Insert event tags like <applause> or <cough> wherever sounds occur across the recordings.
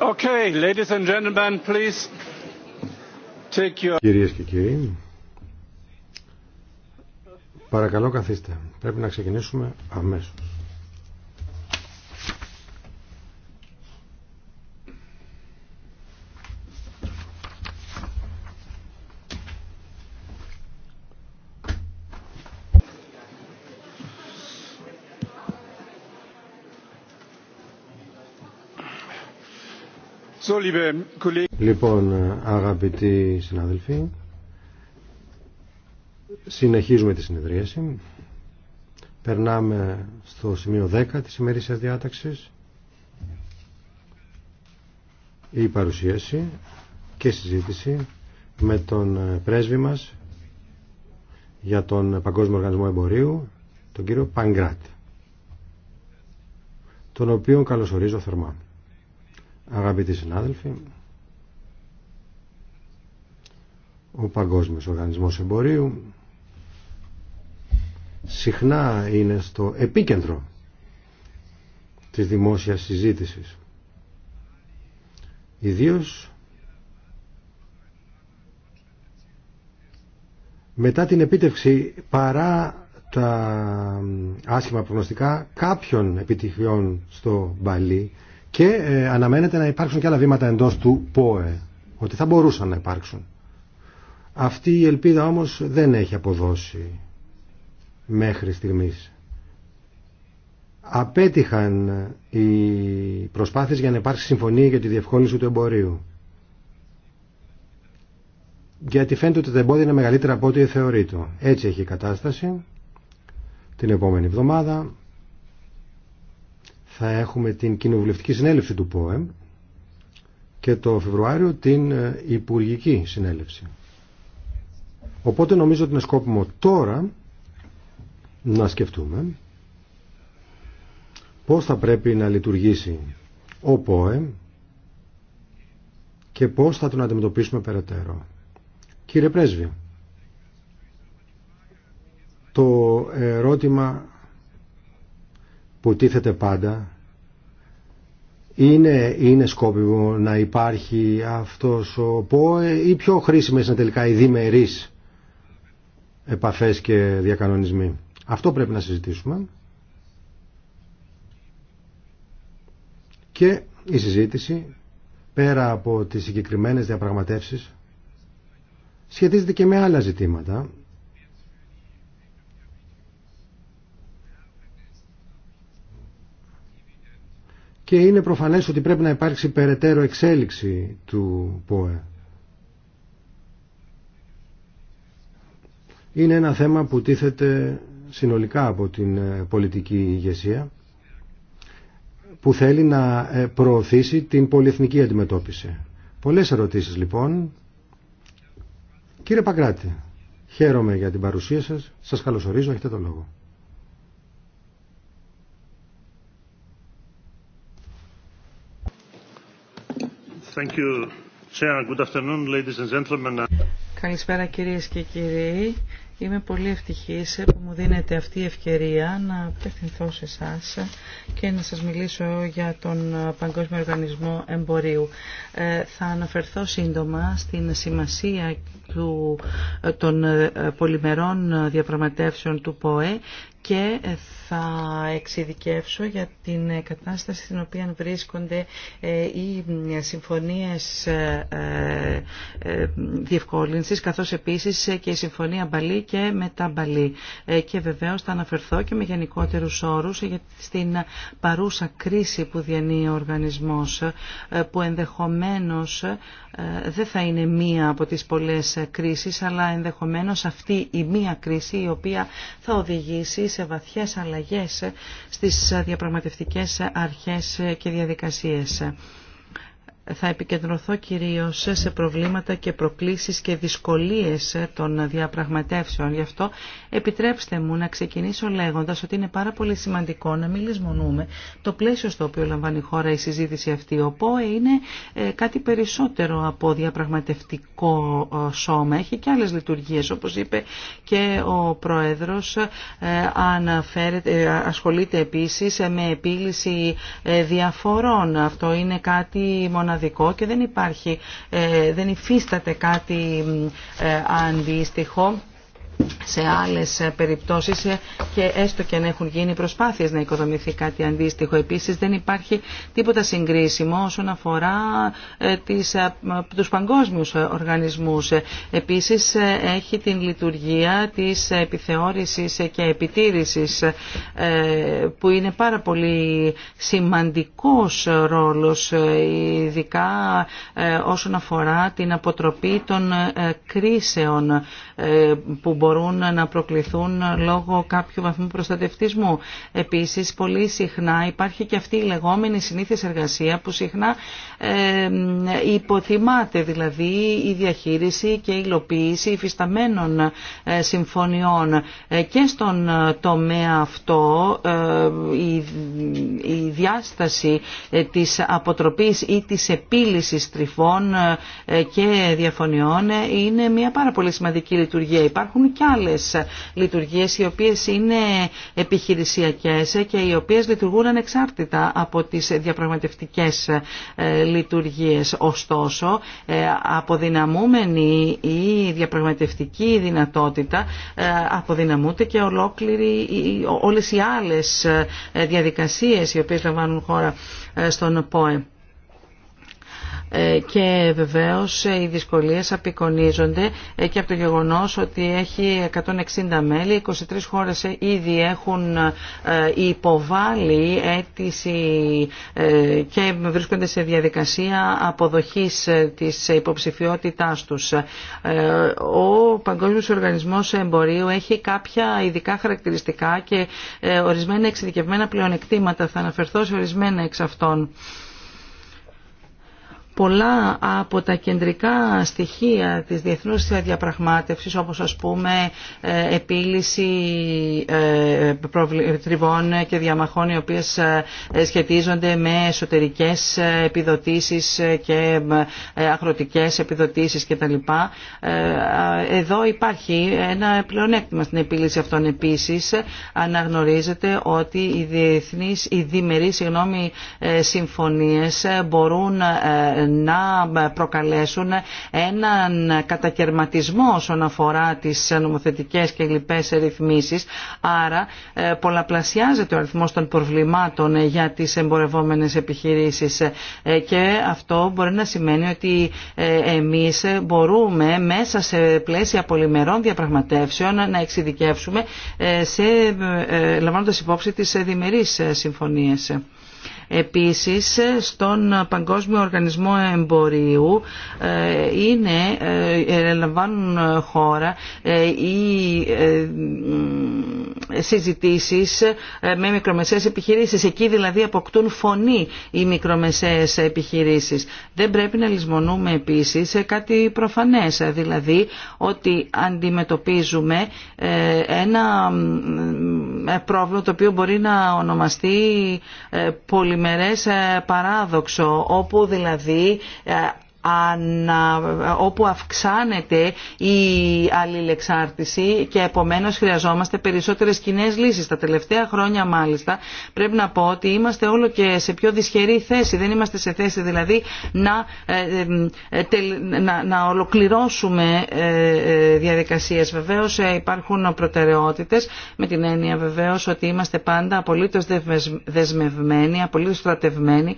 Okay, ladies Κυρίες και κύριοι, παρακαλώ καθίστε. Πρέπει να ξεκινήσουμε αμέσως. Λοιπόν, αγαπητοί συναδελφοί, συνεχίζουμε τη συνεδρίαση. Περνάμε στο σημείο 10 της ημερήσιας διάταξης. Η παρουσίαση και συζήτηση με τον πρέσβη μας για τον Παγκόσμιο Οργανισμό Εμπορίου, τον κύριο Πανγκράτ. τον οποίο καλωσορίζω θερμά. Αγαπητοί συνάδελφοι, ο Παγκόσμιος Οργανισμός Εμπορίου συχνά είναι στο επίκεντρο της δημόσιας συζήτησης. Ιδίως μετά την επίτευξη παρά τα άσχημα προγνωστικά κάποιων επιτυχιών στο Μπαλί και ε, αναμένεται να υπάρξουν και άλλα βήματα εντός του ΠΟΕ, ότι θα μπορούσαν να υπάρξουν. Αυτή η ελπίδα όμως δεν έχει αποδώσει μέχρι στιγμής. Απέτυχαν ε, οι προσπάθειες για να υπάρξει συμφωνία για τη διευκόλυνση του εμπορίου. Γιατί φαίνεται ότι τα εμπόδια είναι μεγαλύτερα από ό,τι θεωρείται. Έτσι έχει η κατάσταση. Την επόμενη εβδομάδα θα έχουμε την κοινοβουλευτική συνέλευση του ΠΟΕΜ και το Φεβρουάριο την ε, Υπουργική Συνέλευση. Οπότε νομίζω ότι είναι σκόπιμο τώρα να σκεφτούμε πώς θα πρέπει να λειτουργήσει ο ΠΟΕΜ και πώς θα τον αντιμετωπίσουμε περαιτέρω. Κύριε Πρέσβη, το ερώτημα που τίθεται πάντα είναι, είναι σκόπιμο να υπάρχει αυτός ο ΠΟΕ ή πιο χρήσιμες είναι τελικά οι διμερείς επαφές και διακανονισμοί. Αυτό πρέπει να συζητήσουμε. Και η συζήτηση πέρα από τις συγκεκριμένες διαπραγματεύσεις σχετίζεται και με άλλα ζητήματα και είναι προφανές ότι πρέπει να υπάρξει περαιτέρω εξέλιξη του ΠΟΕ. Είναι ένα θέμα που τίθεται συνολικά από την ε, πολιτική ηγεσία που θέλει να ε, προωθήσει την πολυεθνική αντιμετώπιση. Πολλές ερωτήσεις λοιπόν. Κύριε Παγκράτη, χαίρομαι για την παρουσία σας. Σας καλωσορίζω, έχετε το λόγο. Καλησπέρα κυρίες και κύριοι. Είμαι πολύ ευτυχής που μου δίνετε αυτή η ευκαιρία να απευθυνθώ σε εσά και να σας μιλήσω για τον Παγκόσμιο Οργανισμό Εμπορίου. Ε, θα αναφερθώ σύντομα στην σημασία του, ε, των ε, πολυμερών διαπραγματεύσεων του ΠΟΕ και ε, θα εξειδικεύσω για την ε, κατάσταση στην οποία βρίσκονται ε, οι συμφωνίες διευκόλυνσης καθώς επίσης και η συμφωνία Μπαλή και μετά Μπαλή. Και βεβαίως θα αναφερθώ και με γενικότερους όρους για στην παρούσα κρίση που διανύει ο οργανισμός που ενδεχομένως δεν θα είναι μία από τις πολλές κρίσεις αλλά ενδεχομένως αυτή η μία κρίση η οποία θα οδηγήσει σε βαθιές αλλαγές στις διαπραγματευτικές αρχές και διαδικασίες θα επικεντρωθώ κυρίως σε προβλήματα και προκλήσεις και δυσκολίες των διαπραγματεύσεων. Γι' αυτό επιτρέψτε μου να ξεκινήσω λέγοντας ότι είναι πάρα πολύ σημαντικό να μην λησμονούμε το πλαίσιο στο οποίο λαμβάνει η χώρα η συζήτηση αυτή. Ο ΠΟΕ είναι ε, κάτι περισσότερο από διαπραγματευτικό ε, σώμα. Έχει και άλλες λειτουργίες. Όπως είπε και ο Πρόεδρος, ε, ασχολείται επίσης με επίλυση διαφορών. Αυτό είναι κάτι μοναδικό μοναδικό και δεν υπάρχει, ε, δεν υφίσταται κάτι ε, αντίστοιχο σε άλλες ε, περιπτώσεις ε, και έστω και αν έχουν γίνει προσπάθειες να οικοδομηθεί κάτι αντίστοιχο. Επίσης δεν υπάρχει τίποτα συγκρίσιμο όσον αφορά ε, τις, τους παγκόσμιους οργανισμούς. Επίσης έχει την λειτουργία της επιθεώρησης και επιτήρησης που είναι πάρα πολύ σημαντικός ρόλος ειδικά όσον αφορά την αποτροπή των κρίσεων ε, που μπορούν να προκληθούν λόγω κάποιου βαθμού προστατευτισμού. Επίσης, πολύ συχνά υπάρχει και αυτή η λεγόμενη συνήθις εργασία που συχνά ε, υποτιμάται, δηλαδή η διαχείριση και η υλοποίηση υφισταμένων ε, συμφωνιών. Και στον τομέα αυτό η διάσταση της αποτροπής ή της επίλυσης τρυφών και διαφωνιών είναι μια πάρα πολύ σημαντική λειτουργία. Υπάρχουν και άλλες λειτουργίες οι οποίες είναι επιχειρησιακές και οι οποίες λειτουργούν ανεξάρτητα από τις διαπραγματευτικές ε, λειτουργίες. Ωστόσο, ε, αποδυναμούμενη η διαπραγματευτική δυνατότητα ε, αποδυναμούνται και ολόκληρη, όλες οι άλλες διαδικασίες οι οποίες λαμβάνουν χώρα στον ΠΟΕ. Ε, και βεβαίως οι δυσκολίες απεικονίζονται ε, και από το γεγονός ότι έχει 160 μέλη, 23 χώρες ε, ήδη έχουν υποβάλει αίτηση και βρίσκονται σε διαδικασία αποδοχής της υποψηφιότητάς τους. Ο Παγκόσμιος Οργανισμός Εμπορίου έχει κάποια ειδικά χαρακτηριστικά και ορισμένα εξειδικευμένα πλεονεκτήματα. Θα αναφερθώ σε ορισμένα εξ αυτών πολλά από τα κεντρικά στοιχεία της διεθνούς διαπραγμάτευσης όπως ας πούμε ε, επίλυση ε, τριβών και διαμαχών οι οποίες ε, σχετίζονται με εσωτερικές επιδοτήσεις και αγροτικές επιδοτήσεις κτλ. Εδώ υπάρχει ένα πλεονέκτημα στην επίλυση αυτών επίσης. Αναγνωρίζεται ότι οι διεθνείς, οι διμερείς, συγγνώμη, συμφωνίες μπορούν να προκαλέσουν έναν κατακαιρματισμό όσον αφορά τις νομοθετικές και λοιπές ρυθμίσεις. Άρα ε, πολλαπλασιάζεται ο αριθμός των προβλημάτων ε, για τις εμπορευόμενες επιχειρήσεις ε, και αυτό μπορεί να σημαίνει ότι εμείς μπορούμε μέσα σε πλαίσια πολυμερών διαπραγματεύσεων να εξειδικεύσουμε σε, λαμβάνοντας υπόψη τις διμερείς συμφωνίες. Επίσης, στον Παγκόσμιο Οργανισμό Εμπορίου ε, είναι, ε, λαμβάνουν χώρα ε, οι συζητήσεις με μικρομεσαίες επιχειρήσεις. Εκεί δηλαδή αποκτούν φωνή οι μικρομεσαίες επιχειρήσεις. Δεν πρέπει να λησμονούμε επίσης κάτι προφανές, δηλαδή ότι αντιμετωπίζουμε ένα πρόβλημα το οποίο μπορεί να ονομαστεί πολύ διμερές ε, παράδοξο όπου δηλαδή ε, όπου αυξάνεται η αλληλεξάρτηση και επομένως χρειαζόμαστε περισσότερες κοινέ λύσεις. Τα τελευταία χρόνια μάλιστα πρέπει να πω ότι είμαστε όλο και σε πιο δυσχερή θέση. Δεν είμαστε σε θέση δηλαδή να, ε, ε, να, να ολοκληρώσουμε ε, διαδικασίες. Βεβαίως υπάρχουν προτεραιότητες με την έννοια βεβαίως ότι είμαστε πάντα απολύτως δεσμευμένοι, απολύτως στρατευμένοι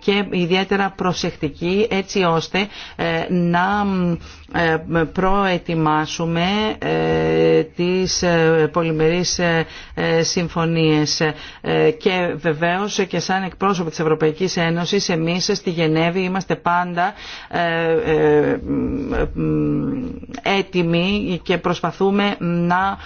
και ιδιαίτερα προσεκτικοί έτσι ώστε ε, να ε, προετοιμάσουμε ε, τις ε, πολυμερείς συμφωνίες και βεβαίως και σαν εκπρόσωποι της Ευρωπαϊκής Ένωσης εμείς στη Γενέβη είμαστε πάντα έτοιμοι και προσπαθούμε να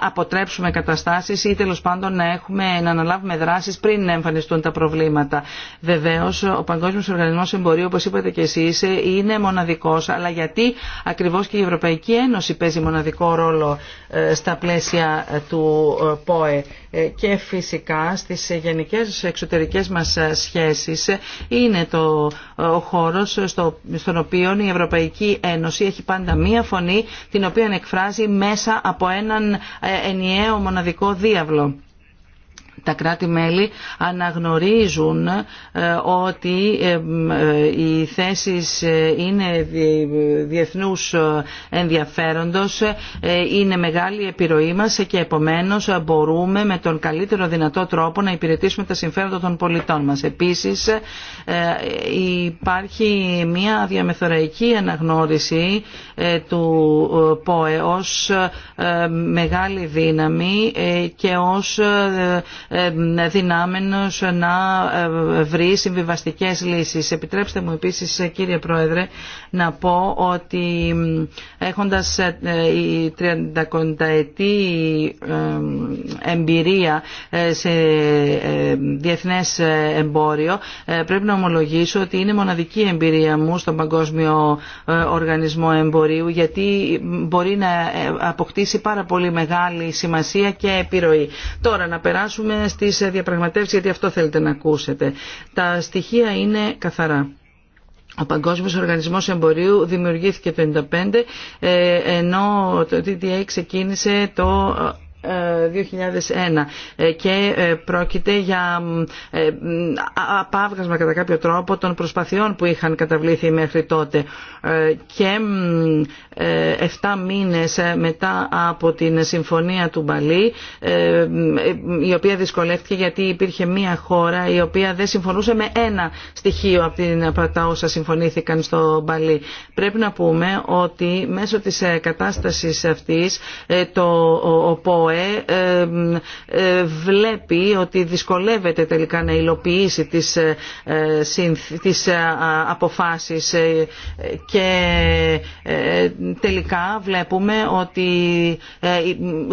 αποτρέψουμε καταστάσεις ή τέλος πάντων να, έχουμε, να αναλάβουμε δράσεις πριν να εμφανιστούν τα προβλήματα. Βεβαίως ο Παγκόσμιος Οργανισμός Εμπορίου όπως είπατε και εσείς είναι μοναδικός αλλά γιατί Ακριβώς και η Ευρωπαϊκή Ένωση παίζει μοναδικό ρόλο ε, στα πλαίσια ε, του ε, ΠΟΕ και φυσικά στις γενικές εξωτερικές μας σχέσεις είναι το χώρος στον οποίο η Ευρωπαϊκή Ένωση έχει πάντα μία φωνή την οποία εκφράζει μέσα από έναν ενιαίο μοναδικό διάβλο τα κράτη-μέλη αναγνωρίζουν ε, ότι ε, ε, οι θέσεις είναι διεθνούς ενδιαφέροντος, είναι μεγάλη επιρροή μας και επομένως μπορούμε με τον καλύτερο δυνατό τρόπο να υπηρετήσουμε τα συμφέροντα των πολιτών μας. Επίσης υπάρχει μια διαμεθοραϊκή αναγνώριση του ΠΟΕ ως μεγάλη δύναμη και ως ε, δυνάμενος να ε, βρει συμβιβαστικές λύσεις. Επιτρέψτε μου επίσης κύριε Πρόεδρε να πω ότι έχοντας ε, η 30 ετή εμπειρία σε διεθνές εμπόριο πρέπει να ομολογήσω ότι είναι μοναδική εμπειρία μου στον Παγκόσμιο Οργανισμό Εμπορίου γιατί μπορεί να αποκτήσει πάρα πολύ μεγάλη σημασία και επιρροή. Τώρα να περάσουμε στις διαπραγματεύσει, γιατί αυτό θέλετε να ακούσετε. Τα στοιχεία είναι καθαρά. Ο Παγκόσμιος Οργανισμός Εμπορίου δημιουργήθηκε το 1995, ε, ενώ το DDA ξεκίνησε το 2001 ε, ε, και ε, πρόκειται για απάβγασμα κατά κάποιο τρόπο των προσπαθειών που είχαν καταβλήθει μέχρι τότε και 7 μήνες μετά από την συμφωνία του Μπαλί η οποία δυσκολεύτηκε γιατί υπήρχε μία χώρα η οποία δεν συμφωνούσε με ένα στοιχείο από, την, τα όσα συμφωνήθηκαν στο Μπαλί. Πρέπει να πούμε ότι μέσω της κατάστασης αυτής το ε, βλέπει ότι δυσκολεύεται τελικά να υλοποιήσει τις, ε, τις ε, αποφάσεις και τελικά βλέπουμε ότι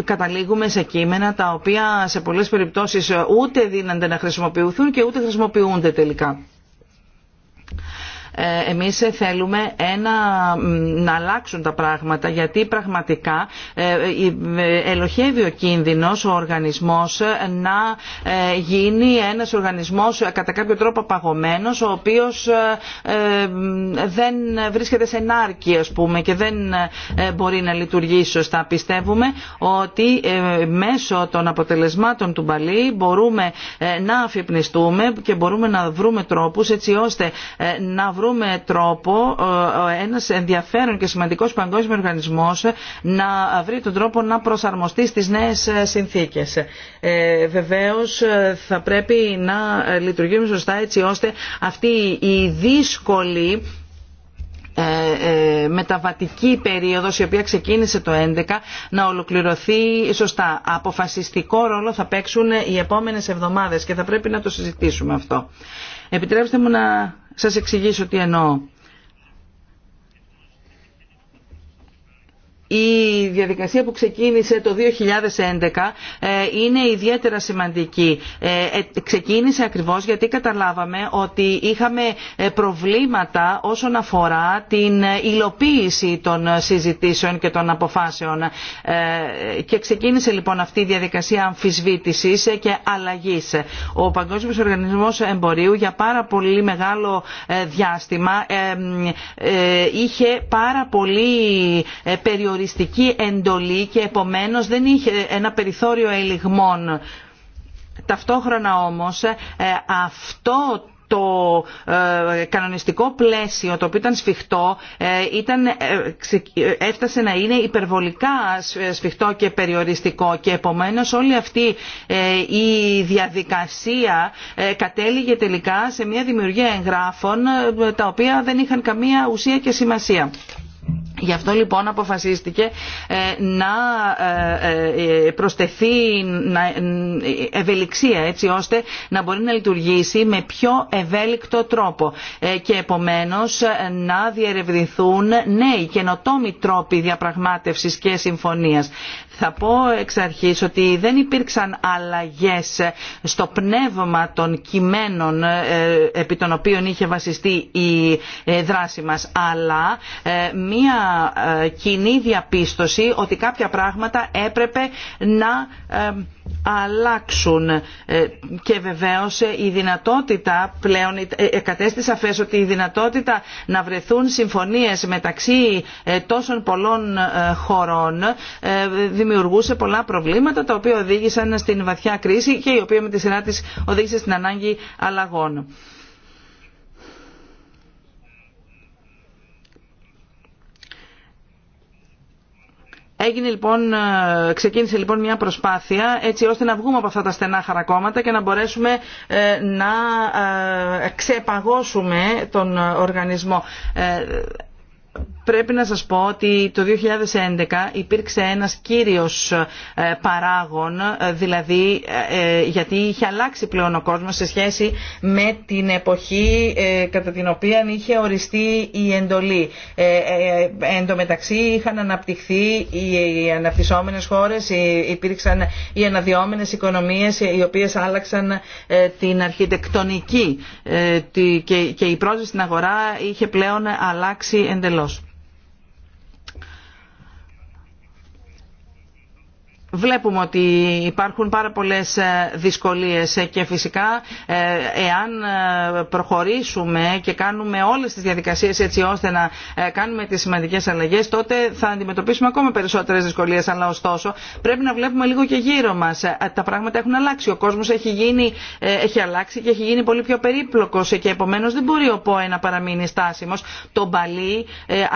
καταλήγουμε σε κείμενα τα οποία σε πολλές περιπτώσεις ούτε δίνονται να χρησιμοποιηθούν και ούτε χρησιμοποιούνται τελικά. Ε, εμείς θέλουμε ένα, να αλλάξουν τα πράγματα γιατί πραγματικά ε, ε, ελοχεύει ο κίνδυνος ο οργανισμός να γίνει ένας οργανισμός κατά κάποιο τρόπο παγωμένος ο οποίος δεν βρίσκεται σε νάρκη πούμε και δεν μπορεί να λειτουργήσει σωστά. Πιστεύουμε ότι μέσω των αποτελεσμάτων του Μπαλί μπορούμε να αφυπνιστούμε και μπορούμε να βρούμε τρόπους έτσι ώστε να βρούμε τρόπο ε, ε, ένας ενδιαφέρον και σημαντικός παγκόσμιος οργανισμός να βρει τον τρόπο να προσαρμοστεί στις νέες ε, συνθήκες. Βεβαίως θα πρέπει να λειτουργήσουμε σωστά έτσι ώστε αυτή η δύσκολη μεταβατική περίοδος η οποία ξεκίνησε το 2011 να ολοκληρωθεί σωστά. Αποφασιστικό ρόλο θα παίξουν οι επόμενες εβδομάδες και θα πρέπει να το συζητήσουμε αυτό. Επιτρέψτε μου να σας εξηγήσω τι εννοώ. η διαδικασία που ξεκίνησε το 2011 ε, είναι ιδιαίτερα σημαντική. Ε, ε, ξεκίνησε ακριβώς γιατί καταλάβαμε ότι είχαμε προβλήματα όσον αφορά την υλοποίηση των συζητήσεων και των αποφάσεων. Και ξεκίνησε λοιπόν αυτή η διαδικασία αμφισβήτησης και αλλαγής. Ο Παγκόσμιος Οργανισμός Εμπορίου για πάρα πολύ μεγάλο διάστημα είχε πάρα πολύ περιορισμένο περιοριστική εντολή και επομένως δεν είχε ένα περιθώριο ελιγμών. Ταυτόχρονα όμως ε, αυτό το ε, κανονιστικό πλαίσιο το οποίο ήταν σφιχτό ε, ήταν, έφτασε να είναι υπερβολικά σφιχτό και περιοριστικό και επομένως όλη αυτή η διαδικασία κατέληγε τελικά σε μια δημιουργία εγγράφων τα οποία δεν είχαν καμία ουσία και σημασία. Γι' αυτό λοιπόν αποφασίστηκε ε, να ε, ε, προσθεθεί ευελιξία έτσι ώστε να μπορεί να λειτουργήσει με πιο ευέλικτο τρόπο και επομένως να διερευνηθούν νέοι καινοτόμοι τρόποι διαπραγμάτευσης και συμφωνίας. Θα πω εξ αρχής ότι δεν υπήρξαν αλλαγές στο πνεύμα των κειμένων ε, επί των οποίων είχε βασιστεί η ε, δράση μας, αλλά ε, μία κοινή διαπίστωση ότι κάποια πράγματα έπρεπε να αλλάξουν ε, και βεβαίως ε, η δυνατότητα πλέον ε, κατέστη φέσο ότι η δυνατότητα να βρεθούν συμφωνίες μεταξύ τόσων πολλών χωρών δημιουργούσε πολλά προβλήματα τα οποία οδήγησαν στην βαθιά κρίση και η οποία με τη σειρά της οδήγησε στην ανάγκη αλλαγών. Έγινε λοιπόν, ε, ξεκίνησε λοιπόν μια προσπάθεια έτσι ώστε να βγούμε από αυτά τα στενά χαρακόμματα και να μπορέσουμε ε, να ε, ξεπαγώσουμε τον οργανισμό πρέπει να σας πω ότι το 2011 υπήρξε ένας κύριος ε, παράγων, ε, δηλαδή ε, γιατί είχε αλλάξει πλέον ο κόσμος σε σχέση με την εποχή κατά την οποία είχε οριστεί η εντολή. Εν τω μεταξύ είχαν αναπτυχθεί οι αναπτυσσόμενες χώρες, υπήρξαν οι αναδυόμενες οικονομίες οι οποίες άλλαξαν την αρχιτεκτονική και η πρόσβαση στην αγορά είχε πλέον αλλάξει εντελώς. Βλέπουμε ότι υπάρχουν πάρα πολλές ε, δυσκολίες ε, και φυσικά ε, εάν προχωρήσουμε και κάνουμε όλες τις διαδικασίες έτσι ώστε να κάνουμε τις σημαντικές αλλαγές τότε θα αντιμετωπίσουμε ακόμα περισσότερες δυσκολίες αλλά ωστόσο πρέπει να βλέπουμε λίγο και γύρω μας. Τα πράγματα έχουν αλλάξει, ο κόσμος έχει, γίνει, έχει αλλάξει και έχει γίνει πολύ πιο περίπλοκος και επομένως δεν μπορεί ο ΠΟΕ να παραμείνει στάσιμος. Το Μπαλί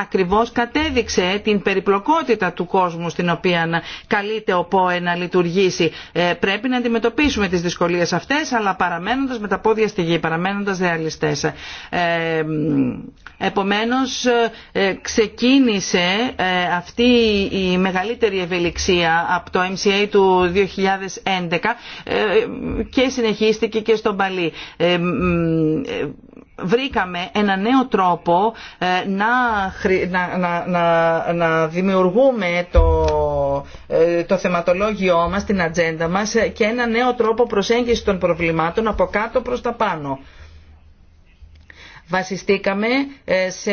ακριβώς κατέδειξε την περιπλοκότητα του κόσμου στην οποία καλείται τρόπο λειτουργήσει. Ε, πρέπει να αντιμετωπίσουμε τις δυσκολίες αυτές, αλλά παραμένοντας με τα πόδια στη γη, παραμένοντας ρεαλιστές. Ε, επομένως, ε, ξεκίνησε αυτή η μεγαλύτερη ευελιξία από το MCA του 2011 και συνεχίστηκε και στον Παλί βρήκαμε ένα νέο τρόπο ε, να, δημιουργούμε το, ε, το θεματολόγιό μας, την ατζέντα μας ε, και ένα νέο τρόπο προσέγγισης των προβλημάτων από κάτω προς τα πάνω. Βασιστήκαμε σε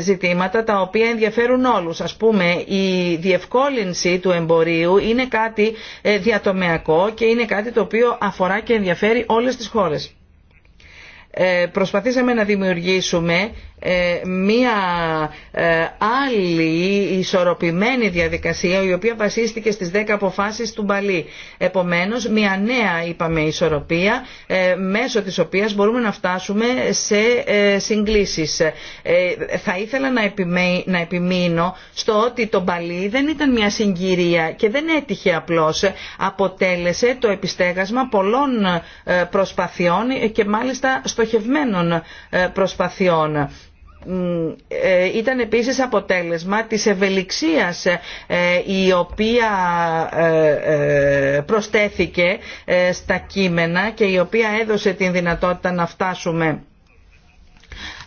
ζητήματα τα οποία ενδιαφέρουν όλους. Ας πούμε, η διευκόλυνση του εμπορίου είναι κάτι διατομεακό και είναι κάτι το οποίο αφορά και ενδιαφέρει όλες τις χώρες. Ε, προσπαθήσαμε να δημιουργήσουμε ε, μία ε, άλλη ισορροπημένη διαδικασία η οποία βασίστηκε στις 10 αποφάσεις του Μπαλί. Επομένως, μία νέα είπαμε ισορροπία ε, μέσω της οποίας μπορούμε να φτάσουμε σε συγκλήσεις. Θα ήθελα να επιμείνω στο ότι το Μπαλί δεν ήταν μια συγκυρία και δεν έτυχε απλώς. Αποτέλεσε το επιστέγασμα πολλών προσπαθειών και μάλιστα στοχευμένων προσπαθειών ε, ήταν επίσης αποτέλεσμα της ευελιξίας ε, η οποία ε, προστέθηκε στα κείμενα και η οποία έδωσε την δυνατότητα να φτάσουμε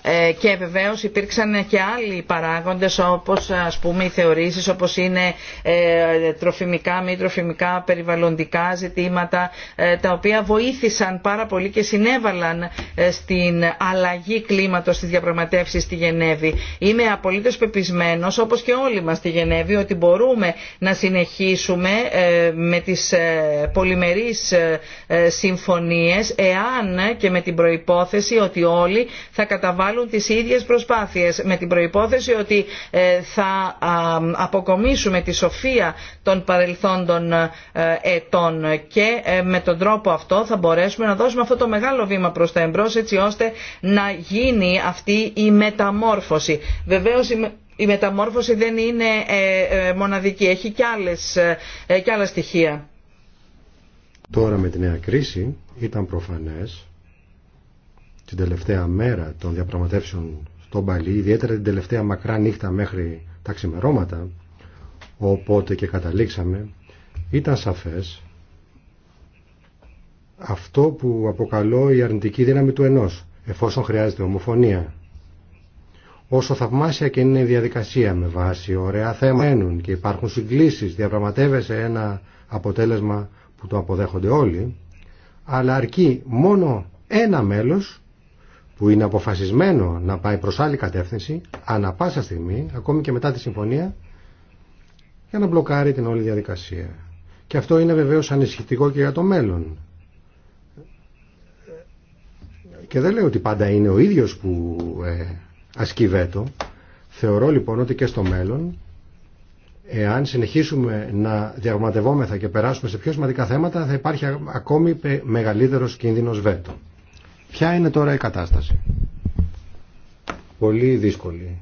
ε, και βεβαίως υπήρξαν και άλλοι παράγοντες όπως ας πούμε οι θεωρήσεις όπως είναι ε, τροφιμικά, μη τροφιμικά, περιβαλλοντικά ζητήματα ε, τα οποία βοήθησαν πάρα πολύ και συνέβαλαν στην αλλαγή κλίματος στις διαπραγματεύσεις στη Γενέβη. Είμαι απολύτως πεπισμένος όπως και όλοι μας στη Γενέβη ότι μπορούμε να συνεχίσουμε με τις πολυμερείς συμφωνίες εάν και με την προϋπόθεση ότι όλοι θα καταβάλουν καταβάλουν τις ίδιες προσπάθειες με την προϋπόθεση ότι ε, θα αποκομίσουμε τη σοφία των παρελθόντων ε, ετών και ε, με τον τρόπο αυτό θα μπορέσουμε να δώσουμε αυτό το μεγάλο βήμα προς τα εμπρός έτσι ώστε να γίνει αυτή η μεταμόρφωση. Βεβαίως η μεταμόρφωση δεν είναι μοναδική, έχει και, άλλες, άλλα στοιχεία. Τώρα με τη νέα κρίση ήταν προφανές την τελευταία μέρα των διαπραγματεύσεων στον Παλί, ιδιαίτερα την τελευταία μακρά νύχτα μέχρι τα ξημερώματα, οπότε και καταλήξαμε, ήταν σαφές αυτό που αποκαλώ η αρνητική δύναμη του ενός, εφόσον χρειάζεται ομοφωνία. Όσο θαυμάσια και είναι η διαδικασία με βάση ωραία θέματα και υπάρχουν συγκλήσεις, διαπραγματεύεσαι ένα αποτέλεσμα που το αποδέχονται όλοι, αλλά αρκεί μόνο ένα μέλος που είναι αποφασισμένο να πάει προς άλλη κατεύθυνση ανά πάσα στιγμή, ακόμη και μετά τη συμφωνία, για να μπλοκάρει την όλη διαδικασία. Και αυτό είναι βεβαίως ανησυχητικό και για το μέλλον. Και δεν λέω ότι πάντα είναι ο ίδιος που ε, ασκεί βέτο. Θεωρώ λοιπόν ότι και στο μέλλον, εάν συνεχίσουμε να διαγματευόμεθα και περάσουμε σε πιο σημαντικά θέματα, θα υπάρχει ακόμη μεγαλύτερος κίνδυνος βέτο. Ποια είναι τώρα η κατάσταση. Πολύ δύσκολη.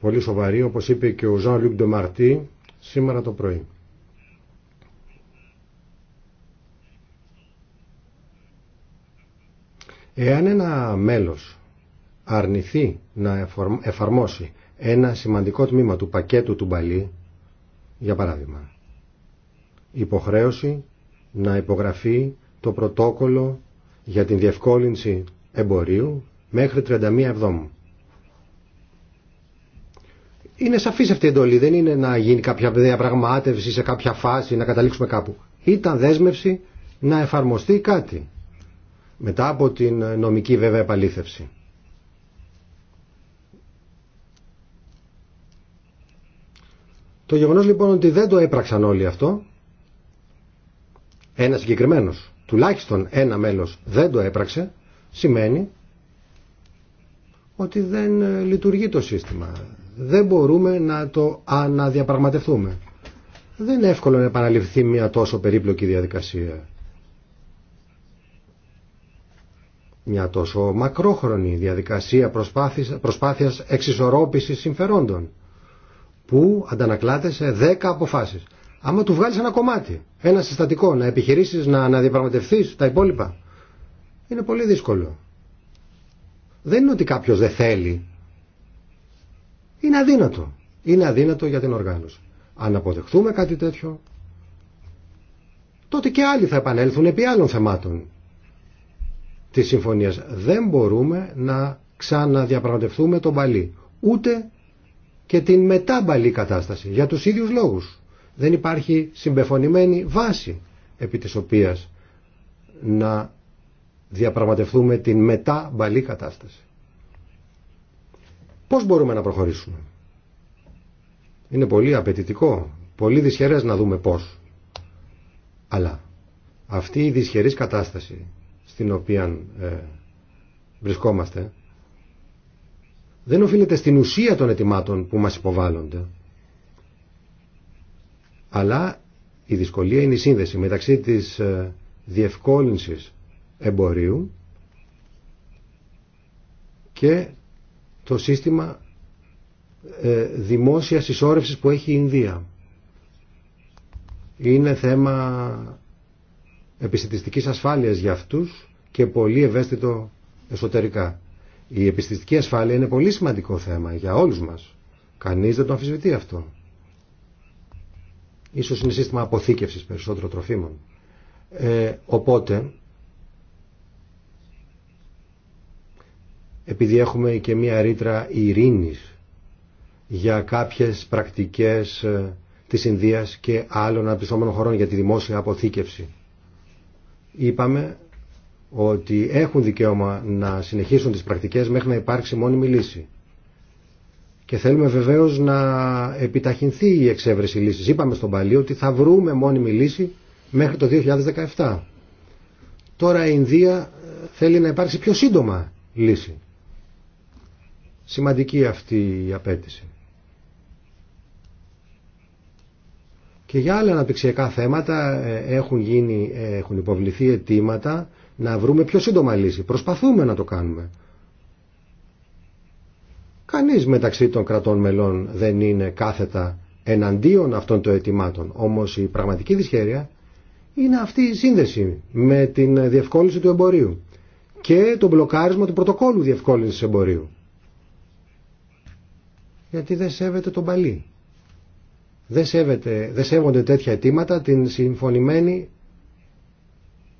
Πολύ σοβαρή, όπως είπε και ο Ζαν Λουκ Ντεμαρτή σήμερα το πρωί. Εάν ένα μέλος αρνηθεί να εφαρμόσει ένα σημαντικό τμήμα του πακέτου του Μπαλί, για παράδειγμα, υποχρέωση να υπογραφεί το πρωτόκολλο για την διευκόλυνση εμπορίου μέχρι 31 εβδόμου. Είναι σαφής αυτή η εντολή, δεν είναι να γίνει κάποια διαπραγμάτευση σε κάποια φάση, να καταλήξουμε κάπου. Ήταν δέσμευση να εφαρμοστεί κάτι μετά από την νομική βέβαια επαλήθευση. Το γεγονός λοιπόν ότι δεν το έπραξαν όλοι αυτό, ένα συγκεκριμένος, τουλάχιστον ένα μέλος δεν το έπραξε, σημαίνει ότι δεν ε, λειτουργεί το σύστημα. Δεν μπορούμε να το αναδιαπραγματευτούμε. Δεν είναι εύκολο να επαναληφθεί μια τόσο περίπλοκη διαδικασία. Μια τόσο μακρόχρονη διαδικασία προσπάθειας εξισορρόπησης συμφερόντων που αντανακλάται σε 10 αποφάσεις άμα του βγάλεις ένα κομμάτι, ένα συστατικό, να επιχειρήσεις να, να τα υπόλοιπα, είναι πολύ δύσκολο. Δεν είναι ότι κάποιος δεν θέλει. Είναι αδύνατο. Είναι αδύνατο για την οργάνωση. Αν αποδεχθούμε κάτι τέτοιο, τότε και άλλοι θα επανέλθουν επί άλλων θεμάτων της συμφωνίας. Δεν μπορούμε να ξαναδιαπραγματευτούμε τον παλί. Ούτε και την μετάμπαλή κατάσταση. Για τους ίδιους λόγους. Δεν υπάρχει συμπεφωνημένη βάση επί της οποίας να διαπραγματευτούμε την μετά μπαλή κατάσταση. Πώς μπορούμε να προχωρήσουμε. Είναι πολύ απαιτητικό, πολύ δυσχερές να δούμε πώς. Αλλά αυτή η δυσχερής κατάσταση στην οποία ε, βρισκόμαστε δεν οφείλεται στην ουσία των ετοιμάτων που μας υποβάλλονται αλλά η δυσκολία είναι η σύνδεση μεταξύ της ε, διευκόλυνσης εμπορίου και το σύστημα ε, δημόσιας συσσόρευσης που έχει η Ινδία. Είναι θέμα επιστημιστικής ασφάλειας για αυτούς και πολύ ευαίσθητο εσωτερικά. Η επιστημιστική ασφάλεια είναι πολύ σημαντικό θέμα για όλους μας. Κανείς δεν το αμφισβητεί αυτό. Ίσως είναι σύστημα αποθήκευσης περισσότερο τροφίμων. Ε, οπότε, επειδή έχουμε και μία ρήτρα ειρήνης για κάποιες πρακτικές ε, της Ινδίας και άλλων αναπτυσσόμενων χωρών για τη δημόσια αποθήκευση. Είπαμε ότι έχουν δικαίωμα να συνεχίσουν τις πρακτικές μέχρι να υπάρξει μόνιμη λύση. Και θέλουμε βεβαίω να επιταχυνθεί η εξέβρεση λύση. Είπαμε στον Παλίο ότι θα βρούμε μόνιμη λύση μέχρι το 2017. Τώρα η Ινδία ε, θέλει να υπάρξει πιο σύντομα λύση. Σημαντική αυτή η απέτηση. Και για άλλα αναπτυξιακά θέματα ε, έχουν, γίνει, ε, έχουν υποβληθεί αιτήματα να βρούμε πιο σύντομα λύση. Προσπαθούμε να το κάνουμε. Κανείς μεταξύ των κρατών μελών δεν είναι κάθετα εναντίον αυτών των ετοιμάτων. Όμως η πραγματική δυσχέρεια είναι αυτή η σύνδεση με την διευκόλυνση του εμπορίου και το μπλοκάρισμα του πρωτοκόλου διευκόλυνσης εμπορίου. Γιατί δεν σέβεται τον παλί. Δεν, σέβεται, δεν σέβονται τέτοια αιτήματα την συμφωνημένη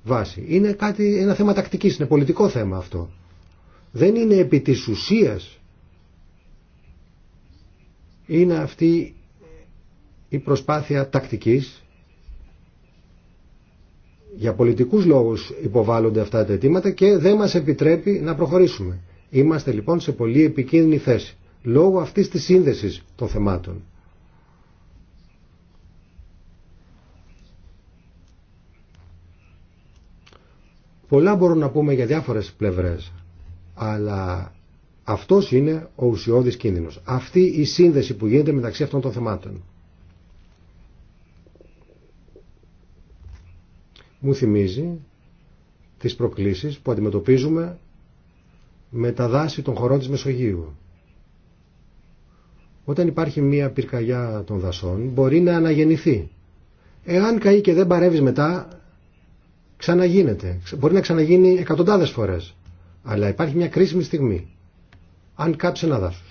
βάση. Είναι κάτι, ένα θέμα τακτικής, είναι πολιτικό θέμα αυτό. Δεν είναι επί της ουσίας είναι αυτή η προσπάθεια τακτικής για πολιτικούς λόγους υποβάλλονται αυτά τα αιτήματα και δεν μας επιτρέπει να προχωρήσουμε. Είμαστε λοιπόν σε πολύ επικίνδυνη θέση λόγω αυτής της σύνδεσης των θεμάτων. Πολλά μπορούμε να πούμε για διάφορες πλευρές, αλλά αυτό είναι ο ουσιώδης κίνδυνο. Αυτή η σύνδεση που γίνεται μεταξύ αυτών των θεμάτων. Μου θυμίζει τις προκλήσεις που αντιμετωπίζουμε με τα δάση των χωρών της Μεσογείου. Όταν υπάρχει μία πυρκαγιά των δασών μπορεί να αναγεννηθεί. Εάν καεί και δεν παρεύεις μετά, ξαναγίνεται. Μπορεί να ξαναγίνει εκατοντάδες φορές. Αλλά υπάρχει μια κρίσιμη στιγμή αν κάψει ένα δάσο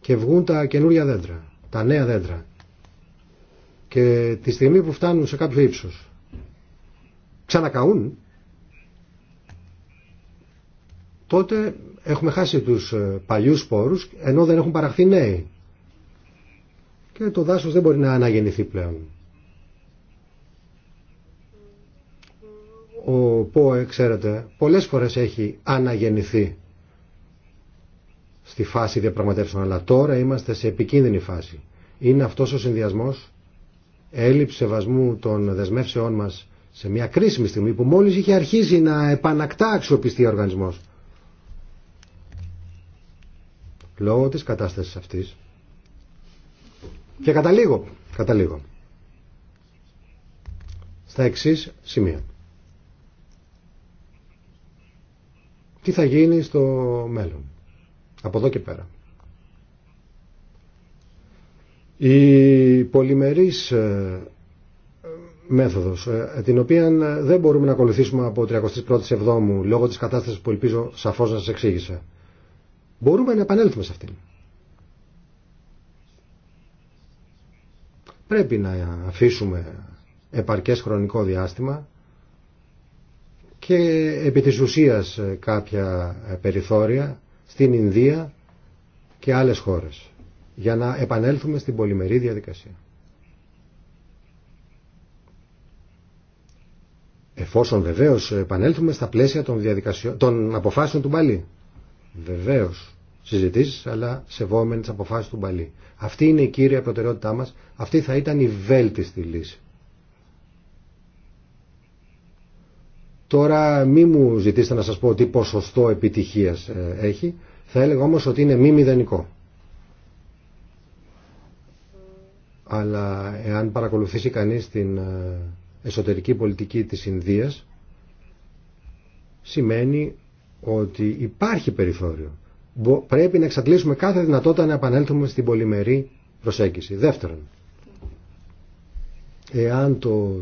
και βγουν τα καινούρια δέντρα, τα νέα δέντρα και τη στιγμή που φτάνουν σε κάποιο ύψο, ξανακαούν τότε έχουμε χάσει τους ε, παλιούς σπόρους ενώ δεν έχουν παραχθεί νέοι και το δάσος δεν μπορεί να αναγεννηθεί πλέον. Ο ΠΟΕ, ξέρετε, πολλές φορές έχει αναγεννηθεί στη φάση διαπραγματεύσεων, αλλά τώρα είμαστε σε επικίνδυνη φάση. Είναι αυτός ο συνδυασμός έλλειψη σεβασμού των δεσμεύσεών μας σε μια κρίσιμη στιγμή που μόλις είχε αρχίσει να επανακτά αξιοπιστία ο οργανισμός. Λόγω της κατάστασης αυτής και καταλήγω, καταλήγω στα εξής σημεία. Τι θα γίνει στο μέλλον από εδώ και πέρα. Η πολυμερής ε, μέθοδος, ε, την οποία ε, δεν μπορούμε να ακολουθήσουμε από 31η Εβδόμου, λόγω της κατάστασης που ελπίζω σαφώς να σας εξήγησα. Μπορούμε να επανέλθουμε σε αυτήν. Πρέπει να αφήσουμε επαρκές χρονικό διάστημα και επί της ουσίας κάποια περιθώρια στην Ινδία και άλλες χώρες για να επανέλθουμε στην πολυμερή διαδικασία. Εφόσον βεβαίως επανέλθουμε στα πλαίσια των, διαδικασιών, των αποφάσεων του Μπαλί. Βεβαίως συζητήσεις αλλά σεβόμενοι αποφάσεις του Μπαλί. Αυτή είναι η κύρια προτεραιότητά μας. Αυτή θα ήταν η βέλτιστη λύση. Τώρα μη μου ζητήσετε να σας πω τι ποσοστό επιτυχίας ε, έχει, θα έλεγα όμως ότι είναι μη μηδενικό. Αλλά εάν παρακολουθήσει κανείς την ε, εσωτερική πολιτική της Ινδίας, σημαίνει ότι υπάρχει περιθώριο. Πρέπει να εξαντλήσουμε κάθε δυνατότητα να επανέλθουμε στην πολυμερή προσέγγιση. Δεύτερον, εάν το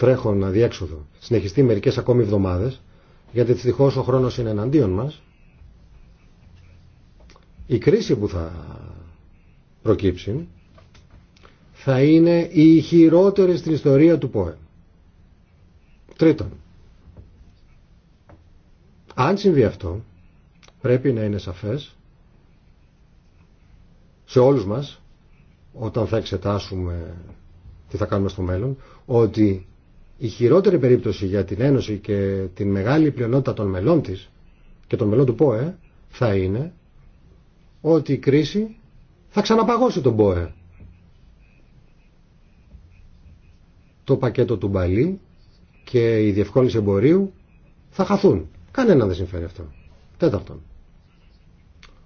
τρέχον αδιέξοδο συνεχιστεί μερικές ακόμη εβδομάδες, γιατί δυστυχώ ο χρόνος είναι εναντίον μας, η κρίση που θα προκύψει θα είναι η χειρότερη στην ιστορία του ΠΟΕ. Τρίτον, αν συμβεί αυτό, πρέπει να είναι σαφές σε όλους μας, όταν θα εξετάσουμε τι θα κάνουμε στο μέλλον, ότι η χειρότερη περίπτωση για την Ένωση και την μεγάλη πλειονότητα των μελών της και των μελών του ΠΟΕ θα είναι ότι η κρίση θα ξαναπαγώσει τον ΠΟΕ. Το πακέτο του Μπαλί και η διευκόλυνση εμπορίου θα χαθούν. Κανένα δεν συμφέρει αυτό. Τέταρτον,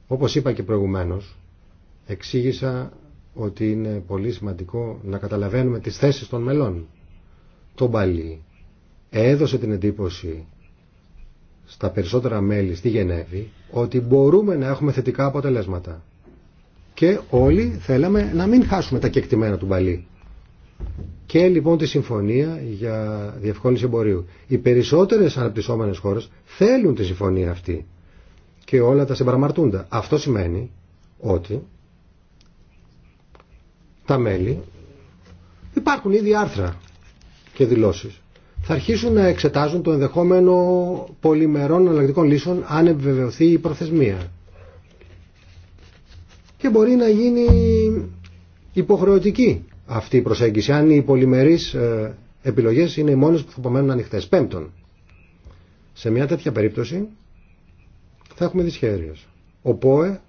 όπως είπα και προηγουμένως, εξήγησα ότι είναι πολύ σημαντικό να καταλαβαίνουμε τις θέσεις των μελών το Μπαλί έδωσε την εντύπωση στα περισσότερα μέλη στη Γενέβη ότι μπορούμε να έχουμε θετικά αποτελέσματα. Και όλοι θέλαμε να μην χάσουμε τα κεκτημένα του Μπαλί. Και λοιπόν τη συμφωνία για διευκόλυνση εμπορίου. Οι περισσότερε αναπτυσσόμενες χώρε θέλουν τη συμφωνία αυτή και όλα τα συμπαραμαρτούντα. Αυτό σημαίνει ότι τα μέλη υπάρχουν ήδη άρθρα και Θα αρχίσουν να εξετάζουν το ενδεχόμενο πολυμερών εναλλακτικών λύσεων αν επιβεβαιωθεί η προθεσμία. Και μπορεί να γίνει υποχρεωτική αυτή η προσέγγιση αν οι πολυμερει ε, επιλογέ είναι οι μόνε που θα απομένουν ανοιχτέ. Πέμπτον, σε μια τέτοια περίπτωση θα έχουμε δυσχέρειε. Ο ΠΟΕ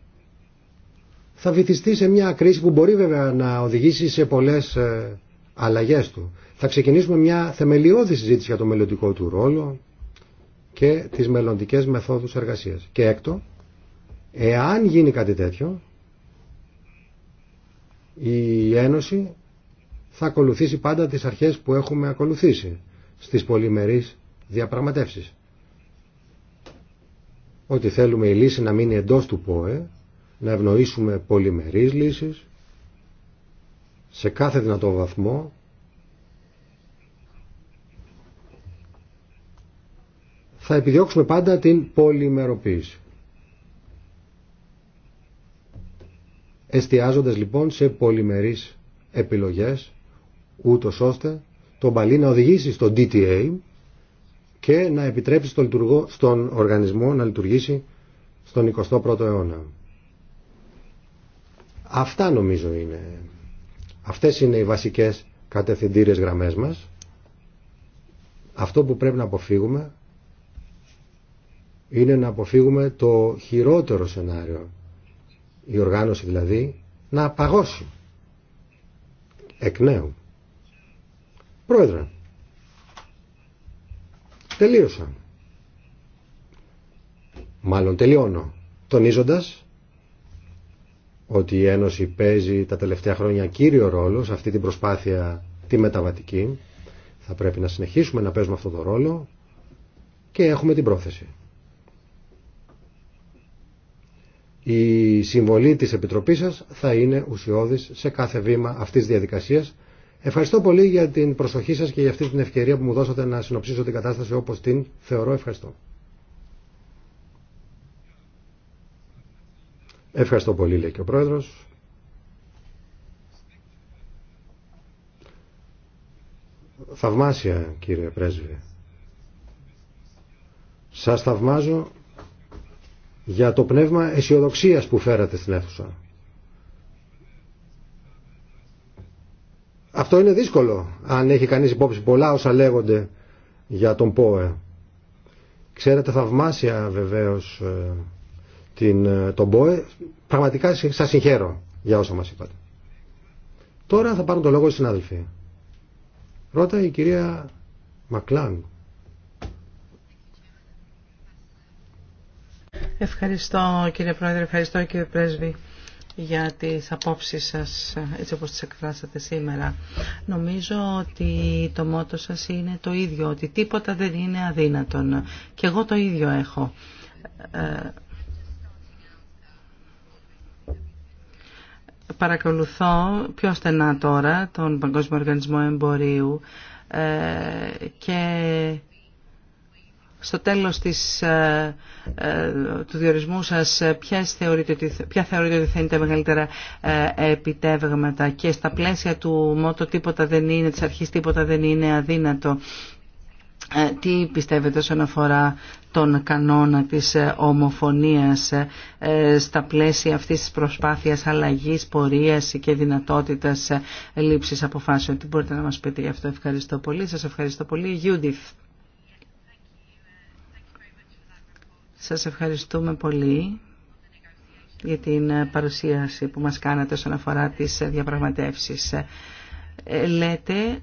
θα βυθιστεί σε μια κρίση που μπορεί βέβαια να οδηγήσει σε πολλέ ε, αλλαγέ του θα ξεκινήσουμε μια θεμελιώδη συζήτηση για το μελλοντικό του ρόλο και τις μελλοντικέ μεθόδους εργασίας. Και έκτο, εάν γίνει κάτι τέτοιο, η Ένωση θα ακολουθήσει πάντα τις αρχές που έχουμε ακολουθήσει στις πολυμερείς διαπραγματεύσεις. Ότι θέλουμε η λύση να μείνει εντός του ΠΟΕ, να ευνοήσουμε πολυμερεί λύσεις, σε κάθε δυνατό βαθμό θα επιδιώξουμε πάντα την πολυμεροποίηση. Εστιάζοντας λοιπόν σε πολυμερείς επιλογές, ούτω ώστε τον παλί να οδηγήσει στο DTA και να επιτρέψει στον, λειτουργό, στον οργανισμό να λειτουργήσει στον 21ο αιώνα. Αυτά νομίζω είναι. Αυτές είναι οι βασικές κατευθυντήριες γραμμές μας. Αυτό που πρέπει να αποφύγουμε είναι να αποφύγουμε το χειρότερο σενάριο, η οργάνωση δηλαδή, να παγώσει εκ νέου. Πρόεδρε, τελείωσα. Μάλλον τελειώνω, τονίζοντας ότι η Ένωση παίζει τα τελευταία χρόνια κύριο ρόλο σε αυτή την προσπάθεια τη μεταβατική. Θα πρέπει να συνεχίσουμε να παίζουμε αυτό τον ρόλο και έχουμε την πρόθεση. Η συμβολή της Επιτροπής σας θα είναι ουσιώδης σε κάθε βήμα αυτής της διαδικασίας. Ευχαριστώ πολύ για την προσοχή σας και για αυτή την ευκαιρία που μου δώσατε να συνοψίσω την κατάσταση όπως την θεωρώ. Ευχαριστώ. Ευχαριστώ πολύ, λέει και ο Πρόεδρος. Θαυμάσια, κύριε Πρέσβη. Σας θαυμάζω για το πνεύμα αισιοδοξία που φέρατε στην αίθουσα. Αυτό είναι δύσκολο, αν έχει κανείς υπόψη πολλά όσα λέγονται για τον ΠΟΕ. Ξέρετε θαυμάσια βεβαίως ε, την, ε, τον ΠΟΕ. Πραγματικά σας συγχαίρω για όσα μας είπατε. Τώρα θα πάρουν το λόγο οι συνάδελφοι. Πρώτα η κυρία Μακλάν. Ευχαριστώ κύριε Πρόεδρε, ευχαριστώ κύριε Πρέσβη για τις απόψεις σας έτσι όπως τις εκφράσατε σήμερα. Νομίζω ότι το μότο σας είναι το ίδιο, ότι τίποτα δεν είναι αδύνατον. Και εγώ το ίδιο έχω. Ε, παρακολουθώ πιο στενά τώρα τον Παγκόσμιο Οργανισμό Εμπορίου ε, και στο τέλος της, ε, ε, του διορισμού σας ε, θεωρείτε ποια θεωρείτε ότι θα είναι τα μεγαλύτερα επιτεύγματα και στα πλαίσια του μότο τίποτα δεν είναι, της αρχής τίποτα δεν είναι αδύνατο. Τι πιστεύετε όσον αφορά τον κανόνα της ομοφωνίας στα πλαίσια αυτής της προσπάθειας αλλαγής, πορείας και δυνατότητας λήψης αποφάσεων. Τι μπορείτε να μας πείτε γι' αυτό. Ευχαριστώ πολύ. Σας ευχαριστώ πολύ. Judith. Σας ευχαριστούμε πολύ για την παρουσίαση που μας κάνατε όσον αφορά τις διαπραγματεύσεις. Ε, λέτε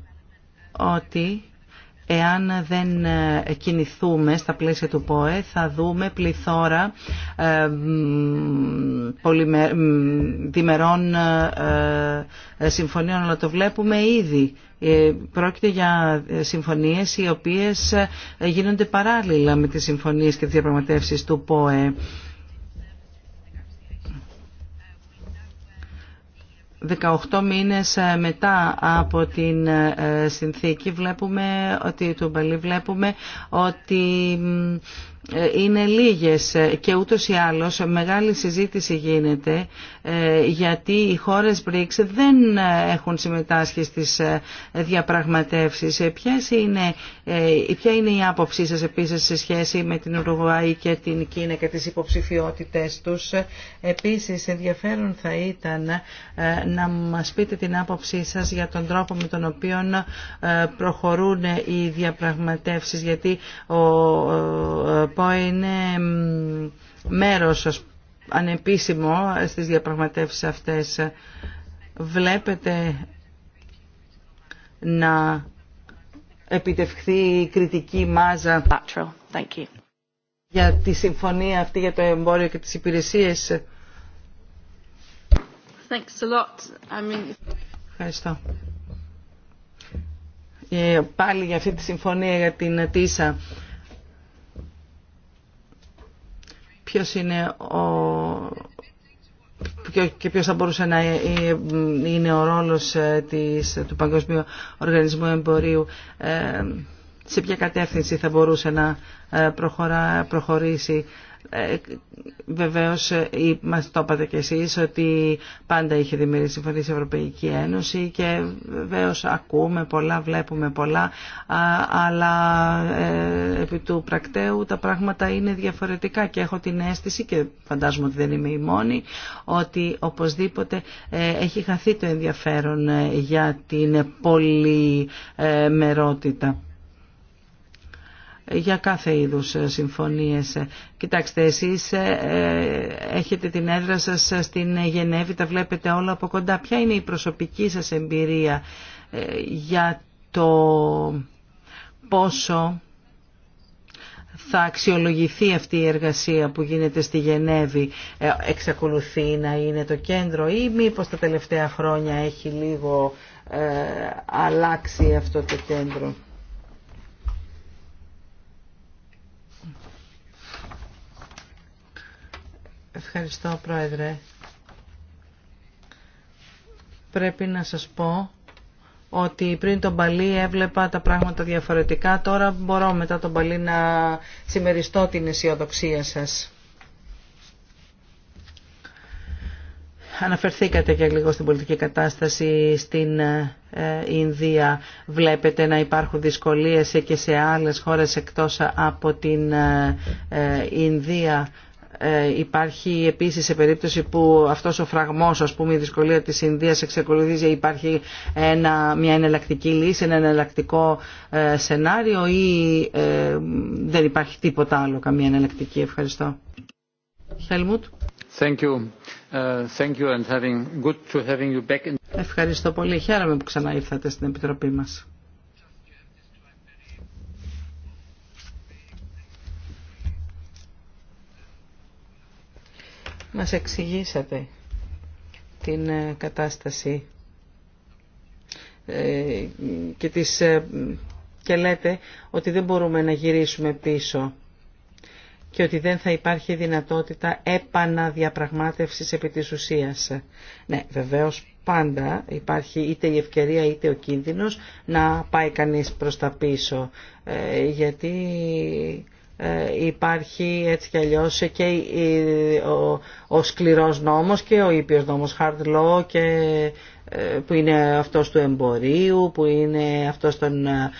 ότι εάν δεν ε, κινηθούμε στα πλαίσια του ΠΟΕ θα δούμε πληθώρα ε, διμερών ε, συμφωνίων, αλλά το βλέπουμε ήδη. Πρόκειται για συμφωνίες οι οποίες γίνονται παράλληλα με τις συμφωνίες και τις διαπραγματεύσεις του ΠΟΕ. 18 μήνες ε, μετά από την ε, συνθήκη βλέπουμε ότι του Μπαλί βλέπουμε ότι είναι λίγες και ούτως ή άλλως μεγάλη συζήτηση γίνεται ε, γιατί οι χώρες BRICS δεν έχουν συμμετάσχει στις ε, διαπραγματεύσεις. Ε, ποιες είναι, ποια είναι η άποψή σας επίσης σε σχέση με την Ουρουγουάη και την Κίνα και τις υποψηφιότητες τους. Επίσης ενδιαφέρον θα ήταν να μας πείτε την άποψή σας για τον τρόπο με τον οποίο προχωρούν οι διαπραγματεύσεις γιατί ο πω είναι μέρος ανεπίσημο στις διαπραγματεύσεις αυτές. Βλέπετε να επιτευχθεί η κριτική μάζα Thank you. για τη συμφωνία αυτή για το εμπόριο και τις υπηρεσίες. a lot. I mean... Ευχαριστώ. Ε, πάλι για αυτή τη συμφωνία για την ΤΙΣΑ. ποιος είναι ο και ποιος θα μπορούσε να είναι ο ρόλος ε, της, του Παγκοσμίου Οργανισμού Εμπορίου ε, σε ποια κατεύθυνση θα μπορούσε να ε, προχωρήσει ε, βεβαίω ε, μα το είπατε κι εσείς ότι πάντα είχε δημιουργήσει συμφωνή η Ευρωπαϊκή Ένωση και βεβαίω ακούμε πολλά, βλέπουμε πολλά αλλά ε, επί του πρακτέου τα πράγματα είναι διαφορετικά και έχω την αίσθηση και φαντάζομαι ότι δεν είμαι η μόνη ότι οπωσδήποτε έχει χαθεί το ενδιαφέρον για την πολυμερότητα για κάθε είδους ε, συμφωνίες. Κοιτάξτε, εσείς ε, ε, έχετε την έδρα σας στην Γενέβη, τα βλέπετε όλα από κοντά. Ποια είναι η προσωπική σας εμπειρία για το πόσο θα αξιολογηθεί αυτή η εργασία που γίνεται στη Γενέβη εξακολουθεί να είναι το κέντρο ή μήπως τα τελευταία χρόνια έχει λίγο αλλάξει αυτό το κέντρο. Ευχαριστώ, Πρόεδρε. Πρέπει να σας πω ότι πριν τον Παλί έβλεπα τα πράγματα διαφορετικά. Τώρα μπορώ μετά τον Παλί να συμμεριστώ την αισιοδοξία σας. Αναφερθήκατε και λίγο στην πολιτική κατάσταση στην ε, Ινδία. Βλέπετε να υπάρχουν δυσκολίες και σε άλλες χώρες εκτός από την ε, ε, Ινδία. Ε, υπάρχει επίσης σε περίπτωση που αυτός ο φραγμός, α πούμε η δυσκολία της Ινδίας εξεκολουθεί, υπάρχει ένα, μια εναλλακτική λύση, ένα εναλλακτικό ε, σενάριο ή ε, δεν υπάρχει τίποτα άλλο, καμία εναλλακτική. Ευχαριστώ. Ευχαριστώ πολύ. Χαίρομαι που ξανά ήρθατε στην Επιτροπή μας. Μας εξηγήσατε την ε, κατάσταση ε, και, τις, ε, και λέτε ότι δεν μπορούμε να γυρίσουμε πίσω και ότι δεν θα υπάρχει δυνατότητα επαναδιαπραγμάτευσης επί της ουσίας. Ναι, βεβαίως πάντα υπάρχει είτε η ευκαιρία είτε ο κίνδυνος να πάει κανείς προς τα πίσω, γιατί ε, υπάρχει έτσι κι αλλιώς και ο, ο σκληρός νόμος και ο ήπιος νόμος hard law και που είναι αυτός του εμπορίου, που είναι αυτός των ε,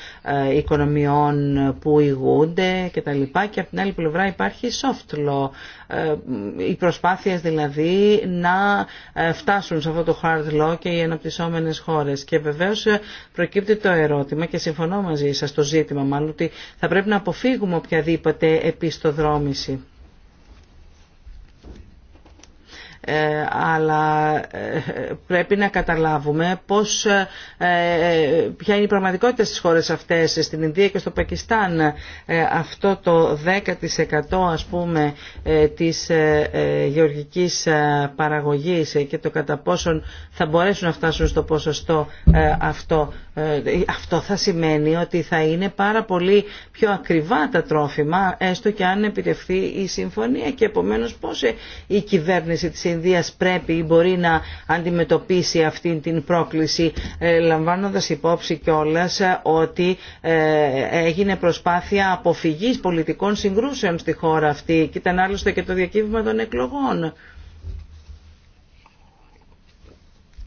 οικονομιών που ηγούνται κτλ. Και από την άλλη πλευρά υπάρχει soft law, ε, οι προσπάθειες δηλαδή να ε, φτάσουν σε αυτό το hard law και οι αναπτυσσόμενες χώρες. Και βεβαίως προκύπτει το ερώτημα και συμφωνώ μαζί σας το ζήτημα μάλλον ότι θα πρέπει να αποφύγουμε οποιαδήποτε επιστοδρόμηση. Ε, αλλά ε, πρέπει να καταλάβουμε πώς, ε, ποια είναι η πραγματικότητα στις χώρες αυτές, στην Ινδία και στο Πακιστάν. Αυτό το 10% ας πούμε της γεωργικής παραγωγής και το κατά πόσον θα μπορέσουν να φτάσουν στο ποσοστό αυτό. Αυτό θα σημαίνει ότι θα είναι πάρα πολύ πιο ακριβά τα τρόφιμα, έστω και αν επιτευχθεί η συμφωνία και επομένως πώς η κυβέρνηση της Ινδίας πρέπει ή μπορεί να αντιμετωπίσει αυτή την πρόκληση ε, λαμβάνοντας υπόψη κιόλας ε, ότι ε, έγινε προσπάθεια αποφυγής πολιτικών συγκρούσεων στη χώρα αυτή και ήταν άλλωστε και το διακύβημα των εκλογών.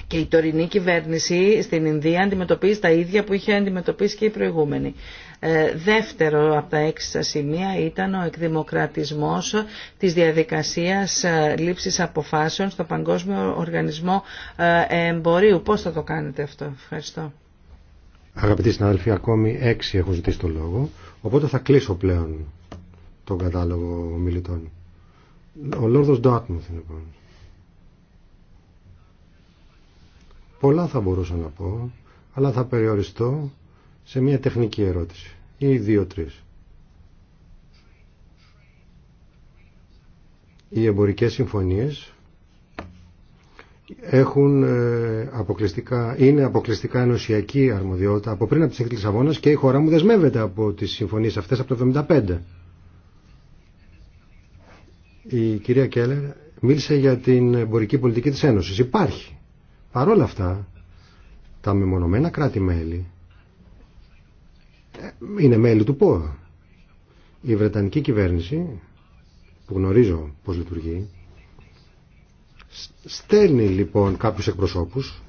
Και η τωρινή κυβέρνηση στην Ινδία αντιμετωπίζει τα ίδια που είχε αντιμετωπίσει και η προηγούμενη. Ε, δεύτερο από τα έξι σημεία ήταν ο εκδημοκρατισμός της διαδικασίας ε, λήψης αποφάσεων στο Παγκόσμιο Οργανισμό ε, Εμπορίου. Πώς θα το κάνετε αυτό. Ευχαριστώ. Αγαπητοί συνάδελφοι, ακόμη έξι έχω ζητήσει το λόγο, οπότε θα κλείσω πλέον τον κατάλογο μιλητών. Ο Λόρδος Ντάτμουθ λοιπόν. Πολλά θα μπορούσα να πω, αλλά θα περιοριστώ σε μια τεχνική ερώτηση ή δύο-τρεις. Οι εμπορικές συμφωνίες έχουν ε, αποκλειστικά, είναι αποκλειστικά ενωσιακή αρμοδιότητα από πριν από τη Συνθήκη και η χώρα μου δεσμεύεται από τις συμφωνίες αυτές από το 1975. Η κυρία Κέλλερ μίλησε για την εμπορική πολιτική της Ένωσης. Υπάρχει. Παρ' όλα αυτά, τα μεμονωμένα κράτη-μέλη είναι μέλη του ΠΟΕ. Η Βρετανική κυβέρνηση, που γνωρίζω πώς λειτουργεί, στέλνει λοιπόν κάποιους εκπροσώπους,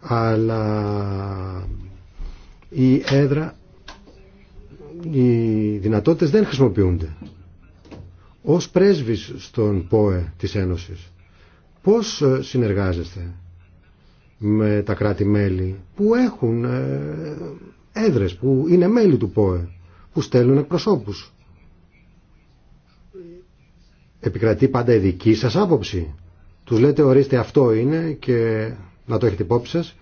αλλά η έδρα, οι δυνατότητες δεν χρησιμοποιούνται. Ως πρέσβης στον ΠΟΕ της Ένωσης, πώς ε, συνεργάζεστε με τα κράτη-μέλη που έχουν ε, έδρες που είναι μέλη του ΠΟΕ, που στέλνουν εκπροσώπους. Επικρατεί πάντα η δική σας άποψη. Τους λέτε ορίστε αυτό είναι και να το έχετε υπόψη σας.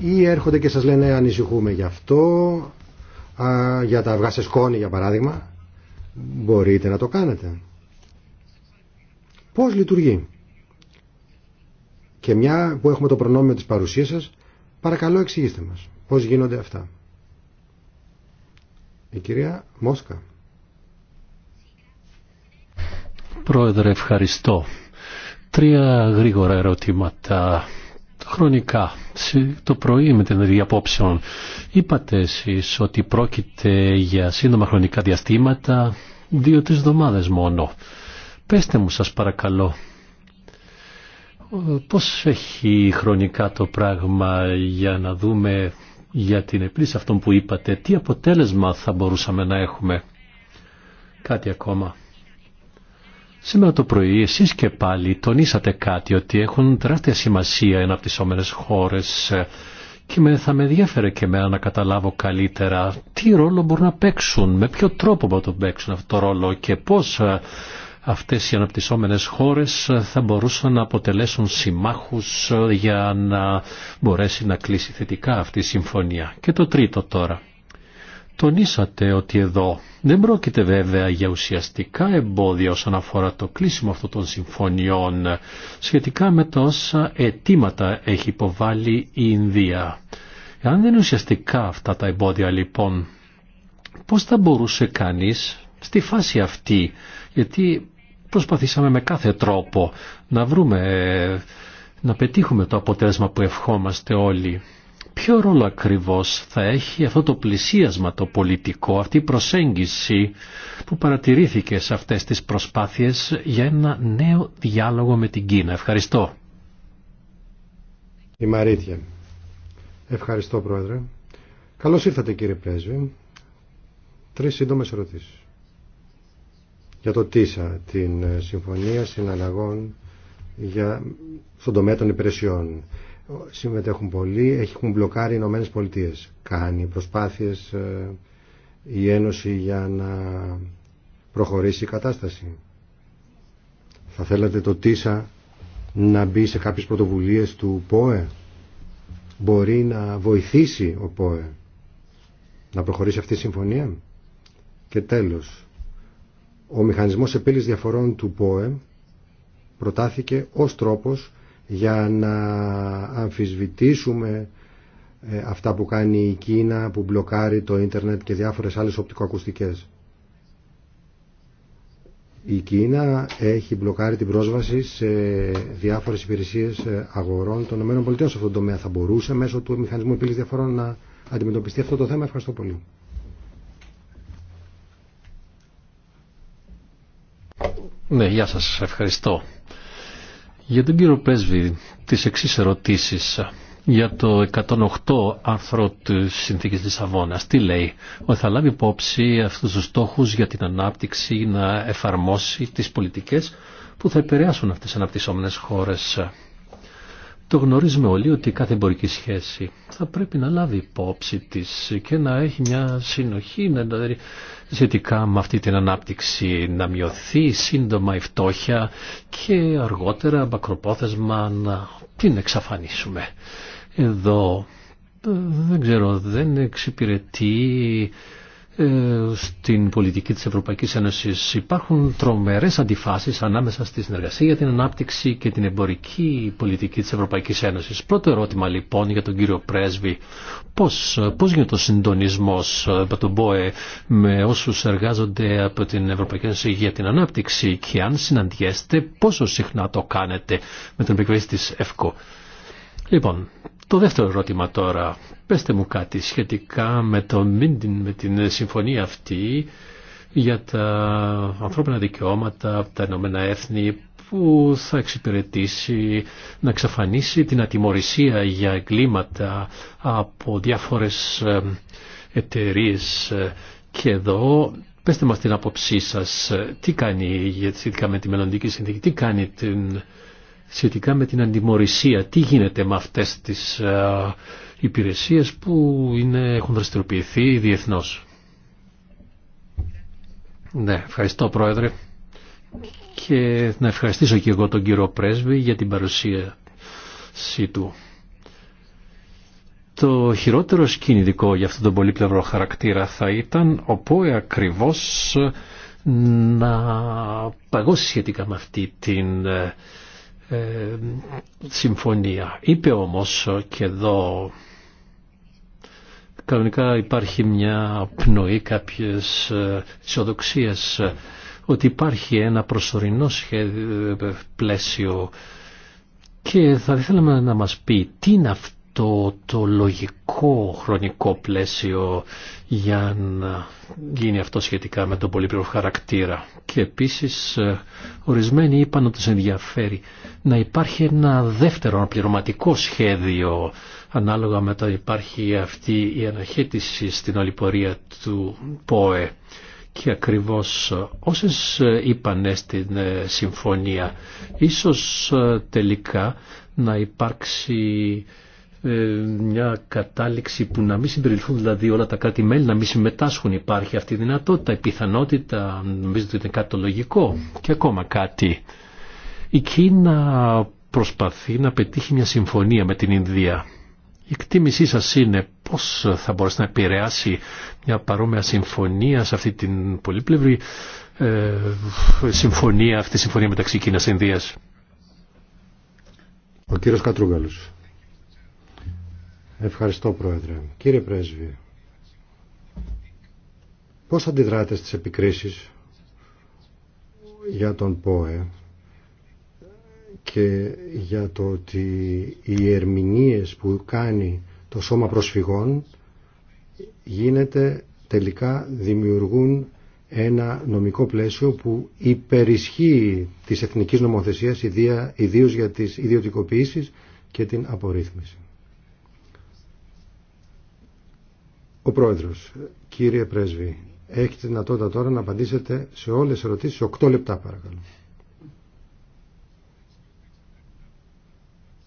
Ή έρχονται και σας λένε ανησυχούμε γι' αυτό, α, για τα αυγά σε σκόνη για παράδειγμα. Μπορείτε να το κάνετε. Πώς λειτουργεί. Και μια που έχουμε το προνόμιο της παρουσίας σας, παρακαλώ εξηγήστε μας πώς γίνονται αυτά. Η κυρία Μόσκα. Πρόεδρε, ευχαριστώ. Τρία γρήγορα ερωτήματα χρονικά. Το πρωί με την διαπόψεων. είπατε εσείς ότι πρόκειται για σύντομα χρονικά διαστήματα, δύο-τρεις εβδομάδες μόνο. Πέστε μου σας παρακαλώ, πώς έχει χρονικά το πράγμα για να δούμε για την επίλυση αυτών που είπατε, τι αποτέλεσμα θα μπορούσαμε να έχουμε. Κάτι ακόμα. Σήμερα το πρωί εσείς και πάλι τονίσατε κάτι ότι έχουν τεράστια σημασία οι χώρες και με, θα με ενδιαφέρε και εμένα να καταλάβω καλύτερα τι ρόλο μπορούν να παίξουν, με ποιο τρόπο μπορούν να παίξουν αυτό το ρόλο και πώς αυτές οι αναπτυσσόμενες χώρες θα μπορούσαν να αποτελέσουν συμμάχους για να μπορέσει να κλείσει θετικά αυτή η συμφωνία. Και το τρίτο τώρα. Τονίσατε ότι εδώ δεν πρόκειται βέβαια για ουσιαστικά εμπόδια όσον αφορά το κλείσιμο αυτών των συμφωνιών σχετικά με τόσα όσα αιτήματα έχει υποβάλει η Ινδία. Αν δεν είναι ουσιαστικά αυτά τα εμπόδια λοιπόν, πώς θα μπορούσε κανείς στη φάση αυτή, γιατί προσπαθήσαμε με κάθε τρόπο να βρούμε, να πετύχουμε το αποτέλεσμα που ευχόμαστε όλοι. Ποιο ρόλο ακριβώς θα έχει αυτό το πλησίασμα το πολιτικό, αυτή η προσέγγιση που παρατηρήθηκε σε αυτές τις προσπάθειες για ένα νέο διάλογο με την Κίνα. Ευχαριστώ. Η Μαρίτια. Ευχαριστώ Πρόεδρε. Καλώς ήρθατε κύριε Πρέσβη. Τρεις σύντομες ερωτήσεις για το ΤΙΣΑ, την ε, Συμφωνία Συναλλαγών για, στον τομέα των υπηρεσιών. Συμμετέχουν πολλοί, έχουν μπλοκάρει οι Ηνωμένε Πολιτείε. Κάνει προσπάθειες ε, η Ένωση για να προχωρήσει η κατάσταση. Θα θέλατε το ΤΙΣΑ να μπει σε κάποιες πρωτοβουλίες του ΠΟΕ. Μπορεί να βοηθήσει ο ΠΟΕ να προχωρήσει αυτή η συμφωνία. Και τέλος, ο μηχανισμός επίλυσης διαφορών του ΠΟΕ προτάθηκε ως τρόπος για να αμφισβητήσουμε ε, αυτά που κάνει η Κίνα που μπλοκάρει το ίντερνετ και διάφορες άλλες οπτικοακουστικές. Η Κίνα έχει μπλοκάρει την πρόσβαση σε διάφορες υπηρεσίες ε, αγορών των ΗΠΑ σε αυτόν τον τομέα. Θα μπορούσε μέσω του μηχανισμού επίλυσης διαφορών να αντιμετωπιστεί αυτό το θέμα. Ευχαριστώ πολύ. Ναι, γεια σας, ευχαριστώ. Για τον κύριο Πρέσβη, τις εξή ερωτήσεις για το 108 άρθρο του Συνθήκης Λισαβόνας. Τι λέει, ότι θα λάβει υπόψη αυτούς τους στόχους για την ανάπτυξη να εφαρμόσει τις πολιτικές που θα επηρεάσουν αυτές τις αναπτυσσόμενες χώρες. Το γνωρίζουμε όλοι ότι κάθε εμπορική σχέση θα πρέπει να λάβει υπόψη της και να έχει μια συνοχή, να δηλαδή, σχετικά με αυτή την ανάπτυξη να μειωθεί σύντομα η φτώχεια και αργότερα μακροπόθεσμα να την εξαφανίσουμε. Εδώ ε, δεν ξέρω, δεν εξυπηρετεί ε, στην πολιτική της Ευρωπαϊκής Ένωσης υπάρχουν τρομερές αντιφάσεις ανάμεσα στη συνεργασία για την ανάπτυξη και την εμπορική πολιτική της Ευρωπαϊκής Ένωσης. Πρώτο ερώτημα λοιπόν για τον κύριο Πρέσβη. Πώς, γίνεται ο συντονισμός από ε, τον με όσους εργάζονται από την Ευρωπαϊκή Ένωση για την ανάπτυξη και αν συναντιέστε πόσο συχνά το κάνετε με τον επικοινωνία της ΕΦΚΟ. Λοιπόν, το δεύτερο ερώτημα τώρα. Πεστε μου κάτι σχετικά με, το, με την συμφωνία αυτή για τα ανθρώπινα δικαιώματα από τα Ηνωμένα Έθνη που θα εξυπηρετήσει να εξαφανίσει την ατιμορρησία για εγκλήματα από διάφορες εταιρείε και εδώ πέστε μας την άποψή σας τι κάνει σχετικά με τη μελλοντική συνθήκη τι κάνει την σχετικά με την αντιμορρυσία. Τι γίνεται με αυτές τις ε, υπηρεσίες που είναι, έχουν δραστηριοποιηθεί διεθνώς. Ναι, ευχαριστώ Πρόεδρε και να ευχαριστήσω και εγώ τον κύριο Πρέσβη για την παρουσίαση του. Το χειρότερο σκηνικό για αυτόν τον πολύπλευρο χαρακτήρα θα ήταν ο ΠΟΕ ακριβώς να παγώσει σχετικά με αυτή την ε, ε, συμφωνία. Είπε όμως και εδώ κανονικά υπάρχει μια πνοή κάποιες ε, ισοδοξίε ε, ότι υπάρχει ένα προσωρινό σχέδιο, πλαίσιο και θα ήθελα να μας πει τι είναι αυτό το το λογικό χρονικό πλαίσιο για να γίνει αυτό σχετικά με τον πολύπληρο χαρακτήρα. Και επίσης ε, ορισμένοι είπαν ότι τους ενδιαφέρει να υπάρχει ένα δεύτερο αναπληρωματικό σχέδιο ανάλογα με το υπάρχει αυτή η αναχέτηση στην ολυπορία του ΠΟΕ. Και ακριβώς ε, όσες ε, είπαν στην συμφωνία, ίσως τελικά να υπάρξει ε, μια κατάληξη που να μην συμπεριληφθούν δηλαδή όλα τα κράτη-μέλη, να μην συμμετάσχουν. Υπάρχει αυτή η δυνατότητα, η πιθανότητα, νομίζω ότι είναι κάτι το λογικό. Και ακόμα κάτι. Η Κίνα προσπαθεί να πετύχει μια συμφωνία με την Ινδία. Η εκτίμησή σας είναι πώς θα μπορέσει να επηρεάσει μια παρόμοια συμφωνία σε αυτή την πολύπλευρη ε, συμφωνία, αυτή η συμφωνία μεταξύ Κίνας και Ινδίας. Ο κύριος Κατρούγκαλος. Ευχαριστώ Πρόεδρε. Κύριε Πρέσβη, πώς αντιδράτε στις επικρίσεις για τον ΠΟΕ και για το ότι οι ερμηνείες που κάνει το σώμα προσφυγών γίνεται τελικά δημιουργούν ένα νομικό πλαίσιο που υπερισχύει της εθνικής νομοθεσίας ιδίως για τις ιδιωτικοποιήσεις και την απορρίθμιση. Ο Πρόεδρος, κύριε Πρέσβη, έχετε δυνατότητα τώρα να απαντήσετε σε όλες τις ερωτήσεις, 8 λεπτά παρακαλώ.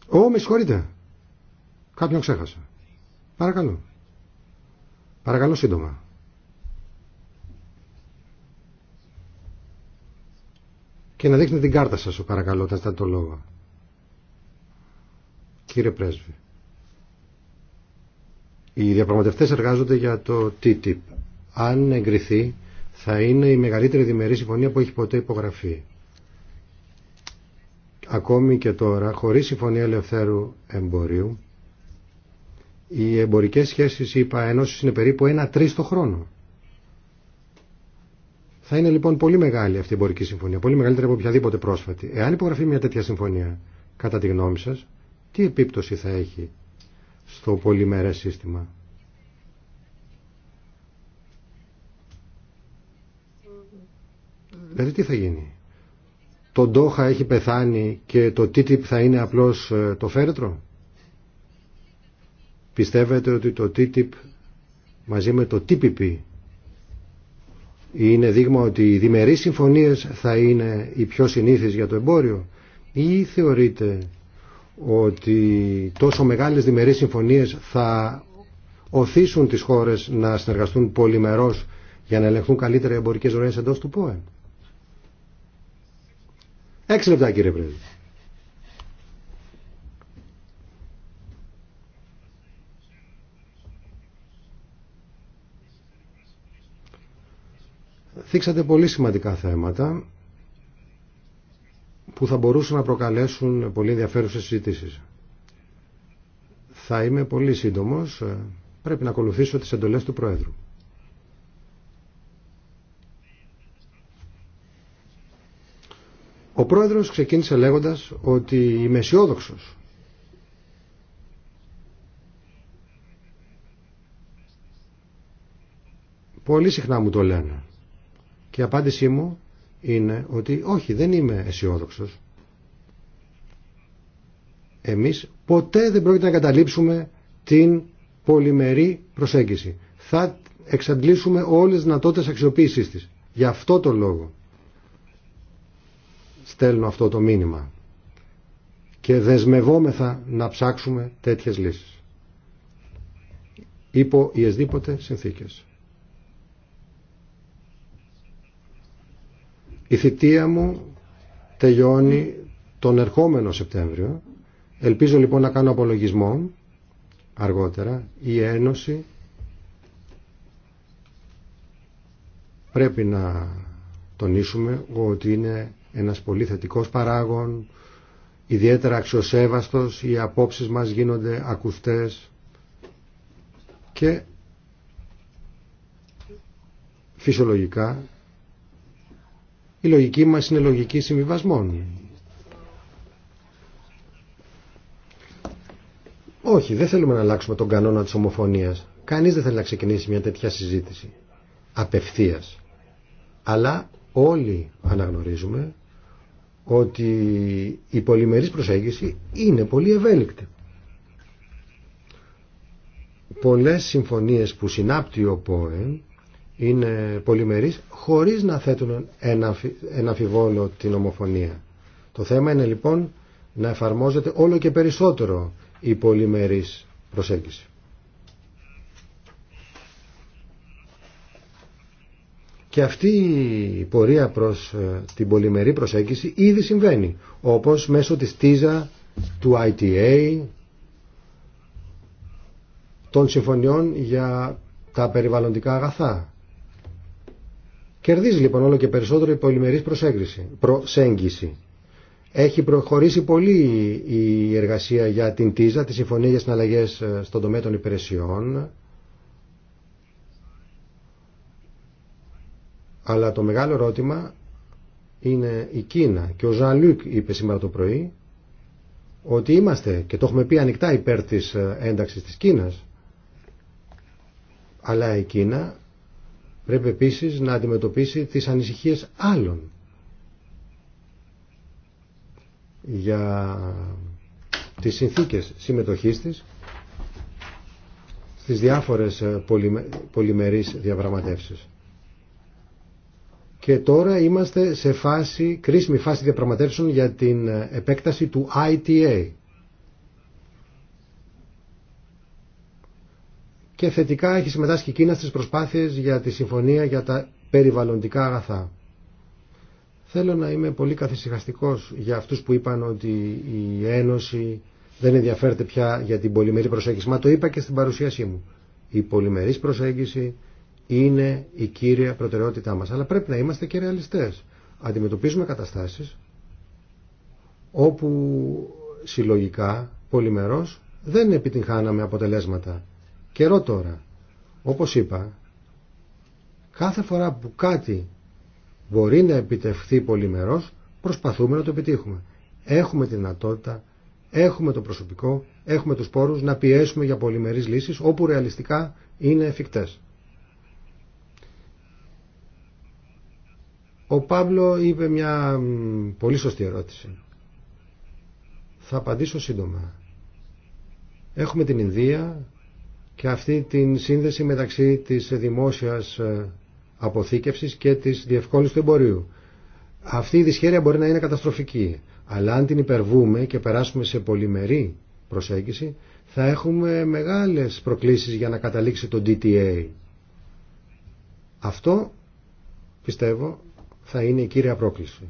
Ω, με συγχωρείτε. Κάποιον ξέχασα. Παρακαλώ. Παρακαλώ σύντομα. Και να δείχνετε την κάρτα σας, παρακαλώ, όταν ζητάτε το λόγο. Κύριε Πρέσβη. Οι διαπραγματευτές εργάζονται για το TTIP. Αν εγκριθεί θα είναι η μεγαλύτερη διμερή συμφωνία που έχει ποτέ υπογραφεί. Ακόμη και τώρα, χωρίς συμφωνία ελευθέρου εμπορίου, οι εμπορικές σχέσεις είπα ενώσεις είναι περίπου ένα τρεις χρόνο. Θα είναι λοιπόν πολύ μεγάλη αυτή η εμπορική συμφωνία, πολύ μεγαλύτερη από οποιαδήποτε πρόσφατη. Εάν υπογραφεί μια τέτοια συμφωνία, κατά τη γνώμη σας, τι επίπτωση θα έχει στο πολυμερέ σύστημα. Δηλαδή τι θα γίνει. Το Ντόχα έχει πεθάνει και το TTIP θα είναι απλώς ε, το φέρετρο. Πιστεύετε ότι το TTIP μαζί με το TPP είναι δείγμα ότι οι διμερείς συμφωνίες θα είναι οι πιο συνήθεις για το εμπόριο ή θεωρείτε ότι τόσο μεγάλες διμερείς συμφωνίες θα οθήσουν τις χώρες να συνεργαστούν πολυμερώς για να ελεγχθούν καλύτερα οι εμπορικές ροές εντός του ΠΟΕ. Έξι λεπτά κύριε Πρέδρε. Θίξατε πολύ σημαντικά θέματα που θα μπορούσαν να προκαλέσουν πολύ ενδιαφέρουσες συζητήσεις. Θα είμαι πολύ σύντομος, πρέπει να ακολουθήσω τις εντολές του Προέδρου. Ο Πρόεδρος ξεκίνησε λέγοντας ότι είμαι αισιόδοξο. Πολύ συχνά μου το λένε. Και η απάντησή μου είναι ότι όχι δεν είμαι αισιόδοξο. Εμείς ποτέ δεν πρόκειται να καταλήψουμε την πολυμερή προσέγγιση. Θα εξαντλήσουμε όλες τις δυνατότητε αξιοποίησή της. Γι' αυτό το λόγο στέλνω αυτό το μήνυμα και δεσμευόμεθα να ψάξουμε τέτοιες λύσεις. Υπό ιεσδήποτε συνθήκες. Η θητεία μου τελειώνει τον ερχόμενο Σεπτέμβριο. Ελπίζω λοιπόν να κάνω απολογισμό αργότερα. Η Ένωση πρέπει να τονίσουμε ότι είναι ένας πολύ θετικός παράγων, ιδιαίτερα αξιοσέβαστος, οι απόψεις μας γίνονται ακουστές και φυσιολογικά η λογική μας είναι λογική συμβιβασμών. Όχι, δεν θέλουμε να αλλάξουμε τον κανόνα της ομοφωνίας. Κανείς δεν θέλει να ξεκινήσει μια τέτοια συζήτηση. Απευθείας. Αλλά όλοι αναγνωρίζουμε ότι η πολυμερής προσέγγιση είναι πολύ ευέλικτη. Πολλές συμφωνίες που συνάπτει ο Πόεν είναι πολυμερείς χωρίς να θέτουν ένα αμφιβόλο την ομοφωνία. Το θέμα είναι λοιπόν να εφαρμόζεται όλο και περισσότερο η πολυμερής προσέγγιση. Και αυτή η πορεία προς ε, την πολυμερή προσέγγιση ήδη συμβαίνει, όπως μέσω της ΤΙΖΑ, του ITA, των συμφωνιών για τα περιβαλλοντικά αγαθά. Κερδίζει λοιπόν όλο και περισσότερο η πολυμερής προσέγγιση. Έχει προχωρήσει πολύ η εργασία για την ΤΙΖΑ, τη Συμφωνία για Συναλλαγές ε, στον τομέα των υπηρεσιών. Αλλά το μεγάλο ερώτημα είναι η Κίνα. Και ο Ζαν Λουκ είπε σήμερα το πρωί ότι είμαστε και το έχουμε πει ανοιχτά υπέρ της ε, ένταξης της Κίνας. Αλλά η Κίνα Πρέπει επίσης να αντιμετωπίσει τις ανησυχίες άλλων για τις συνθήκες συμμετοχής της στις διάφορες πολυμερείς διαπραγματεύσεις. Και τώρα είμαστε σε φάση, κρίσιμη φάση διαπραγματεύσεων για την επέκταση του ITA, και θετικά έχει συμμετάσχει η Κίνα στις προσπάθειες για τη συμφωνία για τα περιβαλλοντικά αγαθά. Θέλω να είμαι πολύ καθησυχαστικός για αυτούς που είπαν ότι η Ένωση δεν ενδιαφέρεται πια για την πολυμερή προσέγγιση. Μα το είπα και στην παρουσίασή μου. Η πολυμερής προσέγγιση είναι η κύρια προτεραιότητά μας. Αλλά πρέπει να είμαστε και ρεαλιστές. Αντιμετωπίζουμε καταστάσεις όπου συλλογικά, πολυμερός, δεν επιτυγχάναμε αποτελέσματα καιρό τώρα. Όπως είπα, κάθε φορά που κάτι μπορεί να επιτευχθεί πολυμερός, προσπαθούμε να το επιτύχουμε. Έχουμε τη δυνατότητα, έχουμε το προσωπικό, έχουμε τους πόρους να πιέσουμε για πολυμερείς λύσεις όπου ρεαλιστικά είναι εφικτές. Ο Παύλο είπε μια πολύ σωστή ερώτηση. Θα απαντήσω σύντομα. Έχουμε την Ινδία και αυτή την σύνδεση μεταξύ της δημόσιας ε, αποθήκευσης και της διευκόλυνσης του εμπορίου. Αυτή η δυσχέρεια μπορεί να είναι καταστροφική, αλλά αν την υπερβούμε και περάσουμε σε πολυμερή προσέγγιση, θα έχουμε μεγάλες προκλήσεις για να καταλήξει το DTA. Αυτό, πιστεύω, θα είναι η κύρια πρόκληση.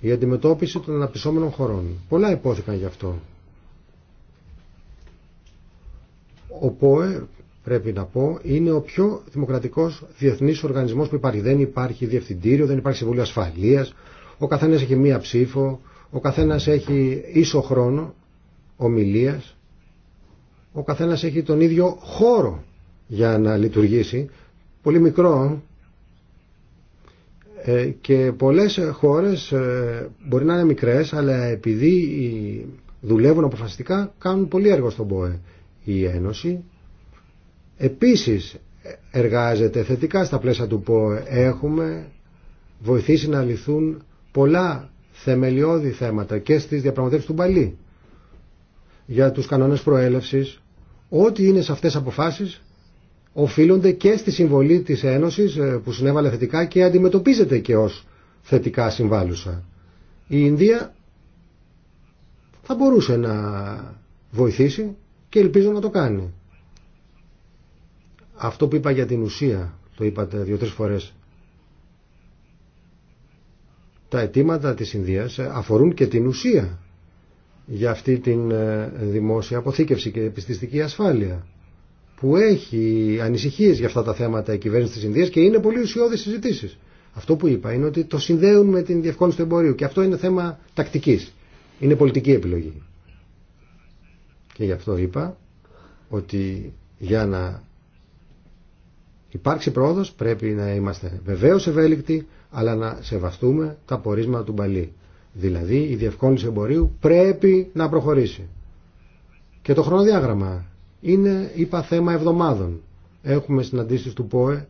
Η αντιμετώπιση των αναπτυσσόμενων χωρών. Πολλά υπόθηκαν γι' αυτό. Ο ΠΟΕ, πρέπει να πω, είναι ο πιο δημοκρατικός διεθνής οργανισμός που υπάρχει. Δεν υπάρχει διευθυντήριο, δεν υπάρχει συμβούλιο ασφαλεία, ο καθένας έχει μία ψήφο, ο καθένας έχει ίσο χρόνο ομιλίας, ο καθένας έχει τον ίδιο χώρο για να λειτουργήσει, πολύ μικρό ε, και πολλές χώρες ε, μπορεί να είναι μικρές αλλά επειδή δουλεύουν αποφασιστικά κάνουν πολύ έργο στον ΠΟΕ η Ένωση επίσης εργάζεται θετικά στα πλαίσια του που Έχουμε βοηθήσει να λυθούν πολλά θεμελιώδη θέματα και στις διαπραγματεύσεις του Μπαλί για τους κανόνες προέλευσης. Ό,τι είναι σε αυτές αποφάσεις οφείλονται και στη συμβολή της Ένωσης ε, που συνέβαλε θετικά και αντιμετωπίζεται και ως θετικά συμβάλλουσα. Η Ινδία θα μπορούσε να βοηθήσει και ελπίζω να το κάνει. Αυτό που είπα για την ουσία, το είπατε δύο-τρεις φορές, τα αιτήματα της Ινδίας ε, αφορούν και την ουσία για αυτή την ε, δημόσια αποθήκευση και επιστηστική ασφάλεια που έχει ανησυχίες για αυτά τα θέματα η κυβέρνηση της Ινδίας και είναι πολύ ουσιώδες συζητήσεις. Αυτό που είπα είναι ότι το συνδέουν με την διευκόλυνση του εμπορίου και αυτό είναι θέμα τακτικής. Είναι πολιτική επιλογή. Και γι' αυτό είπα ότι για να υπάρξει πρόοδος πρέπει να είμαστε βεβαίως ευέλικτοι αλλά να σεβαστούμε τα πορίσματα του Μπαλί. Δηλαδή η διευκόλυνση εμπορίου πρέπει να προχωρήσει. Και το χρονοδιάγραμμα είναι, είπα, θέμα εβδομάδων. Έχουμε συναντήσεις του ΠΟΕ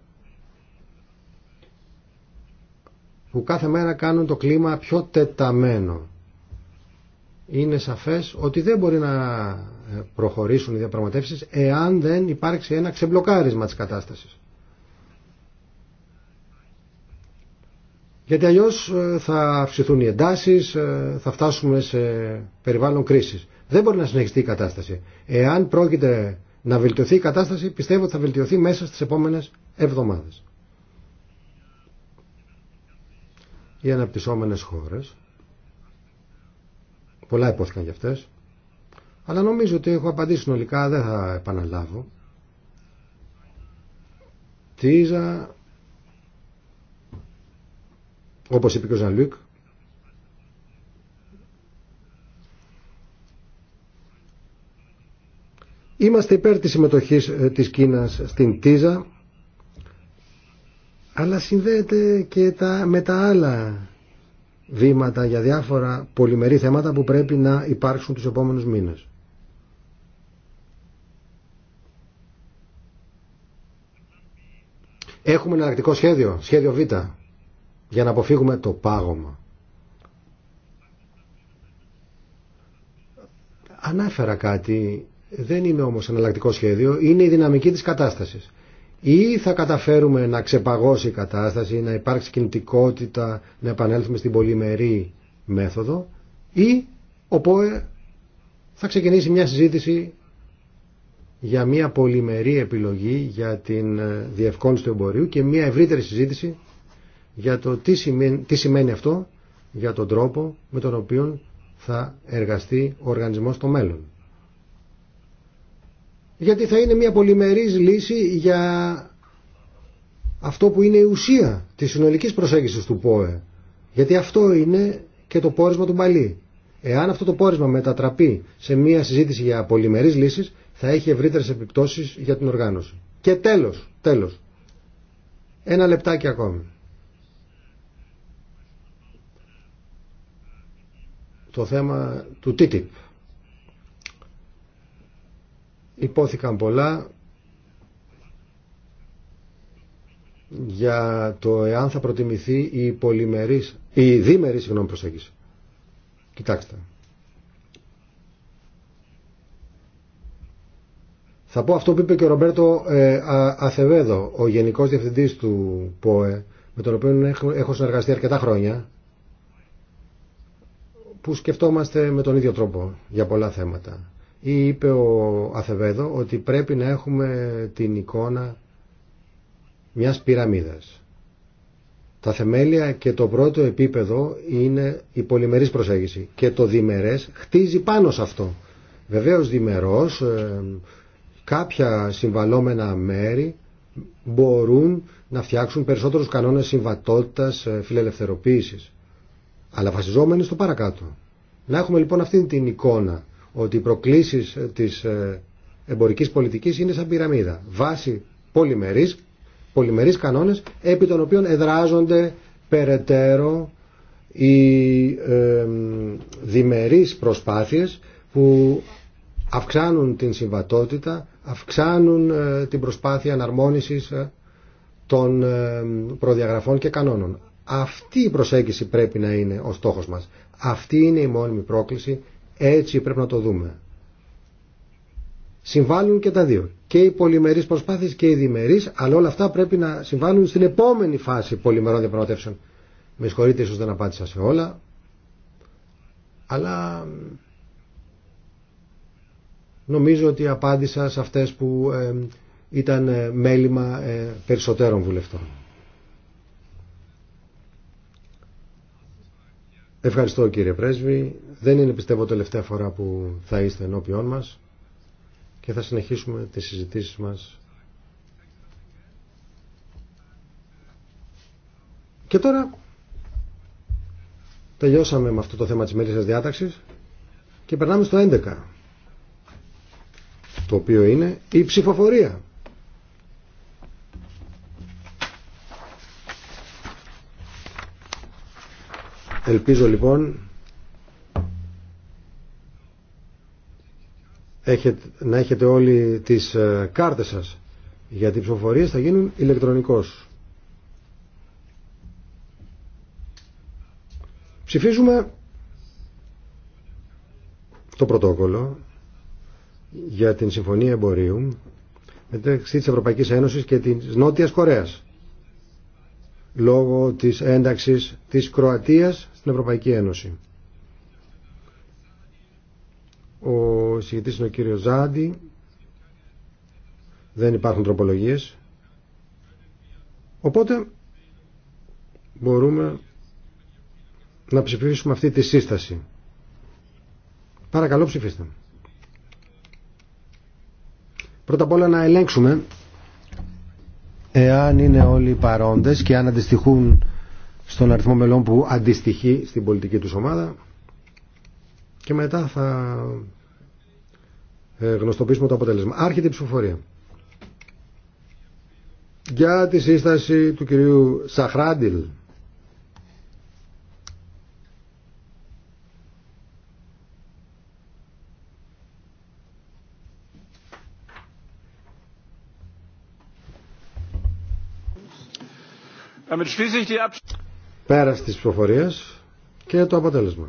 που κάθε μέρα κάνουν το κλίμα πιο τεταμένο είναι σαφές ότι δεν μπορεί να ε, προχωρήσουν οι διαπραγματεύσεις εάν δεν υπάρξει ένα ξεμπλοκάρισμα της κατάστασης. Γιατί αλλιώς ε, θα αυξηθούν οι εντάσεις, ε, θα φτάσουμε σε περιβάλλον κρίσης. Δεν μπορεί να συνεχιστεί η κατάσταση. Εάν πρόκειται να βελτιωθεί η κατάσταση, πιστεύω ότι θα βελτιωθεί μέσα στις επόμενες εβδομάδες. Οι αναπτυσσόμενες χώρες πολλά υπόθηκαν για αυτές, αλλά νομίζω ότι έχω απαντήσει συνολικά, δεν θα επαναλάβω. Τίζα, όπως είπε και ο Ζανλουίκ Είμαστε υπέρ της συμμετοχής ε, της Κίνας στην Τίζα, αλλά συνδέεται και με τα άλλα βήματα για διάφορα πολυμερή θέματα που πρέπει να υπάρξουν τους επόμενους μήνες. Έχουμε ένα σχέδιο, σχέδιο Β, για να αποφύγουμε το πάγωμα. Ανάφερα κάτι, δεν είναι όμως εναλλακτικό σχέδιο, είναι η δυναμική της κατάστασης ή θα καταφέρουμε να ξεπαγώσει η κατάσταση, να υπάρξει κινητικότητα, να επανέλθουμε στην πολυμερή μέθοδο ή ο θα ξεκινήσει μια συζήτηση για μια πολυμερή επιλογή για την ε, διευκόλυνση του εμπορίου και μια ευρύτερη συζήτηση για το τι σημαίνει, τι σημαίνει αυτό για τον τρόπο με τον οποίο θα εργαστεί ο οργανισμός στο μέλλον γιατί θα είναι μια πολυμερής λύση για αυτό που είναι η ουσία της συνολικής προσέγγισης του ΠΟΕ. Γιατί αυτό είναι και το πόρισμα του Μπαλί. Εάν αυτό το πόρισμα μετατραπεί σε μια συζήτηση για πολυμερείς λύσεις, θα έχει ευρύτερες επιπτώσεις για την οργάνωση. Και τέλος, τέλος, ένα λεπτάκι ακόμη. Το θέμα του TTIP. Υπόθηκαν πολλά για το εάν θα προτιμηθεί η, πολυμερής, η δίμερη συγγνώμη, προσέγγιση. Κοιτάξτε. Θα πω αυτό που είπε και ο Ρομπέρτο ε, Αθεβέδο, ο Γενικός Διευθυντής του ΠΟΕ, με τον οποίο έχω, έχω συνεργαστεί αρκετά χρόνια, που σκεφτόμαστε με τον ίδιο τρόπο για πολλά θέματα. Ή είπε ο Αθεβέδο ότι πρέπει να έχουμε την εικόνα μιας πυραμίδας. Τα θεμέλια και το πρώτο επίπεδο είναι η πολυμερής προσέγγιση και το διμερές χτίζει πάνω σε αυτό. Βεβαίως διμερός ε, κάποια συμβαλόμενα μέρη μπορούν να φτιάξουν περισσότερους κανόνες συμβατότητας ε, φιλελευθεροποίησης. Αλλά βασιζόμενοι στο παρακάτω. Να έχουμε λοιπόν αυτή την εικόνα ότι οι προκλήσεις της ε, εμπορική πολιτικής είναι σαν πυραμίδα. Βάση πολυμερει κανόνε κανόνες επί των οποίων εδράζονται περαιτέρω οι ε, διμερείς προσπάθειες που αυξάνουν την συμβατότητα, αυξάνουν ε, την προσπάθεια αναρμόνισης ε, των προδιαγραφών και κανόνων. Αυτή η προσέγγιση πρέπει να είναι ο στόχος μας. Αυτή είναι η μόνιμη πρόκληση έτσι πρέπει να το δούμε. Συμβάλλουν και τα δύο. Και οι πολυμερείς προσπάθειες και οι διμερείς, αλλά όλα αυτά πρέπει να συμβάλλουν στην επόμενη φάση πολυμερών διαπραγματεύσεων. Με συγχωρείτε, ίσως δεν απάντησα σε όλα, αλλά νομίζω ότι απάντησα σε αυτές που ε, ήταν ε, μέλημα ε, περισσότερων βουλευτών. Ευχαριστώ κύριε Πρέσβη. Δεν είναι πιστεύω τελευταία φορά που θα είστε ενώπιόν μας και θα συνεχίσουμε τις συζητήσεις μας. Και τώρα τελειώσαμε με αυτό το θέμα της μέλισσας διάταξης και περνάμε στο 11 το οποίο είναι η ψηφοφορία. Ελπίζω λοιπόν να έχετε όλοι τις ε, κάρτες σας γιατί οι ψηφοφορίες θα γίνουν ηλεκτρονικώς. Ψηφίζουμε το πρωτόκολλο για την Συμφωνία Εμπορίου μεταξύ της Ευρωπαϊκής Ένωσης και της Νότιας Κορέας λόγω της ένταξης της Κροατίας στην Ευρωπαϊκή Ένωση. Ο συγητής είναι ο κύριος Ζάντι. Δεν υπάρχουν τροπολογίες. Οπότε μπορούμε να ψηφίσουμε αυτή τη σύσταση. Παρακαλώ ψηφίστε. Πρώτα απ' όλα να ελέγξουμε εάν είναι όλοι παρόντες και αν αντιστοιχούν στον αριθμό μελών που αντιστοιχεί στην πολιτική τους ομάδα και μετά θα ε, γνωστοποιήσουμε το αποτέλεσμα. Άρχεται η ψηφοφορία. Για τη σύσταση του κυρίου Σαχράντιλ. Πέρα της ψηφοφορίας και το αποτέλεσμα.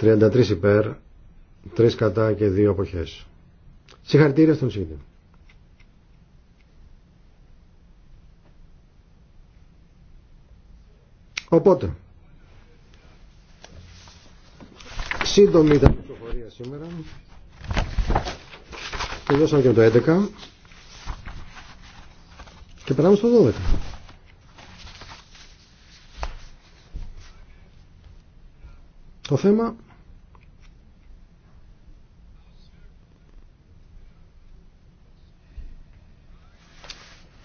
...33 υπέρ, 3 κατά και 2 αποχές. Συγχαρητήρια στον Σύντη. Οπότε, σύντομη ήταν η πληροφορία σήμερα. Τελειώσαμε και με το 11. Και περάμε στο 12. Το θέμα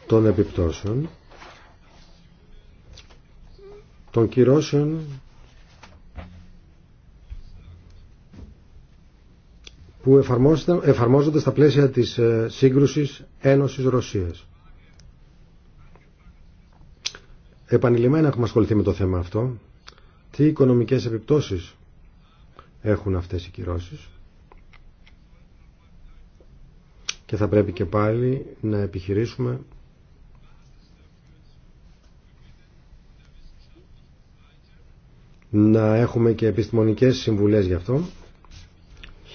των επιπτώσεων των κυρώσεων που εφαρμόζονται στα πλαίσια της ε, σύγκρουσης Ένωσης Ρωσίας. Επανειλημμένα έχουμε ασχοληθεί με το θέμα αυτό. Τι οικονομικές επιπτώσεις έχουν αυτές οι κυρώσεις. Και θα πρέπει και πάλι να επιχειρήσουμε να έχουμε και επιστημονικές συμβουλές γι' αυτό.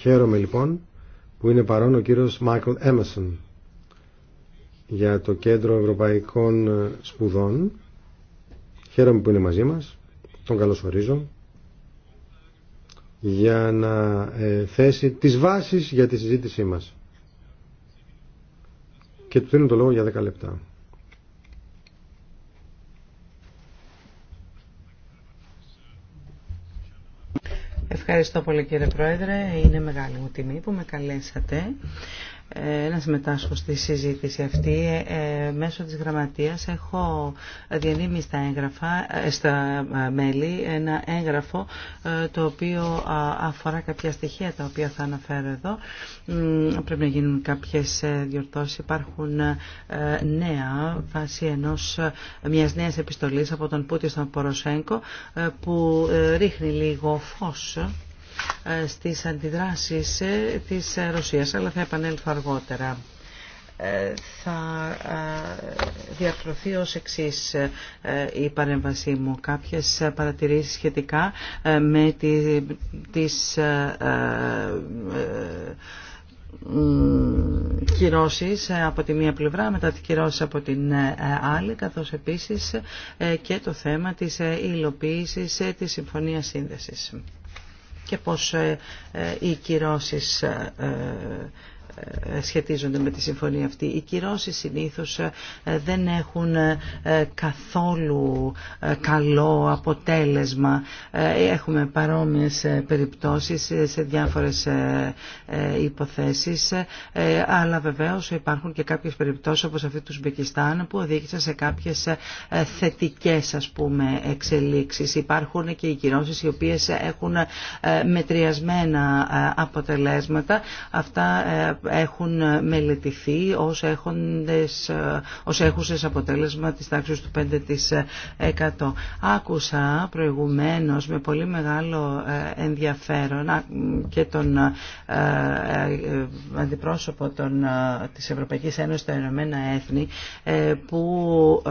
Χαίρομαι λοιπόν που είναι παρόν ο κύριος Μάικλ Έμεσον για το Κέντρο Ευρωπαϊκών ε, Σπουδών. Χαίρομαι που είναι μαζί μας. Τον καλωσορίζω για να ε, θέσει τις βάσεις για τη συζήτησή μας. Και του δίνω το λόγο για 10 λεπτά. Ευχαριστώ πολύ κύριε Πρόεδρε. Είναι μεγάλη μου τιμή που με καλέσατε ε, να συμμετάσχω στη συζήτηση αυτή. Ε, ε, μέσω της γραμματείας έχω διανύμει στα, έγγραφα, στα μέλη ένα έγγραφο το οποίο αφορά κάποια στοιχεία τα οποία θα αναφέρω εδώ. Πρέπει να γίνουν κάποιες διορθώσεις. Υπάρχουν νέα βάση ενός, μιας νέας επιστολής από τον Πούτι στον Ποροσέγκο που ρίχνει λίγο φως ε, στις αντιδράσεις ε, της ε, Ρωσίας, αλλά θα επανέλθω αργότερα θα διαρθρωθεί ως εξής η παρέμβασή μου. Κάποιες παρατηρήσεις σχετικά με τις κυρώσεις από τη μία πλευρά μετά τις κυρώσεις από την άλλη καθώς επίσης και το θέμα της υλοποίησης της Συμφωνίας Σύνδεσης και πως ε, ε, οι κυρώσεις ε, ε, σχετίζονται με τη συμφωνία αυτή. Οι κυρώσεις συνήθως ε, δεν έχουν ε, καθόλου καλό αποτέλεσμα. Έχουμε παρόμοιες περιπτώσεις σε διάφορες υποθέσεις, αλλά βεβαίως υπάρχουν και κάποιες περιπτώσεις όπως αυτή του Σμπεκιστάν που οδήγησαν σε κάποιες θετικές ας πούμε εξελίξεις. Υπάρχουν και οι κυρώσεις οι οποίες έχουν μετριασμένα αποτελέσματα. Αυτά έχουν μελετηθεί ως, έχοντες, ως έχουσες αποτέλεσμα της τάξης του 5%. Άκουσα προηγουμένως με πολύ μεγάλο ε, ενδιαφέρον και τον ε, ε, αντιπρόσωπο των, της Ευρωπαϊκής Ένωσης Ηνωμένα Έθνη που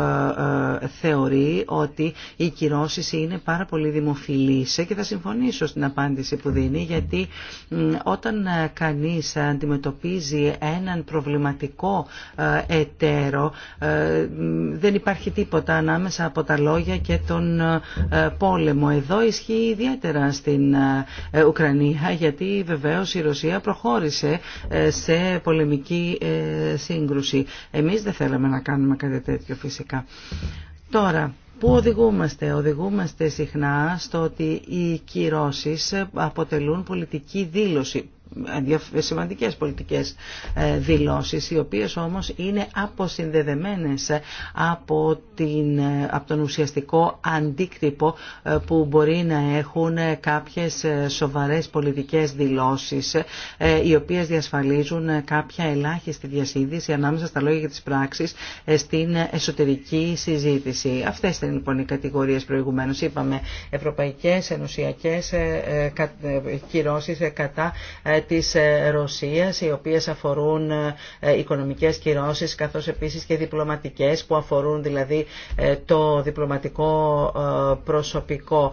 θεωρεί ότι η κυρώσεις είναι πάρα πολύ δημοφιλής και θα συμφωνήσω στην απάντηση που δίνει γιατί όταν κανείς αντιμετωπίζει αντιμετωπίζει έναν προβληματικό ε, εταίρο ε, δεν υπάρχει τίποτα ανάμεσα από τα λόγια και τον ε, πόλεμο. Εδώ ισχύει ιδιαίτερα στην Ουκρανία γιατί βεβαίως η Ρωσία προχώρησε σε πολεμική σύγκρουση. Εμείς δεν θέλαμε να κάνουμε κάτι τέτοιο φυσικά. Τώρα, Πού οδηγούμαστε. Οδηγούμαστε συχνά στο ότι οι κυρώσεις αποτελούν πολιτική δήλωση σημαντικές πολιτικές ε, δηλώσεις οι οποίες όμως είναι αποσυνδεδεμένες από, ε, από τον ουσιαστικό αντίκτυπο ε, που μπορεί να έχουν κάποιες σοβαρές πολιτικές δηλώσεις οι οποίες διασφαλίζουν κάποια ελάχιστη διασύνδεση ανάμεσα στα λόγια και τις στην εσωτερική συζήτηση. Αυτές ήταν λοιπόν οι κατηγορίες προηγουμένως. Είπαμε ευρωπαϊκές ενωσιακές κυρώσεις κατά της ε, Ρωσίας οι οποίες αφορούν ε, οικονομικές κυρώσεις καθώς επίσης και διπλωματικές που αφορούν δηλαδή ε, το διπλωματικό προσωπικό.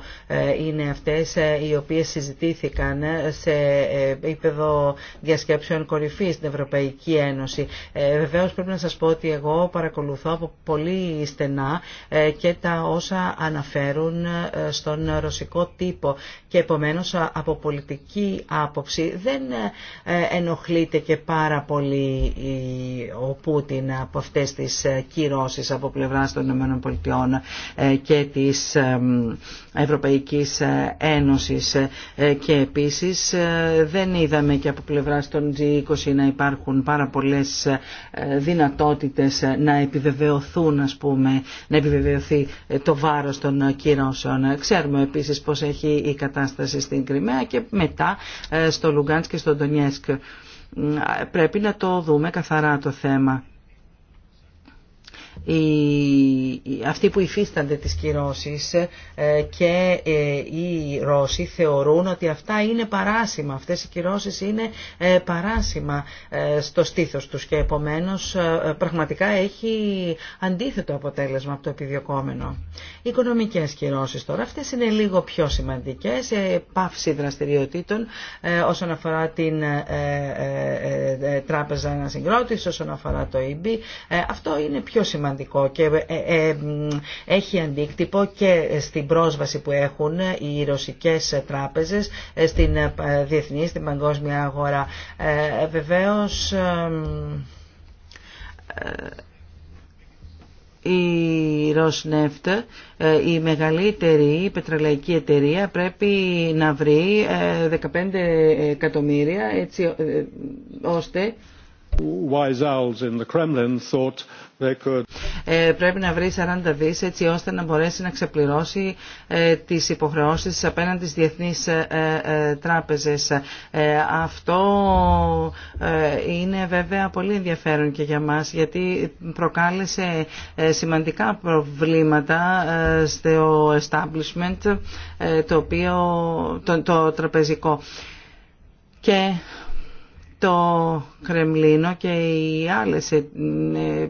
Είναι αυτές οι οποίες συζητήθηκαν σε επίπεδο διασκέψεων κορυφής στην Ευρωπαϊκή Ένωση. Βεβαίως πρέπει να σας πω ότι εγώ παρακολουθώ από πολύ στενά και τα όσα αναφέρουν στον ρωσικό τύπο και επομένως από πολιτική άποψη δεν ε, ε, ενοχλείται και πάρα πολύ ο Πούτιν από αυτές τις ε, κυρώσεις από πλευράς των ΗΠΑ και της Ευρωπαϊκής Ένωσης και επίσης δεν είδαμε και από πλευράς των G20 να υπάρχουν πάρα πολλές δυνατότητες να επιβεβαιωθούν ας πούμε, να επιβεβαιωθεί το βάρος των κυρώσεων. Ξέρουμε επίσης πως έχει η κατάσταση στην Κρυμαία και μετά στο Λουγκάν και στο Ντονιέσκ. Πρέπει να το δούμε καθαρά το θέμα αυτοί που υφίστανται τις κυρώσεις ε, και ε, οι Ρώσοι θεωρούν ότι αυτά είναι παράσημα, αυτές οι κυρώσεις είναι ε, παράσημα στο στήθος τους και επομένως πραγματικά έχει αντίθετο αποτέλεσμα από το επιδιωκόμενο. Οι οικονομικές κυρώσεις τώρα, αυτές είναι λίγο πιο σημαντικές, πάυση δραστηριοτήτων όσον αφορά την τράπεζα ανασυγκρότηση, όσον αφορά το EB, αυτό είναι πιο σημαντικό σημαντικό και ε, ε, ε, έχει αντίκτυπο και στην πρόσβαση που έχουν οι ρωσικές τράπεζες στην διεθνή, στην παγκόσμια αγορά. Βεβαίως η Ροσνεφτ, η μεγαλύτερη πετρελαϊκή εταιρεία, πρέπει να βρει 15 εκατομμύρια έτσι ώστε... Ε, πρέπει να βρει 40 δις έτσι ώστε να μπορέσει να ξεπληρώσει ε, τις υποχρεώσεις απέναντι στις διεθνείς ε, τράπεζες. Αυτό είναι βέβαια πολύ ενδιαφέρον και για μας γιατί προκάλεσε σημαντικά προβλήματα στο establishment το, οποίο, το, τραπεζικό το Κρεμλίνο και οι άλλες ε, ε,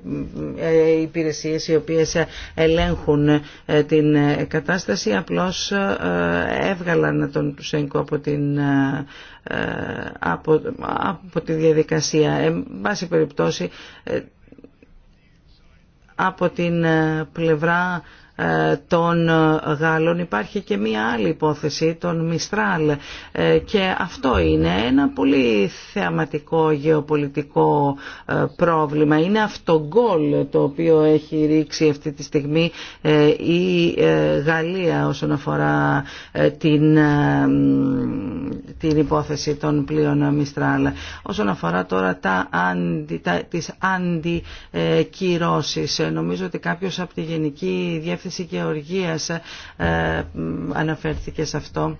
ε, υπηρεσίες οι οποίες ελέγχουν την κατάσταση απλώς έβγαλαν τον Τουσέγκο από την από, από τη διαδικασία. Εν πάση περιπτώσει από την πλευρά ε, των ε, Γάλλων υπάρχει και μία άλλη υπόθεση των Μιστράλ ε, και αυτό είναι ένα πολύ θεαματικό γεωπολιτικό πρόβλημα. Είναι αυτό γκολ το οποίο έχει ρίξει αυτή τη στιγμή η Γαλλία όσον αφορά την, την υπόθεση των πλοίων Μιστράλ. Όσον αφορά τώρα τα αντι, τις αντικυρώσεις νομίζω ότι κάποιος από τη Γενική Διεύθυνση έκθεση Γεωργίας ε, αναφέρθηκε σε αυτό.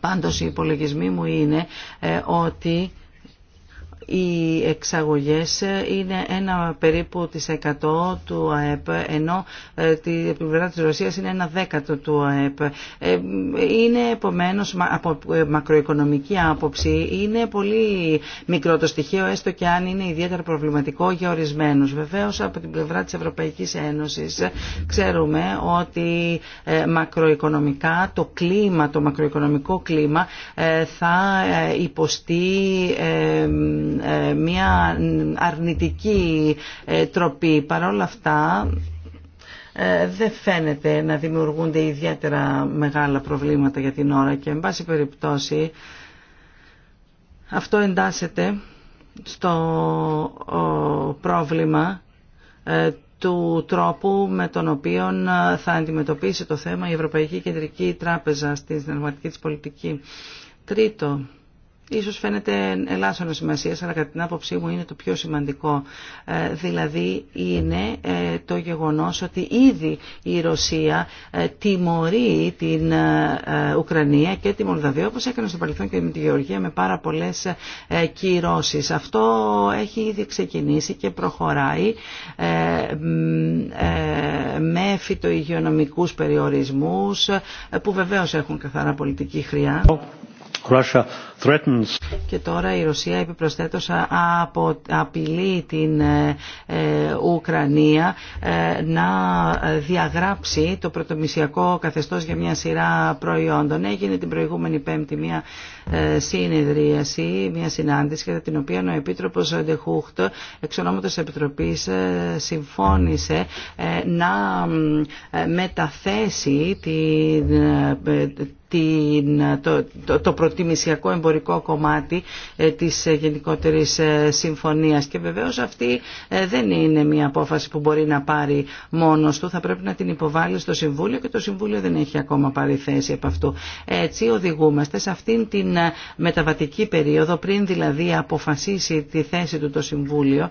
Πάντως οι υπολογισμοί μου είναι ε, ότι οι εξαγωγές είναι ένα περίπου της 100 του ΑΕΠ, ενώ ε, τη πλευρά της Ρωσίας είναι ένα δέκατο του ΑΕΠ. Ε, είναι επομένως από ε, μακροοικονομική άποψη, είναι πολύ μικρό το στοιχείο, έστω και αν είναι ιδιαίτερα προβληματικό για ορισμένους. Βεβαίως από την πλευρά της Ευρωπαϊκής Ένωσης ξέρουμε ότι μακροοικονομικά το κλίμα, το μακροοικονομικό κλίμα θα υποστεί ε, μια αρνητική ε, τροπή. Παρόλα αυτά ε, δεν φαίνεται να δημιουργούνται ιδιαίτερα μεγάλα προβλήματα για την ώρα και εν πάση περιπτώσει αυτό εντάσσεται στο πρόβλημα του τρόπου με τον οποίο θα αντιμετωπίσει το θέμα η Ευρωπαϊκή Κεντρική Τράπεζα στην συνεργατική της πολιτική. Τρίτο, ίσως φαίνεται ελάσσονο σημασία, αλλά κατά την άποψή μου είναι το πιο σημαντικό. Ε, δηλαδή είναι ε, το γεγονός ότι ήδη η Ρωσία ε, τιμωρεί την Ουκρανία και τη Μολδαβία, όπως έκανε στο παρελθόν και με τη Γεωργία, με πάρα πολλές ε, κυρώσεις. Αυτό έχει ήδη ξεκινήσει και προχωράει με φυτοϊγειονομικούς περιορισμούς, που βεβαίως έχουν καθαρά πολιτική χρειά threatens. Και τώρα η Ρωσία επιπροσθέτως απο, απειλεί την ε, ε, Ουκρανία ε, να διαγράψει το πρωτομισιακό καθεστώς για μια σειρά προϊόντων. Έγινε την προηγούμενη πέμπτη μια ε, συνεδρίαση, μια συνάντηση κατά την οποία ο Επίτροπος Ντεχούχτ εξ ονόματος Επιτροπής ε, συμφώνησε ε, να μεταθέσει την το, το, το προτιμησιακό εμπορικό κομμάτι της γενικότερης συμφωνίας και βεβαίως αυτή δεν είναι μια απόφαση που μπορεί να πάρει μόνος του θα πρέπει να την υποβάλει στο Συμβούλιο και το Συμβούλιο δεν έχει ακόμα πάρει θέση από αυτού έτσι οδηγούμαστε σε αυτήν την μεταβατική περίοδο, πριν δηλαδή αποφασίσει τη θέση του το Συμβούλιο,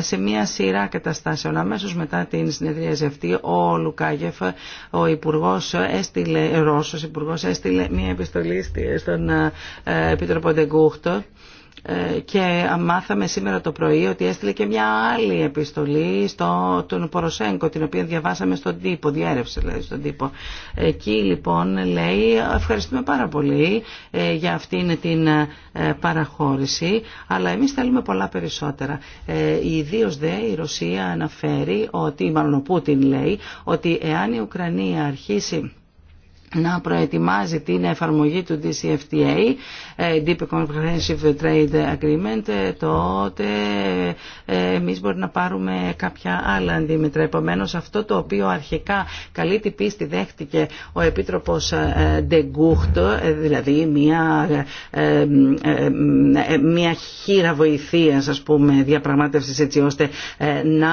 σε μια σειρά καταστάσεων. Αμέσω μετά την συνεδρία αυτή, ο Λουκάγεφ, ο Υπουργό έστειλε, Ρώσος Υπουργός έστειλε μια επιστολή στον ε, Επίτροπο Ντεγκούχτο, ε, και μάθαμε σήμερα το πρωί ότι έστειλε και μια άλλη επιστολή στο, τον Ποροσέγκο την οποία διαβάσαμε στον τύπο, διέρευσε δηλαδή στον τύπο. Εκεί λοιπόν λέει ευχαριστούμε πάρα πολύ ε, για αυτήν την ε, παραχώρηση αλλά εμείς θέλουμε πολλά περισσότερα. Ε, Ιδίω δε η Ρωσία αναφέρει ότι, μάλλον ο Πούτιν λέει, ότι εάν η Ουκρανία αρχίσει να προετοιμάζει την εφαρμογή του DCFTA, ε, Deep Comprehensive Trade Agreement, ε, τότε ε, εμείς μπορεί να πάρουμε κάποια άλλα αντίμετρα. επομένω αυτό το οποίο αρχικά καλή την πίστη δέχτηκε ο Επίτροπος Gucht, δηλαδή μια, μια χείρα βοηθείας ας πούμε διαπραγμάτευσης έτσι ώστε να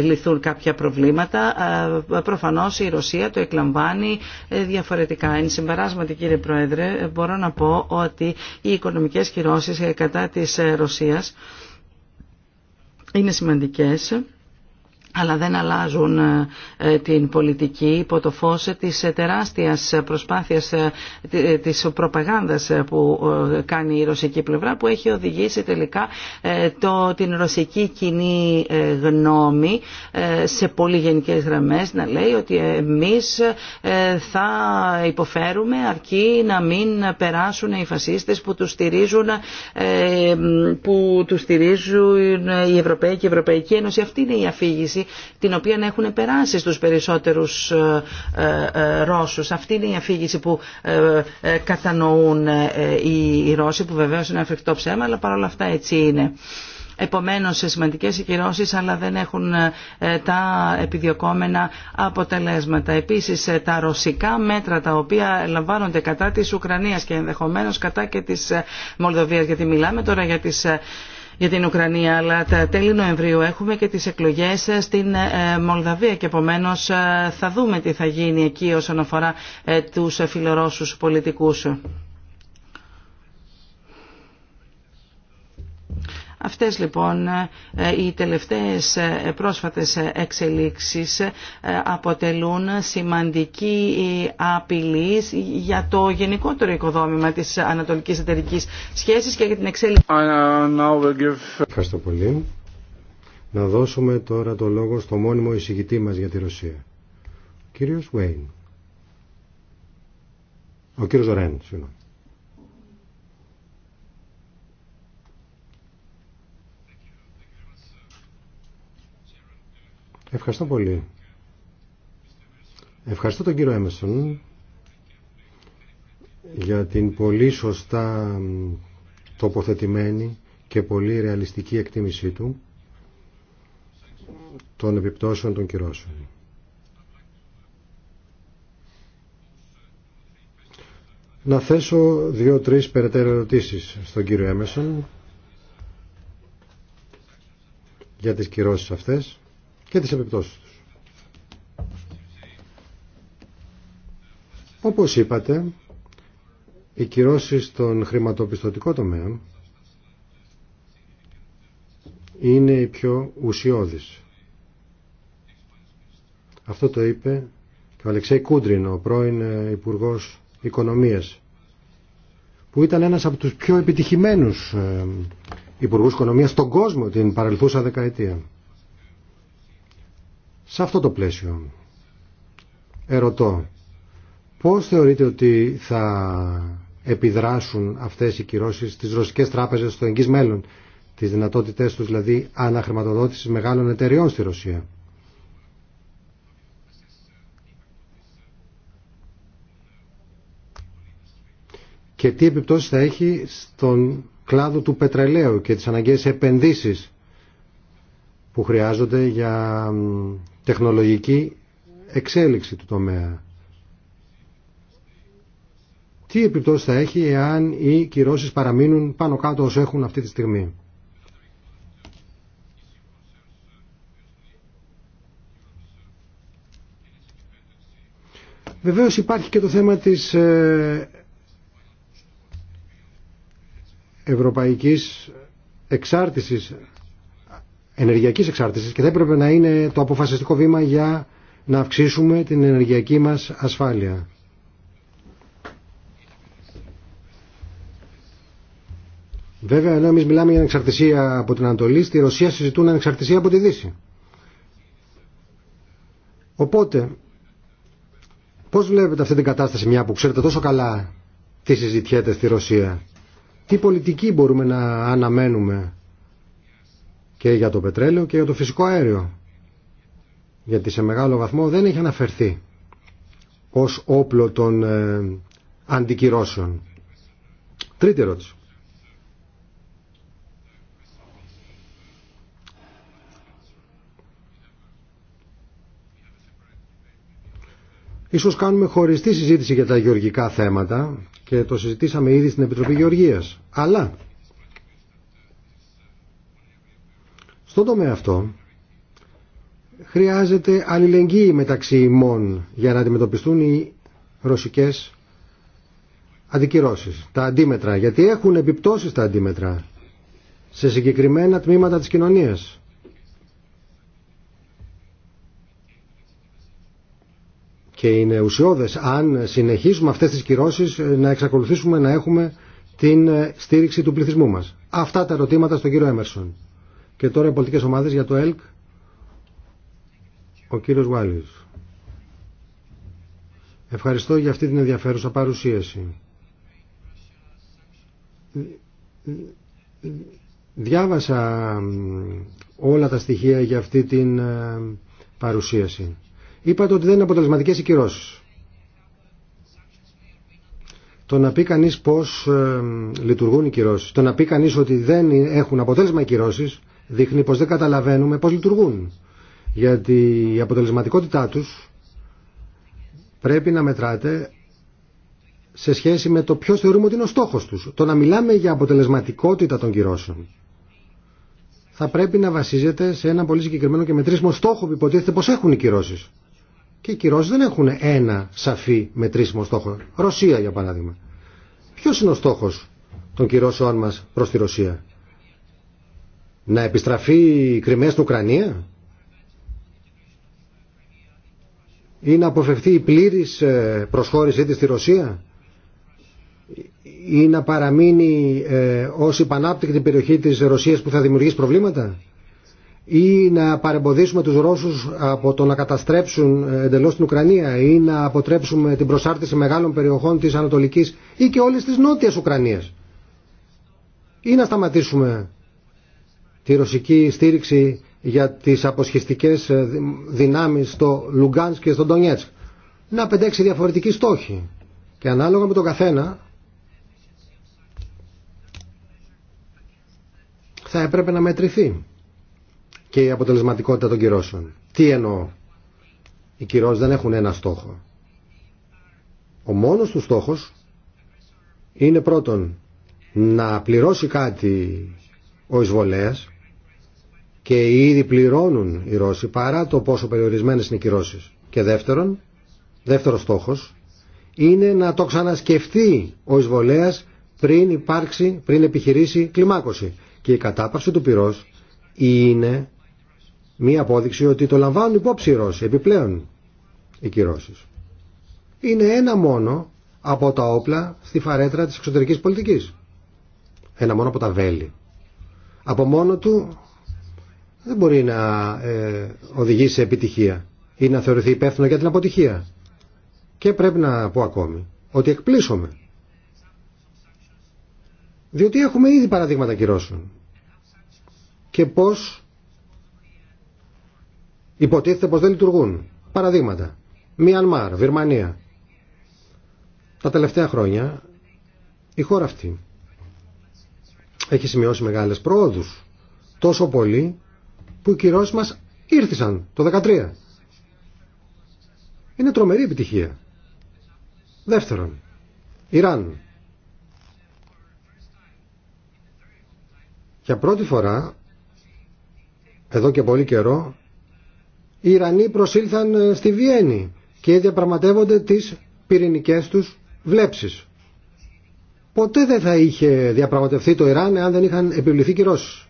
λυθούν κάποια προβλήματα, προφανώς Ρωσία το εκλαμβάνει ε, διαφορετικά. Εν συμπεράσματι κύριε Πρόεδρε ε, μπορώ να πω ότι οι οικονομικές κυρώσεις ε, κατά της Ρωσίας είναι σημαντικές αλλά δεν αλλάζουν ε, ε, την πολιτική υπό το φως της ε, τεράστιας προσπάθειας της προπαγάνδας που κάνει η ρωσική πλευρά που έχει οδηγήσει τελικά το, την ρωσική κοινή γνώμη σε πολύ γενικές γραμμές να λέει ότι εμείς θα υποφέρουμε αρκεί να μην περάσουν οι φασίστες που τους στηρίζουν, που τους στηρίζουν οι Ευρωπαίοι και η Ευρωπαϊκή Ένωση. Αυτή είναι η αφήγηση την οποία έχουν περάσει στους περισσότερους ε, ε, ε, Ρώσους. Αυτή είναι η αφήγηση που κατανοούν οι Ρώσοι που βεβαίως είναι αφρικτό ψέμα αλλά παρόλα αυτά έτσι είναι. Επομένως σημαντικές συγκυρώσεις αλλά δεν έχουν τα επιδιωκόμενα αποτελέσματα. Επίσης τα ρωσικά μέτρα τα οποία λαμβάνονται κατά της Ουκρανίας και ενδεχομένως κατά και της Μολδοβίας γιατί μιλάμε τώρα για τις για την Ουκρανία, αλλά τα τέλη Νοεμβρίου έχουμε και τις εκλογές στην ε, Μολδαβία και επομένως ε, θα δούμε τι θα γίνει εκεί όσον αφορά ε, τους φιλορώσους πολιτικούς. Αυτές λοιπόν ε, οι τελευταίες ε, πρόσφατες ε, εξελίξεις αποτελούν σημαντική απειλή για το γενικότερο οικοδόμημα της Ανατολικής Εταιρικής Σχέσης και για την εξέλιξη. Uh, Ευχαριστώ πολύ. Να δώσουμε τώρα το λόγο στο μόνιμο εισηγητή μας για τη Ρωσία. κύριος Βέιν. Ο κύριος Ρέν, συγγνώμη. Ευχαριστώ πολύ. Ευχαριστώ τον κύριο Έμεσον για την πολύ σωστά τοποθετημένη και πολύ ρεαλιστική εκτίμησή του των επιπτώσεων των κυρώσεων. Να θέσω δύο-τρεις περαιτέρω ερωτήσεις στον κύριο Έμεσον για τις κυρώσεις αυτές και τις επιπτώσεις τους. Όπως είπατε, οι κυρώσεις στον χρηματοπιστωτικό τομέα είναι οι πιο ουσιώδεις. Αυτό το είπε και ο Αλεξέη Κούντριν, ο πρώην ε, Υπουργός Οικονομίας, που ήταν ένας από τους πιο επιτυχημένους ε, Υπουργούς Οικονομίας στον κόσμο την παρελθούσα δεκαετία. Σε αυτό το πλαίσιο ερωτώ πώς θεωρείτε ότι θα επιδράσουν αυτές οι κυρώσεις στις ρωσικές τράπεζες στο εγγύς μέλλον τις δυνατότητές τους δηλαδή αναχρηματοδότησης μεγάλων εταιριών στη Ρωσία. Και τι επιπτώσεις θα έχει στον κλάδο του πετρελαίου και τις αναγκαίες επενδύσεις που χρειάζονται για τεχνολογική εξέλιξη του τομέα. Τι επιπτώσεις θα έχει εάν οι κυρώσεις παραμείνουν πάνω κάτω όσο έχουν αυτή τη στιγμή. Βεβαίως υπάρχει και το θέμα της ε, ευρωπαϊκής εξάρτησης ενεργειακής εξάρτηση και θα έπρεπε να είναι το αποφασιστικό βήμα για να αυξήσουμε την ενεργειακή μας ασφάλεια. Βέβαια, ενώ εμεί μιλάμε για ανεξαρτησία από την Ανατολή, στη Ρωσία συζητούν ανεξαρτησία από τη Δύση. Οπότε, πώ βλέπετε αυτή την κατάσταση, μια που ξέρετε τόσο καλά τι συζητιέται στη Ρωσία, τι πολιτική μπορούμε να αναμένουμε και για το πετρέλαιο και για το φυσικό αέριο. Γιατί σε μεγάλο βαθμό δεν έχει αναφερθεί ως όπλο των ε, αντικυρώσεων. Τρίτη ερώτηση. Ίσως κάνουμε χωριστή συζήτηση για τα γεωργικά θέματα και το συζητήσαμε ήδη στην Επιτροπή Γεωργίας. Αλλά Στον τομέα αυτό χρειάζεται αλληλεγγύη μεταξύ ημών για να αντιμετωπιστούν οι ρωσικές αντικυρώσεις, τα αντίμετρα, γιατί έχουν επιπτώσεις τα αντίμετρα σε συγκεκριμένα τμήματα της κοινωνίας. Και είναι ουσιώδες αν συνεχίσουμε αυτές τις κυρώσεις ε, να εξακολουθήσουμε να έχουμε την ε, στήριξη του πληθυσμού μας. Αυτά τα ερωτήματα στον κύριο Έμερσον. Και τώρα οι πολιτικές ομάδες για το ΕΛΚ. Ο κύριος Βάλης. Ευχαριστώ για αυτή την ενδιαφέρουσα παρουσίαση. Διάβασα όλα τα στοιχεία για αυτή την ε, παρουσίαση. Είπατε ότι δεν είναι αποτελεσματικές οι κυρώσεις. Το να πει κανεί πώ ε, λειτουργούν οι κυρώσει, το να πει κανεί ότι δεν έχουν αποτέλεσμα οι κυρώσει, δείχνει πως δεν καταλαβαίνουμε πως λειτουργούν. Γιατί η αποτελεσματικότητά τους πρέπει να μετράτε σε σχέση με το ποιος θεωρούμε ότι είναι ο στόχος τους. Το να μιλάμε για αποτελεσματικότητα των κυρώσεων θα πρέπει να βασίζεται σε ένα πολύ συγκεκριμένο και μετρήσιμο στόχο που υποτίθεται πως έχουν οι κυρώσεις. Και οι κυρώσεις δεν έχουν ένα σαφή μετρήσιμο στόχο. Ρωσία για παράδειγμα. Ποιος είναι ο στόχος των κυρώσεών μας προς τη Ρωσία να επιστραφεί η Κρυμαία στην Ουκρανία ή να αποφευθεί η πλήρης ε, προσχώρησή της στη Ρωσία ή να παραμείνει ε, ως υπανάπτυκτη περιοχή της Ρωσίας που θα δημιουργήσει προβλήματα ή να παρεμποδίσουμε τους Ρώσους από το να καταστρέψουν ε, εντελώς την Ουκρανία ή να αποτρέψουμε την προσάρτηση μεγάλων περιοχών της Ανατολικής ή και όλης της Νότιας Ουκρανίας ή να σταματήσουμε τη ρωσική στήριξη για τις αποσχιστικές ε, δυνάμεις στο Λουγκάνσκ και στο Ντονιέτσκ. Να πεντέξει διαφορετική διαφορετικοί Και ανάλογα με τον καθένα θα έπρεπε να μετρηθεί και η αποτελεσματικότητα των κυρώσεων. Τι εννοώ. Οι κυρώσεις δεν έχουν ένα στόχο. Ο μόνος του στόχος είναι πρώτον να πληρώσει κάτι ο εισβολέας και ήδη πληρώνουν οι Ρώσοι παρά το πόσο περιορισμένες είναι οι κυρώσεις. Και δεύτερον, δεύτερος στόχος είναι να το ξανασκεφτεί ο εισβολέα πριν υπάρξει, πριν επιχειρήσει κλιμάκωση. Και η κατάπαυση του πυρός είναι μία απόδειξη ότι το λαμβάνουν υπόψη οι Ρώσοι, επιπλέον οι κυρωσει Είναι ένα μόνο από τα όπλα στη φαρέτρα της εξωτερικής πολιτικής. Ένα μόνο από τα βέλη. Από μόνο του δεν μπορεί να ε, οδηγήσει σε επιτυχία ή να θεωρηθεί υπεύθυνο για την αποτυχία. Και πρέπει να πω ακόμη ότι εκπλήσωμε. Διότι έχουμε ήδη παραδείγματα κυρώσεων. Και πώς υποτίθεται πως δεν λειτουργούν. Παραδείγματα. Μιανμάρ, Βυρμανία. Τα τελευταία χρόνια η χώρα αυτή έχει σημειώσει μεγάλες πρόοδους. Τόσο πολύ που οι κυρώσει μα ήρθησαν το 2013. Είναι τρομερή επιτυχία. Δεύτερον, Ιράν. Για πρώτη φορά, εδώ και πολύ καιρό, οι Ιρανοί προσήλθαν ε, στη Βιέννη και διαπραγματεύονται τις πυρηνικές τους βλέψεις. Ποτέ δεν θα είχε διαπραγματευτεί το Ιράν αν δεν είχαν επιβληθεί κυρώσεις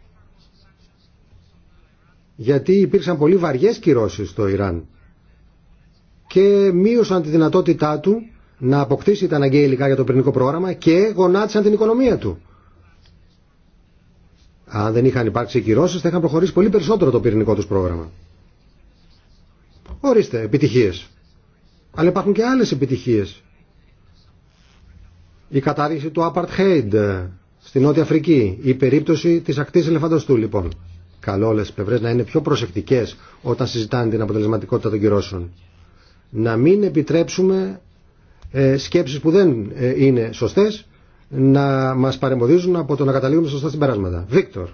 γιατί υπήρξαν πολύ βαριές κυρώσεις στο Ιράν και μείωσαν τη δυνατότητά του να αποκτήσει τα αναγκαία υλικά για το πυρηνικό πρόγραμμα και γονάτισαν την οικονομία του. Αν δεν είχαν υπάρξει κυρώσεις θα είχαν προχωρήσει πολύ περισσότερο το πυρηνικό τους πρόγραμμα. Ορίστε, επιτυχίες. Αλλά υπάρχουν και άλλες επιτυχίες. Η κατάργηση του Apartheid ε, στην Νότια Αφρική, η περίπτωση της ακτής ελεφαντοστού λοιπόν. Καλό όλε τι πλευρέ να είναι πιο προσεκτικέ όταν συζητάνε την αποτελεσματικότητα των κυρώσεων. Να μην επιτρέψουμε ε, σκέψει που δεν ε, είναι σωστέ να μα παρεμποδίζουν από το να καταλήγουμε σωστά συμπεράσματα. Βίκτορ.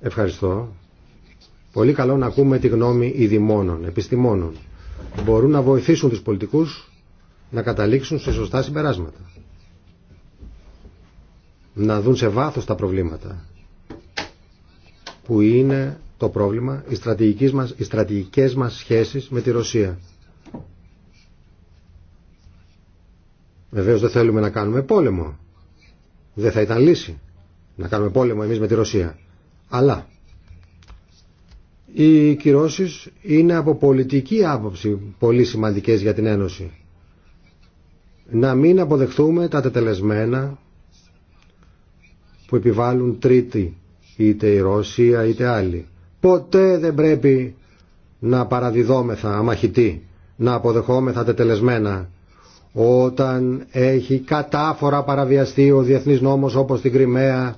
Ευχαριστώ. Πολύ καλό να ακούμε τη γνώμη ειδημόνων, επιστημόνων. Μπορούν να βοηθήσουν τους πολιτικούς να καταλήξουν σε σωστά συμπεράσματα. Να δουν σε βάθος τα προβλήματα που είναι το πρόβλημα, οι στρατηγικές μας, οι σχέσεις με τη Ρωσία. Βεβαίως δεν θέλουμε να κάνουμε πόλεμο. Δεν θα ήταν λύση να κάνουμε πόλεμο εμείς με τη Ρωσία. Αλλά οι κυρώσεις είναι από πολιτική άποψη πολύ σημαντικές για την Ένωση. Να μην αποδεχθούμε τα τετελεσμένα που επιβάλλουν τρίτη είτε η Ρώσια είτε άλλοι. Ποτέ δεν πρέπει να παραδιδόμεθα αμαχητή, να αποδεχόμεθα τετελεσμένα όταν έχει κατάφορα παραβιαστεί ο διεθνής νόμος όπως την Κρυμαία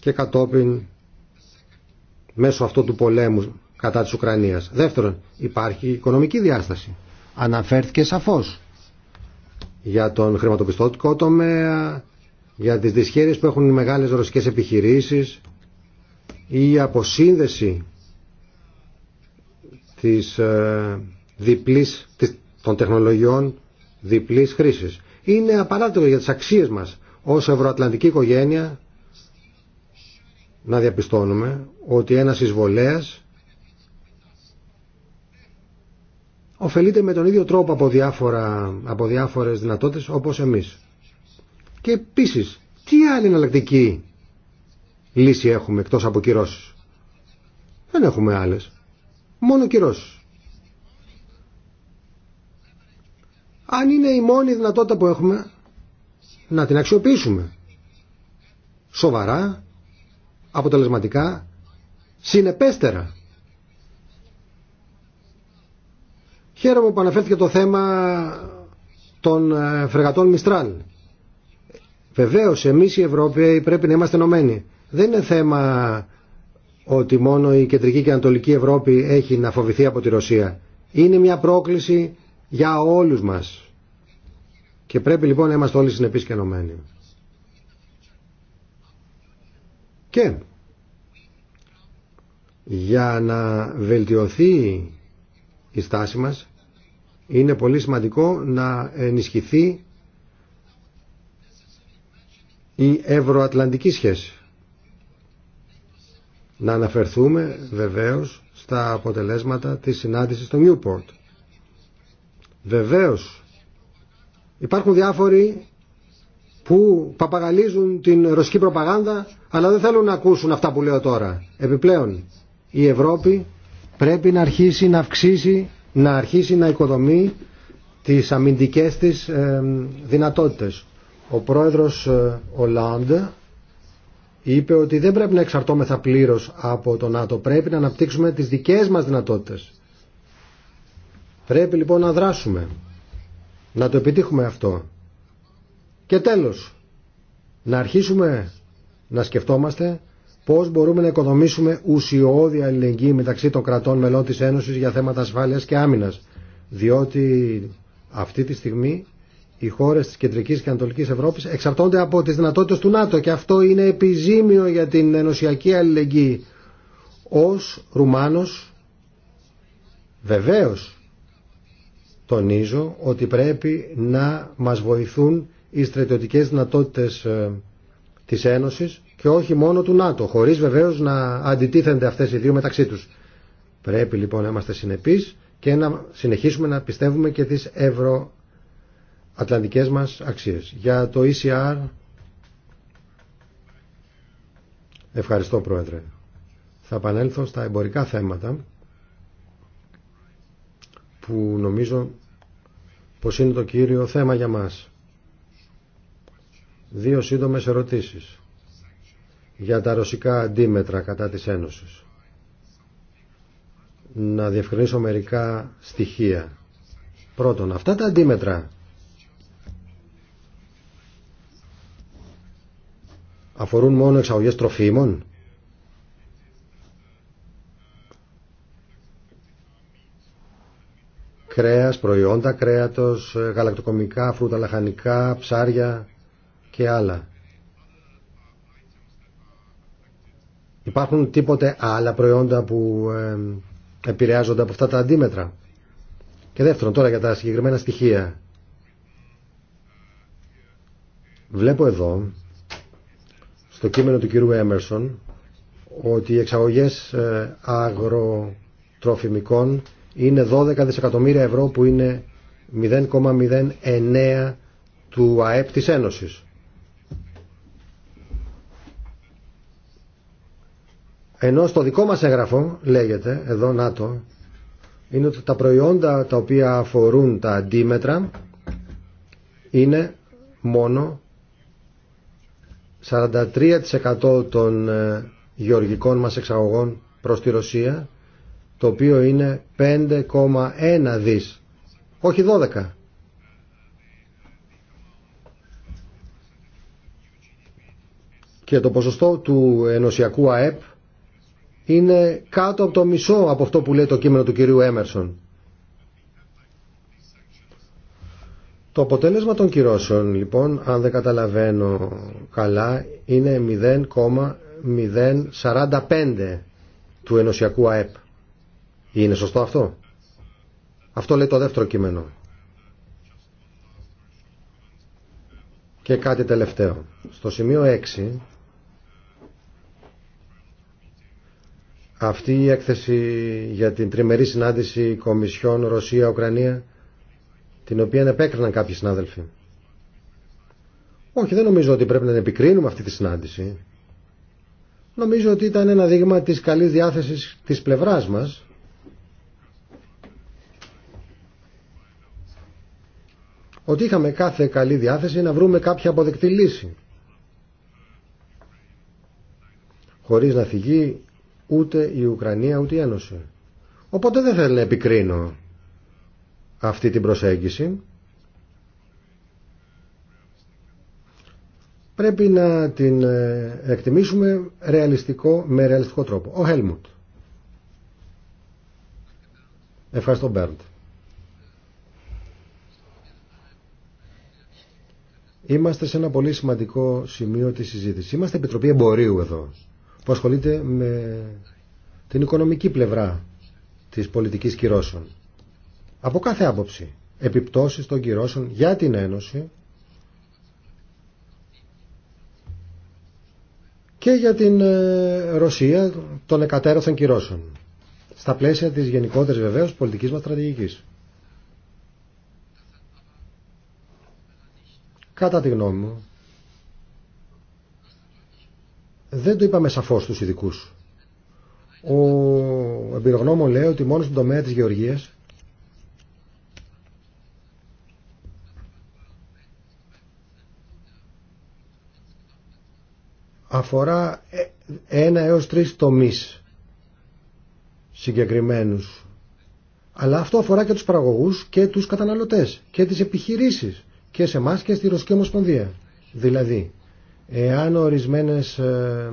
και κατόπιν μέσω αυτού του πολέμου κατά της Ουκρανίας. Δεύτερον, υπάρχει οικονομική διάσταση. Αναφέρθηκε σαφώς για τον χρηματοπιστωτικό τομέα, για τις δυσχέρειες που έχουν οι μεγάλες ρωσικές επιχειρήσεις ή η αποσύνδεση της, ε, διπλής, των τεχνολογιών διπλής χρήσης. Είναι απαράδεκτο για τις αξίες μας ως ευρωατλαντική οικογένεια να διαπιστώνουμε ότι ένας εισβολέας ωφελείται με τον ίδιο τρόπο από, διάφορα, από διάφορες δυνατότητες όπως εμείς. Και επίση τι άλλη εναλλακτική λύση έχουμε εκτός από κυρώσει. Δεν έχουμε άλλες. Μόνο κυρώσει. Αν είναι η μόνη δυνατότητα που έχουμε, να την αξιοποιήσουμε. Σοβαρά, αποτελεσματικά, συνεπέστερα. Χαίρομαι που αναφέρθηκε το θέμα των ε, φρεγατών Μιστράλ. Βεβαίω, εμεί οι Ευρώποι πρέπει να είμαστε ενωμένοι. Δεν είναι θέμα ότι μόνο η κεντρική και ανατολική Ευρώπη έχει να φοβηθεί από τη Ρωσία. Είναι μια πρόκληση για όλους μας. Και πρέπει λοιπόν να είμαστε όλοι συνεπεί και ενωμένοι. Και για να βελτιωθεί η στάση μας είναι πολύ σημαντικό να ενισχυθεί η ευρωατλαντική σχέση. Να αναφερθούμε βεβαίως στα αποτελέσματα της συνάντησης στο Newport. Βεβαίως υπάρχουν διάφοροι που παπαγαλίζουν την ρωσική προπαγάνδα αλλά δεν θέλουν να ακούσουν αυτά που λέω τώρα. Επιπλέον η Ευρώπη πρέπει να αρχίσει να αυξήσει, να αρχίσει να οικοδομεί τις αμυντικές της δυνατότητες. Ο πρόεδρος Ολάντ ε, είπε ότι δεν πρέπει να εξαρτώμεθα πλήρως από το ΝΑΤΟ. Πρέπει να αναπτύξουμε τις δικές μας δυνατότητες. Πρέπει λοιπόν να δράσουμε. Να το επιτύχουμε αυτό. Και τέλος, να αρχίσουμε να σκεφτόμαστε πώς μπορούμε να οικοδομήσουμε ουσιώδη αλληλεγγύη μεταξύ των κρατών μελών της Ένωσης για θέματα ασφάλειας και άμυνας. Διότι αυτή τη στιγμή οι χώρες της Κεντρικής και Ανατολικής Ευρώπης εξαρτώνται από τις δυνατότητες του ΝΑΤΟ και αυτό είναι επιζήμιο για την ενωσιακή αλληλεγγύη. Ως Ρουμάνος βεβαίως τονίζω ότι πρέπει να μας βοηθούν οι στρατιωτικές δυνατότητες ε, της Ένωσης και όχι μόνο του ΝΑΤΟ, χωρίς βεβαίως να αντιτίθενται αυτές οι δύο μεταξύ τους. Πρέπει λοιπόν να είμαστε συνεπείς και να συνεχίσουμε να πιστεύουμε και τι ευρω ατλαντικές μας αξίες. Για το ECR, ευχαριστώ Πρόεδρε. Θα επανέλθω στα εμπορικά θέματα που νομίζω πως είναι το κύριο θέμα για μας. Δύο σύντομες ερωτήσεις για τα ρωσικά αντίμετρα κατά της Ένωσης. Να διευκρινίσω μερικά στοιχεία. Πρώτον, αυτά τα αντίμετρα αφορούν μόνο εξαγωγές τροφίμων. Κρέας, προϊόντα κρέατος, ε, γαλακτοκομικά, φρούτα, λαχανικά, ψάρια και άλλα. Υπάρχουν τίποτε άλλα προϊόντα που επηρεάζονται από αυτά τα αντίμετρα. Και δεύτερον, τώρα για τα συγκεκριμένα στοιχεία. Βλέπω εδώ στο κείμενο του κυρίου Έμερσον ότι οι εξαγωγές ε, αγροτροφημικών είναι 12 δισεκατομμύρια ευρώ που είναι 0,09 του ΑΕΠ της Ένωσης. Ενώ στο δικό μας έγγραφο λέγεται, εδώ ΝΑΤΟ, είναι ότι τα προϊόντα τα οποία αφορούν τα αντίμετρα είναι μόνο 43% των ε, γεωργικών μας εξαγωγών προς τη Ρωσία, το οποίο είναι 5,1 δις, όχι 12. Και το ποσοστό του ενωσιακού ΑΕΠ είναι κάτω από το μισό από αυτό που λέει το κείμενο του κυρίου Έμερσον. Το αποτέλεσμα των κυρώσεων λοιπόν, αν δεν καταλαβαίνω καλά, είναι 0,045 του ενωσιακού ΑΕΠ. Είναι σωστό αυτό. Αυτό λέει το δεύτερο κείμενο. Και κάτι τελευταίο. Στο σημείο 6 αυτή η έκθεση για την τριμερή συνάντηση Κομισιόν Ρωσία-Ουκρανία την οποία επέκριναν κάποιοι συνάδελφοι. Όχι, δεν νομίζω ότι πρέπει να επικρίνουμε αυτή τη συνάντηση. Νομίζω ότι ήταν ένα δείγμα της καλής διάθεσης της πλευράς μας ότι είχαμε κάθε καλή διάθεση να βρούμε κάποια αποδεκτή λύση χωρίς να θυγεί ούτε η Ουκρανία ούτε η Ένωση. Οπότε δεν θέλω να επικρίνω αυτή την προσέγγιση πρέπει να την ε, εκτιμήσουμε ρεαλιστικό, με ρεαλιστικό τρόπο. Ο Χέλμουτ. Ευχαριστώ Μπέρντ. Είμαστε σε ένα πολύ σημαντικό σημείο της συζήτησης. Είμαστε Επιτροπή Εμπορίου εδώ, που ασχολείται με την οικονομική πλευρά της πολιτικής κυρώσεων από κάθε άποψη επιπτώσεις των κυρώσεων για την Ένωση και για την ε, Ρωσία των εκατέρωθων κυρώσεων στα πλαίσια της γενικότερης βεβαίως πολιτικής μας στρατηγικής. Κατά τη γνώμη μου, δεν το είπαμε σαφώς στους ειδικούς. Ο εμπειρογνώμων λέει ότι μόνο στον τομέα της γεωργίας αφορά ε, ένα έως τρεις τομείς συγκεκριμένους. Αλλά αυτό αφορά και τους παραγωγούς και τους καταναλωτές και τις επιχειρήσεις και σε εμά και στη Ρωσική Ομοσπονδία. Δηλαδή, εάν ορισμένες... Ε,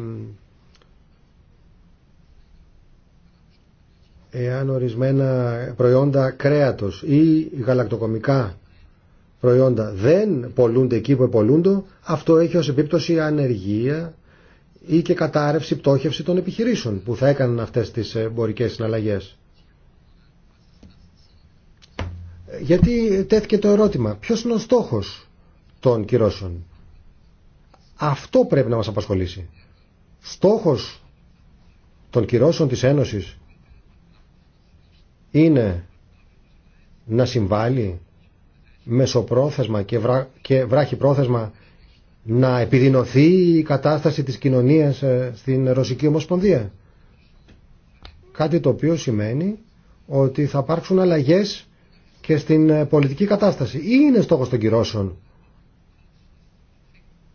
εάν ορισμένα προϊόντα κρέατος ή γαλακτοκομικά προϊόντα δεν πολλούνται εκεί που επολούνται, αυτό έχει ως επίπτωση ανεργία, ή και κατάρρευση, πτώχευση των επιχειρήσεων που θα έκαναν αυτές τις ε, εμπορικές συναλλαγές. Γιατί τέθηκε το ερώτημα, ποιος είναι ο στόχος των κυρώσεων. Αυτό πρέπει να μας απασχολήσει. Στόχος των κυρώσεων της Ένωσης είναι να συμβάλλει μεσοπρόθεσμα και, βράχη πρόθεσμα να επιδεινωθεί η κατάσταση της κοινωνίας ε, στην Ρωσική Ομοσπονδία. Κάτι το οποίο σημαίνει ότι θα υπάρξουν αλλαγές και στην ε, πολιτική κατάσταση. Ή είναι στόχος των κυρώσεων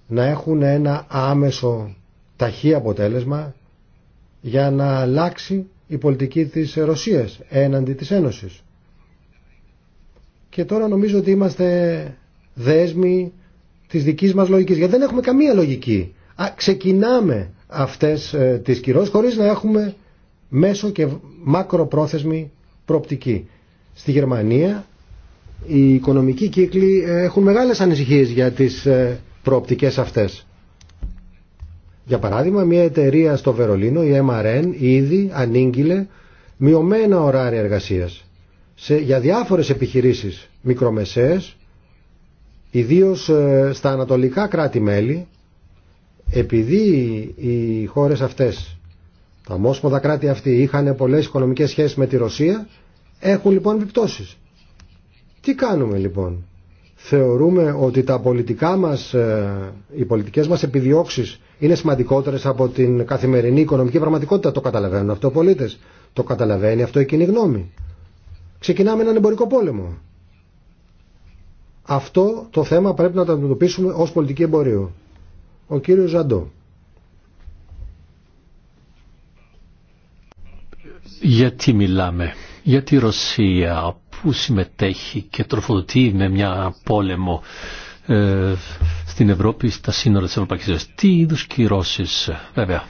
να έχουν ένα άμεσο ταχύ αποτέλεσμα για να αλλάξει η πολιτική της Ρωσίας έναντι της Ένωσης. Και τώρα νομίζω ότι είμαστε δέσμοι της δικής μας λογικής. Γιατί δεν έχουμε καμία λογική. ξεκινάμε αυτές ε, τις κυρώσεις χωρίς να έχουμε μέσο και μακροπρόθεσμη προοπτική. Στη Γερμανία οι οικονομικοί κύκλοι ε, έχουν μεγάλες ανησυχίες για τις ε, προοπτικές αυτές. Για παράδειγμα, μια εταιρεία στο Βερολίνο, η MRN, ήδη ανήγγειλε μειωμένα ωράρια εργασίας για διάφορες επιχειρήσεις μικρομεσαίες Ιδίως ε, στα ανατολικά κράτη-μέλη, επειδή οι χώρες αυτές, τα μόσποδα κράτη αυτοί, είχαν πολλές οικονομικές σχέσεις με τη Ρωσία, έχουν λοιπόν επιπτώσει. Τι κάνουμε λοιπόν. Θεωρούμε ότι τα πολιτικά μας, ε, οι πολιτικές μας επιδιώξεις είναι σημαντικότερες από την καθημερινή οικονομική πραγματικότητα. Το καταλαβαίνουν αυτό οι πολίτες. Το καταλαβαίνει αυτό η κοινή γνώμη. Ξεκινάμε έναν εμπορικό πόλεμο. Αυτό το θέμα πρέπει να το αντιμετωπίσουμε ως πολιτική εμπορίου. Ο κύριος Ζαντό. Γιατί μιλάμε, για τη Ρωσία που συμμετέχει και τροφοδοτεί με μια πόλεμο ε, στην Ευρώπη, στα σύνορα της Ευρωπαϊκής Ένωσης. Τι είδους κυρώσεις, βέβαια.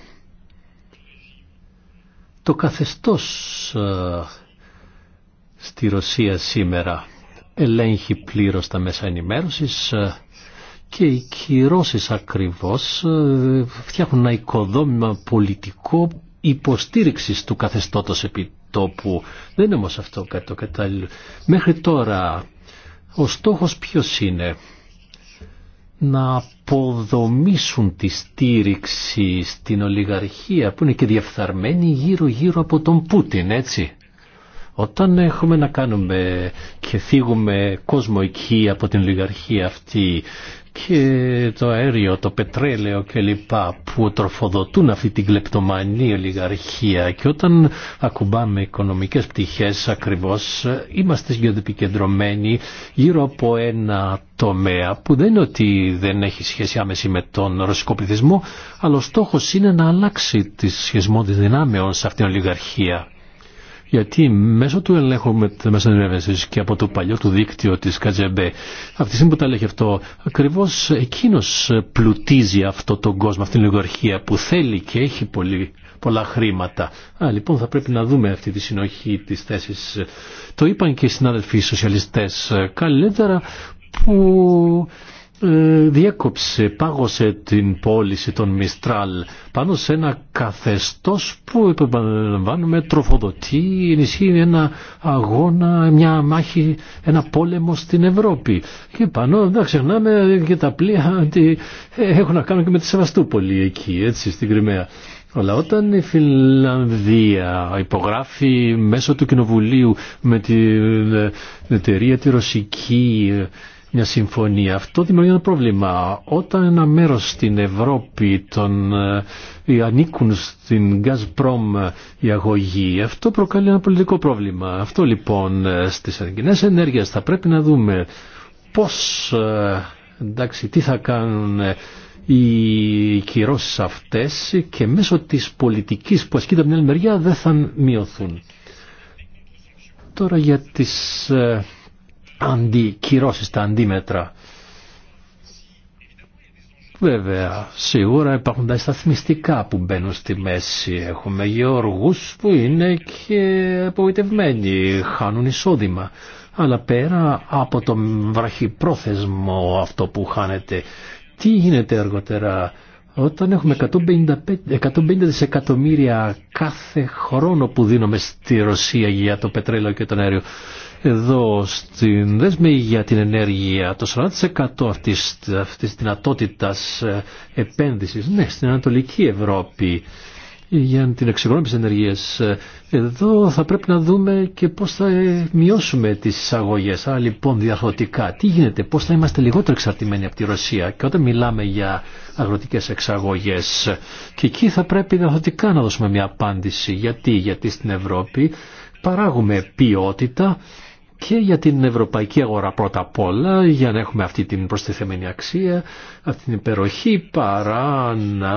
Το καθεστώς ε, στη Ρωσία σήμερα ελέγχει πλήρως τα μέσα ενημέρωσης ε, και οι κυρώσεις ακριβώς ε, φτιάχνουν ένα οικοδόμημα πολιτικό υποστήριξης του καθεστώτος επιτόπου. Δεν είναι όμως αυτό κάτι το κατάλληλο. Μέχρι τώρα ο στόχος ποιος είναι να αποδομήσουν τη στήριξη στην ολιγαρχία που είναι και διεφθαρμένη γύρω γύρω από τον Πούτιν έτσι. Όταν έχουμε να κάνουμε και φύγουμε κόσμο εκεί από την λιγαρχία αυτή και το αέριο, το πετρέλαιο κλπ που τροφοδοτούν αυτή την κλεπτομανή λιγαρχία και όταν ακουμπάμε οικονομικές πτυχές ακριβώς είμαστε επικεντρωμένοι γύρω από ένα τομέα που δεν είναι ότι δεν έχει σχέση άμεση με τον ρωσικό πληθυσμό αλλά ο στόχος είναι να αλλάξει τη σχεσμό δυνάμεων σε αυτήν την ολιγαρχία γιατί μέσω του ελέγχου με τα μέσα και από το παλιό του δίκτυο της ΚΑΤΖΕΜΠΕ, αυτή τη στιγμή που τα λέγει αυτό, ακριβώς εκείνος πλουτίζει αυτό τον κόσμο, αυτήν την λιγορχία που θέλει και έχει πολύ, πολλά χρήματα. Α, λοιπόν θα πρέπει να δούμε αυτή τη συνοχή της θέσης. Το είπαν και οι συνάδελφοι ε, καλύτερα που ε, διέκοψε, πάγωσε την πώληση των Μιστράλ πάνω σε ένα καθεστώς που επαναλαμβάνουμε τροφοδοτεί, ενισχύει ένα αγώνα, μια μάχη, ένα πόλεμο στην Ευρώπη. Και πάνω, δεν ξεχνάμε και τα πλοία ότι έχουν να κάνουν και με τη Σεβαστούπολη εκεί, έτσι, στην Κρυμαία. Αλλά όταν η Φιλανδία υπογράφει μέσω του Κοινοβουλίου με την ε, εταιρεία τη Ρωσική ε, μια συμφωνία. Αυτό δημιουργεί ένα πρόβλημα. Όταν ένα μέρος στην Ευρώπη τον, ε, ανήκουν στην Gazprom ε, η αγωγή, αυτό προκαλεί ένα πολιτικό πρόβλημα. Αυτό λοιπόν ε, στις αγκοινέ ενέργειες θα πρέπει να δούμε πώς, εντάξει, τι θα κάνουν οι κυρώσεις αυτές και μέσω της πολιτικής που ασκείται από την άλλη μεριά δεν θα μειωθούν. Τώρα για τις αντί κυρώσεις τα αντίμετρα. Βέβαια, σίγουρα υπάρχουν τα σταθμιστικά που μπαίνουν στη μέση. Έχουμε γεωργούς που είναι και απογοητευμένοι, χάνουν εισόδημα. Αλλά πέρα από το βραχυπρόθεσμο αυτό που χάνεται, τι γίνεται αργότερα όταν έχουμε 150 δισεκατομμύρια κάθε χρόνο που δίνουμε στη Ρωσία για το πετρέλαιο και το αέριο εδώ στην δέσμη για την ενέργεια, το 40% αυτής, αυτής της δυνατότητας ε, επένδυσης, ναι, στην Ανατολική Ευρώπη, για την εξοικονόμηση ενεργείας. Ε, εδώ θα πρέπει να δούμε και πώς θα ε, μειώσουμε τις εισαγωγές. Άρα λοιπόν διαρθρωτικά τι γίνεται, πώς θα είμαστε λιγότερο εξαρτημένοι από τη Ρωσία και όταν μιλάμε για αγροτικές εξαγωγές. Και εκεί θα πρέπει διαρθρωτικά να δώσουμε μια απάντηση. Γιατί, γιατί στην Ευρώπη παράγουμε ποιότητα και για την ευρωπαϊκή αγορά πρώτα απ' όλα για να έχουμε αυτή την προστιθεμένη αξία αυτή την υπεροχή παρά να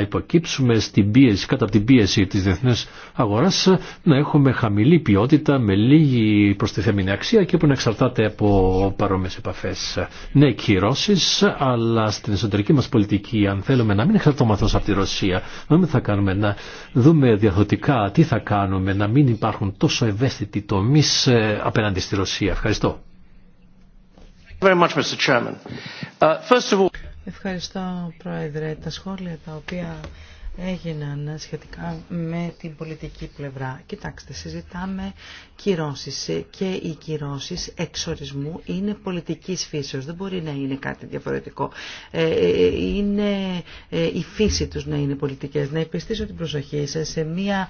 υποκύψουμε στην πίεση, κατά την πίεση της διεθνής αγοράς να έχουμε χαμηλή ποιότητα με λίγη προστιθέμενη αξία και που να εξαρτάται από παρόμοιες επαφές. Ναι, κυρώσεις, αλλά στην εσωτερική μας πολιτική αν θέλουμε να μην εξαρτώμαστε από τη Ρωσία, να θα κάνουμε, να δούμε διαδοτικά τι θα κάνουμε, να μην υπάρχουν τόσο ευαίσθητοι τομείς ε, απέναντι στη Ρωσία. Ευχαριστώ. Very much, Mr. Chairman. Uh, first of all... Ευχαριστώ, Πρόεδρε. Τα σχόλια τα οποία έγιναν σχετικά με την πολιτική πλευρά. Κοιτάξτε, συζητάμε κυρώσεις και οι κυρώσεις εξορισμού είναι πολιτικής φύσεως, δεν μπορεί να είναι κάτι διαφορετικό. Ε, ε, είναι ε, η φύση τους να είναι πολιτικές. Να επιστήσω την προσοχή σας σε μία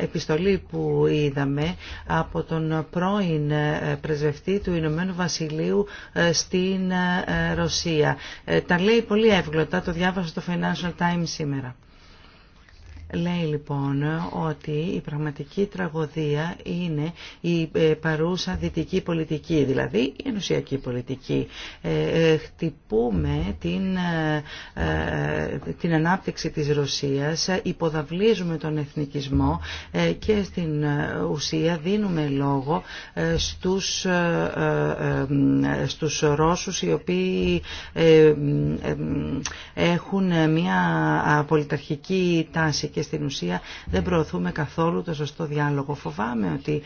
επιστολή που είδαμε από τον πρώην πρεσβευτή του Ηνωμένου Βασιλείου στην Ρωσία. Τα λέει πολύ εύγλωτα, το διάβασα στο Financial Times σήμερα. Λέει λοιπόν ότι η πραγματική τραγωδία είναι η ε, παρούσα δυτική πολιτική, δηλαδή η ενουσιακή πολιτική. Ε, ε, χτυπούμε την, την ανάπτυξη της Ρωσίας, υποδαβλίζουμε τον εθνικισμό και στην ουσία δίνουμε λόγο στους, στους Ρώσους οι οποίοι έχουν μια πολιταρχική τάση και στην ουσία δεν προωθούμε καθόλου το σωστό διάλογο. Φοβάμαι ότι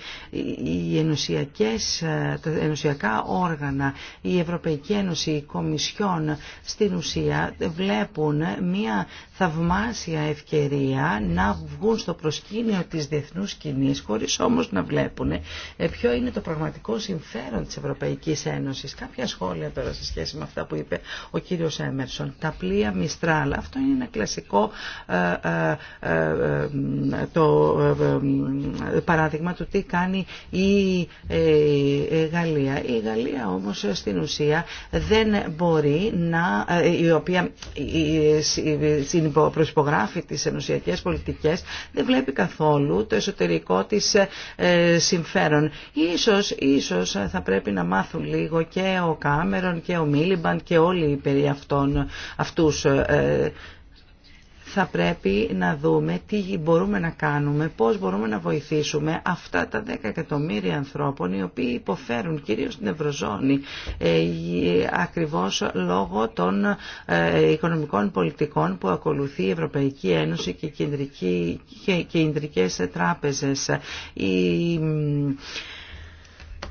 οι ενωσιακές, ε, τα ενωσιακά όργανα, η Ευρωπαϊκή Ένωση, η Κομισιόν στην ουσία βλέπουν μια θαυμάσια ευκαιρία να βγουν στο προσκήνιο της διεθνούς κοινής χωρίς όμως να βλέπουν ε, ποιο είναι το πραγματικό συμφέρον της Ευρωπαϊκής Ένωσης. Κάποια σχόλια τώρα σε σχέση με αυτά που είπε ο κύριος Έμερσον. Τα πλοία Μιστράλ. Αυτό είναι ένα κλασικό ε, ε, ε, το ε, παράδειγμα του τι κάνει η Γαλλία. Η Γαλλία όμως στην ουσία δεν μπορεί να, η οποία προσυπογράφει τις ενωσιακές πολιτικές, δεν βλέπει καθόλου το εσωτερικό της συμφέρον. Ίσως, ίσως θα πρέπει να μάθουν λίγο και ο Κάμερον και ο Μίλιμπαν και όλοι περί αυτών, αυτούς θα πρέπει να δούμε τι μπορούμε να κάνουμε, πώς μπορούμε να βοηθήσουμε αυτά τα 10 εκατομμύρια ανθρώπων οι οποίοι υποφέρουν κυρίως στην Ευρωζώνη ε, ε, ακριβώς λόγω των ε, οικονομικών πολιτικών που ακολουθεί η Ευρωπαϊκή Ένωση και, οι κεντρικές τράπεζες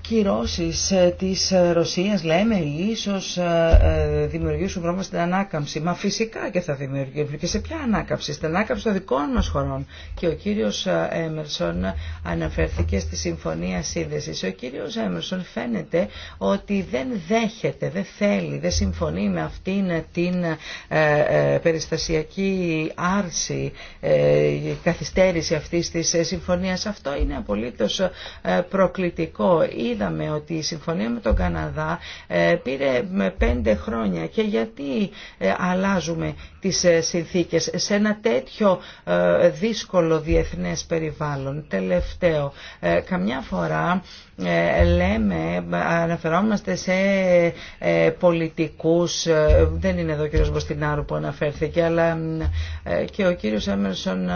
κυρώσεις ε, της ε, Ρωσίας λέμε ίσως ε, δημιουργήσουν πρόβλημα στην ανάκαμψη. Μα φυσικά και θα δημιουργήσουν. Και σε ποια ανάκαμψη, στην ανάκαμψη των δικών μας χωρών. Και ο κύριος Έμερσον αναφέρθηκε στη Συμφωνία Σύνδεσης. Ο κύριος Έμερσον φαίνεται ότι δεν δέχεται, δεν θέλει, δεν συμφωνεί με αυτήν την περιστασιακή άρση, καθυστέρηση αυτή της συμφωνία. Αυτό είναι απολύτως προκλητικό είδαμε ότι η συμφωνία με τον Καναδά ε, πήρε πέντε χρόνια και γιατί ε, αλλάζουμε τις ε, συνθήκες σε ένα τέτοιο δύσκολο διεθνές περιβάλλον. Τελευταίο, καμιά φορά λέμε, αναφερόμαστε σε πολιτικούς, δεν είναι εδώ ο κύριος Μποστινάρου που αναφέρθηκε, αλλά και ο κύριος Έμερσον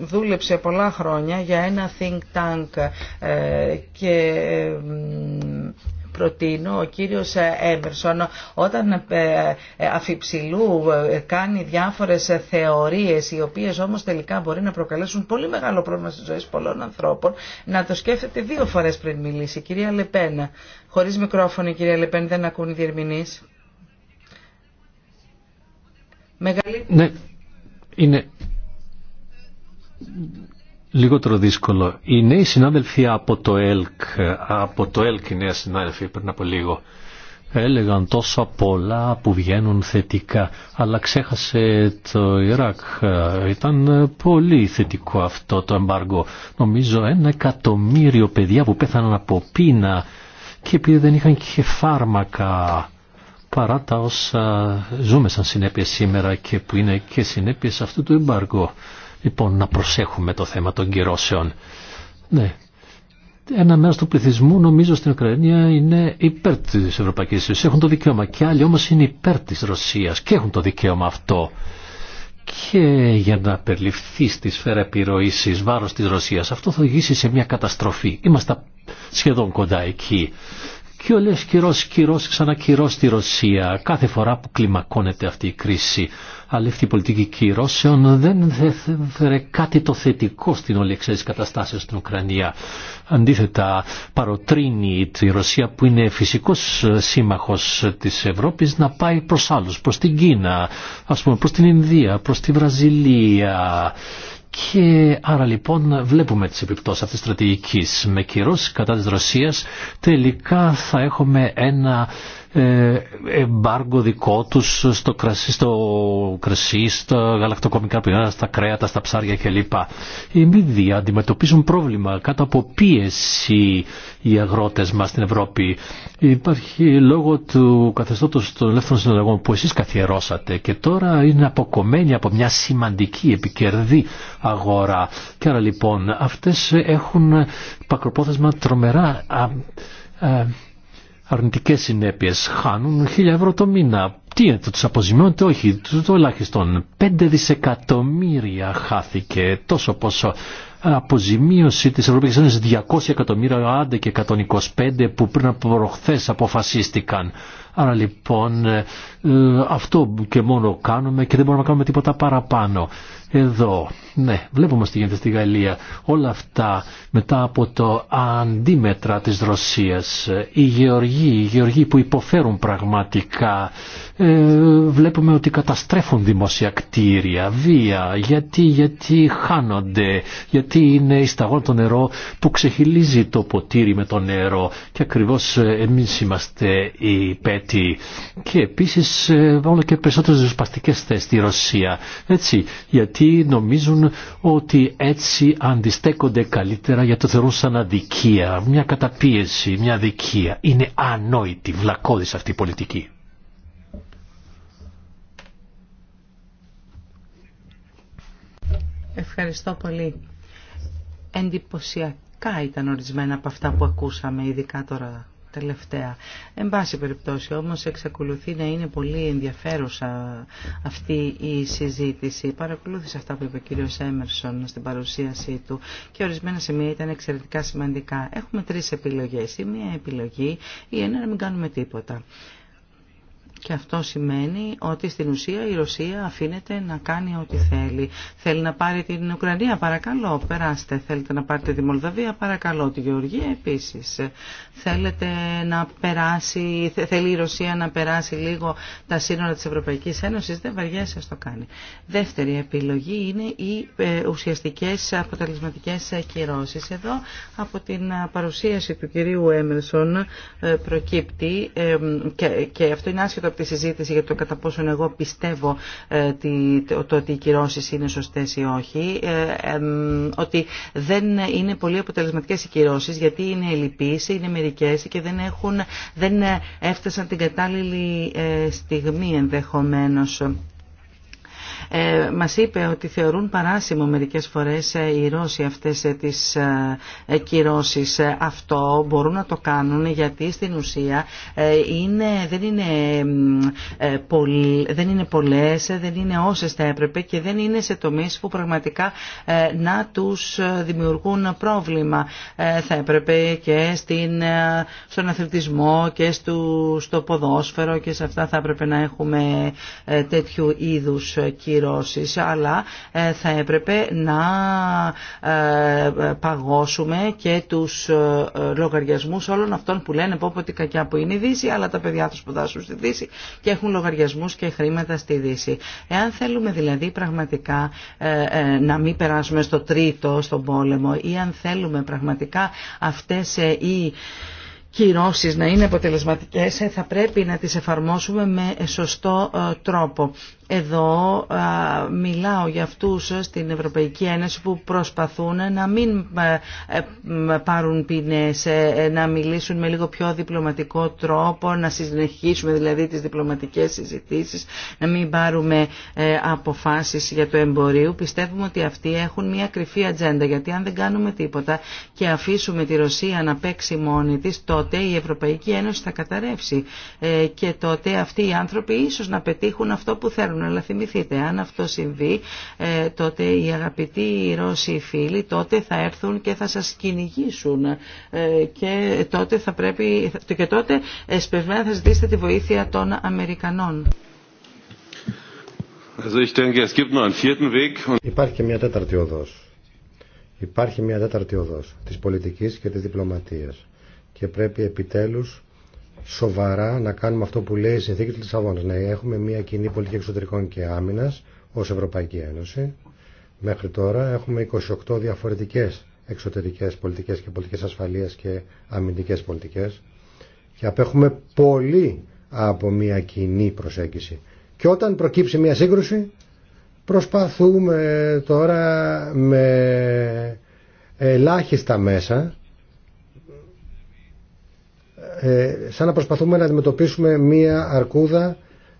δούλεψε πολλά χρόνια για ένα think tank ε, και ε, προτείνω ο κύριος Έμερσον όταν ε, αφιψηλού κάνει διάφορες θεωρίες οι οποίες όμως τελικά μπορεί να προκαλέσουν πολύ μεγάλο πρόβλημα στις ζωές πολλών ανθρώπων να το σκέφτεται δύο φορές πριν μιλήσει. Κυρία Λεπένα, χωρίς μικρόφωνο η κυρία Λεπέν δεν ακούν οι διερμηνείς. Ναι, είναι λιγότερο δύσκολο. Οι νέοι συνάδελφοι από το ΕΛΚ, από το ΕΛΚ οι νέοι συνάδελφοι πριν από λίγο, έλεγαν τόσο πολλά που βγαίνουν θετικά, αλλά ξέχασε το Ιράκ. Ήταν πολύ θετικό αυτό το εμπάργο. Νομίζω ένα εκατομμύριο παιδιά που πέθαναν από πείνα και επειδή δεν είχαν και φάρμακα παρά τα όσα ζούμε σαν συνέπειες σήμερα και που είναι και συνέπειες αυτού του εμπάργου. Λοιπόν, να προσέχουμε το θέμα των κυρώσεων. Ναι. Ένα μέρο του πληθυσμού νομίζω στην Ουκρανία είναι υπέρ τη Ευρωπαϊκή Ένωση. Έχουν το δικαίωμα. Και άλλοι όμω είναι υπέρ τη Ρωσία και έχουν το δικαίωμα αυτό. Και για να περιληφθεί στη σφαίρα επιρροή ει βάρο τη Ρωσία, αυτό θα οδηγήσει σε μια καταστροφή. Είμαστε σχεδόν κοντά εκεί. Και όλε κυρώσει, κυρώσει, ξανακυρώσει στη Ρωσία. Κάθε φορά που κλιμακώνεται αυτή η κρίση αλλά αυτή η πολιτική κυρώσεων δεν έφερε κάτι το θετικό στην όλη εξαίρεση καταστάσεως στην Ουκρανία. Αντίθετα, παροτρύνει τη Ρωσία που είναι φυσικός ε, σύμμαχος της Ευρώπης να πάει προς άλλους, προς την Κίνα, ας πούμε προς την Ινδία, προς τη Βραζιλία. Και άρα λοιπόν βλέπουμε τις επιπτώσεις αυτής της στρατηγικής. Με κυρώσεις κατά της Ρωσίας τελικά θα έχουμε ένα ε, εμπάργκο δικό τους στο κρασί, στο κρασί, στα γαλακτοκομικά πηγαίνα, στα κρέατα, στα ψάρια κλπ. Οι μίδια αντιμετωπίζουν πρόβλημα κάτω από πίεση οι αγρότες μας στην Ευρώπη. Υπάρχει λόγω του καθεστώτος των ελεύθερων συναλλαγών που εσείς καθιερώσατε και τώρα είναι αποκομμένη από μια σημαντική επικερδή αγορά. Και άρα λοιπόν αυτές έχουν πακροπόθεσμα τρομερά αρνητικές συνέπειες. Χάνουν 1000 ευρώ το μήνα. Τι είναι, το τους αποζημιώνεται, όχι, το ελάχιστον. 5 δισεκατομμύρια χάθηκε, τόσο πόσο αποζημίωση της Ευρωπαϊκής Ένωσης 200 εκατομμύρια, άντε και 125 που πριν από προχθές αποφασίστηκαν. Άρα λοιπόν ε, ε, αυτό και μόνο κάνουμε και δεν μπορούμε να κάνουμε τίποτα παραπάνω εδώ. Ναι, βλέπουμε τι γίνεται στη Γαλλία. Όλα αυτά μετά από το αντίμετρα της Ρωσίας. Οι γεωργοί, οι γεωργοί που υποφέρουν πραγματικά ε, βλέπουμε ότι καταστρέφουν δημόσια κτίρια, βία, γιατί, γιατί χάνονται, γιατί είναι η σταγόνα το νερό που ξεχυλίζει το ποτήρι με το νερό και ακριβώς ε, εμείς είμαστε οι πέτοι και επίσης όλο ε, και περισσότερες δυσπαστικές θέσεις στη Ρωσία, έτσι, γιατί νομίζουν ότι έτσι αντιστέκονται καλύτερα για το θεωρούν σαν αδικία, μια καταπίεση, μια αδικία. Είναι ανόητη, βλακώδης αυτή η πολιτική. Ευχαριστώ πολύ. Εντυπωσιακά ήταν ορισμένα από αυτά που ακούσαμε, ειδικά τώρα τελευταία. Εν πάση περιπτώσει όμως εξακολουθεί να είναι πολύ ενδιαφέρουσα αυτή η συζήτηση. Παρακολούθησε αυτά που είπε ο κύριος Έμερσον στην παρουσίασή του και ορισμένα σημεία ήταν εξαιρετικά σημαντικά. Έχουμε τρεις επιλογές. Η μία επιλογή είναι να μην κάνουμε τίποτα. Και αυτό σημαίνει ότι στην ουσία η Ρωσία αφήνεται να κάνει ό,τι θέλει. Θέλει να πάρει την Ουκρανία, παρακαλώ, περάστε. Θέλετε να πάρετε τη Μολδαβία, παρακαλώ, τη Γεωργία επίσης. Θέλετε να περάσει, θέλει η Ρωσία να περάσει λίγο τα σύνορα της Ευρωπαϊκής Ένωσης, δεν βαριέσαι, το κάνει. Δεύτερη επιλογή είναι οι ε, ουσιαστικές αποτελεσματικές κυρώσεις. Εδώ από την παρουσίαση του κυρίου Έμερσον ε, προκύπτει ε, και αυτό είναι άσχετο τη συζήτηση για το κατά πόσον εγώ πιστεύω ε, το ότι οι κυρώσει είναι σωστέ ή όχι, ε, ότι δεν είναι πολύ αποτελεσματικέ οι κυρώσει γιατί είναι ελλειπεί, είναι μερικέ και δεν, έχουν, δεν έφτασαν την κατάλληλη ε, στιγμή ενδεχομένω ε, μας είπε ότι θεωρούν παράσημο μερικές φορές ε, οι Ρώσοι αυτές ε, τις ε, ε κυρώσεις. Αυτό μπορούν να το κάνουν γιατί στην ουσία είναι, δεν, είναι, πολλ, δεν είναι πολλές, δεν είναι όσες θα έπρεπε και δεν είναι σε τομείς που πραγματικά να τους δημιουργούν πρόβλημα. Θα έπρεπε και στην, στον αθλητισμό και στο, στο ποδόσφαιρο και σε αυτά θα έπρεπε να έχουμε τέτοιου είδους κυρώσεις κυρώσεις, αλλά ε, θα έπρεπε να ε, παγώσουμε και τους ε, λογαριασμούς όλων αυτών που λένε πω ότι κακιά που είναι η Δύση, αλλά τα παιδιά τους σπουδάσουν στη Δύση και έχουν λογαριασμούς και χρήματα στη Δύση. Εάν θέλουμε δηλαδή πραγματικά να μην περάσουμε στο τρίτο, στον πόλεμο, ή αν θέλουμε πραγματικά αυτές οι κυρώσει να είναι αποτελεσματικές θα πρέπει να τις εφαρμόσουμε με σωστό τρόπο. Εδώ μιλάω για αυτούς στην Ευρωπαϊκή Ένωση που προσπαθούν να μην ε, ε, ε, πάρουν ποινές, να μιλήσουν με λίγο πιο διπλωματικό τρόπο, να συνεχίσουμε δηλαδή τις διπλωματικές συζητήσεις, να μην πάρουμε αποφάσεις για το εμπορίο. Πιστεύουμε ότι αυτοί έχουν μια κρυφή ατζέντα, γιατί αν δεν κάνουμε τίποτα και αφήσουμε τη Ρωσία να παίξει μόνη της, τότε η Ευρωπαϊκή Ένωση θα καταρρεύσει και τότε αυτοί οι άνθρωποι ίσως να πετύχουν αυτό που θέλουν αλλά θυμηθείτε, αν αυτό συμβεί, ε, τότε οι αγαπητοί Ρώσοι φίλοι τότε θα έρθουν και θα σας κυνηγήσουν ε, και τότε θα πρέπει και τότε εσπευμένα θα ζητήσετε τη βοήθεια των Αμερικανών. Υπάρχει και μια τέταρτη οδός. Υπάρχει μια τέταρτη οδός της πολιτικής και της διπλωματίας και πρέπει επιτέλους σοβαρά να κάνουμε αυτό που λέει η συνθήκη του Λισαβόνα. Ναι, έχουμε μια κοινή πολιτική εξωτερικών και άμυνα ω Ευρωπαϊκή Ένωση. Μέχρι τώρα έχουμε 28 διαφορετικέ εξωτερικέ πολιτικέ και πολιτικέ ασφαλεία και αμυντικέ πολιτικέ. Και απέχουμε πολύ από μια κοινή προσέγγιση. Και όταν προκύψει μια σύγκρουση, προσπαθούμε τώρα με ελάχιστα μέσα ε, σαν να προσπαθούμε να αντιμετωπίσουμε μία αρκούδα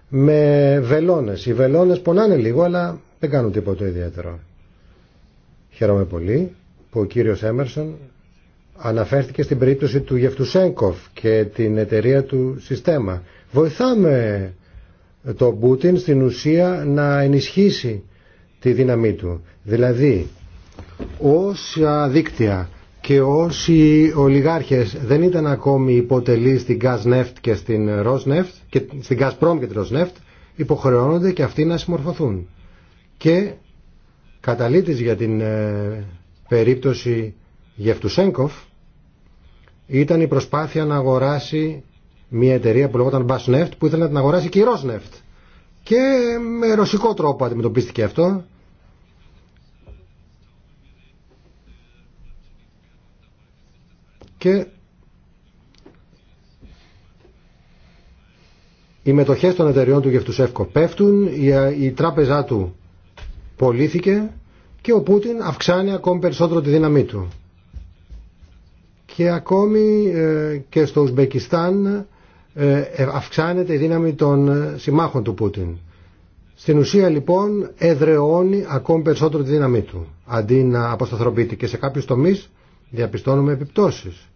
με βελόνες. Οι βελόνες πονάνε λίγο αλλά δεν κάνουν τίποτα ιδιαίτερο. Χαίρομαι πολύ που ο κύριος Έμερσον αναφέρθηκε στην περίπτωση του Γεφτουσέγκοφ και την εταιρεία του συστήμα. Βοηθάμε τον Πούτιν στην ουσία να ενισχύσει τη δύναμή του. Δηλαδή, όσα δίκτυα και όσοι ολιγάρχες δεν ήταν ακόμη υποτελείς στην Νέφτ και στην Rosneft και στην Gazprom και την Rosneft υποχρεώνονται και αυτοί να συμμορφωθούν και καταλήτης για την ε, περίπτωση Γεφτουσέγκοφ ήταν η προσπάθεια να αγοράσει μια εταιρεία που λεγόταν Basneft που ήθελε να την αγοράσει και η Rosneft και με ρωσικό τρόπο αντιμετωπίστηκε αυτό και οι μετοχές των εταιριών του Γευτουσεύκο πέφτουν, η τράπεζά του πολίθηκε και ο Πούτιν αυξάνει ακόμη περισσότερο τη δύναμή του. Και ακόμη ε, και στο Ουσμπεκιστάν ε, ε, αυξάνεται η δύναμη των συμμάχων του Πούτιν. Στην ουσία λοιπόν εδρεώνει ακόμη περισσότερο τη δύναμή του. Αντί να αποσταθροποιείται και σε κάποιους τομείς διαπιστώνουμε επιπτώσεις.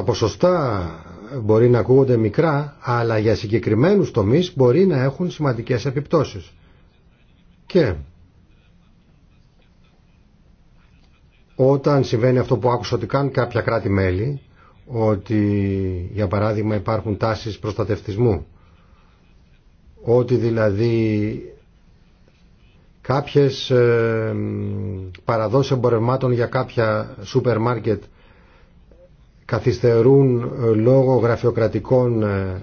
τα ποσοστά μπορεί να ακούγονται μικρά, αλλά για συγκεκριμένους τομείς μπορεί να έχουν σημαντικές επιπτώσεις. Και όταν συμβαίνει αυτό που άκουσα ότι κάνουν κάποια κράτη-μέλη, ότι για παράδειγμα υπάρχουν τάσεις προστατευτισμού, ότι δηλαδή κάποιες ε, παραδόσεις εμπορευμάτων για κάποια σούπερ μάρκετ καθυστερούν ε, λόγω γραφειοκρατικών ε,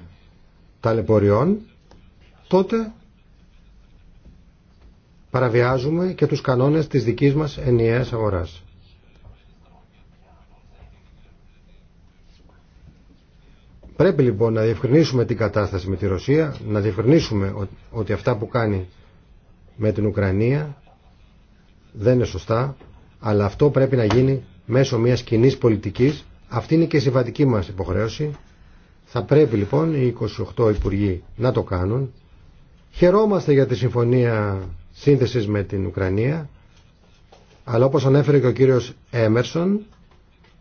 ταλαιπωριών, τότε παραβιάζουμε και τους κανόνες της δικής μας ενιαίας αγοράς. Πρέπει λοιπόν να διευκρινίσουμε την κατάσταση με τη Ρωσία, να διευκρινίσουμε ότι αυτά που κάνει με την Ουκρανία δεν είναι σωστά, αλλά αυτό πρέπει να γίνει μέσω μιας κοινής πολιτικής αυτή είναι και η συμβατική μας υποχρέωση. Θα πρέπει λοιπόν οι 28 Υπουργοί να το κάνουν. Χαιρόμαστε για τη συμφωνία σύνθεσης με την Ουκρανία, αλλά όπως ανέφερε και ο κύριος Έμερσον,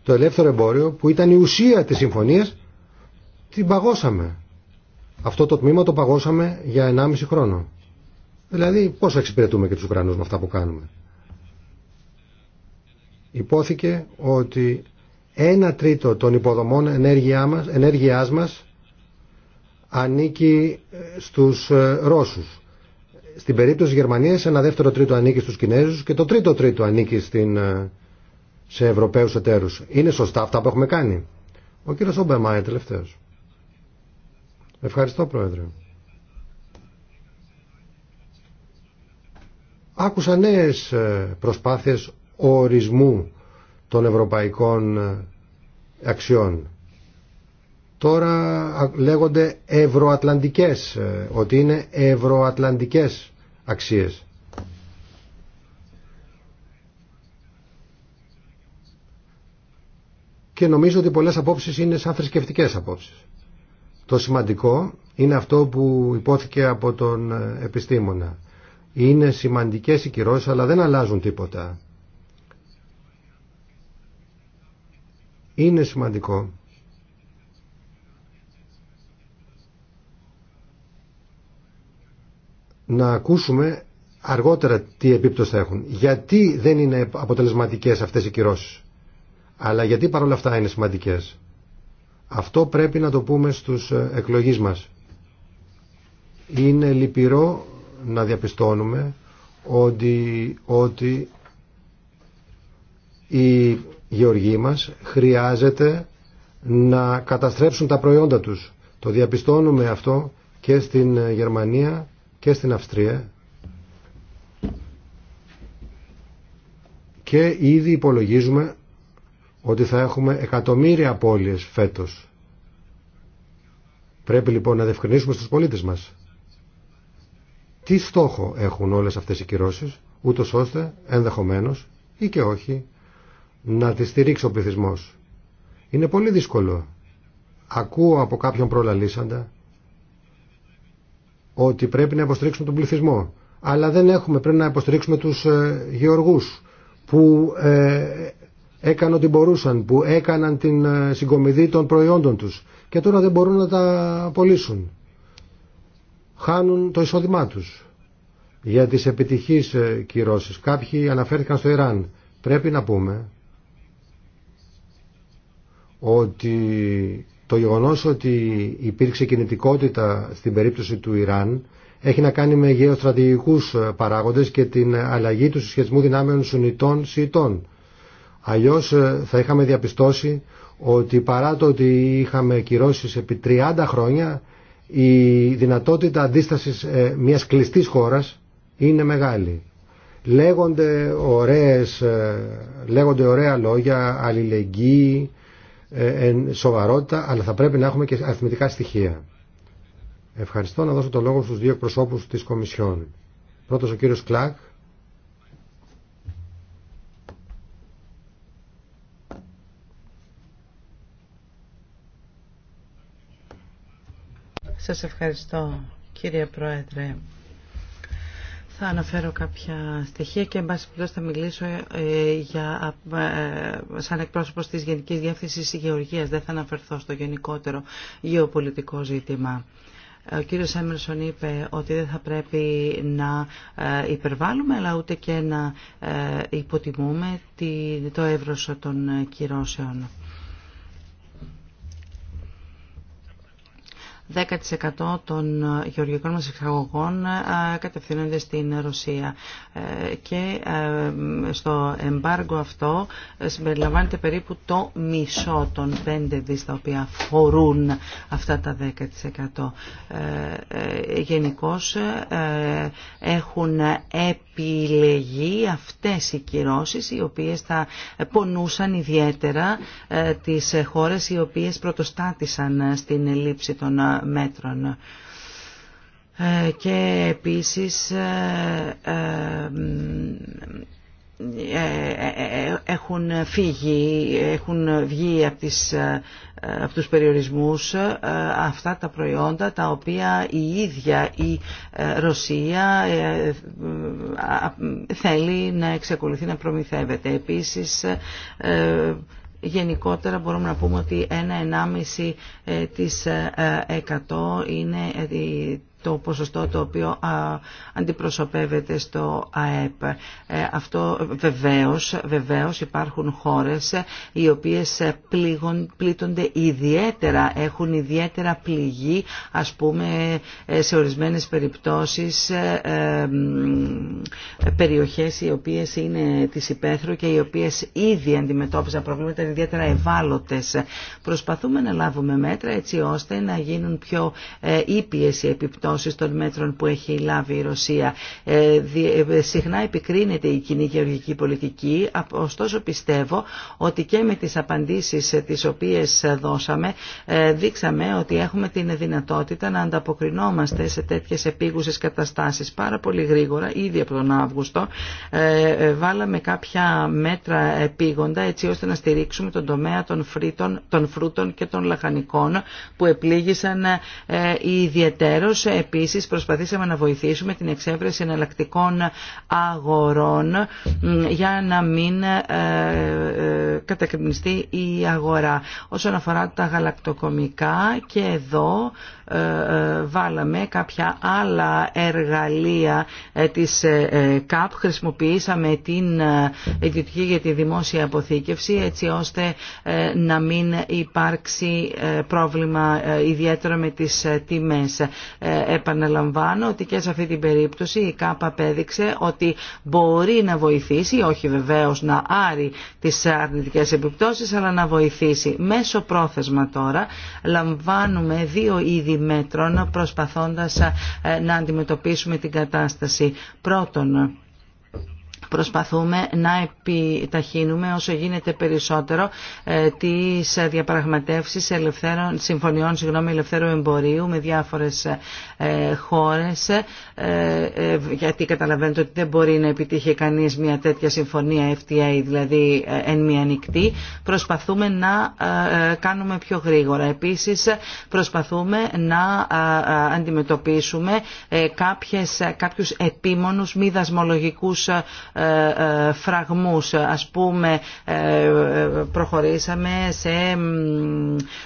το ελεύθερο εμπόριο που ήταν η ουσία της συμφωνίας, την παγώσαμε. Αυτό το τμήμα το παγώσαμε για 1,5 χρόνο. Δηλαδή πώς εξυπηρετούμε και τους Ουκρανούς με αυτά που κάνουμε. Υπόθηκε ότι ένα τρίτο των υποδομών ενέργειάς μας ανήκει ε, στους ε, Ρώσους. Στην περίπτωση της Γερμανίας ένα δεύτερο τρίτο ανήκει στους Κινέζους και το τρίτο τρίτο ανήκει στην, ε, σε Ευρωπαίους εταίρους. Είναι σωστά αυτά που έχουμε κάνει. Ο κύριος Ομπεμάε τελευταίος. Ευχαριστώ Πρόεδρε. Άκουσα νέες προσπάθειες ορισμού των ευρωπαϊκών αξιών. Τώρα λέγονται ευρωατλαντικές, ε, ότι είναι ευρωατλαντικές αξίες. Και νομίζω ότι πολλές απόψεις είναι σαν θρησκευτικέ απόψεις. Το σημαντικό είναι αυτό που υπόθηκε από τον ε, επιστήμονα. Είναι σημαντικές οι κυρώσεις αλλά δεν αλλάζουν τίποτα. Είναι σημαντικό να ακούσουμε αργότερα τι επίπτωση θα έχουν. Γιατί δεν είναι αποτελεσματικές αυτές οι κυρώσεις. Αλλά γιατί παρόλα αυτά είναι σημαντικές. Αυτό πρέπει να το πούμε στους ε, εκλογείς μας. Είναι λυπηρό να διαπιστώνουμε ότι, ότι η γεωργοί μας χρειάζεται να καταστρέψουν τα προϊόντα τους. Το διαπιστώνουμε αυτό και στην ε, Γερμανία και στην Αυστρία. Και ήδη υπολογίζουμε ότι θα έχουμε εκατομμύρια απώλειες φέτος. Πρέπει λοιπόν να διευκρινίσουμε στους πολίτες μας. Τι στόχο έχουν όλες αυτές οι κυρώσεις, ούτως ώστε ενδεχομένως ή και όχι να τη στηρίξει ο πληθυσμό. Είναι πολύ δύσκολο. Ακούω από κάποιον προλαλήσαντα ότι πρέπει να υποστηρίξουμε τον πληθυσμό. Αλλά δεν έχουμε, πρέπει να υποστηρίξουμε τους ε, γεωργούς που ε, έκαναν ό,τι μπορούσαν, που έκαναν την ε, συγκομιδή των προϊόντων τους και τώρα δεν μπορούν να τα πωλήσουν. Χάνουν το εισόδημά τους για τις επιτυχείς κυρώσεις. Κάποιοι αναφέρθηκαν στο Ιράν. Πρέπει να πούμε ότι το γεγονός ότι υπήρξε κινητικότητα στην περίπτωση του Ιράν έχει να κάνει με γεωστρατηγικούς παράγοντες και την αλλαγή του συσχετισμού δυνάμεων Σουνιτών Σιητών. Αλλιώς ε, θα είχαμε διαπιστώσει ότι παρά το ότι είχαμε κυρώσεις επί 30 χρόνια η δυνατότητα αντίστασης ε, μιας κλειστής χώρας είναι μεγάλη. λέγονται ε, ωραία λόγια, αλληλεγγύη, ε, σοβαρότητα, αλλά θα πρέπει να έχουμε και αριθμητικά στοιχεία. Ευχαριστώ να δώσω το λόγο στους δύο εκπροσώπους της Κομισιόν. Πρώτος ο κύριος Κλακ. Σας ευχαριστώ κύριε Πρόεδρε. Θα αναφέρω κάποια στοιχεία και εν πάση θα μιλήσω ε, για, ε, σαν εκπρόσωπος της Γενικής Διεύθυνσης γεωργία. Δεν θα αναφερθώ στο γενικότερο γεωπολιτικό ζήτημα. Ο κύριος Έμερσον είπε ότι δεν θα πρέπει να ε, υπερβάλλουμε αλλά ούτε και να υποτιμούμε το εύρος των κυρώσεων. 10% των ε, γεωργικών μας εξαγωγών ε, κατευθύνονται στην Ρωσία. Ε, και στο εμπάργκο αυτό συμπεριλαμβάνεται περίπου το μισό των 5 δις τα οποία φορούν αυτά τα 10%. Γενικώ έχουν επιλεγεί αυτές οι κυρώσεις οι οποίες θα πονούσαν ιδιαίτερα τις χώρες οι οποίες πρωτοστάτησαν στην λήψη των μέτρων. Ε, και επίσης ε, ε, έχουν φύγει, έχουν βγει από, τις, από τους περιορισμούς αυτά τα προϊόντα τα οποία η ίδια η Ρωσία θέλει να εξακολουθεί να προμηθεύεται. Επίσης γενικότερα μπορούμε να πούμε ότι ένα 1,5% ε, ε, ε, είναι το ποσοστό το οποίο αντιπροσωπεύεται στο ΑΕΠ. Ε, αυτό βεβαίως, βεβαίως υπάρχουν χώρες οι οποίες πλήγον, πλήττονται ιδιαίτερα, έχουν ιδιαίτερα πληγή ας πούμε ε, σε ορισμένες περιπτώσεις ε, περιοχές οι οποίες είναι της υπαίθρου και οι οποίες ήδη αντιμετώπιζαν προβλήματα ιδιαίτερα ευάλωτες. Προσπαθούμε να λάβουμε μέτρα έτσι ώστε να γίνουν πιο ήπιες οι επιπτώσεις των μέτρων που έχει λάβει η Ρωσία. Ε, ε, συχνά επικρίνεται η κοινή γεωργική πολιτική, ωστόσο πιστεύω ότι και με τις απαντήσει ε, τις οποίες δώσαμε δείξαμε ότι έχουμε την δυνατότητα να ανταποκρινόμαστε σε τέτοιες επίγουσες καταστάσεις. Πάρα πολύ γρήγορα, ήδη από τον Αύγουστο, βάλαμε κάποια μέτρα επίγοντα έτσι ώστε να στηρίξουμε τον τομέα των, φρύτων, των φρούτων και των λαχανικών που επλήγησαν ιδιαιτέρως Επίσης προσπαθήσαμε να βοηθήσουμε την εξέβρεση εναλλακτικών αγορών για να μην ε, ε, κατακριμνιστεί η αγορά. Όσον αφορά τα γαλακτοκομικά και εδώ ε, βάλαμε κάποια άλλα εργαλεία της ΚΑΠ. Χρησιμοποιήσαμε την ιδιωτική για τη δημόσια αποθήκευση έτσι ώστε να μην υπάρξει πρόβλημα ιδιαίτερα με τις τιμές επαναλαμβάνω ότι και σε αυτή την περίπτωση η ΚΑΠΑ απέδειξε ότι μπορεί να βοηθήσει, όχι βεβαίως να άρει τις αρνητικές επιπτώσεις, αλλά να βοηθήσει. Μέσω πρόθεσμα τώρα λαμβάνουμε δύο είδη μέτρων προσπαθώντας ε, να αντιμετωπίσουμε την κατάσταση. Πρώτον, προσπαθούμε να επιταχύνουμε όσο γίνεται περισσότερο ε, τις διαπραγματεύσεις ελευθέρων, συμφωνιών συγγνώμη, ελευθέρου εμπορίου με διάφορες ε, χώρες ε, γιατί καταλαβαίνετε ότι δεν μπορεί να επιτύχει κανείς μια τέτοια συμφωνία FTA δηλαδή εν μια ανοιχτή. προσπαθούμε να κάνουμε πιο γρήγορα. Επίσης προσπαθούμε να αντιμετωπίσουμε κάποιες, κάποιους επίμονους μη δασμολογικούς φραγμούς. Ας πούμε προχωρήσαμε σε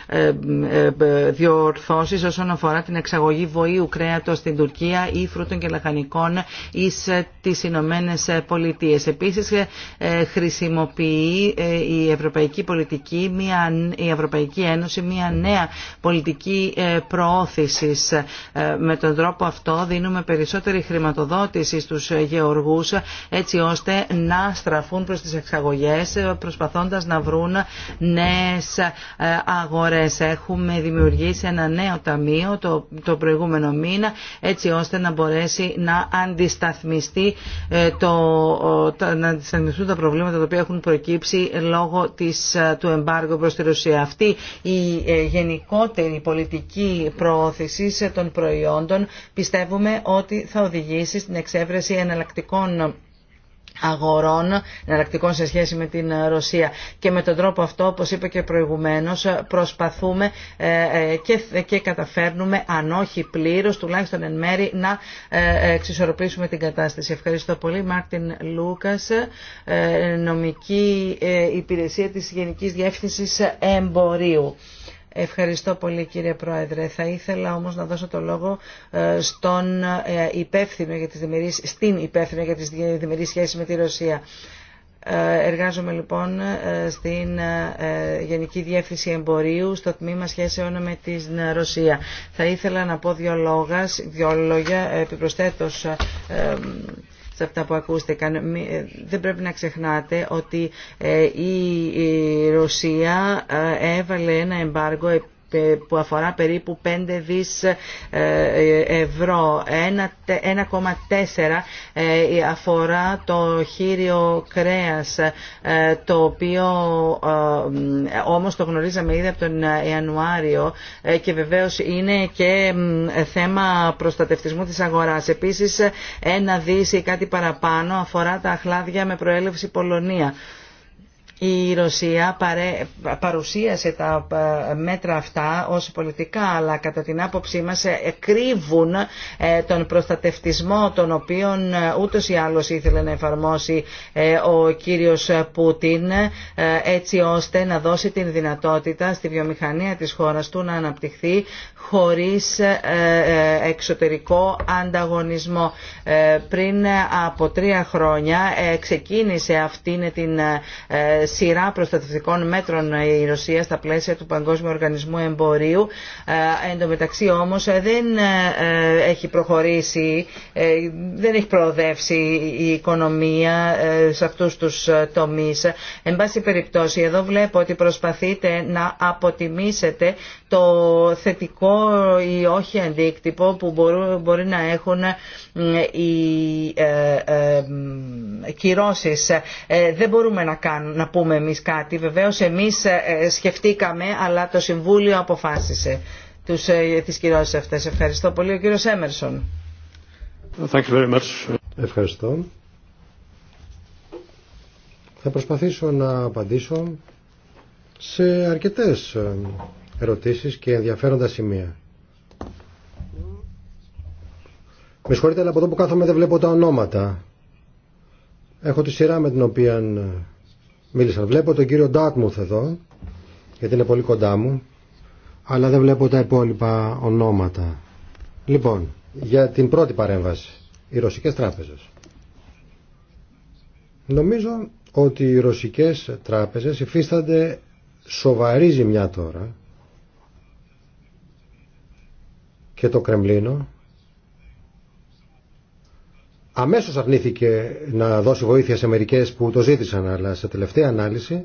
ε, ε, διορθώσεις όσον αφορά την εξαγωγή βοήου κρέατος στην Τουρκία ή φρούτων και λαχανικών εις τις Ηνωμένε Πολιτείε. Επίσης ε, χρησιμοποιεί η Ευρωπαϊκή, Πολιτική, μια, η Ευρωπαϊκή Ένωση μια νέα πολιτική προώθησης. Με τον τρόπο αυτό δίνουμε περισσότερη χρηματοδότηση στους γεωργούς έτσι ώστε να στραφούν προς τις εξαγωγές προσπαθώντας να βρουν νέες ε, αγορές. Έχουμε δημιουργήσει ένα νέο ταμείο το, το προηγούμενο μήνα έτσι ώστε να μπορέσει να αντισταθμιστεί ε, το, να αντισταθμιστούν τα προβλήματα τα οποία έχουν προκύψει λόγω της, ε, του εμπάργου προς τη Ρωσία. Αυτή η γενικότερη πολιτική προώθηση των προϊόντων πιστεύουμε ότι θα οδηγήσει στην εξέβρεση εναλλακτικών αγορών εναλλακτικών σε σχέση με την ε, Ρωσία. Και με τον τρόπο αυτό, όπως είπα και προηγουμένως, ε, προσπαθούμε ε, και, και καταφέρνουμε, αν όχι πλήρως, τουλάχιστον εν μέρη, να εξισορροπήσουμε την κατάσταση. Ευχαριστώ πολύ. Μάρτιν Λούκας, νομική υπηρεσία της Γενικής Διεύθυνσης Εμπορίου. Ευχαριστώ πολύ κύριε Πρόεδρε. Θα ήθελα όμως να δώσω το λόγο ε, στον ε, υπεύθυνο για τις δημιουργίες, στην υπεύθυνο για τις διμερείς σχέσεις με τη Ρωσία. Ε, εργάζομαι λοιπόν στην Γενική Διεύθυνση Εμπορίου στο τμήμα σχέσεων με την Ρωσία. Θα ήθελα να πω δύο λόγια, δύο σε αυτά που ακούστηκαν. Ε, δεν πρέπει να ξεχνάτε ότι ε, η Ρωσία ε, έβαλε ένα εμπάργο που αφορά περίπου 5 δις ε, ευρώ. 1,4 ε, αφορά το χείριο κρέας, ε, το οποίο όμως το γνωρίζαμε ήδη από τον Ιανουάριο και βεβαίως είναι και θέμα προστατευτισμού της αγοράς. Επίσης, ένα δις ή κάτι παραπάνω αφορά τα αχλάδια με προέλευση Πολωνία. Η Ρωσία παρουσίασε τα ε, μέτρα αυτά ως πολιτικά, αλλά κατά την άποψή μας ε, κρύβουν ε, τον προστατευτισμό τον οποίον ούτως ή άλλως ήθελε να εφαρμόσει ο κύριος Πούτιν έτσι ώστε να δώσει την δυνατότητα στη βιομηχανία της χώρας του να αναπτυχθεί χωρίς εξωτερικό ανταγωνισμό. Πριν από τρία χρόνια ξεκίνησε αυτήν την σειρά προστατευτικών μέτρων η Ρωσία στα πλαίσια του Παγκόσμιου Οργανισμού Εμπορίου. Ε, εν τω μεταξύ όμως ε, δεν ε, έχει προχωρήσει, δεν έχει προοδεύσει η οικονομία σε αυτούς τους τομείς. Εν πάση περιπτώσει εδώ βλέπω ότι προσπαθείτε να αποτιμήσετε το θετικό ή όχι αντίκτυπο που μπορεί να έχουν οι κυρώσεις. Δεν μπορούμε να, κάνουμε, πούμε πούμε εμείς κάτι. Βεβαίως εμείς ε, ε, σκεφτήκαμε αλλά το Συμβούλιο αποφάσισε τους, ε, τις κυρώσεις αυτές. Ευχαριστώ πολύ. Ο κύριος Έμερσον. Thank you very much. Ευχαριστώ. Θα προσπαθήσω να απαντήσω σε αρκετές ερωτήσεις και ενδιαφέροντα σημεία. Με συγχωρείτε, αλλά από εδώ που κάθομαι δεν βλέπω τα ονόματα. Έχω τη σειρά με την οποία μίλησαν. Βλέπω τον κύριο Ντάκμουθ εδώ, γιατί είναι πολύ κοντά μου, αλλά δεν βλέπω τα υπόλοιπα ονόματα. Λοιπόν, για την πρώτη παρέμβαση, οι ρωσικές τράπεζες. Νομίζω ότι οι ρωσικές τράπεζες υφίστανται σοβαρή ζημιά τώρα και το Κρεμλίνο αμέσως αρνήθηκε να δώσει βοήθεια σε μερικές που το ζήτησαν, αλλά σε τελευταία ανάλυση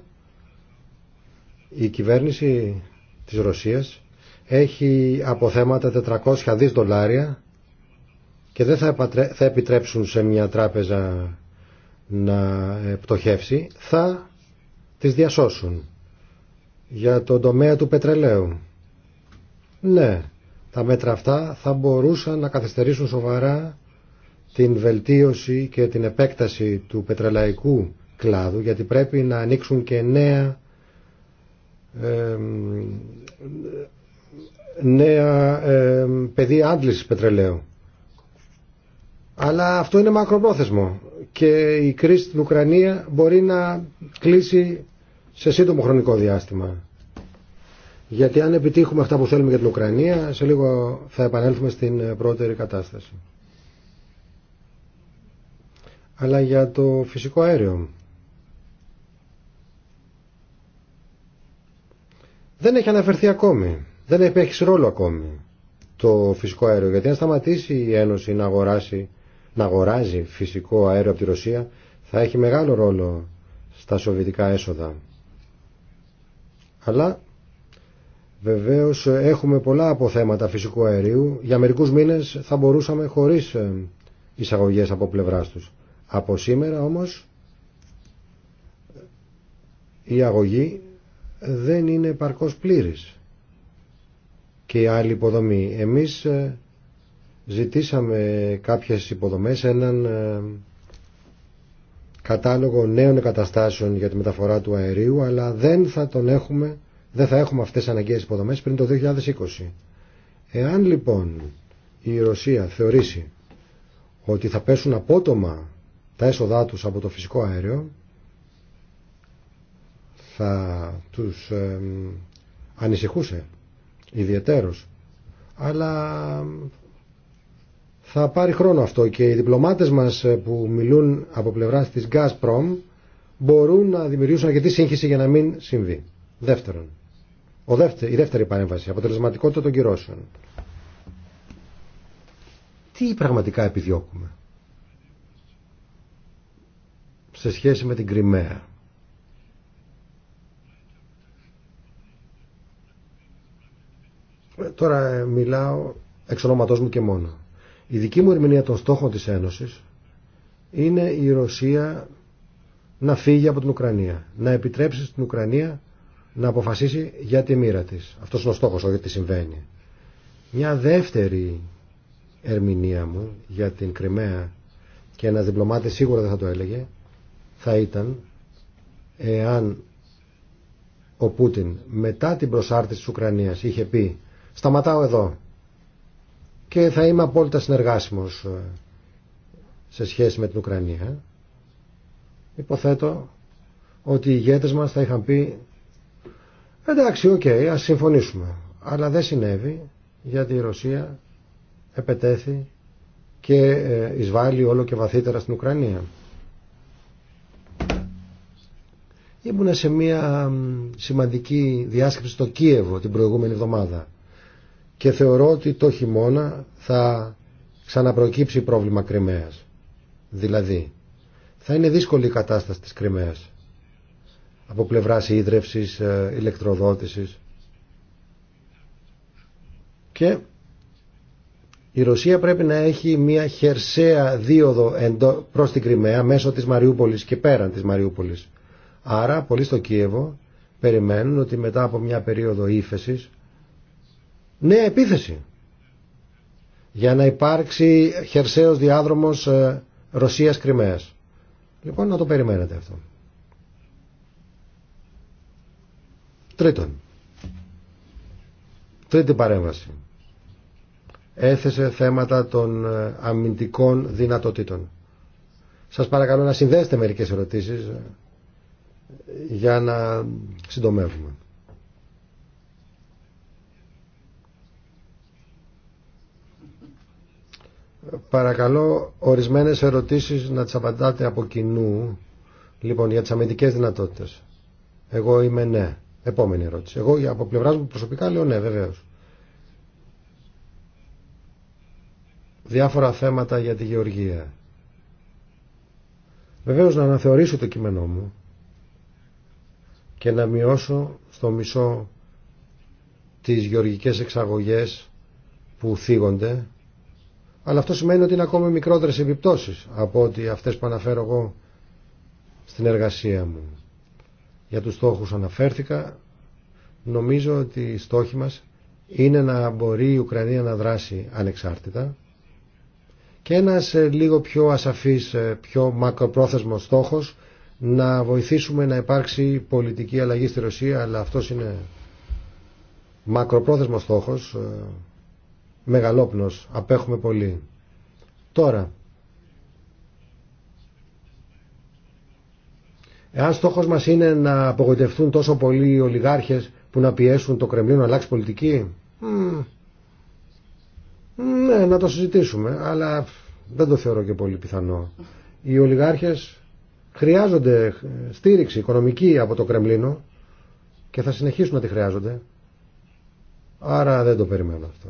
η κυβέρνηση της Ρωσίας έχει αποθέματα 400 δις δολάρια και δεν θα επιτρέψουν σε μια τράπεζα να ε, πτωχεύσει, θα τις διασώσουν για τον τομέα του πετρελαίου. Ναι, τα μέτρα αυτά θα μπορούσαν να καθυστερήσουν σοβαρά την βελτίωση και την επέκταση του πετρελαϊκού κλάδου γιατί πρέπει να ανοίξουν και νέα ε, νέα πεδία άντλησης πετρελαίου. Αλλά αυτό είναι μακροπρόθεσμο και η κρίση στην Ουκρανία μπορεί να κλείσει σε σύντομο χρονικό διάστημα. Γιατί αν επιτύχουμε αυτά που θέλουμε για την Ουκρανία, σε λίγο θα επανέλθουμε στην πρώτερη κατάσταση αλλά για το φυσικό αέριο. Δεν έχει αναφερθεί ακόμη. Δεν έχει ρόλο ακόμη το φυσικό αέριο. Γιατί αν σταματήσει η Ένωση να, αγοράσει, να αγοράζει φυσικό αέριο από τη Ρωσία, θα έχει μεγάλο ρόλο στα σοβιτικά έσοδα. Αλλά βεβαίως έχουμε πολλά αποθέματα φυσικού αερίου. Για μερικούς μήνες θα μπορούσαμε χωρίς ε, εισαγωγές από πλευράς τους. Από σήμερα όμως η αγωγή δεν είναι παρκώς πλήρης και η άλλη υποδομή. Εμείς ε, ζητήσαμε κάποιες υποδομές, έναν ε, κατάλογο νέων εγκαταστάσεων για τη μεταφορά του αερίου, αλλά δεν θα τον έχουμε, δεν θα έχουμε αυτές τις αναγκαίες υποδομές πριν το 2020. Εάν λοιπόν η Ρωσία θεωρήσει ότι θα πέσουν απότομα τα έσοδά τους από το φυσικό αέριο θα τους ανησυχούσε ιδιαιτέρως αλλά θα πάρει χρόνο αυτό και οι διπλωμάτες μας ε, που μιλούν από πλευράς της Gazprom μπορούν να δημιουργήσουν αρκετή σύγχυση για να μην συμβεί. Δεύτερον, ο δεύτερη, η δεύτερη παρέμβαση, αποτελεσματικότητα των κυρώσεων. Τι πραγματικά επιδιώκουμε σε σχέση με την Κρυμαία. Ε, τώρα ε, μιλάω εξ ονόματός μου και μόνο. Η δική μου ερμηνεία των στόχων της Ένωσης είναι η Ρωσία να φύγει από την Ουκρανία. Να επιτρέψει στην Ουκρανία να αποφασίσει για τη μοίρα της. Αυτός είναι ο στόχος, όχι τι συμβαίνει. Μια δεύτερη ερμηνεία μου για την Κρυμαία και ένα διπλωμάτη σίγουρα δεν θα το έλεγε θα ήταν εάν ο Πούτιν μετά την προσάρτηση της Ουκρανίας είχε πει σταματάω εδώ και θα είμαι απόλυτα συνεργάσιμος ε, σε σχέση με την Ουκρανία υποθέτω ότι οι ηγέτες μας θα είχαν πει εντάξει, οκ, okay, ας συμφωνήσουμε αλλά δεν συνέβη γιατί η Ρωσία επετέθη και ε, εισβάλλει όλο και βαθύτερα στην Ουκρανία. Ήμουνα σε μια σημαντική διάσκεψη στο Κίεβο την προηγούμενη εβδομάδα και θεωρώ ότι το χειμώνα θα ξαναπροκύψει πρόβλημα Κρυμαίας. Δηλαδή, θα είναι δύσκολη η κατάσταση της Κρυμαίας από πλευράς ίδρευσης, ε, ηλεκτροδότησης και η Ρωσία πρέπει να έχει μια χερσαία δίωδο προς την Κρυμαία μέσω της Μαριούπολης και πέραν της Μαριούπολης Άρα πολλοί στο Κίεβο περιμένουν ότι μετά από μια περίοδο ύφεση νέα επίθεση για να υπάρξει χερσαίος διάδρομος ε, Ρωσίας Κρυμαίας. Λοιπόν να το περιμένετε αυτό. Τρίτον. Τρίτη παρέμβαση. Έθεσε θέματα των ε, αμυντικών δυνατοτήτων. Σας παρακαλώ να συνδέσετε μερικές ερωτήσεις ε, για να συντομεύουμε. Παρακαλώ ορισμένες ερωτήσεις να τις απαντάτε από κοινού. Λοιπόν, για τις αμυντικές δυνατότητες. Εγώ είμαι ναι. Επόμενη ερώτηση. Εγώ από πλευρά μου προσωπικά λέω ναι, βεβαίω. Διάφορα θέματα για τη γεωργία. Βεβαίω να αναθεωρήσω το κείμενό μου και να μειώσω στο μισό τις γεωργικές εξαγωγές που θίγονται αλλά αυτό σημαίνει ότι είναι ακόμη μικρότερες επιπτώσεις από ότι αυτές που αναφέρω εγώ στην εργασία μου. Για τους στόχους αναφέρθηκα. Νομίζω ότι οι στόχοι μας είναι να μπορεί η Ουκρανία να δράσει ανεξάρτητα και ένας ε, λίγο πιο ασαφής, ε, πιο μακροπρόθεσμος στόχος να βοηθήσουμε να υπάρξει πολιτική αλλαγή στη Ρωσία, αλλά αυτό είναι μακροπρόθεσμος στόχος, ε, μεγαλόπνος, απέχουμε πολύ. Τώρα, εάν στόχος μας είναι να απογοητευτούν τόσο πολλοί οι ολιγάρχες που να πιέσουν το Κρεμλίνο να αλλάξει πολιτική, ναι, να το συζητήσουμε, αλλά δεν το θεωρώ και πολύ πιθανό. Οι ολιγάρχες χρειάζονται στήριξη οικονομική από το Κρεμλίνο και θα συνεχίσουν να τη χρειάζονται. Άρα δεν το περιμένω αυτό.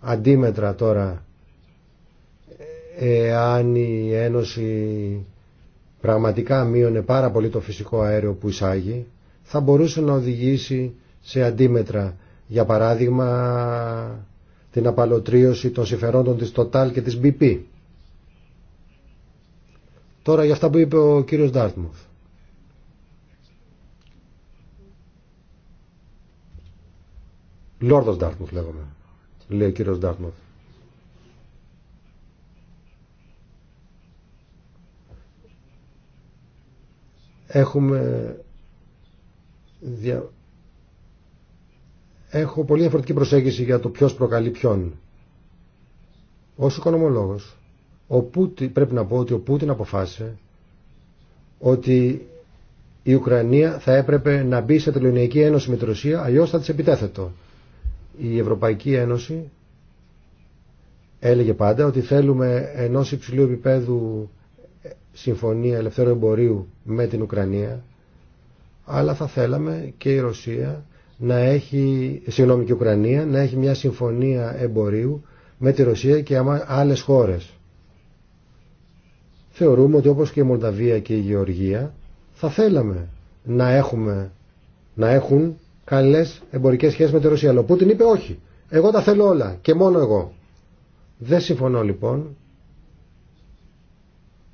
Αντίμετρα τώρα εάν η Ένωση πραγματικά μείωνε πάρα πολύ το φυσικό αέριο που εισάγει θα μπορούσε να οδηγήσει σε αντίμετρα για παράδειγμα την απαλωτρίωση των συμφερόντων της Total και της BP Τώρα για αυτά που είπε ο κύριος Ντάρτμουθ. Λόρδος Ντάρτμουθ λέγομαι. Λέει ο κύριος Ντάρτμουθ. Έχουμε... Έχω πολύ διαφορετική προσέγγιση για το ποιος προκαλεί ποιον. Ως οικονομολόγος ο πρέπει να πω ότι ο Πούτιν αποφάσισε ότι η Ουκρανία θα έπρεπε να μπει σε τελειονιακή ένωση με τη Ρωσία, αλλιώ θα τη επιτέθετο. Η Ευρωπαϊκή Ένωση έλεγε πάντα ότι θέλουμε ενό υψηλού επίπεδου συμφωνία ελευθέρου εμπορίου με την Ουκρανία, αλλά θα θέλαμε και η Ρωσία να έχει, συγγνώμη να έχει μια συμφωνία εμπορίου με τη Ρωσία και άλλες χώρες θεωρούμε ότι όπως και η Μολδαβία και η Γεωργία θα θέλαμε να, έχουμε, να έχουν καλές εμπορικές σχέσεις με τη Ρωσία. Αλλά ο Πούτιν είπε όχι. Εγώ τα θέλω όλα και μόνο εγώ. Δεν συμφωνώ λοιπόν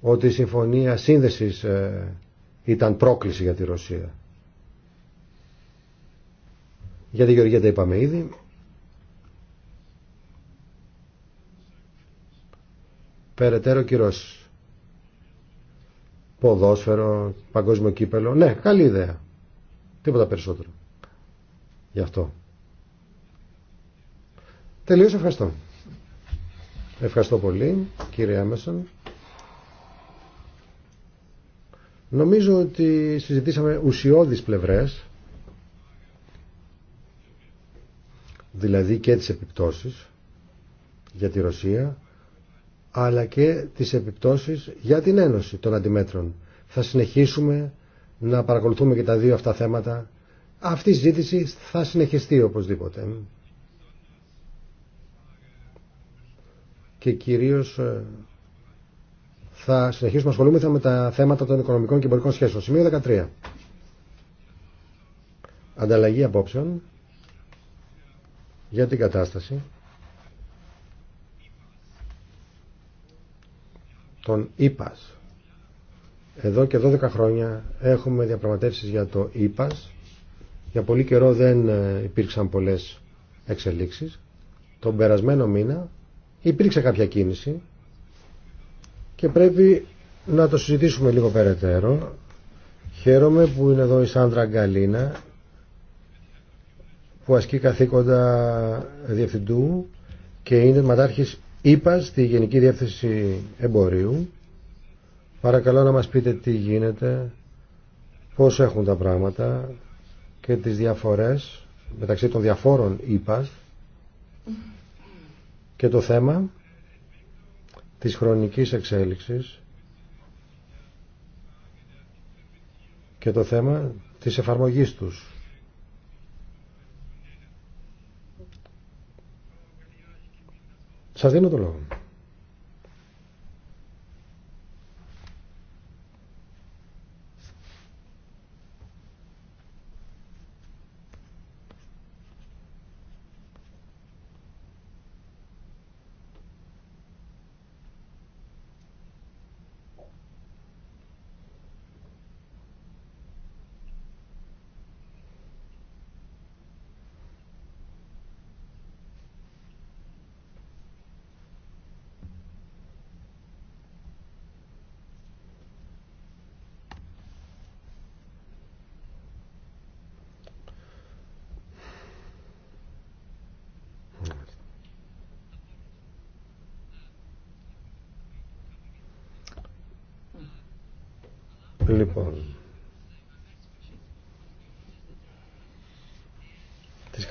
ότι η συμφωνία σύνδεσης ε, ήταν πρόκληση για τη Ρωσία. Για τη Γεωργία τα είπαμε ήδη. Περαιτέρω κυρώσεις ποδόσφαιρο, παγκόσμιο κύπελο. Ναι, καλή ιδέα. Τίποτα περισσότερο. Γι' αυτό. Τελείως ευχαριστώ. Ευχαριστώ πολύ, κύριε Έμεσον. Νομίζω ότι συζητήσαμε ουσιώδεις πλευρές, δηλαδή και τις επιπτώσεις για τη Ρωσία, αλλά και τις επιπτώσεις για την Ένωση των Αντιμέτρων. Θα συνεχίσουμε να παρακολουθούμε και τα δύο αυτά θέματα. Αυτή η ζήτηση θα συνεχιστεί οπωσδήποτε. Και κυρίως ε, θα συνεχίσουμε να ασχολούμεθα με τα θέματα των οικονομικών και εμπορικών σχέσεων. Σημείο 13. Ανταλλαγή απόψεων για την κατάσταση τον ΙΠΑΣ. Εδώ και 12 χρόνια έχουμε διαπραγματεύσεις για το ΙΠΑΣ. Για πολύ καιρό δεν ε, υπήρξαν πολλές εξελίξεις. Τον περασμένο μήνα υπήρξε κάποια κίνηση και πρέπει να το συζητήσουμε λίγο περαιτέρω. Χαίρομαι που είναι εδώ η Σάντρα Γκαλίνα που ασκεί καθήκοντα διευθυντού και είναι ματάρχης Είπα στη Γενική Διεύθυνση Εμπορίου παρακαλώ να μας πείτε τι γίνεται πώς έχουν τα πράγματα και τις διαφορές μεταξύ των διαφόρων είπα και το θέμα της χρονικής εξέλιξης και το θέμα της εφαρμογής τους Σας δίνω το λόγο.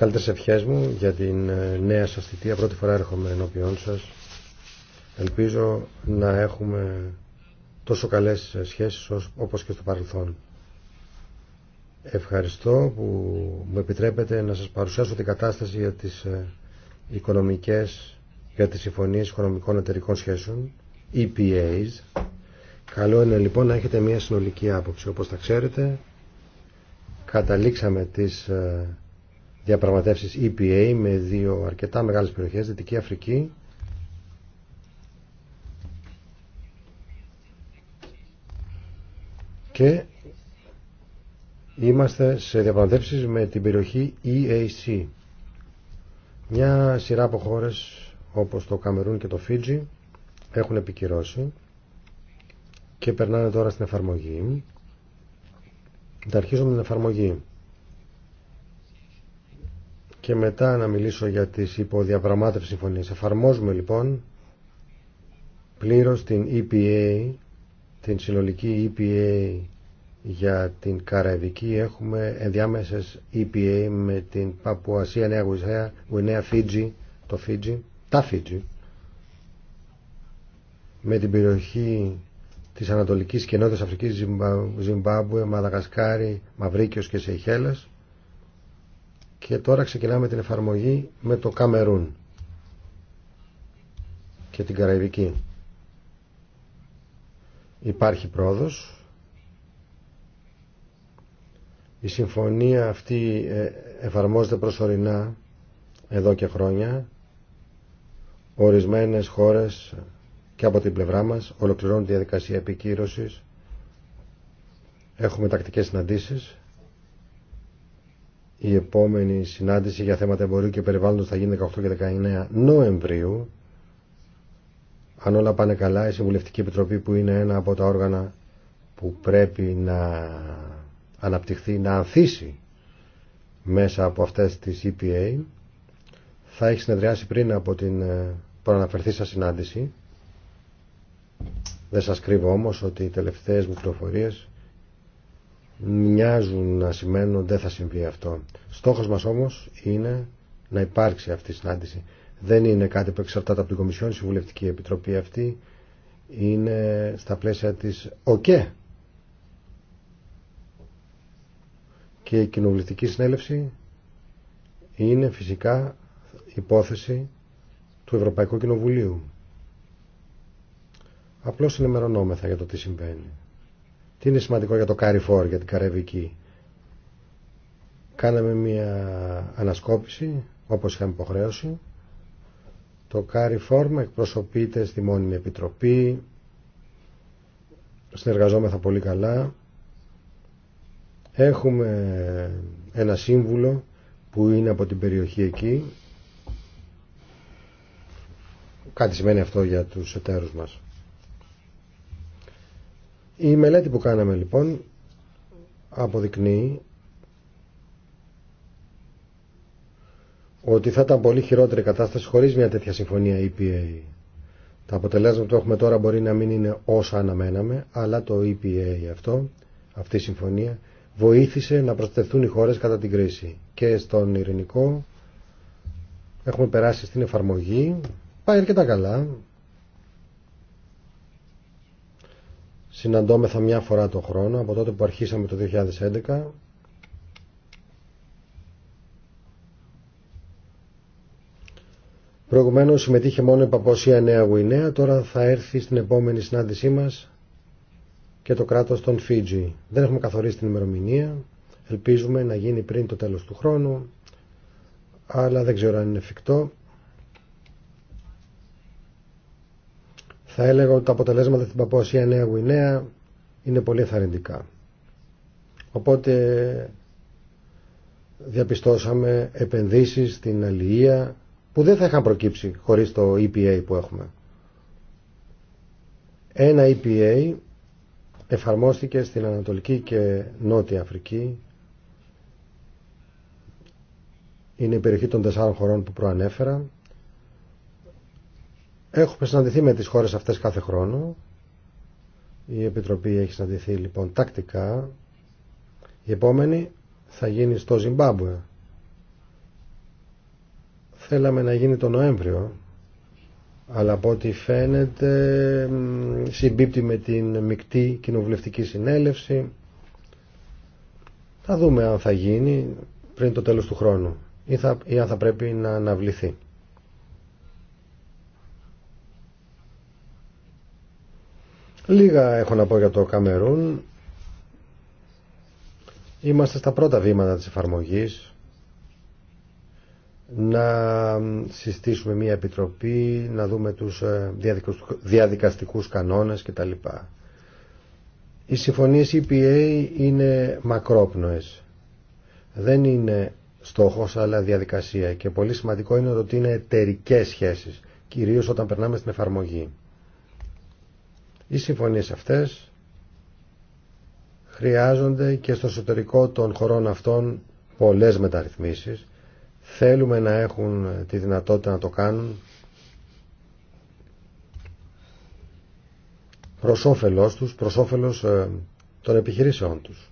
καλύτερες ευχές μου για την ε, νέα σας θητεία. Πρώτη φορά έρχομαι ενώπιόν σας. Ελπίζω να έχουμε τόσο καλές ε, σχέσεις όπως και στο παρελθόν. Ευχαριστώ που μου επιτρέπετε να σας παρουσιάσω την κατάσταση για τις ε, οικονομικές, για τις συμφωνίες οικονομικών εταιρικών σχέσεων, EPAs. Καλό είναι λοιπόν να έχετε μια συνολική άποψη. Όπως τα ξέρετε, καταλήξαμε τις διαπραγματεύσεις EPA με δύο αρκετά μεγάλες περιοχές, Δυτική Αφρική και είμαστε σε διαπραγματεύσεις με την περιοχή EAC. Μια σειρά από χώρες όπως το Καμερούν και το Φίτζι έχουν επικυρώσει και περνάνε τώρα στην εφαρμογή. Θα την εφαρμογή και μετά να μιλήσω για τις υποδιαπραγμάτευσεις συμφωνίες. Εφαρμόζουμε λοιπόν πλήρως την EPA, την συνολική EPA για την Καραϊβική. Έχουμε ενδιάμεσες EPA με την Παπουασία Νέα Γουζέα, Γουινέα Φίτζι, το Φίτζι, τα Φίτζι, με την περιοχή της Ανατολικής και Νότιας Αφρικής Ζιμπάμπουε, Μαδαγασκάρη, Μαυρίκιος και Σεϊχέλας, και τώρα ξεκινάμε την εφαρμογή με το Καμερούν και την Καραϊβική. Υπάρχει πρόοδος. Η συμφωνία αυτή ε, εφαρμόζεται προσωρινά εδώ και χρόνια. Ορισμένες χώρες και από την πλευρά μας ολοκληρώνουν τη διαδικασία επικύρωσης. Έχουμε τακτικές συναντήσεις η επόμενη συνάντηση για θέματα εμπορίου και περιβάλλοντος θα γίνει 18 και 19 Νοεμβρίου. Αν όλα πάνε καλά, η Συμβουλευτική Επιτροπή που είναι ένα από τα όργανα που πρέπει να αναπτυχθεί, να ανθίσει μέσα από αυτές τις EPA, θα έχει συνεδριάσει πριν από την ε, προαναφερθή σας συνάντηση. Δεν σας κρύβω όμως ότι οι τελευταίες μου πληροφορίες μοιάζουν να σημαίνουν δεν θα συμβεί αυτό. Στόχος μας όμως είναι να υπάρξει αυτή η συνάντηση. Δεν είναι κάτι που εξαρτάται από την Κομισιόν, η Συμβουλευτική Επιτροπή αυτή είναι στα πλαίσια της ΟΚΕ και η κοινοβουλευτική συνέλευση είναι φυσικά υπόθεση του Ευρωπαϊκού Κοινοβουλίου. Απλώς ενημερωνόμεθα για το τι συμβαίνει. Τι είναι σημαντικό για το Carrefour, για την Καρεβική. Κάναμε μια ανασκόπηση, όπως είχαμε υποχρέωση. Το Carrefour εκπροσωπείται στη Μόνιμη Επιτροπή. Συνεργαζόμεθα πολύ καλά. Έχουμε ένα σύμβουλο που είναι από την περιοχή εκεί. Κάτι σημαίνει αυτό για τους εταίρους μας. Η μελέτη που κάναμε λοιπόν αποδεικνύει ότι θα ήταν πολύ χειρότερη κατάσταση χωρίς μια τέτοια συμφωνία EPA. Τα αποτελέσματα που έχουμε τώρα μπορεί να μην είναι όσα αναμέναμε, αλλά το EPA αυτό, αυτή η συμφωνία, βοήθησε να προστατευτούν οι χώρες κατά την κρίση. Και στον ειρηνικό έχουμε περάσει στην εφαρμογή, πάει αρκετά καλά, συναντώμεθα μια φορά το χρόνο από τότε που αρχίσαμε το 2011 Προηγουμένως συμμετείχε μόνο η Παποσία Νέα Γουινέα, τώρα θα έρθει στην επόμενη συνάντησή μας και το κράτος των Φίτζι. Δεν έχουμε καθορίσει την ημερομηνία, ελπίζουμε να γίνει πριν το τέλος του χρόνου, αλλά δεν ξέρω αν είναι εφικτό. Θα έλεγα ότι τα αποτελέσματα στην Παπόσια Νέα Γουινέα είναι πολύ εθαρρυντικά. Οπότε διαπιστώσαμε επενδύσεις στην αλληλεία που δεν θα είχαν προκύψει χωρίς το EPA που έχουμε. Ένα EPA εφαρμόστηκε στην Ανατολική και Νότια Αφρική. Είναι η περιοχή των τεσσάρων χωρών που προανέφερα. Έχουμε συναντηθεί με τις χώρες αυτές κάθε χρόνο. Η Επιτροπή έχει συναντηθεί λοιπόν τακτικά. Η επόμενη θα γίνει στο Ζιμπάμπουε. Θέλαμε να γίνει το Νοέμβριο, αλλά από ό,τι φαίνεται συμπίπτει με την μεικτή κοινοβουλευτική συνέλευση. Θα δούμε αν θα γίνει πριν το τέλος του χρόνου ή, θα, ή αν θα πρέπει να αναβληθεί. Λίγα έχω να πω για το Καμερούν. Είμαστε στα πρώτα βήματα της εφαρμογής να συστήσουμε μια επιτροπή, να δούμε τους ε, διαδικαστικούς κανόνες κτλ. Οι συμφωνίες EPA είναι μακρόπνοες. Δεν είναι στόχος αλλά διαδικασία και πολύ σημαντικό είναι ότι είναι εταιρικέ σχέσεις, κυρίως όταν περνάμε στην εφαρμογή. Οι συμφωνίες αυτές χρειάζονται και στο εσωτερικό των χωρών αυτών πολλές μεταρρυθμίσεις. Θέλουμε να έχουν τη δυνατότητα να το κάνουν προς όφελός τους, προς όφελος ε, των επιχειρήσεών τους.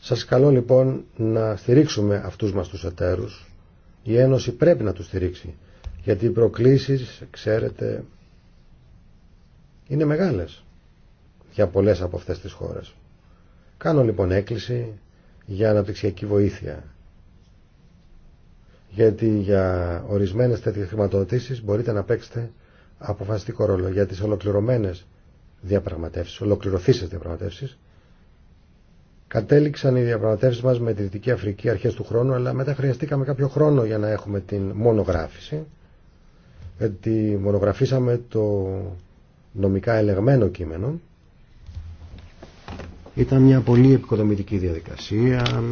Σας καλώ λοιπόν να στηρίξουμε αυτούς μας τους εταίρους. Η Ένωση πρέπει να τους στηρίξει, γιατί οι προκλήσεις, ξέρετε, είναι μεγάλες για πολλές από αυτές τις χώρες. Κάνω λοιπόν έκκληση για αναπτυξιακή βοήθεια. Γιατί για ορισμένες τέτοιες χρηματοδοτήσεις μπορείτε να παίξετε αποφασιστικό ρόλο. Για τις ολοκληρωμένες διαπραγματεύσεις, ολοκληρωθήσεις διαπραγματεύσεις, κατέληξαν οι διαπραγματεύσεις μας με τη Δυτική Αφρική αρχές του χρόνου, αλλά μετά χρειαστήκαμε κάποιο χρόνο για να έχουμε την μονογράφηση, γιατί μονογραφήσαμε το νομικά ελεγμένο κείμενο. Ήταν μια πολύ επικοδομητική διαδικασία.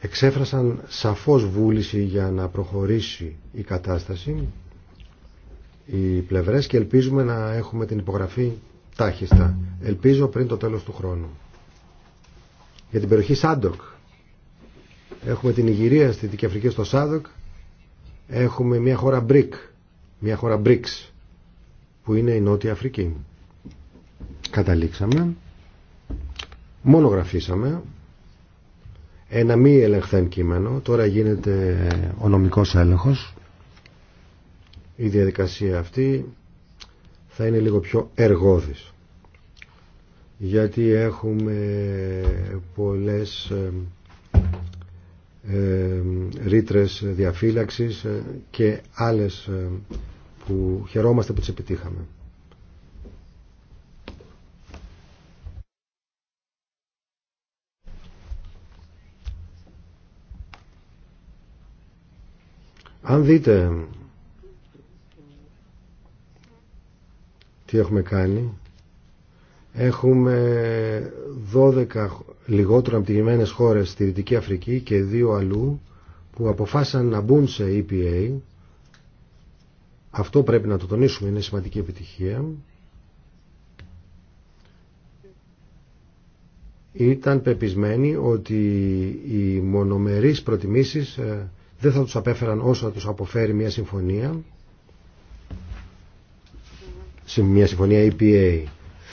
Εξέφρασαν σαφώς βούληση για να προχωρήσει η κατάσταση οι πλευρές και ελπίζουμε να έχουμε την υπογραφή τάχιστα. Ελπίζω πριν το τέλος του χρόνου. Για την περιοχή Σάντοκ. Έχουμε την Ιγυρία στη Δική Αφρική στο Σάντοκ. Έχουμε μια χώρα μπρικ Μια χώρα BRICS που είναι η Νότια Αφρική. Καταλήξαμε, μονογραφήσαμε ένα μη ελεγχθέν κείμενο, τώρα γίνεται ο νομικός έλεγχος. Η διαδικασία αυτή θα είναι λίγο πιο εργόδης γιατί έχουμε πολλές ε, ε ρήτρες διαφύλαξης ε, και άλλες ε, που χαιρόμαστε που τις επιτύχαμε. Αν δείτε τι έχουμε κάνει, έχουμε 12 λιγότερο αμπτυγημένες χώρες στη Δυτική Αφρική και δύο αλλού που αποφάσαν να μπουν σε EPA αυτό πρέπει να το τονίσουμε, είναι σημαντική επιτυχία. Ήταν πεπισμένοι ότι οι μονομερείς προτιμήσεις ε, δεν θα τους απέφεραν όσο θα τους αποφέρει μια συμφωνία μια συμφωνία EPA.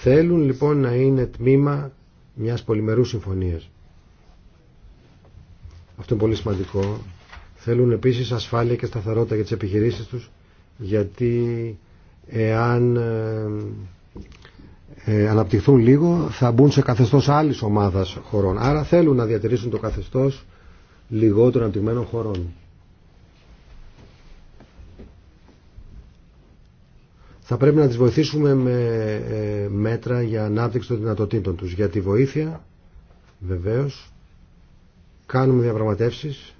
Θέλουν λοιπόν να είναι τμήμα μιας πολυμερούς συμφωνίας. Αυτό είναι πολύ σημαντικό. Θέλουν επίσης ασφάλεια και σταθερότητα για τις επιχειρήσεις τους γιατί εάν ε, ε, αναπτυχθούν λίγο θα μπουν σε καθεστώς άλλης ομάδας χωρών. Άρα θέλουν να διατηρήσουν το καθεστώς λιγότερο αναπτυγμένων χωρών. Θα πρέπει να τις βοηθήσουμε με ε, μέτρα για ανάπτυξη των δυνατοτήτων τους. Για τη βοήθεια, βεβαίως, κάνουμε διαπραγματεύσεις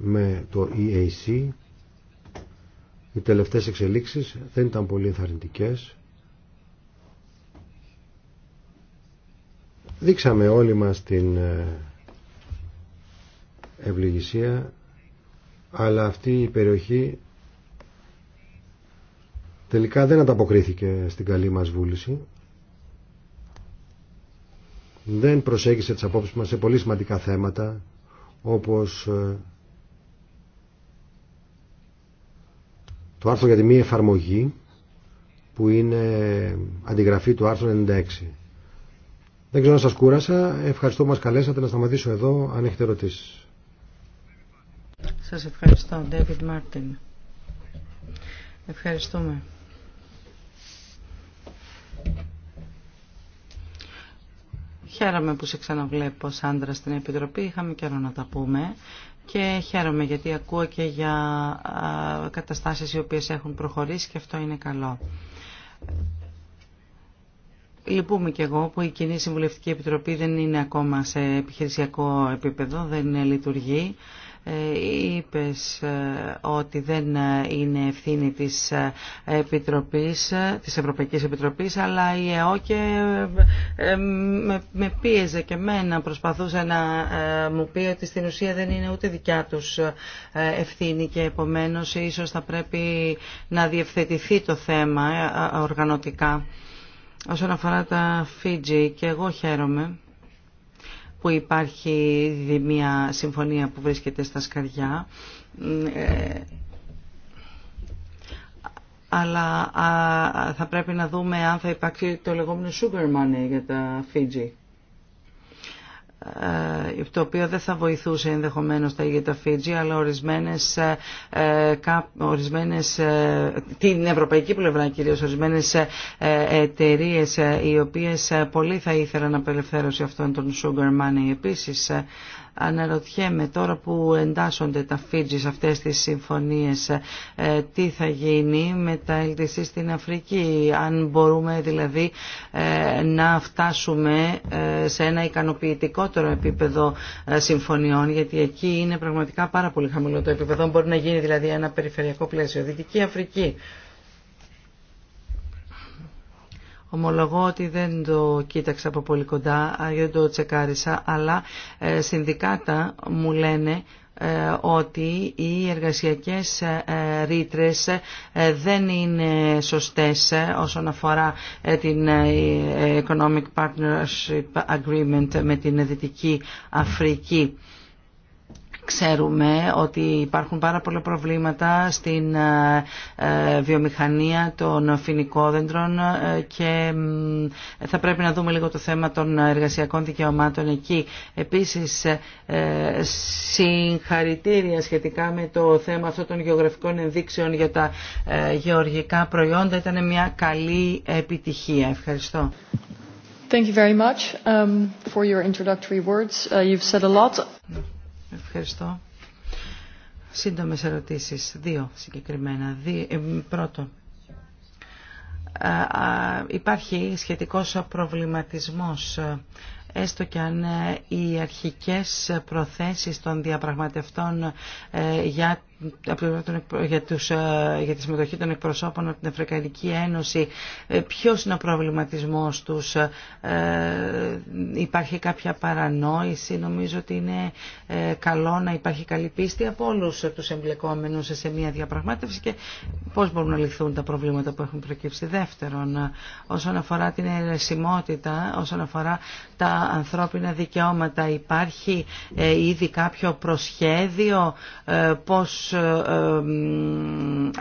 με το EAC οι τελευταίες εξελίξεις δεν ήταν πολύ ενθαρρυντικές δείξαμε όλοι μας την ε, ευλογησία αλλά αυτή η περιοχή τελικά δεν ανταποκρίθηκε στην καλή μας βούληση δεν προσέγγισε τις απόψεις μας σε πολύ σημαντικά θέματα όπως ε, το άρθρο για τη μη εφαρμογή που είναι αντιγραφή του άρθρου 96. Δεν ξέρω αν σας κούρασα. Ευχαριστώ που μας καλέσατε να σταματήσω εδώ αν έχετε ερωτήσεις. Σας ευχαριστώ, David Martin. Ευχαριστούμε. Χαίρομαι που σε ξαναβλέπω ως άντρα στην Επιτροπή. Είχαμε καιρό να τα πούμε και χαίρομαι γιατί ακούω και για καταστάσεις οι οποίες έχουν προχωρήσει και αυτό είναι καλό. Λυπούμε και εγώ που η Κοινή Συμβουλευτική Επιτροπή δεν είναι ακόμα σε επιχειρησιακό επίπεδο, δεν λειτουργεί. Ε, είπες ε, ότι δεν ε, είναι ευθύνη της, Επιτροπής, της Ευρωπαϊκής Επιτροπής αλλά η και με, πίεζε και μένα προσπαθούσε να μου πει ότι στην ουσία δεν είναι ούτε δικιά τους ευθύνη και επομένως ίσως θα πρέπει να διευθετηθεί το θέμα οργανωτικά. Όσον αφορά τα Φίτζι και εγώ χαίρομαι που υπάρχει μια συμφωνία που βρίσκεται στα σκαριά ε, αλλά θα πρέπει να δούμε αν θα υπάρξει το λεγόμενο sugar money για τα Fiji. Ε, το οποίο δεν θα βοηθούσε ενδεχομένως τα ίδια Φίτζη αλλά ορισμένες, ε, ε, ορισμένες την ευρωπαϊκή πλευρά κυρίως ορισμένες εταιρείε οι οποίες πολύ θα ήθελαν απελευθέρωση αυτών των sugar money επίσης Αναρωτιέμαι τώρα που εντάσσονται τα Φίτζι σε αυτές τις συμφωνίες ε, τι θα γίνει με τα LDC στην Αφρική αν μπορούμε δηλαδή ε, να φτάσουμε ε, σε ένα ικανοποιητικότερο επίπεδο συμφωνιών γιατί εκεί είναι πραγματικά πάρα πολύ χαμηλό το επίπεδο μπορεί να γίνει δηλαδή ένα περιφερειακό πλαίσιο Δυτική Αφρική Ομολογώ ότι δεν το κοίταξα από πολύ κοντά, δεν το τσεκάρισα, αλλά ε, συνδικάτα μου λένε ε, ότι οι εργασιακές ε, ρήτρε δεν είναι σωστές όσον αφορά την Economic Partnership Agreement με την Δυτική Αφρική. Ξέρουμε ότι υπάρχουν πάρα πολλά προβλήματα στην ε, ε, βιομηχανία των φοινικόδεντρων ε, και θα πρέπει να δούμε λίγο το θέμα των εργασιακών δικαιωμάτων εκεί. Επίσης, συγχαρητήρια σχετικά με το θέμα αυτό των γεωγραφικών ενδείξεων για τα γεωργικά προϊόντα. Ήταν μια καλή επιτυχία. Ευχαριστώ. Um, for your uh, Ευχαριστώ. Σύντομες ερωτήσεις. Δύο συγκεκριμένα. Ε, πρώτον, υπάρχει σχετικός προβληματισμός ε, έστω και αν ε, οι αρχικές προθέσεις των διαπραγματευτών για για, τους, ε, για τη συμμετοχή των εκπροσώπων από την Αφρικανική Ένωση. Ε, ποιος είναι ο προβληματισμός τους, ε, υπάρχει κάποια παρανόηση, νομίζω ότι είναι ε, καλό να υπάρχει καλή πίστη από όλους τους εμπλεκόμενους σε μια διαπραγμάτευση και πώς μπορούν να λυθούν τα προβλήματα που έχουν προκύψει. Δεύτερον, όσον αφορά την αιρεσιμότητα, όσον αφορά τα ανθρώπινα δικαιώματα, υπάρχει ήδη κάποιο προσχέδιο, πώς ε,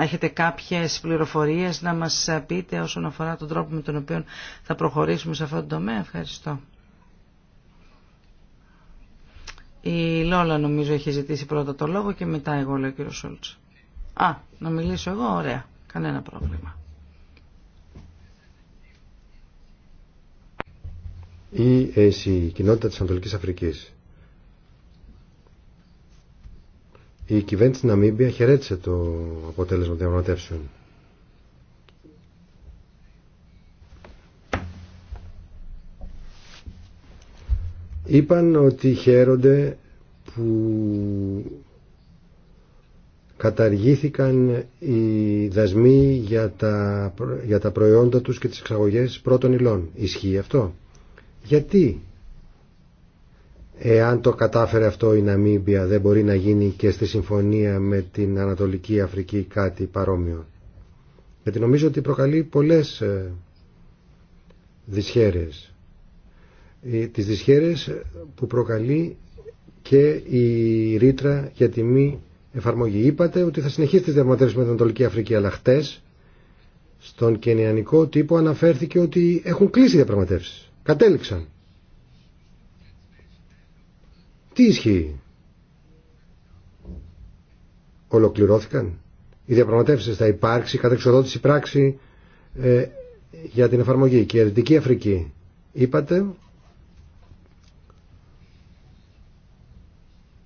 έχετε κάποιες πληροφορίες να μας πείτε όσον αφορά τον τρόπο με τον οποίο θα προχωρήσουμε σε αυτό το τομέα. Ευχαριστώ. Η Λόλα νομίζω έχει ζητήσει πρώτα το λόγο και μετά εγώ λέω κύριο Σόλτς. Α, να μιλήσω εγώ, ωραία. Κανένα πρόβλημα. Η ΕΣΥ, η Κοινότητα της Ανατολικής Αφρικής, Η κυβέρνηση της Ναμίμπια χαιρέτησε το αποτέλεσμα των διαπραγματεύσεων. Είπαν ότι χαίρονται που καταργήθηκαν οι δασμοί για τα, για τα προϊόντα τους και τις εξαγωγές πρώτων υλών. Ισχύει αυτό. Γιατί Εάν το κατάφερε αυτό η Ναμίμπια δεν μπορεί να γίνει και στη συμφωνία με την Ανατολική Αφρική κάτι παρόμοιο. Γιατί νομίζω ότι προκαλεί πολλές ε, δυσχέρειες. Ε, τις δυσχέρειες που προκαλεί και η ρήτρα για τη μη εφαρμογή. Είπατε ότι θα συνεχίσει τις διαπραγματεύσεις με την Ανατολική Αφρική, αλλά χτες στον κενιανικό τύπο αναφέρθηκε ότι έχουν κλείσει οι διαπραγματεύσεις. Κατέληξαν. Τι ισχύει. Ολοκληρώθηκαν. Οι διαπραγματεύσει θα υπάρξει κατεξοδότηση πράξη ε, για την εφαρμογή. Και η Δυτική Αφρική είπατε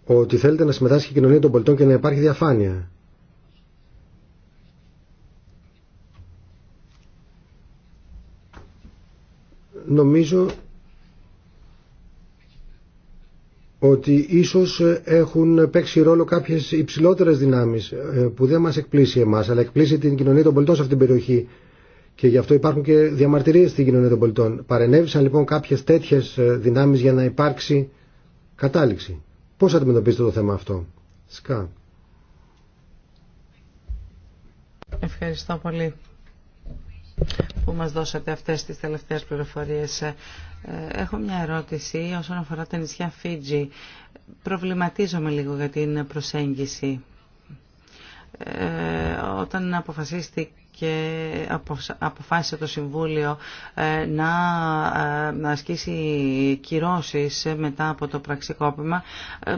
ότι θέλετε να συμμετάσχει η κοινωνία των πολιτών και να υπάρχει διαφάνεια. Νομίζω ότι ίσως ε, έχουν παίξει ρόλο κάποιες υψηλότερες δυνάμεις ε, που δεν μας εκπλήσει εμάς αλλά εκπλήσει την κοινωνία των πολιτών σε αυτήν την περιοχή και γι' αυτό υπάρχουν και διαμαρτυρίες στην κοινωνία των πολιτών. Παρενέβησαν λοιπόν κάποιες τέτοιες ε, δυνάμεις για να υπάρξει κατάληξη. Πώς αντιμετωπίζετε το θέμα αυτό. Σκά. Ευχαριστώ πολύ που μας δώσατε αυτές τις τελευταίες πληροφορίες. Έχω μια ερώτηση όσον αφορά τα νησιά Φίτζι. Προβληματίζομαι λίγο για την προσέγγιση. Ε, όταν αποφασίστηκε και αποφάσισε το Συμβούλιο ε, ε, να ασκήσει κυρώσεις μετά από το πραξικόπημα ε,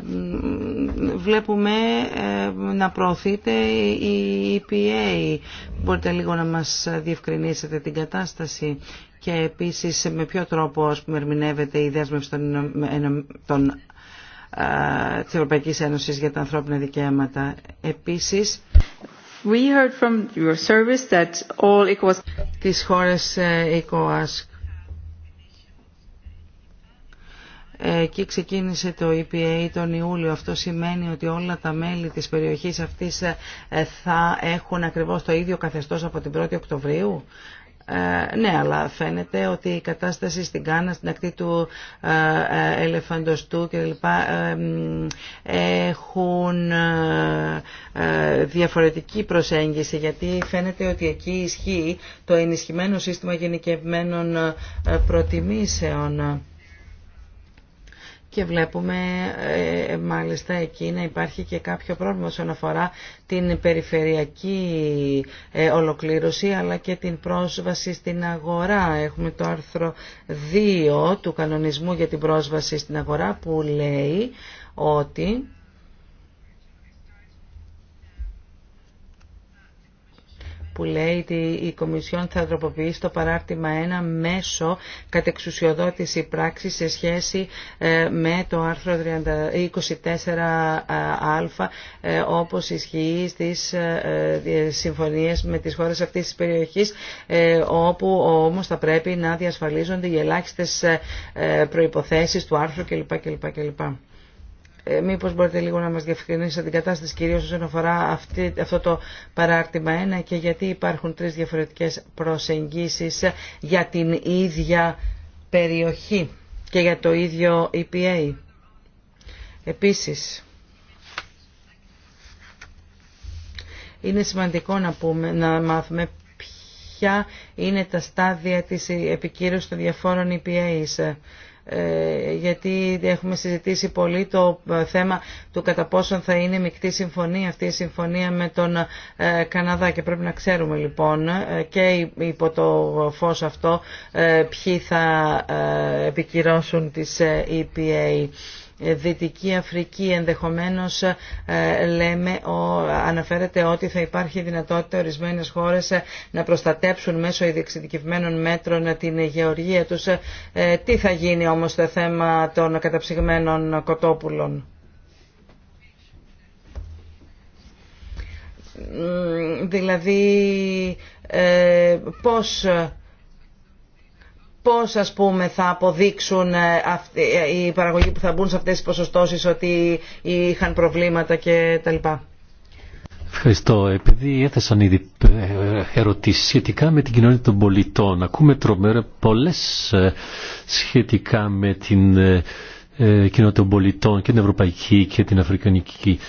βλέπουμε να προωθείται η EPA. Μπορείτε λίγο να μας διευκρινίσετε την κατάσταση και επίσης με ποιο τρόπο ας ερμηνεύεται η δέσμευση των, των της Ευρωπαϊκής Ένωσης για τα ανθρώπινα δικαιώματα. Επίσης, We heard from Τις χώρες ε, ECOWAS. Εκεί ξεκίνησε το EPA τον Ιούλιο. Αυτό σημαίνει ότι όλα τα μέλη της περιοχής αυτής ε, θα έχουν ακριβώς το ίδιο καθεστώς από την 1η Οκτωβρίου. Ε, ναι, αλλά φαίνεται ότι η κατάσταση στην Κάνα, στην ακτή του ε, ε Ελεφαντοστού κλπ. Ε, έχουν διαφορετική προσέγγιση γιατί φαίνεται ότι εκεί ισχύει το ενισχυμένο σύστημα γενικευμένων προτιμήσεων και βλέπουμε ε, μάλιστα εκεί να υπάρχει και κάποιο πρόβλημα όσον αφορά την περιφερειακή ε, ολοκλήρωση αλλά και την πρόσβαση στην αγορά. Έχουμε το άρθρο 2 του κανονισμού για την πρόσβαση στην αγορά που λέει ότι που λέει ότι η Κομισιόν θα τροποποιήσει το παράρτημα 1 μέσω κατεξουσιοδότηση πράξη σε σχέση ε, με το άρθρο 24α ε, ε, όπως ισχύει στις συμφωνίες με τις χώρες αυτής της περιοχής όπου όμως θα πρέπει να διασφαλίζονται οι ελάχιστες προϋποθέσεις του άρθρου κλπ. Ε, μήπως μπορείτε λίγο να μας διευκρινίσετε την κατάσταση κυρίω όσον αφορά αυτή, αυτό το παράρτημα 1 και γιατί υπάρχουν τρεις διαφορετικές προσεγγίσεις για την ίδια περιοχή και για το ίδιο EPA. Επίσης, είναι σημαντικό να, πούμε, να μάθουμε ποια είναι τα στάδια της επικύρωσης των διαφόρων EPAs. Ε, γιατί έχουμε συζητήσει πολύ το ε, θέμα του κατά πόσον θα είναι μεικτή συμφωνία αυτή η συμφωνία με τον ε, Καναδά και πρέπει να ξέρουμε λοιπόν και υπό το φως αυτό ποιοι θα επικυρώσουν τις EPA. Ε, Δυτική Αφρική ενδεχομένως ε, λέμε, αναφέρεται ότι θα υπάρχει δυνατότητα ορισμένες χώρες ε, να προστατέψουν μέσω ειδεξιδικευμένων μέτρων την γεωργία τους. Τι θα γίνει όμως το θέμα των καταψυγμένων κοτόπουλων. Δηλαδή, πώς πώς ας πούμε θα αποδείξουν ε, ε, οι παραγωγοί που θα μπουν σε αυτές τις ποσοστώσεις ότι είχαν προβλήματα και τα λοιπά. Ευχαριστώ. Επειδή έθεσαν ήδη ε, ερωτήσεις σχετικά με την κοινωνία των πολιτών, ακούμε τρομερά πολλές σχετικά με την κοινότητα των πολιτών και την ευρωπαϊκή και την αφρικανική.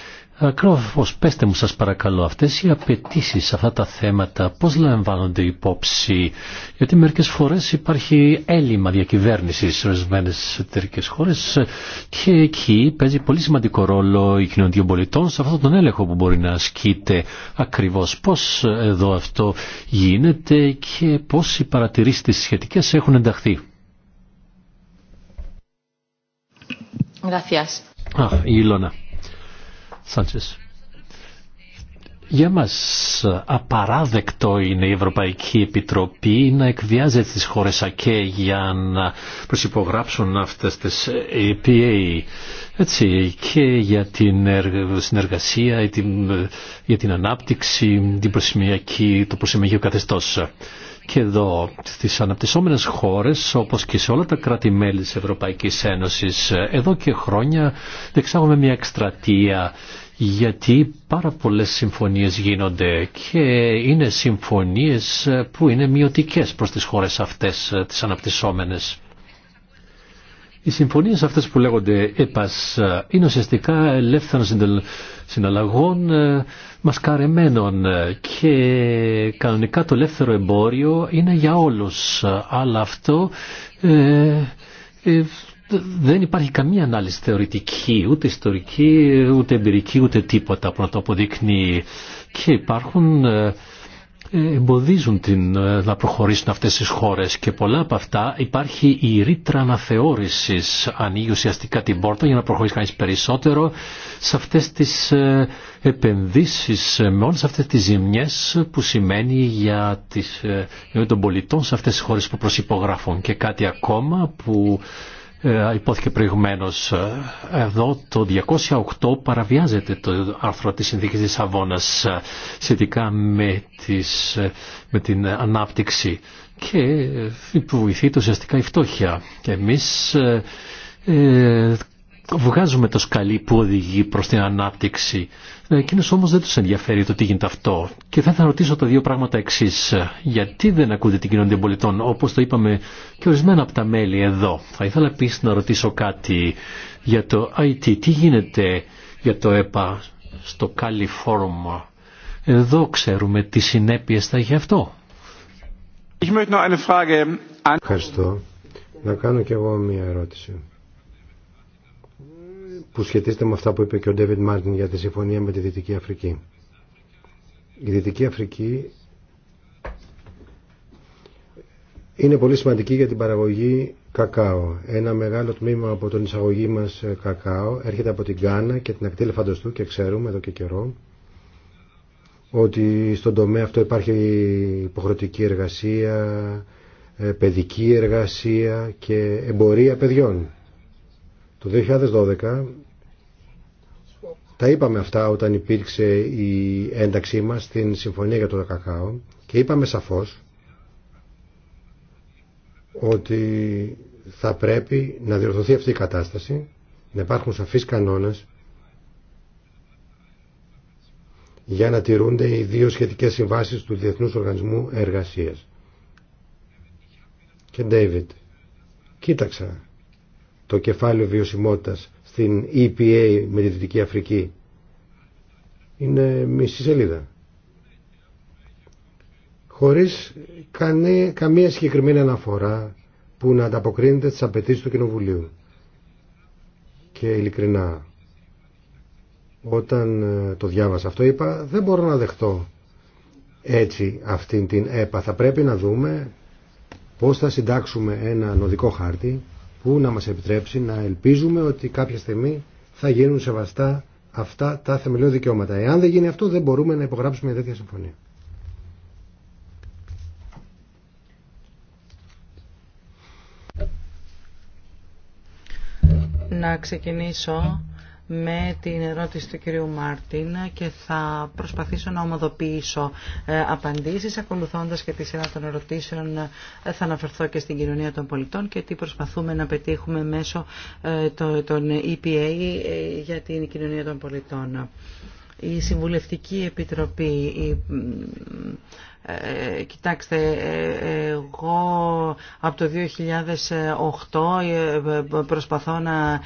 Ακριβώς πέστε μου σας παρακαλώ αυτές οι απαιτήσει σε αυτά τα θέματα πώς λαμβάνονται υπόψη γιατί μερικές φορές υπάρχει έλλειμμα διακυβέρνησης σε ορισμένε εταιρικέ χώρες και εκεί παίζει πολύ σημαντικό ρόλο η κοινωνία πολιτών σε αυτόν τον έλεγχο που μπορεί να ασκείται ακριβώς πώς εδώ αυτό γίνεται και πώς οι παρατηρήσεις σχετικές έχουν ενταχθεί. η Ιλώνα. Σάντσες. Για μας ε, απαράδεκτο είναι η Ευρωπαϊκή Επιτροπή να εκβιάζεται τις χώρες ΑΚΕ για να προσυπογράψουν αυτές τις EPA ε, έτσι, και για την συνεργασία, ε, για την ανάπτυξη, την το προσημιακό καθεστώς και εδώ στις αναπτυσσόμενες χώρες όπως και σε όλα τα κράτη-μέλη της Ευρωπαϊκής Ένωσης εδώ και χρόνια δεξάγουμε μια εκστρατεία γιατί πάρα πολλές συμφωνίες γίνονται και είναι συμφωνίες που είναι μειωτικές προς τις χώρες αυτές ε, τις αναπτυσσόμενες. Οι συμφωνίες αυτές που λέγονται ΕΠΑΣ ε, είναι ουσιαστικά ελεύθερων συναλλαγών ε, μασκαρεμένων ε, και κανονικά το ελεύθερο εμπόριο είναι για όλους. Αλλά αυτό δεν υπάρχει καμία ανάλυση θεωρητική, ούτε ιστορική, ούτε εμπειρική, ούτε τίποτα που να το αποδεικνύει. Και υπάρχουν εμποδίζουν την, ε, να προχωρήσουν αυτές τις χώρες και πολλά από αυτά υπάρχει η ρήτρα αναθεώρησης ανοίγει ουσιαστικά την πόρτα για να προχωρήσει κανείς περισσότερο σε αυτές τις ε, επενδύσεις ε, με όλες αυτές τις ζημιές που σημαίνει για, τις, για τον πολιτών σε αυτές τις χώρες που προσυπογράφουν και κάτι ακόμα που ε, υπόθηκε προηγουμένως. Ε, εδώ το 208 παραβιάζεται το άρθρο της Συνθήκης της Αβώνας ε, σχετικά με, τις, με την ανάπτυξη και υποβοηθείται ουσιαστικά η φτώχεια. Και εμείς ε, βγάζουμε το σκαλί που οδηγεί προς την ανάπτυξη ε, Εκείνο όμω δεν του ενδιαφέρει το τι γίνεται αυτό. Και θα ήθελα να ρωτήσω τα δύο πράγματα εξή. Γιατί δεν ακούτε την κοινωνία των πολιτών, όπως το είπαμε και ορισμένα από τα μέλη εδώ. Θα ήθελα επίση να ρωτήσω κάτι για το IT. Τι γίνεται για το ΕΠΑ στο Κάλι Forum. Εδώ ξέρουμε τι συνέπειες θα έχει αυτό. Ευχαριστώ. Να κάνω κι εγώ μια ερώτηση που σχετίζεται με αυτά που είπε και ο Ντέβιν Μάρτιν για τη συμφωνία με τη Δυτική Αφρική. Η Δυτική Αφρική είναι πολύ σημαντική για την παραγωγή κακάο. Ένα μεγάλο τμήμα από τον εισαγωγή μας ε, κακάο έρχεται από την Γκάνα και την ακτή του και ξέρουμε εδώ και καιρό ότι στον τομέα αυτό υπάρχει υποχρεωτική εργασία, ε, παιδική εργασία και εμπορία παιδιών. Το 2012 τα είπαμε αυτά όταν υπήρξε η ένταξή μας στην Συμφωνία για το Κακάο και είπαμε σαφώς ότι θα πρέπει να διορθωθεί αυτή η κατάσταση, να υπάρχουν σαφείς κανόνες για να τηρούνται οι δύο σχετικές συμβάσεις του Διεθνούς Οργανισμού Εργασίας. Και David, κοίταξα το κεφάλαιο βιωσιμότητας στην EPA με τη Δυτική Αφρική. Είναι μισή σελίδα. Χωρίς κανέ, καμία συγκεκριμένη αναφορά που να ανταποκρίνεται στις απαιτήσει του Κοινοβουλίου. Και ειλικρινά, όταν ε, το διάβασα αυτό είπα δεν μπορώ να δεχτώ έτσι αυτήν την ΕΠΑ. Θα πρέπει να δούμε πώς θα συντάξουμε ένα νοδικό χάρτη που να μας επιτρέψει να ελπίζουμε ότι κάποια στιγμή θα γίνουν σεβαστά αυτά τα θεμελιώδη δικαιώματα. Εάν δεν γίνει αυτό δεν μπορούμε να υπογράψουμε μια τέτοια συμφωνία. Να ξεκινήσω με την ερώτηση του κυρίου Μάρτιν και θα προσπαθήσω να ομοδοποιήσω ε, απαντήσεις ακολουθώντας και τη σειρά των ερωτήσεων ε, θα αναφερθώ και στην κοινωνία των πολιτών και τι προσπαθούμε να πετύχουμε μέσω ε, των EPA για την κοινωνία των πολιτών. Η Συμβουλευτική Επιτροπή ε, κοιτάξτε, ε, ε, εγώ από το 2008 ε, προσπαθώ να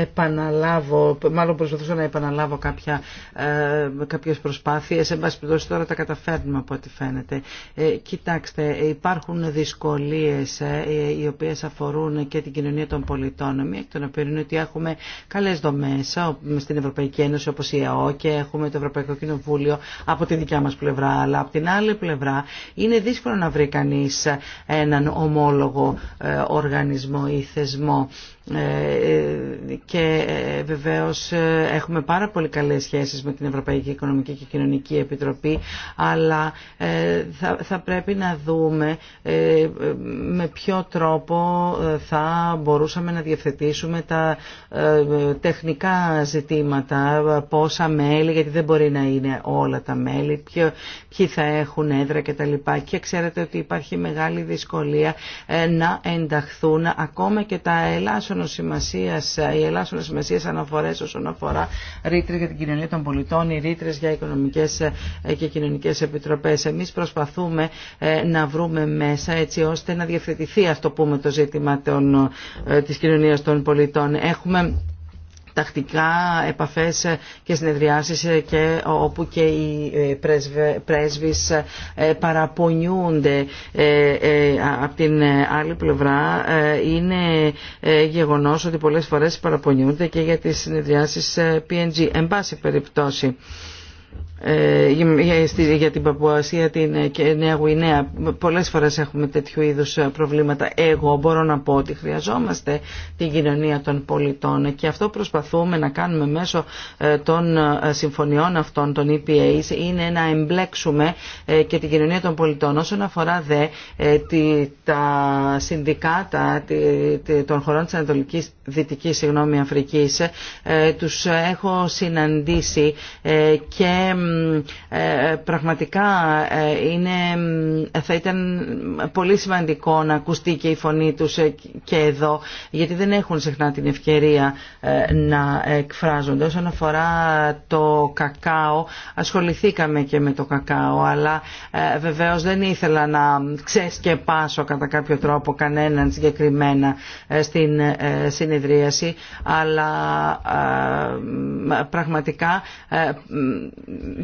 επαναλάβω, μάλλον προσπαθούσα να επαναλάβω κάποια, κάποιες προσπάθειες. Εν πάση περιπτώσει τώρα τα καταφέρνουμε από ό,τι φαίνεται. Ε, κοιτάξτε, υπάρχουν δυσκολίες οι οποίες αφορούν και την κοινωνία των πολιτών. Μία εκ των οποίων είναι ότι έχουμε καλές δομές στην Ευρωπαϊκή Ένωση όπως η ΕΟ και έχουμε το Ευρωπαϊκό Κοινοβούλιο από τη δικιά μας πλευρά, αλλά από την άλλη πλευρά είναι δύσκολο να βρει κανείς έναν ομόλογο ε, οργανισμό ή θεσμό. Ε, ε, και ε, βεβαίως έχουμε πάρα πολύ καλές σχέσεις με την Ευρωπαϊκή Οικονομική και Κοινωνική Επιτροπή αλλά θα πρέπει να δούμε με ποιο τρόπο θα μπορούσαμε να διευθετήσουμε τα τεχνικά ζητήματα πόσα μέλη, γιατί δεν μπορεί να είναι όλα τα μέλη, ποιοι θα έχουν έδρα κτλ. Και ξέρετε ότι υπάρχει μεγάλη δυσκολία να ενταχθούν ακόμα και τα Ελλάς ε, ελάσσονο σημασία, οι ελάσσονε σημασία αναφορέ όσον αφορά ρήτρε για την κοινωνία των πολιτών, οι ρήτρε για οικονομικέ ε, και κοινωνικέ επιτροπέ. Εμεί προσπαθούμε ε, να βρούμε μέσα έτσι ώστε να διευθετηθεί, αυτό που με το ζήτημα τη κοινωνία των πολιτών. Έχουμε τακτικά επαφές και συνεδριάσεις και όπου και οι ε, πρέσβεις ε, παραπονιούνται ε, από την άλλη πλευρά είναι γεγονός ότι πολλές φορές παραπονιούνται και για τις συνεδριάσεις PNG. Εν πάση περιπτώσει ε, για την Παπουασία την ε, και Νέα Γουινέα πολλές φορές έχουμε τέτοιου είδους ε, προβλήματα εγώ μπορώ να πω ότι χρειαζόμαστε την κοινωνία των πολιτών και αυτό προσπαθούμε να κάνουμε μέσω των συμφωνιών αυτών των EPA είναι να εμπλέξουμε και την κοινωνία των πολιτών όσον αφορά δε τα συνδικάτα των χωρών της Ανατολικής Δυτικής συγγνώμη, Αφρικής τους έχω συναντήσει και ε, πραγματικά ε, είναι, θα ήταν πολύ σημαντικό να ακουστεί και η φωνή τους ε, και εδώ γιατί δεν έχουν συχνά την ευκαιρία να εκφράζονται. Όσον αφορά το κακάο, ασχοληθήκαμε και με το κακάο αλλά βεβαίως δεν ήθελα να ξεσκεπάσω κατά κάποιο τρόπο κανέναν συγκεκριμένα στην συνεδρίαση αλλά πραγματικά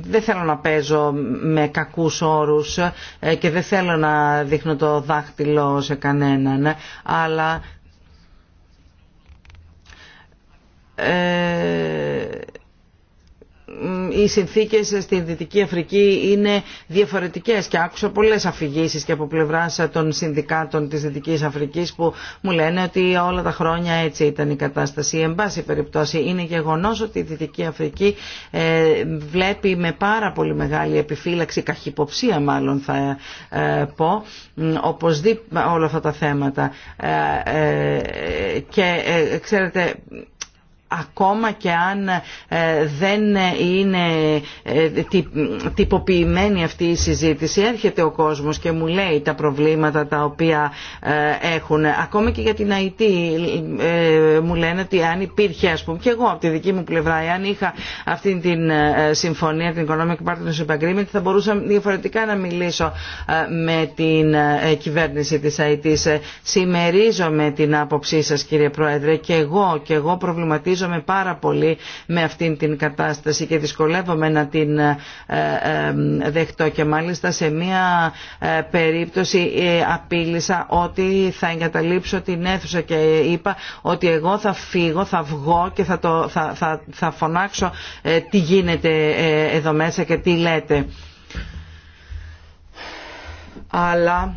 δεν θέλω να παίζω με κακούς όρους ε, και δεν θέλω να δείχνω το δάχτυλο σε κανέναν, αλλά... Ε, οι συνθήκες στην Δυτική Αφρική είναι διαφορετικές και άκουσα πολλές αφηγήσει και από πλευρά των συνδικάτων τη Δυτική Αφρικής που μου λένε ότι όλα τα χρόνια έτσι ήταν η κατάσταση. Εν πάση περιπτώσει είναι γεγονό ότι η Δυτική Αφρική ε, βλέπει με πάρα πολύ μεγάλη επιφύλαξη, καχυποψία μάλλον θα ε, πω, οπωσδήποτε όλα αυτά τα θέματα. Ε, και ξέρετε ακόμα και αν ε, δεν είναι ε, τυποποιημένη αυτή η συζήτηση έρχεται ο κόσμος και μου λέει τα προβλήματα τα οποία ε, έχουν ακόμα και για την ΑΕΤ μου λένε ότι αν υπήρχε ας πούμε και εγώ από τη δική μου πλευρά αν είχα αυτή την συμφωνία την Economic Partnership Agreement θα μπορούσα διαφορετικά να μιλήσω με την κυβέρνηση της ΑΕΤ Σημερίζομαι την άποψή σας κύριε Πρόεδρε και εγώ, και εγώ ταυτίζομαι πάρα πολύ με αυτήν την κατάσταση και δυσκολεύομαι να την ε, ε, δεχτώ και μάλιστα σε μία ε, περίπτωση απείλησα ότι θα εγκαταλείψω την αίθουσα και είπα ότι εγώ θα φύγω, θα βγω και θα, θα, θα φωνάξω τι γίνεται εδώ μέσα και τι λέτε. Αλλά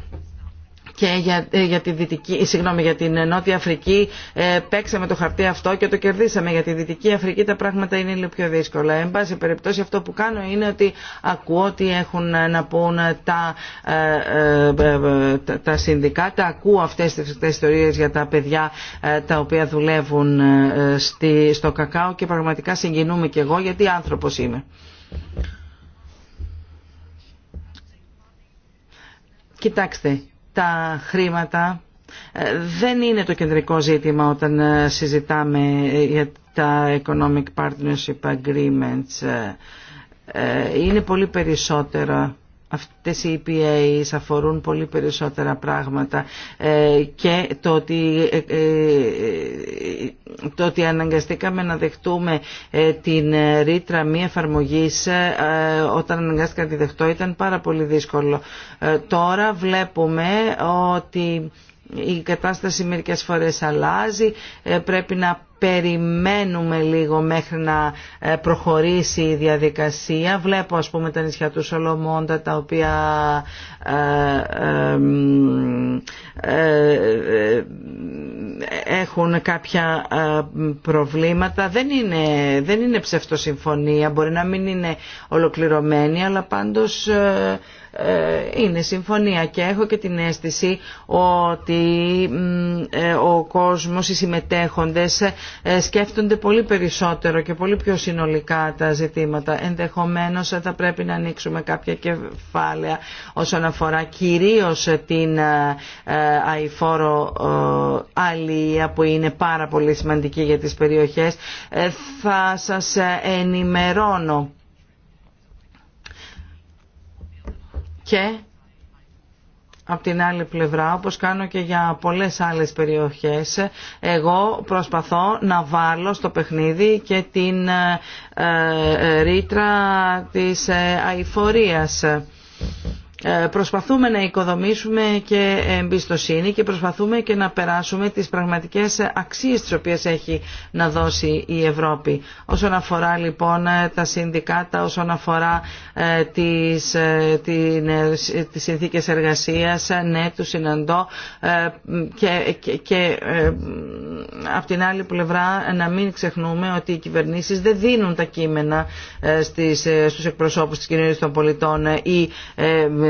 και για, ε, για, τη Δυτική, ε, συγγνώμη, για την Νότια Αφρική ε, παίξαμε το χαρτί αυτό και το κερδίσαμε. Για τη Δυτική Αφρική τα πράγματα είναι λίγο πιο δύσκολα. Εν πάση περιπτώσει αυτό που κάνω είναι ότι ακούω ό,τι έχουν να πούν τα, τα συνδικάτα, ακούω αυτές τις ιστορίες για τα παιδιά τα οποία δουλεύουν στη, στο κακάο και πραγματικά συγκινούμε κι εγώ γιατί άνθρωπος είμαι. Κοιτάξτε, τα χρήματα ε, δεν είναι το κεντρικό ζήτημα όταν ε, συζητάμε ε, για τα Economic Partnership Agreements. Είναι πολύ περισσότερο Αυτές οι EPA αφορούν πολύ περισσότερα πράγματα ε, και το ότι, ε, ε, το ότι αναγκαστήκαμε να δεχτούμε την ρήτρα μη εφαρμογή όταν αναγκάστηκα να τη δεχτώ ήταν πάρα πολύ δύσκολο. Τώρα βλέπουμε ότι η κατάσταση μερικές φορές αλλάζει, ε, πρέπει να περιμένουμε λίγο μέχρι να ε, προχωρήσει η διαδικασία. Βλέπω ας πούμε τα νησιά του Σολομώντα τα οποία ε, έχουν κάποια προβλήματα. Δεν είναι, δεν είναι ψευτοσυμφωνία, μπορεί να μην είναι ολοκληρωμένη, αλλά πάντως ε, είναι συμφωνία και έχω και την αίσθηση ότι ε, ο κόσμος, οι συμμετέχοντες ε, σκέφτονται πολύ περισσότερο και πολύ πιο συνολικά τα ζητήματα. Ενδεχομένως θα πρέπει να ανοίξουμε κάποια κεφάλαια όσον αφορά κυρίως την αηφόρο αλία που είναι πάρα πολύ σημαντική για τις περιοχές. Θα σας ενημερώνω και από την άλλη πλευρά, όπως κάνω και για πολλές άλλες περιοχές, εγώ προσπαθώ να βάλω στο παιχνίδι και την ε, ε ρήτρα της ε, αηφορίας. Ε, προσπαθούμε να οικοδομήσουμε και εμπιστοσύνη και προσπαθούμε και να περάσουμε τις πραγματικές αξίες τις οποίες έχει να δώσει η Ευρώπη. Όσον αφορά λοιπόν ε, τα συνδικάτα, όσον αφορά ε, τις, τις συνθήκες εργασίας, ναι, του συναντώ και, και, από την άλλη πλευρά να μην ξεχνούμε ότι οι κυβερνήσεις δεν δίνουν τα κείμενα στις, στους εκπροσώπους της κοινωνίας των πολιτών ή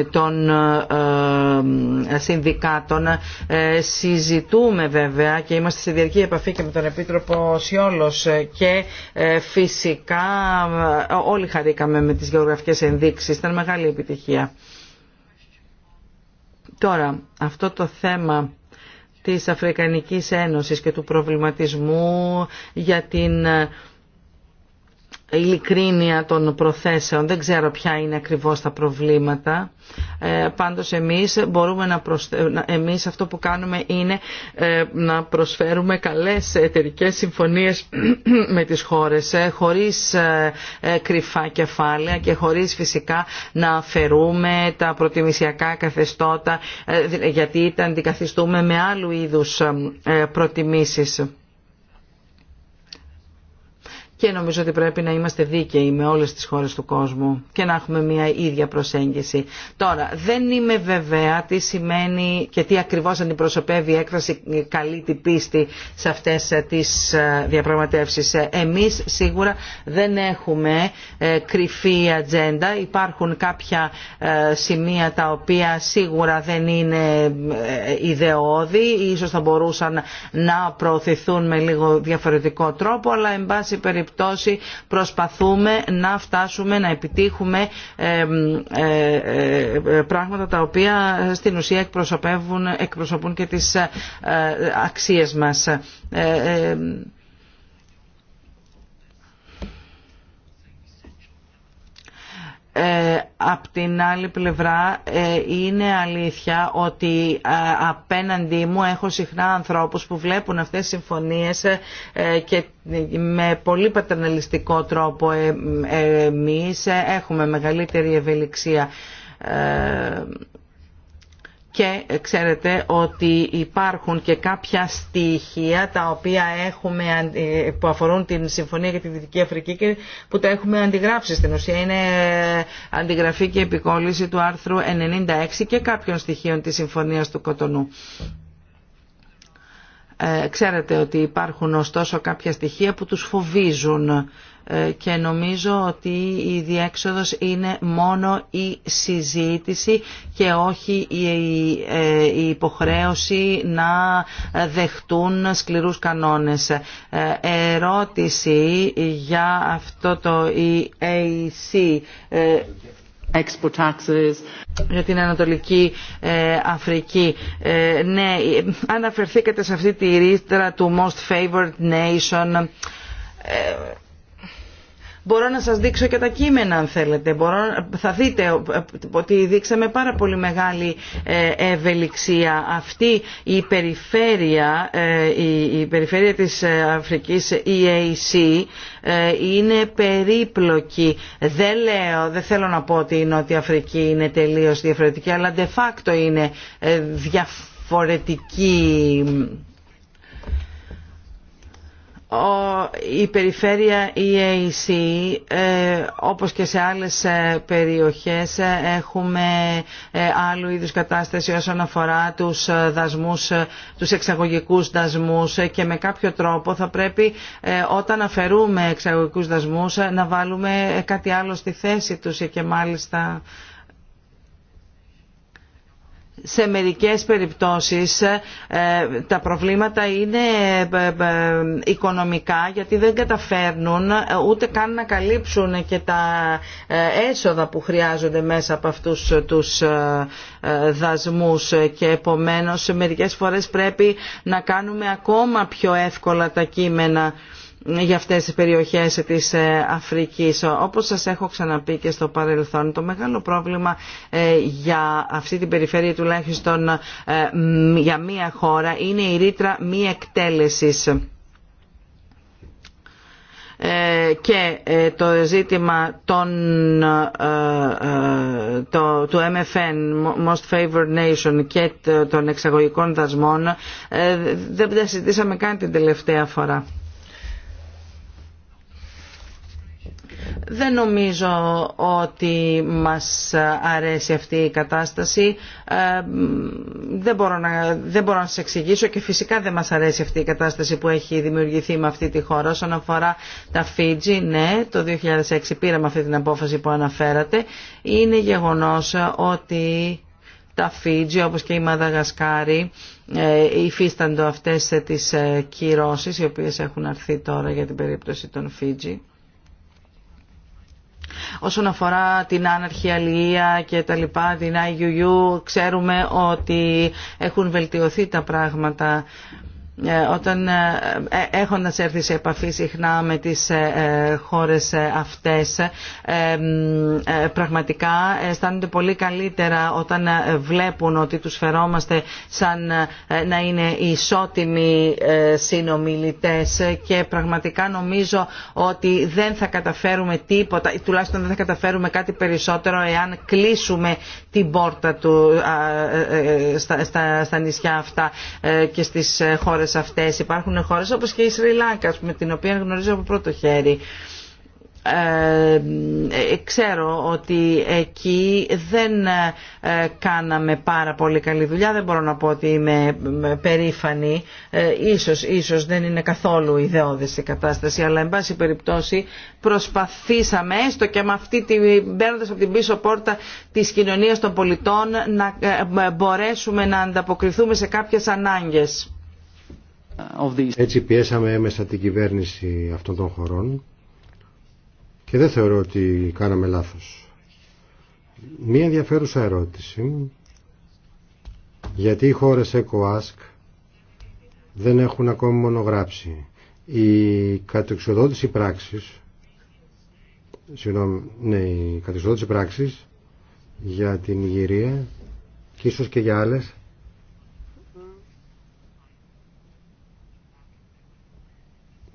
των ε, ε, συνδικάτων. Ε, συζητούμε βέβαια και είμαστε σε διαρκή επαφή και με τον Επίτροπο Σιόλος και φυσικά όλοι χαρήκαμε με τις γεωγραφικές ενδείξεις. Ήταν μεγάλη επιτυχία. Τώρα, αυτό το θέμα της Αφρικανικής Ένωσης και του προβληματισμού για την ειλικρίνεια των προθέσεων. Δεν ξέρω ποια είναι ακριβώς τα προβλήματα. Ε, πάντως εμείς, μπορούμε να εμείς αυτό που κάνουμε είναι ε, να προσφέρουμε καλές εταιρικέ συμφωνίες <clears throat> με τις χώρες ε, χωρίς ε, ε, κρυφά κεφάλαια και χωρίς φυσικά να αφαιρούμε τα προτιμησιακά καθεστώτα γιατί τα αντικαθιστούμε με άλλου είδους προτιμήσεις και νομίζω ότι πρέπει να είμαστε δίκαιοι με όλες τις χώρες του κόσμου και να έχουμε μια ίδια προσέγγιση. Τώρα, δεν είμαι βεβαία τι σημαίνει και τι ακριβώς αντιπροσωπεύει η έκφραση καλή την πίστη σε αυτές ε, τις ε, διαπραγματεύσεις. Ε, εμείς σίγουρα δεν έχουμε κρυφή ατζέντα. Υπάρχουν κάποια σημεία τα οποία σίγουρα δεν είναι ιδεώδη, ίσως θα μπορούσαν να προωθηθούν με λίγο διαφορετικό τρόπο, αλλά εν πάση περιπτώσει περιπτώσει προσπαθούμε να φτάσουμε, να επιτύχουμε ε, ε, ε, πράγματα τα οποία στην ουσία εκπροσωπούν και τις αξίες μας. Ε, απ' την άλλη πλευρά ε, είναι αλήθεια ότι ε, απέναντί μου έχω συχνά ανθρώπους που βλέπουν αυτές τις συμφωνίες ε, και με πολύ πατερναλιστικό τρόπο εμείς έχουμε μεγαλύτερη ευελιξία και ξέρετε ότι υπάρχουν και κάποια στοιχεία τα οποία έχουμε, ε, που αφορούν την Συμφωνία για τη Δυτική Αφρική και που τα έχουμε αντιγράψει στην ουσία. Είναι αντιγραφή και επικόλυση του άρθρου 96 και κάποιων στοιχείων της Συμφωνίας του Κοτονού. Ε, ξέρετε ότι υπάρχουν ωστόσο κάποια στοιχεία που τους φοβίζουν ε, και νομίζω ότι η διέξοδος είναι μόνο η συζήτηση και όχι η ε, υποχρέωση να δεχτούν σκληρούς κανόνες. Ε, ερώτηση για αυτό το EAC για την Ανατολική Αφρική. Ναι, αναφερθήκατε σε αυτή τη ρήτρα του Most Favored Nation Μπορώ να σας δείξω και τα κείμενα αν θέλετε. Μπορώ, θα δείτε ότι δείξαμε πάρα πολύ μεγάλη ε, ευελιξία. Αυτή η περιφέρεια, ε, η, περιφέρεια της Αφρικής EAC ε είναι περίπλοκη. Δεν λέω, δεν θέλω να πω ότι η Νότια Αφρική είναι τελείως διαφορετική, αλλά de facto είναι διαφορετική η περιφέρεια EAC ε, όπως και σε άλλες ε, περιοχές ε, έχουμε άλλου είδους κατάσταση όσον αφορά τους δασμούς, τους εξαγωγικούς δασμούς και με κάποιο τρόπο θα πρέπει όταν αφαιρούμε εξαγωγικούς δασμούς να βάλουμε κάτι άλλο στη θέση τους και μάλιστα σε μερικές περιπτώσεις ε, τα προβλήματα είναι ε, ε, οικονομικά γιατί δεν καταφέρνουν ούτε καν να καλύψουν και τα έσοδα που χρειάζονται μέσα από αυτούς τους δασμούς και επομένως μερικές φορές πρέπει να κάνουμε ακόμα πιο εύκολα τα κείμενα για αυτές τις περιοχές της ε, Αφρικής. Όπως σας έχω ξαναπεί και στο παρελθόν, το μεγάλο πρόβλημα ε, για αυτή την περιφέρεια τουλάχιστον ε, για μία χώρα είναι η ρήτρα μη εκτέλεσης και το ζήτημα των, του MFN, Most Favored Nation και των εξαγωγικών δασμών δεν τα συζητήσαμε καν την τελευταία φορά. Δεν νομίζω ότι μας αρέσει αυτή η κατάσταση. Ε, δεν, μπορώ να, δεν μπορώ να σας εξηγήσω και φυσικά δεν μας αρέσει αυτή η κατάσταση που έχει δημιουργηθεί με αυτή τη χώρα. Όσον αφορά τα Φίτζι, ναι, το 2006 πήραμε αυτή την απόφαση που αναφέρατε. Είναι γεγονός ότι τα Φίτζι όπως και η Μαδαγασκάρη ε, υφίστανται αυτές τις ε, κυρώσεις οι οποίες έχουν αρθεί τώρα για την περίπτωση των Φίτζι. Όσον αφορά την άναρχη αλληλεία και τα λοιπά, την IUU, ξέρουμε ότι έχουν βελτιωθεί τα πράγματα. Ε, όταν ε, ε, έχοντας έρθει σε επαφή συχνά με τις χώρες αυτές πραγματικά αισθάνονται πολύ καλύτερα όταν βλέπουν ότι τους φερόμαστε σαν να είναι ισότιμοι συνομιλητές και πραγματικά νομίζω ότι δεν θα καταφέρουμε τίποτα τουλάχιστον δεν θα καταφέρουμε κάτι περισσότερο εάν κλείσουμε την πόρτα του στα νησιά αυτά και στις χώρες χώρες αυτές. Υπάρχουν χώρες όπως και η Σρι με την οποία γνωρίζω από πρώτο χέρι. Ε, ε ξέρω ότι εκεί δεν ε, κάναμε πάρα πολύ καλή δουλειά δεν μπορώ να πω ότι είμαι ε, περήφανη ε, ίσως, ίσως δεν είναι καθόλου ιδεώδης η κατάσταση αλλά εν πάση περιπτώσει προσπαθήσαμε έστω και με αυτή την από την πίσω πόρτα της κοινωνίας των πολιτών να μπορέσουμε να ανταποκριθούμε σε κάποιες ανάγκες Uh, Έτσι πιέσαμε έμεσα την κυβέρνηση αυτών των χωρών και δεν θεωρώ ότι κάναμε λάθος. Μία ενδιαφέρουσα ερώτηση γιατί οι χώρες ΕΚΟΑΣΚ δεν έχουν ακόμη μονογράψει. Η κατεξοδότηση πράξης συγγνώμη, ναι, η κατεξοδότηση πράξης για την Ιγυρία και ίσως και για άλλες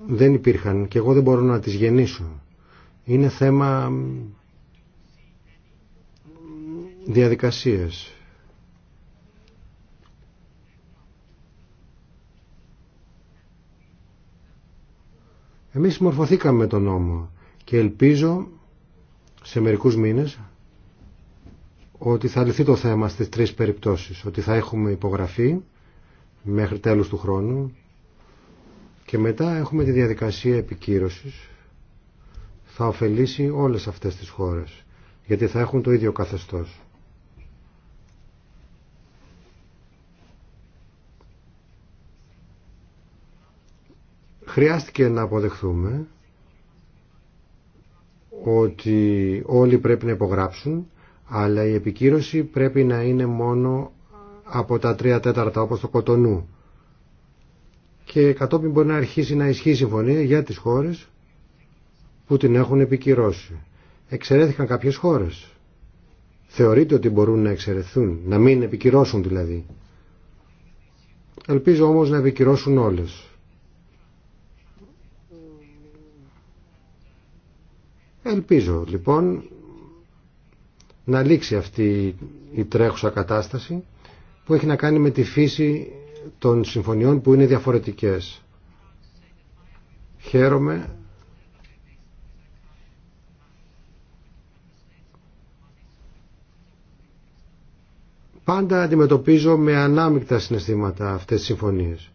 δεν υπήρχαν και εγώ δεν μπορώ να τις γεννήσω. Είναι θέμα διαδικασίες. Εμείς μορφωθήκαμε με τον νόμο και ελπίζω σε μερικούς μήνες ότι θα λυθεί το θέμα στις τρεις περιπτώσεις, ότι θα έχουμε υπογραφή μέχρι τέλους του χρόνου και μετά έχουμε τη διαδικασία επικύρωσης. Θα ωφελήσει όλες αυτές τις χώρες, γιατί θα έχουν το ίδιο καθεστώς. Χρειάστηκε να αποδεχθούμε ότι όλοι πρέπει να υπογράψουν, αλλά η επικύρωση πρέπει να είναι μόνο από τα τρία τέταρτα όπως το κοτονού και κατόπιν μπορεί να αρχίσει να ισχύει η συμφωνία για τις χώρες που την έχουν επικυρώσει. Εξαιρέθηκαν κάποιες χώρες. Θεωρείται ότι μπορούν να εξαιρεθούν, να μην επικυρώσουν δηλαδή. Ελπίζω όμως να επικυρώσουν όλες. Ελπίζω λοιπόν να λήξει αυτή η τρέχουσα κατάσταση που έχει να κάνει με τη φύση των συμφωνιών που είναι διαφορετικές. Χαίρομαι πάντα αντιμετωπίζω με ανάμεικτα συναισθήματα αυτές τις συμφωνίες.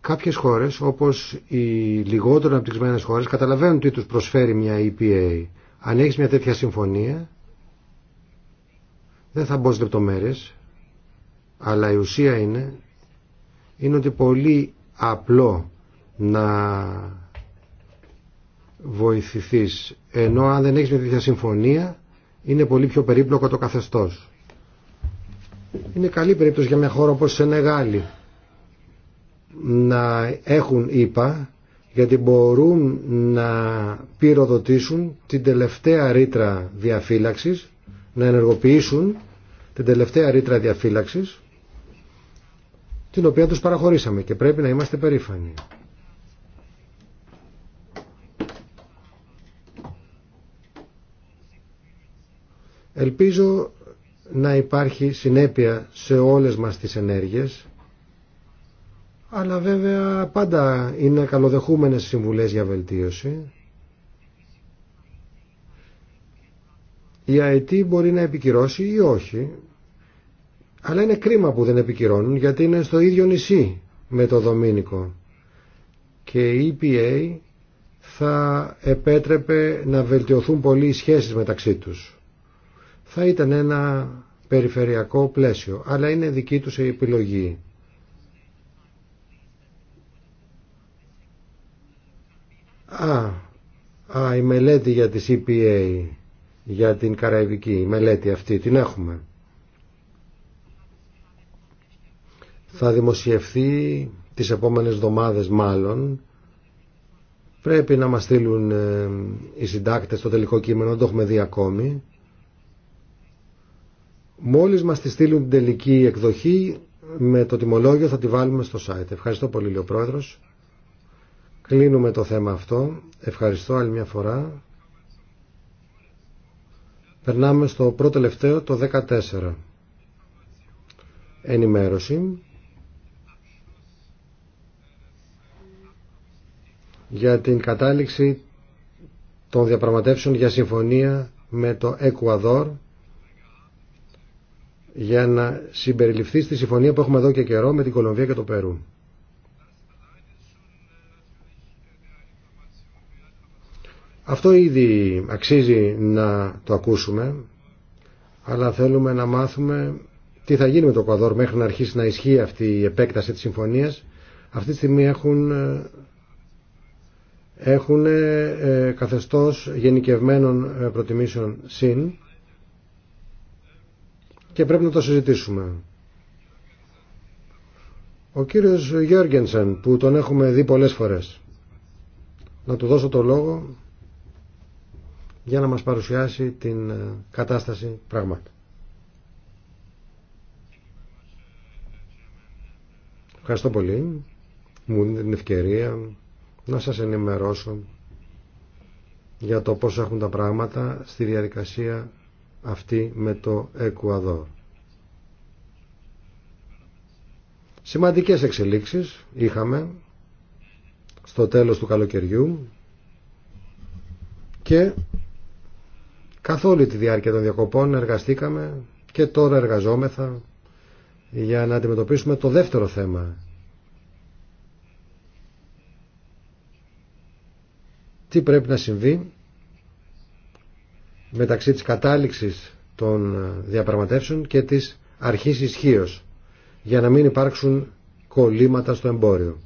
Κάποιες χώρες, όπως οι λιγότερο αναπτυξμένες χώρες, καταλαβαίνουν τι τους προσφέρει μια EPA. Αν έχεις μια τέτοια συμφωνία, δεν θα μπω στις λεπτομέρειες, αλλά η ουσία είναι, είναι ότι πολύ απλό να βοηθηθείς. Ενώ αν δεν έχεις μια τέτοια συμφωνία, είναι πολύ πιο περίπλοκο το καθεστώς. Είναι καλή περίπτωση για μια χώρα όπως σε Σενεγάλη να έχουν ΙΠΑ γιατί μπορούν να πυροδοτήσουν την τελευταία ρήτρα διαφύλαξης, να ενεργοποιήσουν την τελευταία ρήτρα διαφύλαξης την οποία τους παραχωρήσαμε και πρέπει να είμαστε περήφανοι. Ελπίζω να υπάρχει συνέπεια σε όλες μας τις ενέργειες αλλά βέβαια πάντα είναι καλοδεχούμενες συμβουλές για βελτίωση. Η ΑΕΤ μπορεί να επικυρώσει ή όχι αλλά είναι κρίμα που δεν επικυρώνουν γιατί είναι στο ίδιο νησί με το Δομήνικο. Και η EPA θα επέτρεπε να βελτιωθούν πολύ οι σχέσεις μεταξύ τους. Θα ήταν ένα περιφερειακό πλαίσιο, αλλά είναι δική τους η επιλογή. Α, η μελέτη για τις EPA, για την Καραϊβική, η μελέτη αυτή, την έχουμε. θα δημοσιευθεί τις επόμενες εβδομάδες μάλλον. Πρέπει να μας στείλουν ε, οι συντάκτες το τελικό κείμενο, δεν το έχουμε δει ακόμη. Μόλις μας τη στείλουν την τελική εκδοχή, με το τιμολόγιο θα τη βάλουμε στο site. Ευχαριστώ πολύ, λέει ο Κλείνουμε το θέμα αυτό. Ευχαριστώ άλλη μια φορά. Περνάμε στο πρώτο τελευταίο, το 14. Ενημέρωση για την κατάληξη των διαπραγματεύσεων για συμφωνία με το Εκουαδόρ για να συμπεριληφθεί στη συμφωνία που έχουμε εδώ και καιρό με την Κολομβία και το Περού. Αυτό ήδη αξίζει να το ακούσουμε, αλλά θέλουμε να μάθουμε τι θα γίνει με το Εκουαδόρ μέχρι να αρχίσει να ισχύει αυτή η επέκταση της συμφωνίας. Αυτή τη στιγμή έχουν ε, έχουν ε, καθεστώς γενικευμένων ε, προτιμήσεων συν και πρέπει να το συζητήσουμε. Ο κύριος Γιώργενσεν που τον έχουμε δει πολλές φορές να του δώσω το λόγο για να μας παρουσιάσει την ε, κατάσταση πραγμάτων. Ευχαριστώ πολύ. Μου δίνετε την ευκαιρία να σας ενημερώσω για το πώς έχουν τα πράγματα στη διαδικασία αυτή με το Εκουαδόρ. Σημαντικές εξελίξεις είχαμε στο τέλος του καλοκαιριού και καθ' όλη τη διάρκεια των διακοπών εργαστήκαμε και τώρα εργαζόμεθα για να αντιμετωπίσουμε το δεύτερο θέμα τι πρέπει να συμβεί μεταξύ της κατάληξης των διαπραγματεύσεων και της αρχής ισχύω για να μην υπάρξουν κολλήματα στο εμπόριο.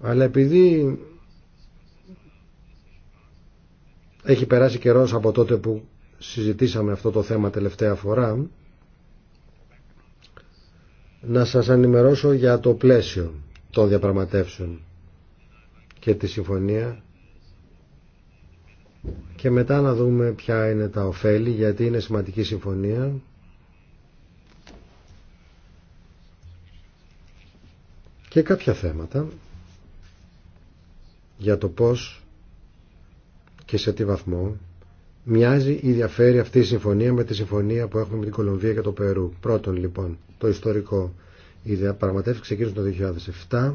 Αλλά επειδή έχει περάσει καιρός από τότε που συζητήσαμε αυτό το θέμα τελευταία φορά, να σας ενημερώσω για το πλαίσιο των διαπραγματεύσεων και τη συμφωνία και μετά να δούμε ποια είναι τα ωφέλη γιατί είναι σημαντική συμφωνία και κάποια θέματα για το πώς και σε τι βαθμό μοιάζει ή διαφέρει αυτή η συμφωνία με τη συμφωνία που έχουμε με την Κολομβία και το Περού. Πρώτον λοιπόν, το ιστορικό. Η διαπραγματεύση ξεκίνησε το 2007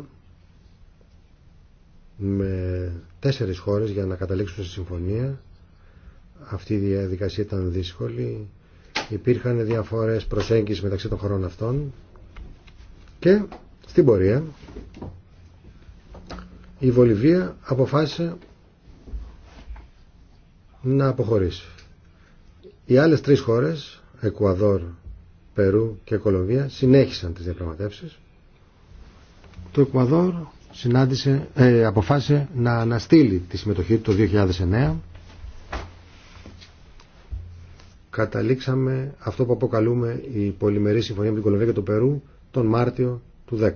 με τέσσερις χώρες για να καταλήξουν σε συμφωνία. Αυτή η διαδικασία ήταν δύσκολη. Υπήρχαν διαφορές προσέγγισης μεταξύ των χωρών αυτών και στην πορεία η Βολιβία αποφάσισε να αποχωρήσει. Οι άλλες τρεις χώρες, Εκουαδόρ, Περού και Κολομβία, συνέχισαν τις διαπραγματεύσεις. Το Εκουαδόρ συνάντησε, ε, αποφάσισε να αναστείλει τη συμμετοχή του το 2009. Καταλήξαμε αυτό που αποκαλούμε η πολυμερή συμφωνία με την Κολομβία και το Περού τον Μάρτιο του 10.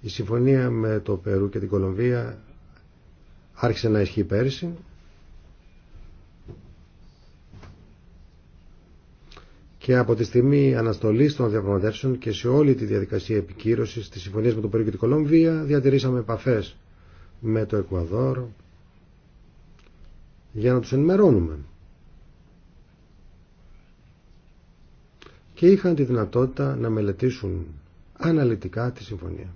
Η συμφωνία με το Περού και την Κολομβία άρχισε να ισχύει πέρυσι και από τη στιγμή αναστολή των διαπραγματεύσεων και σε όλη τη διαδικασία επικύρωση τη συμφωνία με το Περού και Κολομβία διατηρήσαμε επαφέ με το Εκουαδόρ για να του ενημερώνουμε. Και είχαν τη δυνατότητα να μελετήσουν αναλυτικά τη συμφωνία.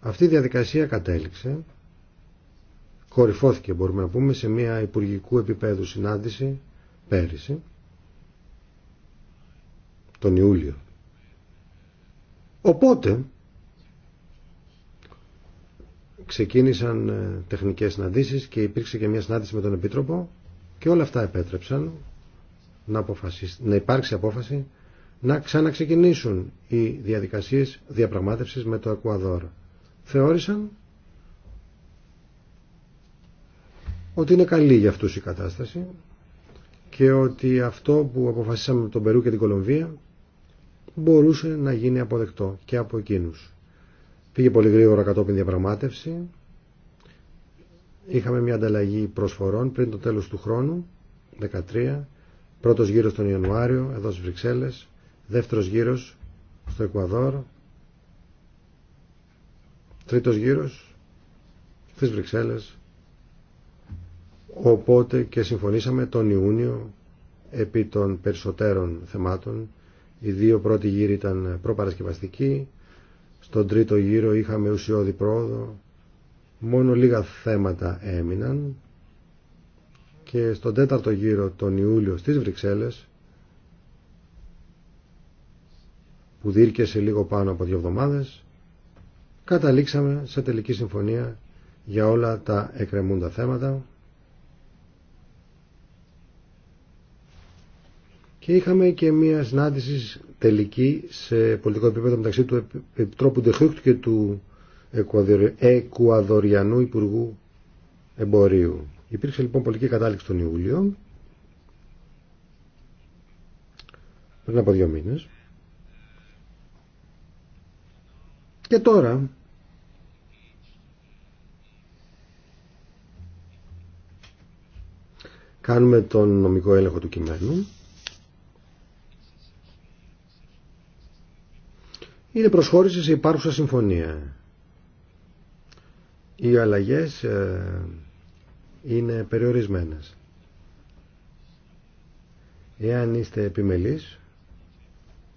Αυτή η διαδικασία κατέληξε, κορυφώθηκε μπορούμε να πούμε, σε μια υπουργικού επίπεδου συνάντηση πέρυσι τον Ιούλιο. Οπότε ξεκίνησαν ε, τεχνικές συναντήσεις και υπήρξε και μια συνάντηση με τον Επίτροπο και όλα αυτά επέτρεψαν να, να υπάρξει απόφαση να ξαναξεκινήσουν οι διαδικασίες διαπραγμάτευσης με το Εκουαδόρ. Θεώρησαν ότι είναι καλή για αυτούς η κατάσταση και ότι αυτό που αποφασίσαμε με τον Περού και την Κολομβία μπορούσε να γίνει αποδεκτό και από εκείνους. Πήγε πολύ γρήγορα κατόπιν διαπραγμάτευση. Είχαμε μια ανταλλαγή προσφορών πριν το τέλος του χρόνου, 13, πρώτος γύρος τον Ιανουάριο, εδώ στις Βρυξέλλες, δεύτερος γύρος στο Εκουαδόρ, τρίτος γύρος στις Βρυξέλλες, οπότε και συμφωνήσαμε τον Ιούνιο επί των περισσότερων θεμάτων οι δύο πρώτοι γύροι ήταν προπαρασκευαστικοί. Στον τρίτο γύρο είχαμε ουσιώδη πρόοδο. Μόνο λίγα θέματα έμειναν. Και στον τέταρτο γύρο τον Ιούλιο στις Βρυξέλλες που σε λίγο πάνω από δύο εβδομάδες καταλήξαμε σε τελική συμφωνία για όλα τα εκκρεμούντα θέματα Και είχαμε και μια συνάντηση τελική σε πολιτικό επίπεδο μεταξύ του Επιτρόπου Ντεχούκτου και του Εκουαδοριανού Υπουργού Εμπορίου. Υπήρξε λοιπόν πολιτική κατάληξη τον Ιούλιο, πριν από δύο μήνες. Και τώρα κάνουμε τον νομικό έλεγχο του κειμένου είναι προσχώρηση σε υπάρχουσα συμφωνία. Οι αλλαγές ε, είναι περιορισμένες. Εάν είστε επιμελής,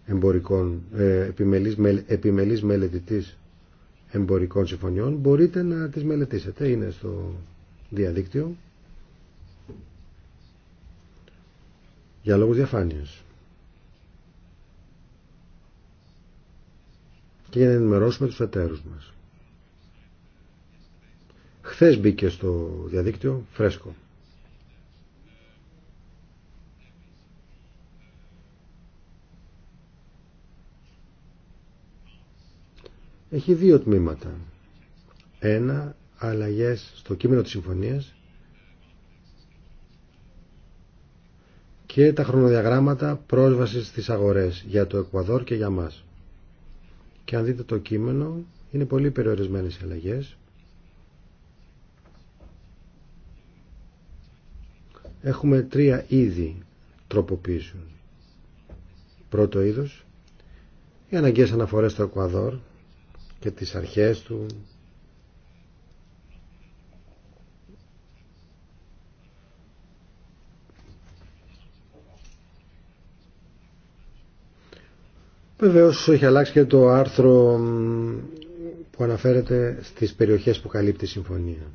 εμπορικών, επιμελής, επιμελής μελετητής εμπορικών συμφωνιών, μπορείτε να τις μελετήσετε. Είναι στο διαδίκτυο για λόγους διαφάνειας. και για να ενημερώσουμε τους εταίρους μας. Χθες μπήκε στο διαδίκτυο φρέσκο. Έχει δύο τμήματα. Ένα, αλλαγές στο κείμενο της συμφωνίας και τα χρονοδιαγράμματα πρόσβασης στις αγορές για το Εκουαδόρ και για μας και αν δείτε το κείμενο είναι πολύ περιορισμένες οι αλλαγές. Έχουμε τρία είδη τροποποίησεων. Πρώτο είδος, οι αναγκαίες αναφορές στο Εκουαδόρ και τις αρχές του, Βεβαίω έχει αλλάξει και το άρθρο που αναφέρεται στις περιοχές που καλύπτει η συμφωνία.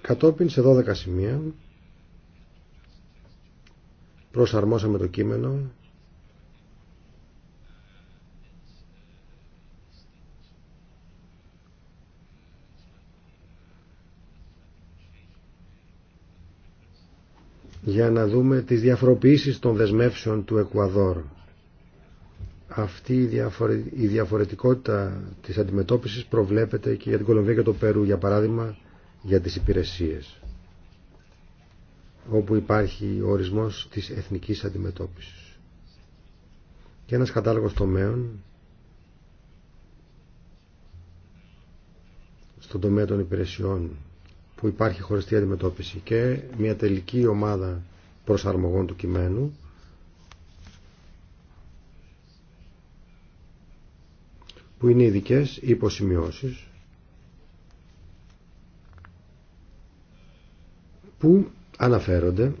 Κατόπιν σε 12 σημεία προσαρμόσαμε το κείμενο για να δούμε τις διαφοροποιήσεις των δεσμεύσεων του Εκουαδόρ. Αυτή η διαφορετικότητα της αντιμετώπισης προβλέπεται και για την Κολομβία και το Περού, για παράδειγμα, για τις υπηρεσίες, όπου υπάρχει ο ορισμός της εθνικής αντιμετώπισης. Και ένας κατάλογος τομέων, στον τομέα των υπηρεσιών που υπάρχει χωριστή αντιμετώπιση και μια τελική ομάδα προσαρμογών του κειμένου που είναι ειδικέ υποσημειώσεις που αναφέρονται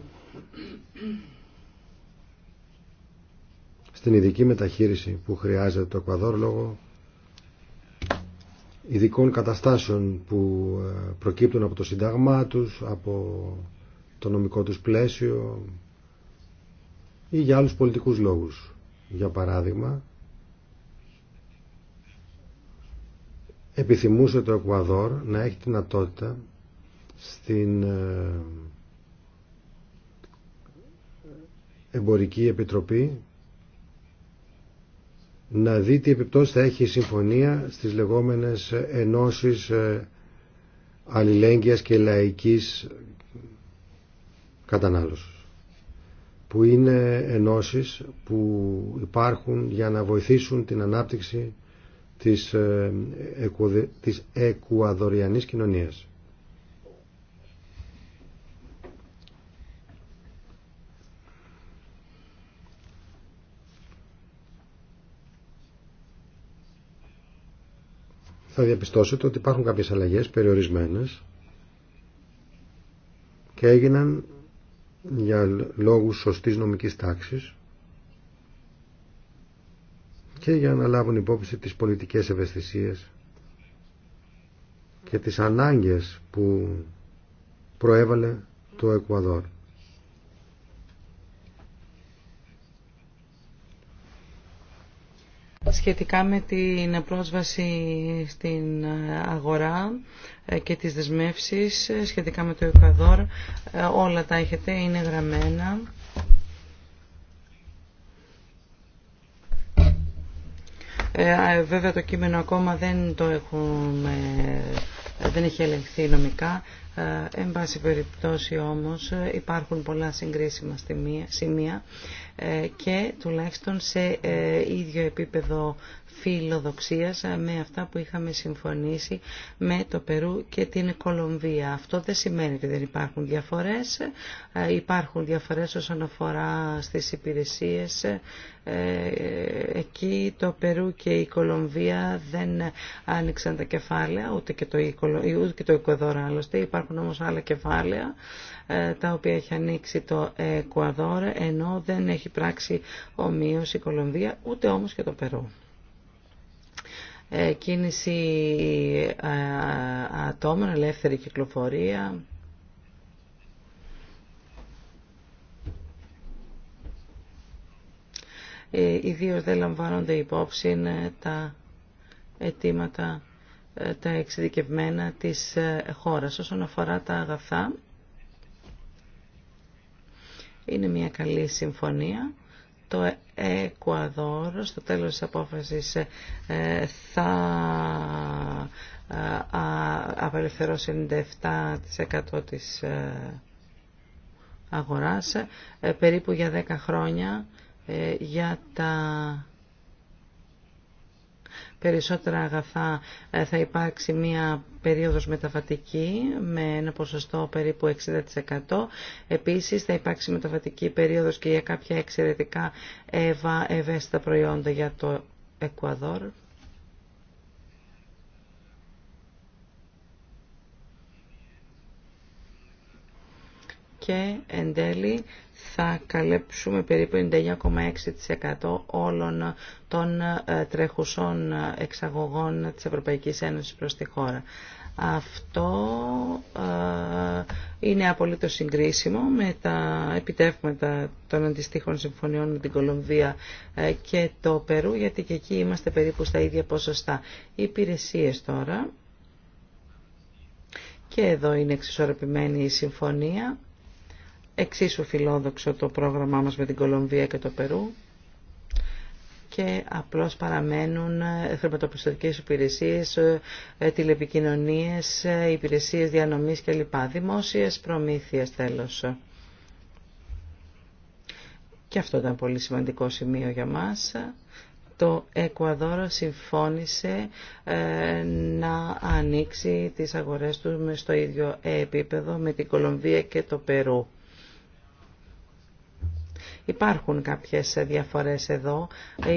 στην ειδική μεταχείριση που χρειάζεται το Εκουαδόρ λόγω ειδικών καταστάσεων που ε, προκύπτουν από το συντάγμα τους, από το νομικό τους πλαίσιο ή για άλλους πολιτικούς λόγους. Για παράδειγμα, επιθυμούσε το Εκουαδόρ να έχει την δυνατότητα στην ε, Εμπορική Επιτροπή να δει τι επιπτώσεις θα έχει η συμφωνία στις λεγόμενες ενώσεις ε, αλληλέγγυας και λαϊκής κατανάλωσης που είναι ενώσεις που υπάρχουν για να βοηθήσουν την ανάπτυξη της, ε, εκουαδοριανής κοινωνίας. θα διαπιστώσετε ότι υπάρχουν κάποιες αλλαγές περιορισμένες και έγιναν για λόγους σωστής νομικής τάξης και για να λάβουν υπόψη τις πολιτικές ευαισθησίες και τις ανάγκες που προέβαλε το Εκουαδόρ. Σχετικά με την πρόσβαση στην αγορά ε, και τις δεσμεύσεις, ε, σχετικά με το Εκαδόρ, όλα τα έχετε, είναι γραμμένα. Ε, ε, βέβαια το κείμενο ακόμα δεν το έχουμε, δεν έχει ελεγχθεί νομικά. Ε, εν πάση περιπτώσει όμως ε, υπάρχουν πολλά συγκρίσιμα σημεία ε, και τουλάχιστον σε ίδιο επίπεδο φιλοδοξίας με αυτά που είχαμε συμφωνήσει με το Περού και την Κολομβία. Αυτό δεν σημαίνει ότι δεν υπάρχουν διαφορές. Ε, υπάρχουν διαφορές όσον αφορά στις υπηρεσίες. Ε, εκεί το Περού και η Κολομβία δεν άνοιξαν τα κεφάλαια, ούτε και το, ούτε το άλλωστε. Υπάρχουν όμως άλλα κεφάλαια ε, τα οποία έχει ανοίξει το Εκουαδόρα ενώ δεν έχει πράξει ομοίως η Κολομβία, ούτε όμως και το Περού. Ε, κίνηση ε, ατόμων, ελεύθερη κυκλοφορία. Ε, Ιδίω δεν λαμβάνονται υπόψη τα αιτήματα τα εξειδικευμένα της χώρας. Όσον αφορά τα αγαθά, είναι μια καλή συμφωνία το Εκουαδόρ στο τέλος της απόφασης ε, θα ε, απελευθερώσει 97% της ε, αγοράς περίπου για 10 χρόνια για τα περισσότερα αγαθά ε, θα υπάρξει μια περίοδος μεταβατική με ένα ποσοστό περίπου 60%. Επίσης θα υπάρξει μεταβατική περίοδος και για κάποια εξαιρετικά ευαίσθητα προϊόντα για το Εκουαδόρ. Και εν θα καλέψουμε περίπου 99,6% όλων των ε, τρέχουσών εξαγωγών της Ευρωπαϊκής Ένωσης προς τη χώρα. Αυτό ε, είναι απολύτω συγκρίσιμο με τα επιτεύγματα των αντιστοίχων συμφωνιών με την Κολομβία ε, και το Περού, γιατί και εκεί είμαστε περίπου στα ίδια ποσοστά. Οι υπηρεσίες τώρα, και εδώ είναι εξισορροπημένη η συμφωνία, Εξίσου φιλόδοξο το πρόγραμμά μας με την Κολομβία και το Περού και απλώς παραμένουν θερματοπιστωτικές υπηρεσίες, ε, ε, τηλεπικοινωνίες, ε, υπηρεσίες διανομής κλπ. Δημόσιες προμήθειες τέλος. Και αυτό ήταν πολύ σημαντικό σημείο για μας. Το Εκουαδόρο συμφώνησε να ανοίξει τις αγορές του στο ίδιο επίπεδο με την Κολομβία και το Περού. Υπάρχουν κάποιες διαφορές εδώ,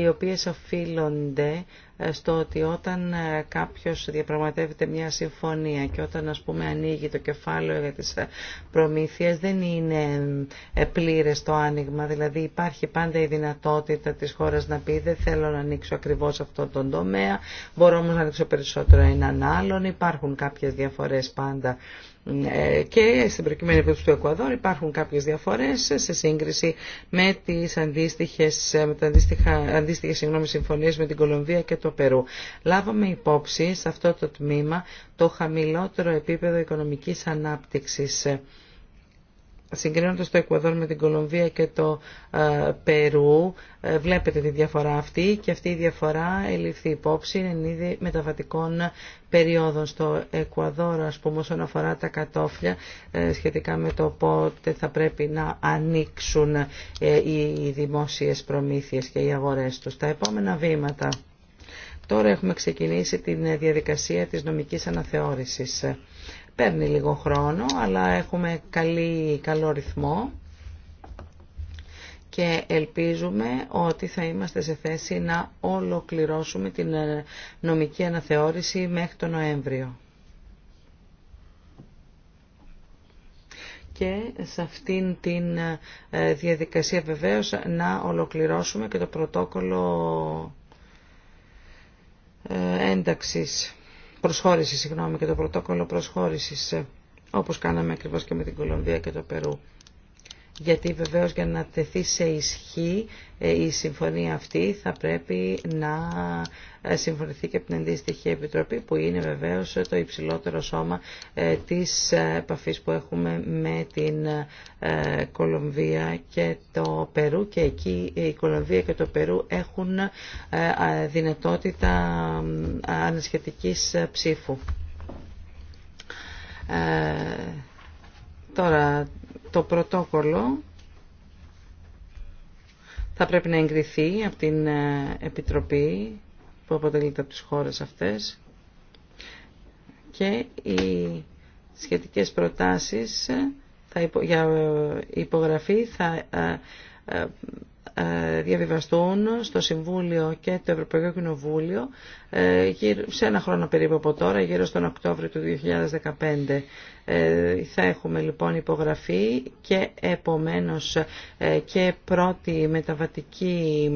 οι οποίες οφείλονται ε, στο ότι όταν ε, κάποιος διαπραγματεύεται μια συμφωνία και όταν ας πούμε ανοίγει το κεφάλαιο για τις ε, προμήθειες δεν είναι πλήρες το άνοιγμα, δηλαδή υπάρχει πάντα η δυνατότητα της χώρας να πει δεν θέλω να ανοίξω ακριβώς αυτό τον τομέα, μπορώ όμως να ανοίξω περισσότερο έναν άλλον, υπάρχουν κάποιες διαφορές πάντα ναι, και στην προκειμένη περίπτωση του Εκουαδόρ υπάρχουν κάποιες διαφορές σε σύγκριση με τις αντίστοιχες, συμφωνίε συμφωνίες με την Κολομβία και το Περού. Λάβαμε υπόψη σε αυτό το τμήμα το χαμηλότερο επίπεδο οικονομικής ανάπτυξης συγκρίνοντας το Εκουαδόρ με την Κολομβία και το ε, Περού, ε, βλέπετε τη διαφορά αυτή και αυτή η διαφορά ελήφθη υπόψη εν είδη μεταβατικών περιόδων στο Εκουαδόρ, ας πούμε όσον αφορά τα κατόφλια ε, σχετικά με το πότε θα πρέπει να ανοίξουν οι δημόσιες προμήθειες και οι αγορές τους. Τα επόμενα βήματα. Τώρα έχουμε ξεκινήσει την διαδικασία της νομικής αναθεώρησης Παίρνει λίγο χρόνο, αλλά έχουμε καλή, καλό ρυθμό και ελπίζουμε ότι θα είμαστε σε θέση να ολοκληρώσουμε την ε, νομική αναθεώρηση μέχρι τον Νοέμβριο. και σε αυτήν την ε, διαδικασία βεβαίως να ολοκληρώσουμε και το πρωτόκολλο ε, ένταξης. Προσχώρηση, συγγνώμη, και το πρωτόκολλο προσχώρησης, ε, όπως κάναμε ακριβώς και με την Κολομβία και το Περού γιατί βεβαίως για να τεθεί σε ισχύ ε, η συμφωνία αυτή θα πρέπει να ε, συμφωνηθεί και από την αντίστοιχη επιτροπή που είναι βεβαίως το υψηλότερο σώμα ε, της επαφής που έχουμε με την Κολομβία και το Περού και εκεί η Κολομβία και το Περού έχουν δυνατότητα ανασχετικής ψήφου. Τώρα, το πρωτόκολλο θα πρέπει να εγκριθεί από την ε, Επιτροπή που αποτελείται από τις χώρες αυτές και οι σχετικές προτάσεις θα για ε, υπογραφή θα ε, διαβιβαστούν στο Συμβούλιο και το Ευρωπαϊκό Κοινοβούλιο ε, σε ένα χρόνο περίπου από τώρα, γύρω στον Οκτώβριο του 2015. Ε, θα έχουμε λοιπόν υπογραφή και επομένως ε, και πρώτη μεταβατική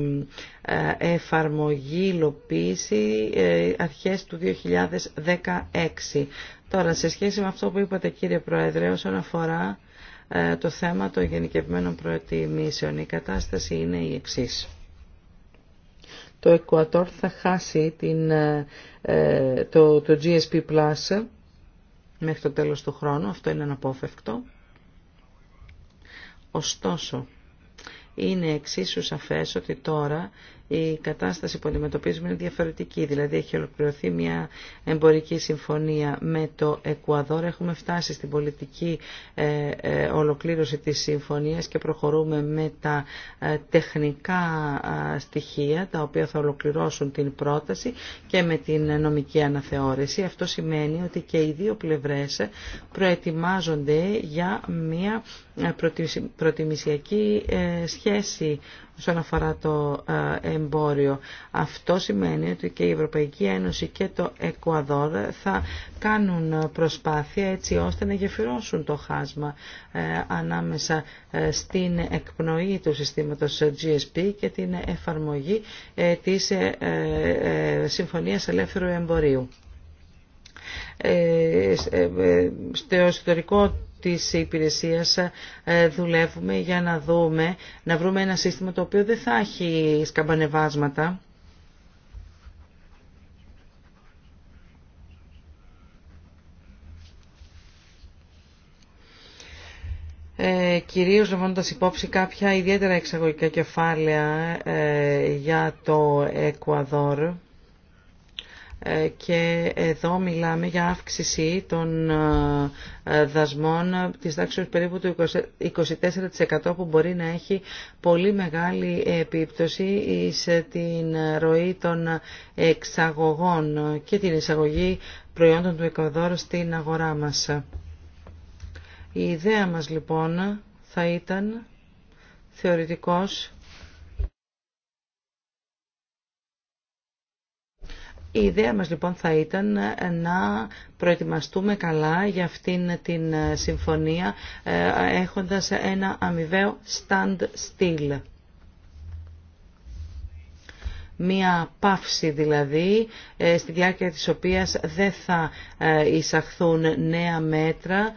εφαρμογή υλοποίηση αρχές του 2016. Τώρα, σε σχέση με αυτό που είπατε κύριε Πρόεδρε, όσον αφορά ε, το θέμα των γενικευμένων προετοιμήσεων. Η κατάσταση είναι η εξή. Το Εκουατόρ θα χάσει την, ε, ε, το, το GSP Plus μέχρι το τέλος του χρόνου, αυτό είναι αναπόφευκτο. Ωστόσο, είναι εξίσου σαφές ότι τώρα η κατάσταση που αντιμετωπίζουμε είναι διαφορετική. Δηλαδή έχει ολοκληρωθεί μια εμπορική συμφωνία με το Εκουαδόρ. Έχουμε φτάσει στην πολιτική ε, ε, ολοκλήρωση της συμφωνίας και προχωρούμε με τα ε, τεχνικά στοιχεία τα οποία θα ολοκληρώσουν την πρόταση και με την νομική αναθεώρηση. Αυτό σημαίνει ότι και οι δύο πλευρές προετοιμάζονται για μια προτιμησιακή σχέση όσον αφορά το ε, εμπόριο. Αυτό σημαίνει ότι και η Ευρωπαϊκή Ένωση και το Εκουαδόρ θα κάνουν προσπάθεια έτσι ώστε να γεφυρώσουν το χάσμα ε, ανάμεσα ε, στην εκπνοή του συστήματος GSP και την εφαρμογή της Συμφωνίας Ελεύθερου Εμπορίου. Ε, ε, ε, στο εσωτερικό της υπηρεσίας δουλεύουμε για να δούμε, να βρούμε ένα σύστημα το οποίο δεν θα έχει σκαμπανεβάσματα. ε, κυρίως λαμβάνοντας υπόψη κάποια ιδιαίτερα εξαγωγικά κεφάλαια για το Εκουαδόρ. Ε, και εδώ μιλάμε για αύξηση των ε, δασμών της τάξης περίπου του 24% που μπορεί να έχει πολύ μεγάλη επίπτωση σε την ροή των εξαγωγών και την εισαγωγή προϊόντων του Εκοδόρου στην αγορά μας. Η ιδέα μας λοιπόν θα ήταν θεωρητικός Η ιδέα μας λοιπόν θα ήταν ε, να προετοιμαστούμε καλά για αυτήν την ε, συμφωνία ε, έχοντας ένα αμοιβαίο stand still. Μία παύση δηλαδή, στη διάρκεια της οποίας δεν θα εισαχθούν νέα μέτρα,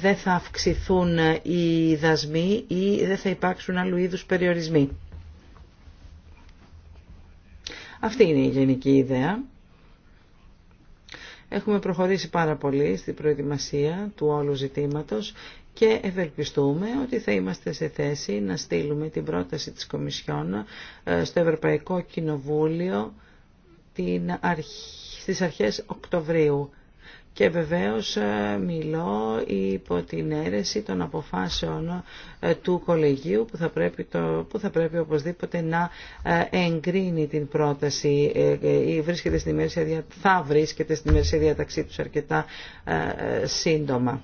δεν θα αυξηθούν οι δασμοί ή δεν θα υπάρξουν άλλου είδους περιορισμοί. Αυτή είναι η γενική ιδέα. Έχουμε προχωρήσει πάρα πολύ στην προετοιμασία του όλου ζητήματος και ευελπιστούμε ότι θα είμαστε σε θέση να στείλουμε την πρόταση της Κομισιόν ε, στο Ευρωπαϊκό Κοινοβούλιο στις αρχές Οκτωβρίου και βεβαίως ε, μιλώ υπό την αίρεση των αποφάσεων ε, του κολεγίου που θα πρέπει, το, που θα πρέπει οπωσδήποτε να ε, εγκρίνει την πρόταση ή βρίσκεται στην ημέρηση, θα βρίσκεται στη μεσή διαταξή τους αρκετά σύντομα.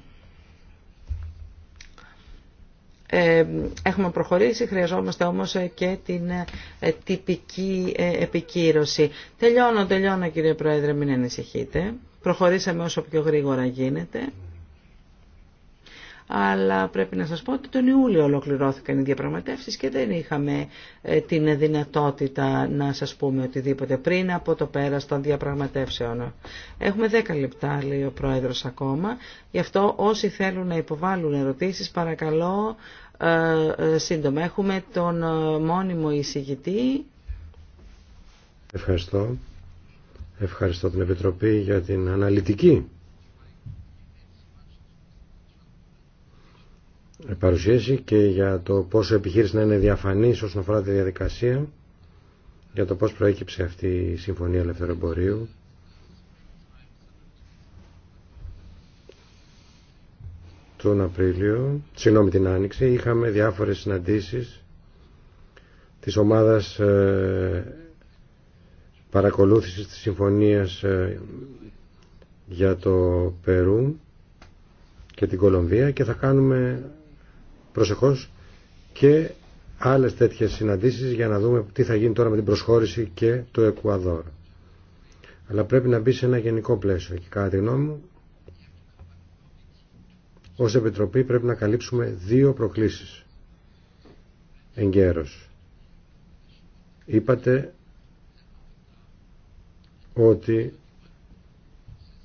Έχουμε προχωρήσει, χρειαζόμαστε όμως και την τυπική επικύρωση. Τελειώνω, τελειώνω κύριε Πρόεδρε, μην ανησυχείτε προχωρήσαμε όσο πιο γρήγορα γίνεται. Αλλά πρέπει να σας πω ότι τον Ιούλιο ολοκληρώθηκαν οι διαπραγματεύσεις και δεν είχαμε ε, την δυνατότητα να σας πούμε οτιδήποτε πριν από το πέρας των διαπραγματεύσεων. Έχουμε 10 λεπτά, λέει ο Πρόεδρος ακόμα. Γι' αυτό όσοι θέλουν να υποβάλουν ερωτήσεις, παρακαλώ ε, ε, σύντομα. Έχουμε τον μόνιμο εισηγητή. Ευχαριστώ. Ευχαριστώ την Επιτροπή για την αναλυτική παρουσίαση και για το πόσο επιχείρηση να είναι διαφανής όσον αφορά τη διαδικασία για το πώς προέκυψε αυτή η Συμφωνία Ελευθερομπορίου. Τον Απρίλιο, συγγνώμη την Άνοιξη, είχαμε διάφορες συναντήσεις της ομάδας ε, παρακολούθησης της συμφωνίας ε, για το Περού και την Κολομβία και θα κάνουμε προσεχώς και άλλες τέτοιες συναντήσεις για να δούμε τι θα γίνει τώρα με την προσχώρηση και το Εκουαδόρ. Αλλά πρέπει να μπει σε ένα γενικό πλαίσιο και κατά τη γνώμη μου ως Επιτροπή πρέπει να καλύψουμε δύο προκλήσεις εγκαίρως. Είπατε ότι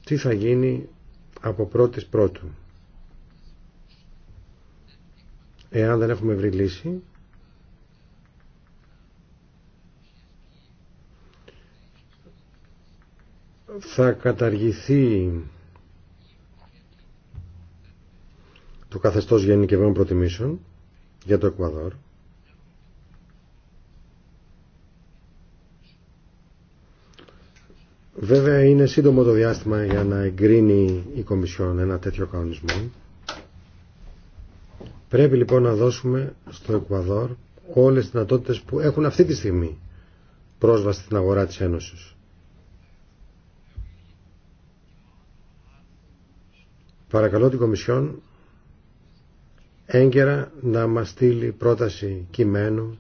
τι θα γίνει από πρώτης πρώτου. Εάν δεν έχουμε βρει λύση, θα καταργηθεί το καθεστώς γενικευμένων προτιμήσεων για το Εκουαδόρ Βέβαια είναι σύντομο το διάστημα για να εγκρίνει η Κομισιόν ένα τέτοιο κανονισμό. Πρέπει λοιπόν να δώσουμε στο Εκουαδόρ όλες τις δυνατότητες που έχουν αυτή τη στιγμή πρόσβαση στην αγορά της Ένωσης. Παρακαλώ την Κομισιόν έγκαιρα να μας στείλει πρόταση κειμένου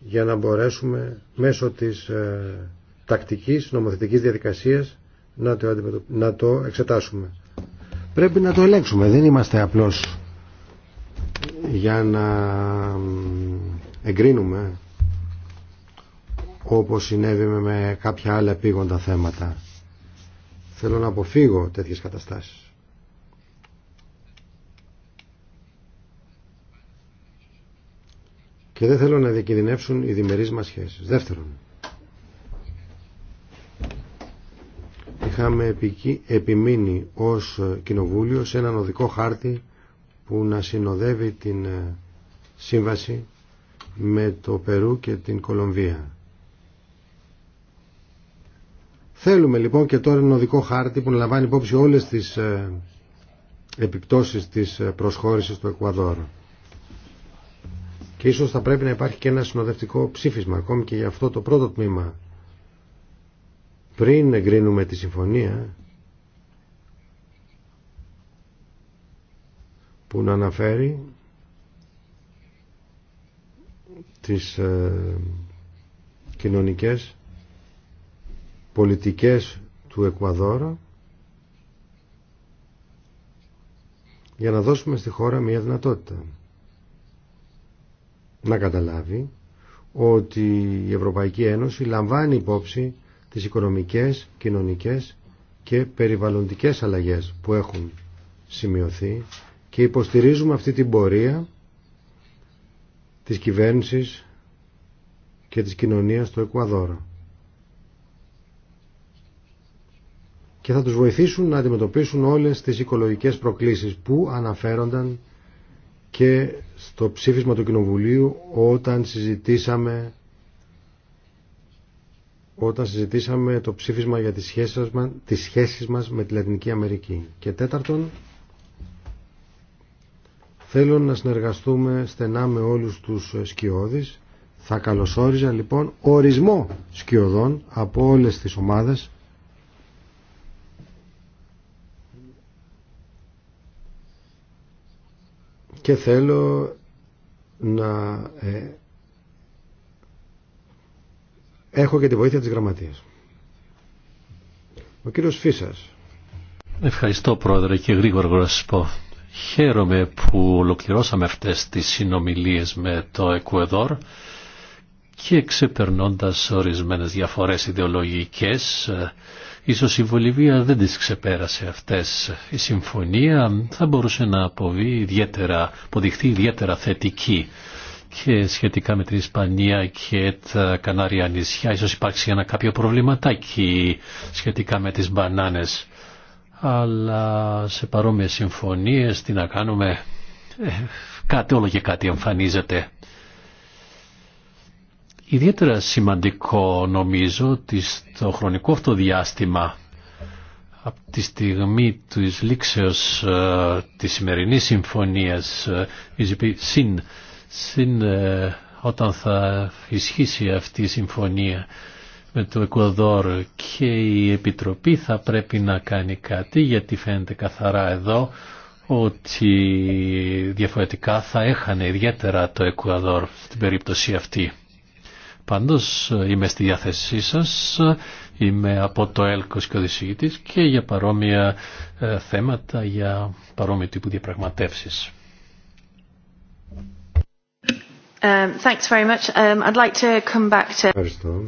για να μπορέσουμε μέσω της ε, τακτικής νομοθετικής διαδικασίας να το, να το εξετάσουμε. Πρέπει να το ελέγξουμε. Δεν είμαστε απλώς για να εγκρίνουμε όπως συνέβη με κάποια άλλα επίγοντα θέματα. Θέλω να αποφύγω τέτοιες καταστάσεις. Και δεν θέλω να διακινδυνεύσουν οι διμερείς μας σχέσεις. Δεύτερον, είχαμε επιμείνει ως κοινοβούλιο σε έναν οδικό χάρτη που να συνοδεύει την ε, σύμβαση με το Περού και την Κολομβία. Θέλουμε λοιπόν και τώρα έναν οδικό χάρτη που να λαμβάνει υπόψη όλες τις ε, επιπτώσεις της ε, προσχώρησης του Εκουαδόρ. Και ίσως θα πρέπει να υπάρχει και ένα συνοδευτικό ψήφισμα ακόμη και για αυτό το πρώτο τμήμα πριν εγκρίνουμε τη συμφωνία που να αναφέρει τις ε, κοινωνικές πολιτικές του Εκουαδόρα για να δώσουμε στη χώρα μια δυνατότητα να καταλάβει ότι η Ευρωπαϊκή Ένωση λαμβάνει υπόψη τις οικονομικές, κοινωνικές και περιβαλλοντικές αλλαγές που έχουν σημειωθεί και υποστηρίζουμε αυτή την πορεία της κυβέρνησης και της κοινωνίας στο Εκουαδόρα. Και θα τους βοηθήσουν να αντιμετωπίσουν όλες τις οικολογικές προκλήσεις που αναφέρονταν και στο ψήφισμα του Κοινοβουλίου όταν συζητήσαμε όταν συζητήσαμε το ψήφισμα για τις σχέσεις, μας, τις σχέσεις μας με τη Λατινική Αμερική. Και τέταρτον, θέλω να συνεργαστούμε στενά με όλους τους σκιώδεις. Θα καλωσόριζα λοιπόν ορισμό σκιωδών από όλες τις ομάδες και θέλω να ε, Έχω και τη βοήθεια της γραμματείας. Ο κύριος Φίσας. Ευχαριστώ πρόεδρε και γρήγορα να σας πω. Χαίρομαι που ολοκληρώσαμε αυτές τις συνομιλίες με το Εκουεδόρ και ξεπερνώντας ορισμένες διαφορές ιδεολογικές, ε, ίσως η Βολιβία δεν τις ξεπέρασε αυτές. Η συμφωνία θα μπορούσε να αποβεί ιδιαίτερα, αποδειχθεί ιδιαίτερα θετική και σχετικά με την Ισπανία και τα Κανάρια νησιά ίσως υπάρξει ένα κάποιο προβληματάκι σχετικά με τις μπανάνες αλλά σε παρόμοιες συμφωνίες τι να κάνουμε ε, κάτι όλο και κάτι εμφανίζεται ιδιαίτερα σημαντικό νομίζω ότι στο χρονικό αυτό διάστημα από τη στιγμή της λήξεως ε, της σημερινής συμφωνίας ε, Συν ε, όταν θα ισχύσει αυτή η συμφωνία με το Εκουαδόρ και η Επιτροπή θα πρέπει να κάνει κάτι γιατί φαίνεται καθαρά εδώ ότι διαφορετικά θα έχανε ιδιαίτερα το Εκουαδόρ στην περίπτωση αυτή. Πάντως είμαι στη διάθεσή σας, είμαι από το ΕΛΚΟΣ και ο και για παρόμοια ε, θέματα, για παρόμοιο τύπου διαπραγματεύσεις. Um, um, come back Ευχαριστώ.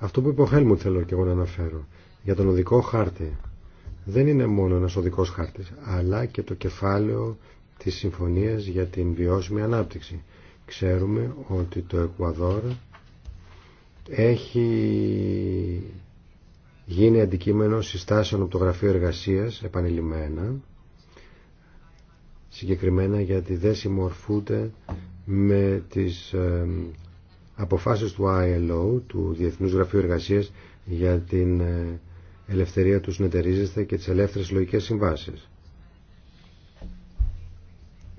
Αυτό που είπε ο θέλω και εγώ να αναφέρω για τον οδικό χάρτη δεν είναι μόνο ένας οδικός χάρτης αλλά και το κεφάλαιο της συμφωνίας για την βιώσιμη ανάπτυξη. Ξέρουμε ότι το Εκουαδόρ έχει γίνει αντικείμενο συστάσεων από το Γραφείο Εργασίας επανειλημμένα συγκεκριμένα γιατί δεν συμμορφούνται με τις αποφάσεις του ILO, του Διεθνούς Γραφείου Εργασίας για την ε, ελευθερία του συνεταιρίζεστε και τις ελεύθερες λογικές συμβάσεις.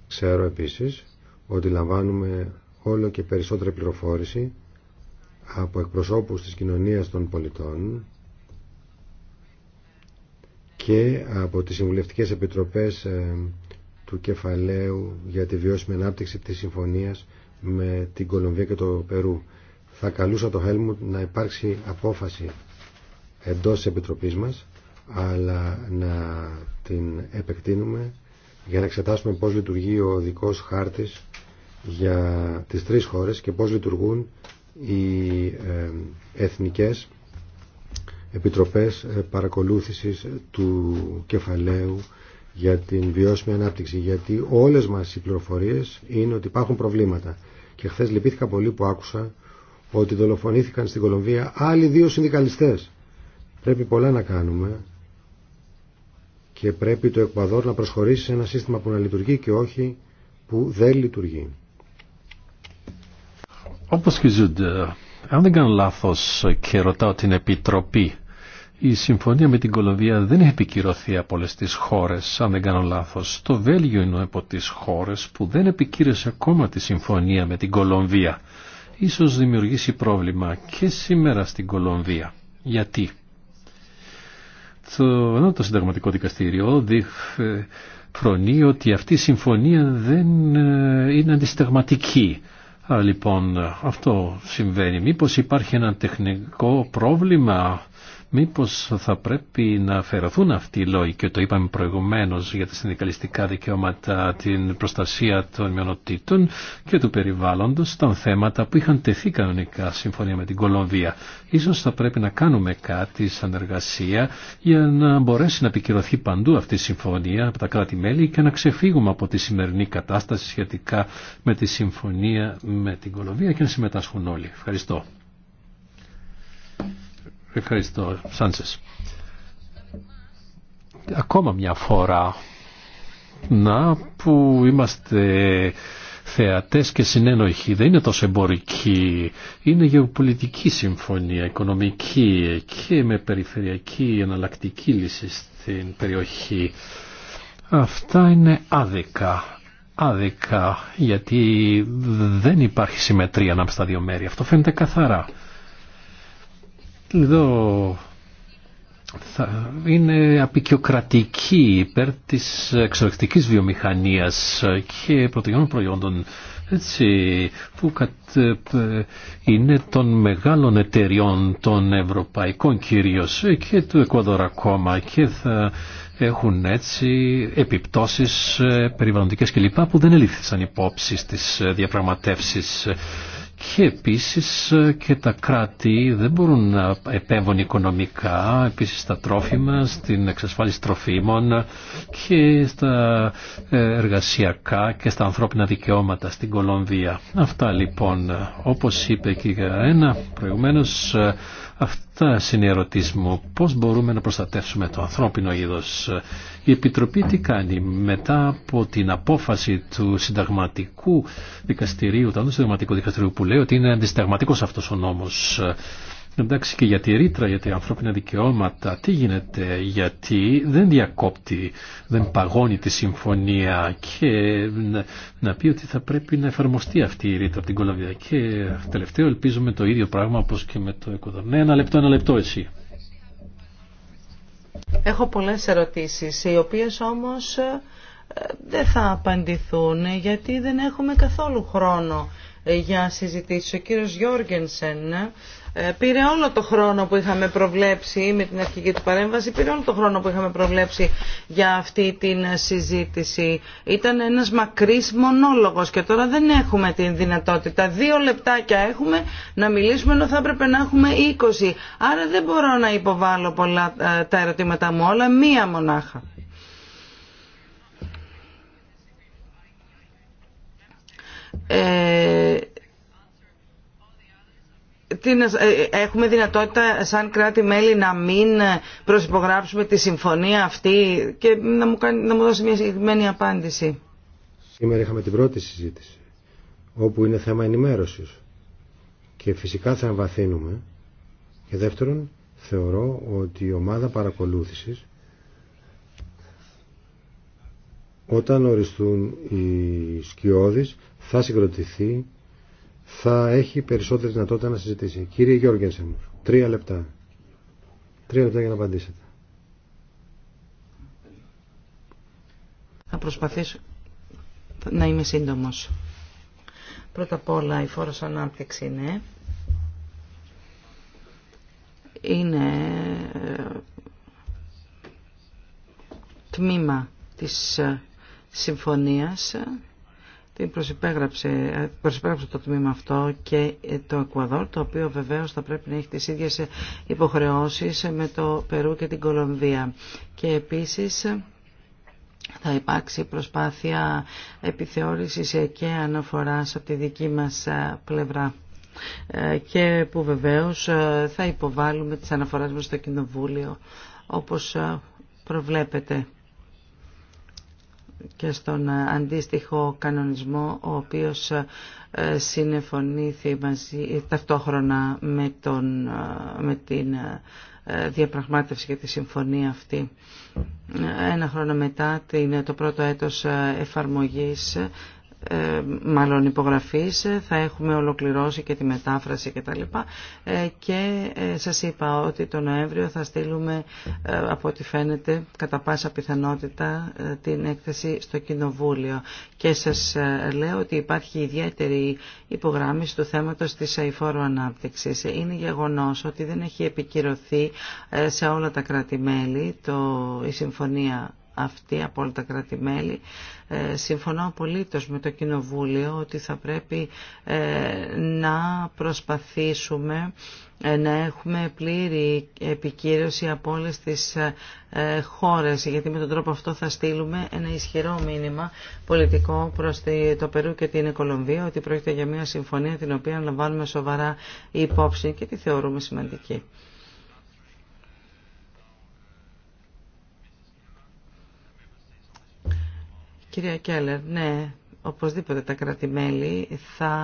Ξέρω επίσης ότι λαμβάνουμε όλο και περισσότερη πληροφόρηση από εκπροσώπους της κοινωνίας των πολιτών και από τις συμβουλευτικές επιτροπές του κεφαλαίου για τη βιώσιμη ανάπτυξη της συμφωνίας με την Κολομβία και το Περού. Θα καλούσα το Χέλμουντ να υπάρξει απόφαση εντός της Επιτροπής μας, αλλά να την επεκτείνουμε για να εξετάσουμε πώς λειτουργεί ο δικός χάρτης για τις τρεις χώρες και πώς λειτουργούν οι ε, εθνικές επιτροπές ε, παρακολούθησης του κεφαλαίου για την βιώσιμη ανάπτυξη γιατί όλες μας οι πληροφορίε είναι ότι υπάρχουν προβλήματα και χθε λυπήθηκα πολύ που άκουσα ότι δολοφονήθηκαν στην Κολομβία άλλοι δύο συνδικαλιστές πρέπει πολλά να κάνουμε και πρέπει το Εκουαδόρ να προσχωρήσει σε ένα σύστημα που να λειτουργεί και όχι που δεν λειτουργεί όπως και ζούνται αν δεν κάνω λάθος και ρωτάω την Επιτροπή η συμφωνία με την Κολομβία δεν έχει επικυρωθεί από όλε τι χώρε, αν δεν κάνω λάθο. Το Βέλγιο είναι από τι χώρε που δεν επικύρωσε ακόμα τη συμφωνία με την Κολομβία. Ίσως δημιουργήσει πρόβλημα και σήμερα στην Κολομβία. Γιατί? Το, ενώ το συνταγματικό δικαστήριο φρονεί ότι αυτή η συμφωνία δεν ε, είναι αντισταγματική. λοιπόν, αυτό συμβαίνει. Μήπως υπάρχει ένα τεχνικό πρόβλημα μήπως θα πρέπει να αφαιρεθούν αυτοί οι λόγοι και το είπαμε προηγουμένως για τα συνδικαλιστικά δικαιώματα, την προστασία των μειονοτήτων και του περιβάλλοντος στα θέματα που είχαν τεθεί κανονικά συμφωνία με την Κολομβία. Ίσως θα πρέπει να κάνουμε κάτι σαν εργασία για να μπορέσει να επικυρωθεί παντού αυτή η συμφωνία από τα κράτη-μέλη και να ξεφύγουμε από τη σημερινή κατάσταση σχετικά με τη συμφωνία με την Κολομβία και να συμμετάσχουν όλοι. Ευχαριστώ. Ευχαριστώ, Σάντσες. Ακόμα μια φορά, να που είμαστε θεατές και συνένοχοι, δεν είναι τόσο εμπορική, είναι γεωπολιτική συμφωνία, οικονομική και με περιφερειακή εναλλακτική λύση στην περιοχή. Αυτά είναι άδικα, άδικα, γιατί δεν υπάρχει συμμετρία ανάμεσα στα δύο μέρη. Αυτό φαίνεται καθαρά. Εδώ θα είναι απεικιοκρατική υπέρ της εξορρεκτικής βιομηχανίας και πρωτογενών προϊόντων έτσι, που ε, είναι των μεγάλων εταιριών των ευρωπαϊκών κυρίως και του Εκουαδόρ ακόμα και θα έχουν έτσι επιπτώσεις ε, περιβαλλοντικές κλπ που δεν ελήφθησαν υπόψη στις ε, διαπραγματεύσεις και επίσης ε, και τα κράτη δεν μπορούν να επέμβουν οικονομικά, επίσης στα τρόφιμα, στην εξασφάλιση τροφίμων και στα ε, εργασιακά και στα ανθρώπινα δικαιώματα στην Κολομβία. Αυτά λοιπόν, όπως είπε και ένα προηγουμένως, ε, Αυτά είναι μου. Πώς μπορούμε να προστατεύσουμε το ανθρώπινο είδος. Η Επιτροπή τι κάνει μετά από την απόφαση του συνταγματικού δικαστηρίου, του συνταγματικού δικαστηρίου που λέει ότι είναι αντισυνταγματικός αυτός ο νόμος. Ε, εντάξει και για τη ρήτρα, για τα ανθρώπινα δικαιώματα, τι γίνεται, γιατί δεν διακόπτει, δεν παγώνει τη συμφωνία και να, πει ότι θα πρέπει να εφαρμοστεί αυτή η ρήτρα από την Κολαβία. Και τελευταίο ελπίζουμε το ίδιο πράγμα όπως και με το Εκοδόν. Ναι, ένα λεπτό, ένα λεπτό εσύ. Έχω πολλές ερωτήσεις, οι οποίες όμως ε, δεν θα απαντηθούν γιατί δεν έχουμε καθόλου χρόνο ε, για συζητήσεις. Ο κύριος Γιώργενσεν ε, πήρε όλο το χρόνο που είχαμε προβλέψει με την αρχική του παρέμβαση, πήρε όλο το χρόνο που είχαμε προβλέψει για αυτή την συζήτηση. Ήταν ένας μακρύς μονόλογος και τώρα δεν έχουμε την δυνατότητα. Δύο λεπτάκια έχουμε να μιλήσουμε ενώ θα έπρεπε να έχουμε 20. Άρα δεν μπορώ να υποβάλω πολλά ε, τα ερωτήματα μου όλα, μία μονάχα. Ε, ε, ε, έχουμε δυνατότητα σαν κράτη-μέλη να μην προσυπογράψουμε τη συμφωνία αυτή και να μου, κάνει, να μου δώσει μια συγκεκριμένη απάντηση. Σήμερα είχαμε την πρώτη συζήτηση όπου είναι θέμα ενημέρωσης και φυσικά θα εμβαθύνουμε και δεύτερον θεωρώ ότι η ομάδα παρακολούθησης όταν οριστούν οι σκιώδεις θα συγκροτηθεί θα έχει περισσότερη δυνατότητα να συζητήσει. Κύριε Γιώργενσεν, τρία λεπτά. Τρία λεπτά για να απαντήσετε. Θα προσπαθήσω να είμαι σύντομος. Πρώτα απ' όλα η φόρος ανάπτυξη είναι, είναι ε, τμήμα της ε, συμφωνίας την προσυπέγραψε, ε, προσυπέγραψε το τμήμα αυτό και ε, το Εκουαδόρ, το οποίο βεβαίως θα πρέπει να έχει τις ίδιες ε, υποχρεώσεις με το Περού και την Κολομβία. Και επίσης θα υπάρξει προσπάθεια επιθεώρησης και αναφοράς από τη δική μας πλευρά και που βεβαίως θα υποβάλουμε τις αναφορές μας στο Κοινοβούλιο όπως προβλέπεται και στον ε, αντίστοιχο κανονισμό ο οποίος ε, συνεφωνήθη μαζί, ε, ταυτόχρονα με, τον, με την διαπραγμάτευση για τη συμφωνία αυτή. Ένα χρόνο μετά την, το πρώτο έτος εφαρμογής ε, μάλλον υπογραφής, θα έχουμε ολοκληρώσει και τη μετάφραση κτλ. Και, ε, και ε, σας είπα ότι το Νοέμβριο θα στείλουμε από ό,τι φαίνεται κατά πάσα πιθανότητα την έκθεση στο Κοινοβούλιο. Και σας λέω ότι υπάρχει ιδιαίτερη υπογράμμιση του θέματος της αηφόρου ανάπτυξης. Είναι γεγονός ότι δεν έχει επικυρωθεί σε όλα τα κράτη-μέλη η συμφωνία αυτή από όλα τα κράτη-μέλη. Ε, συμφωνώ απολύτως με το Κοινοβούλιο ότι θα πρέπει ε, να προσπαθήσουμε ε, να έχουμε πλήρη επικύρωση από όλες τις χώρες γιατί με τον τρόπο αυτό θα στείλουμε ένα ισχυρό μήνυμα πολιτικό προς το Περού και την Κολομβία ότι πρόκειται για μια συμφωνία την οποία λαμβάνουμε σοβαρά υπόψη και τη θεωρούμε σημαντική. Κυρία Κέλλερ, ναι, οπωσδήποτε τα κράτη-μέλη θα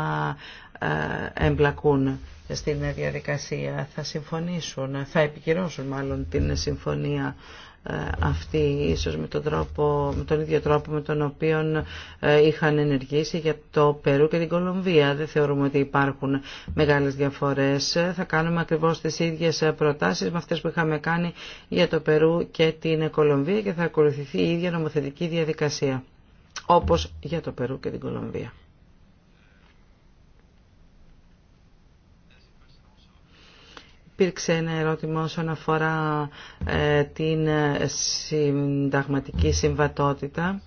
ε, εμπλακούν στην διαδικασία, θα συμφωνήσουν, θα επικυρώσουν μάλλον την συμφωνία ε, αυτή ίσως με τον, τρόπο, με τον ίδιο τρόπο με τον οποίο ε, είχαν ενεργήσει για το Περού και την Κολομβία. Δεν θεωρούμε ότι υπάρχουν μεγάλες διαφορές. Θα κάνουμε ακριβώς τις ίδιες προτάσεις με αυτές που είχαμε κάνει για το Περού και την Κολομβία και θα ακολουθηθεί η ίδια νομοθετική διαδικασία όπως για το Περού και την Κολομβία. Υπήρξε ένα ερώτημα όσον αφορά ε, την ε, συνταγματική συμβατότητα.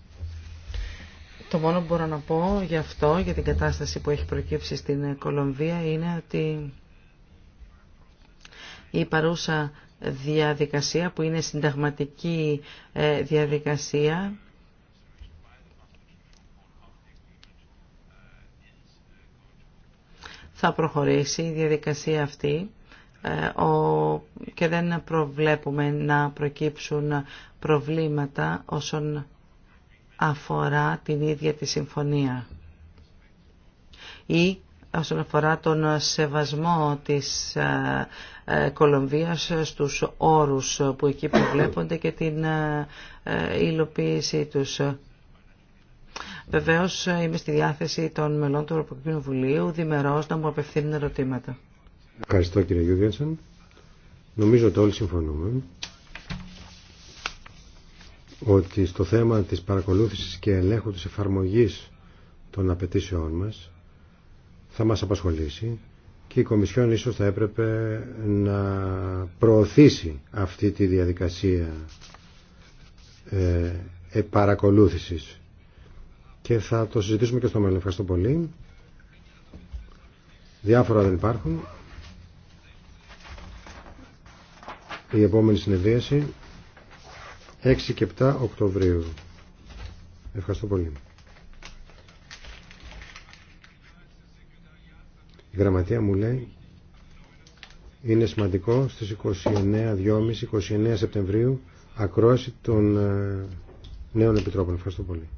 Το μόνο που μπορώ να πω για αυτό, για την κατάσταση που έχει προκύψει στην ε, Κολομβία, είναι ότι η παρούσα διαδικασία που είναι συνταγματική διαδικασία θα προχωρήσει η διαδικασία αυτή ε, και δεν προβλέπουμε να προκύψουν προβλήματα όσον αφορά την ίδια τη συμφωνία ή όσον αφορά τον σεβασμό της ε, ε, Κολομβίας στους όρους που εκεί προβλέπονται και την υλοποίησή τους. Βεβαίω είμαι στη διάθεση των μελών του Ευρωπαϊκού Κοινοβουλίου διμερώς να μου απευθύνουν ερωτήματα. Ευχαριστώ κύριε Γιούγκενσεν. Νομίζω ότι όλοι συμφωνούμε ότι στο θέμα της παρακολούθησης και ελέγχου της εφαρμογής των απαιτήσεών μας θα μας απασχολήσει και η Κομισιόν ίσως θα έπρεπε να προωθήσει αυτή τη διαδικασία ε, παρακολούθησης και θα το συζητήσουμε και στο μέλλον. Ευχαριστώ πολύ. Διάφορα δεν υπάρχουν. Η επόμενη συνεδρίαση 6 και 7 Οκτωβρίου. Ευχαριστώ πολύ. Η γραμματεία μου λέει είναι σημαντικό στις 29, 29 Σεπτεμβρίου ακρόαση των ε, νέων επιτρόπων. Ευχαριστώ πολύ.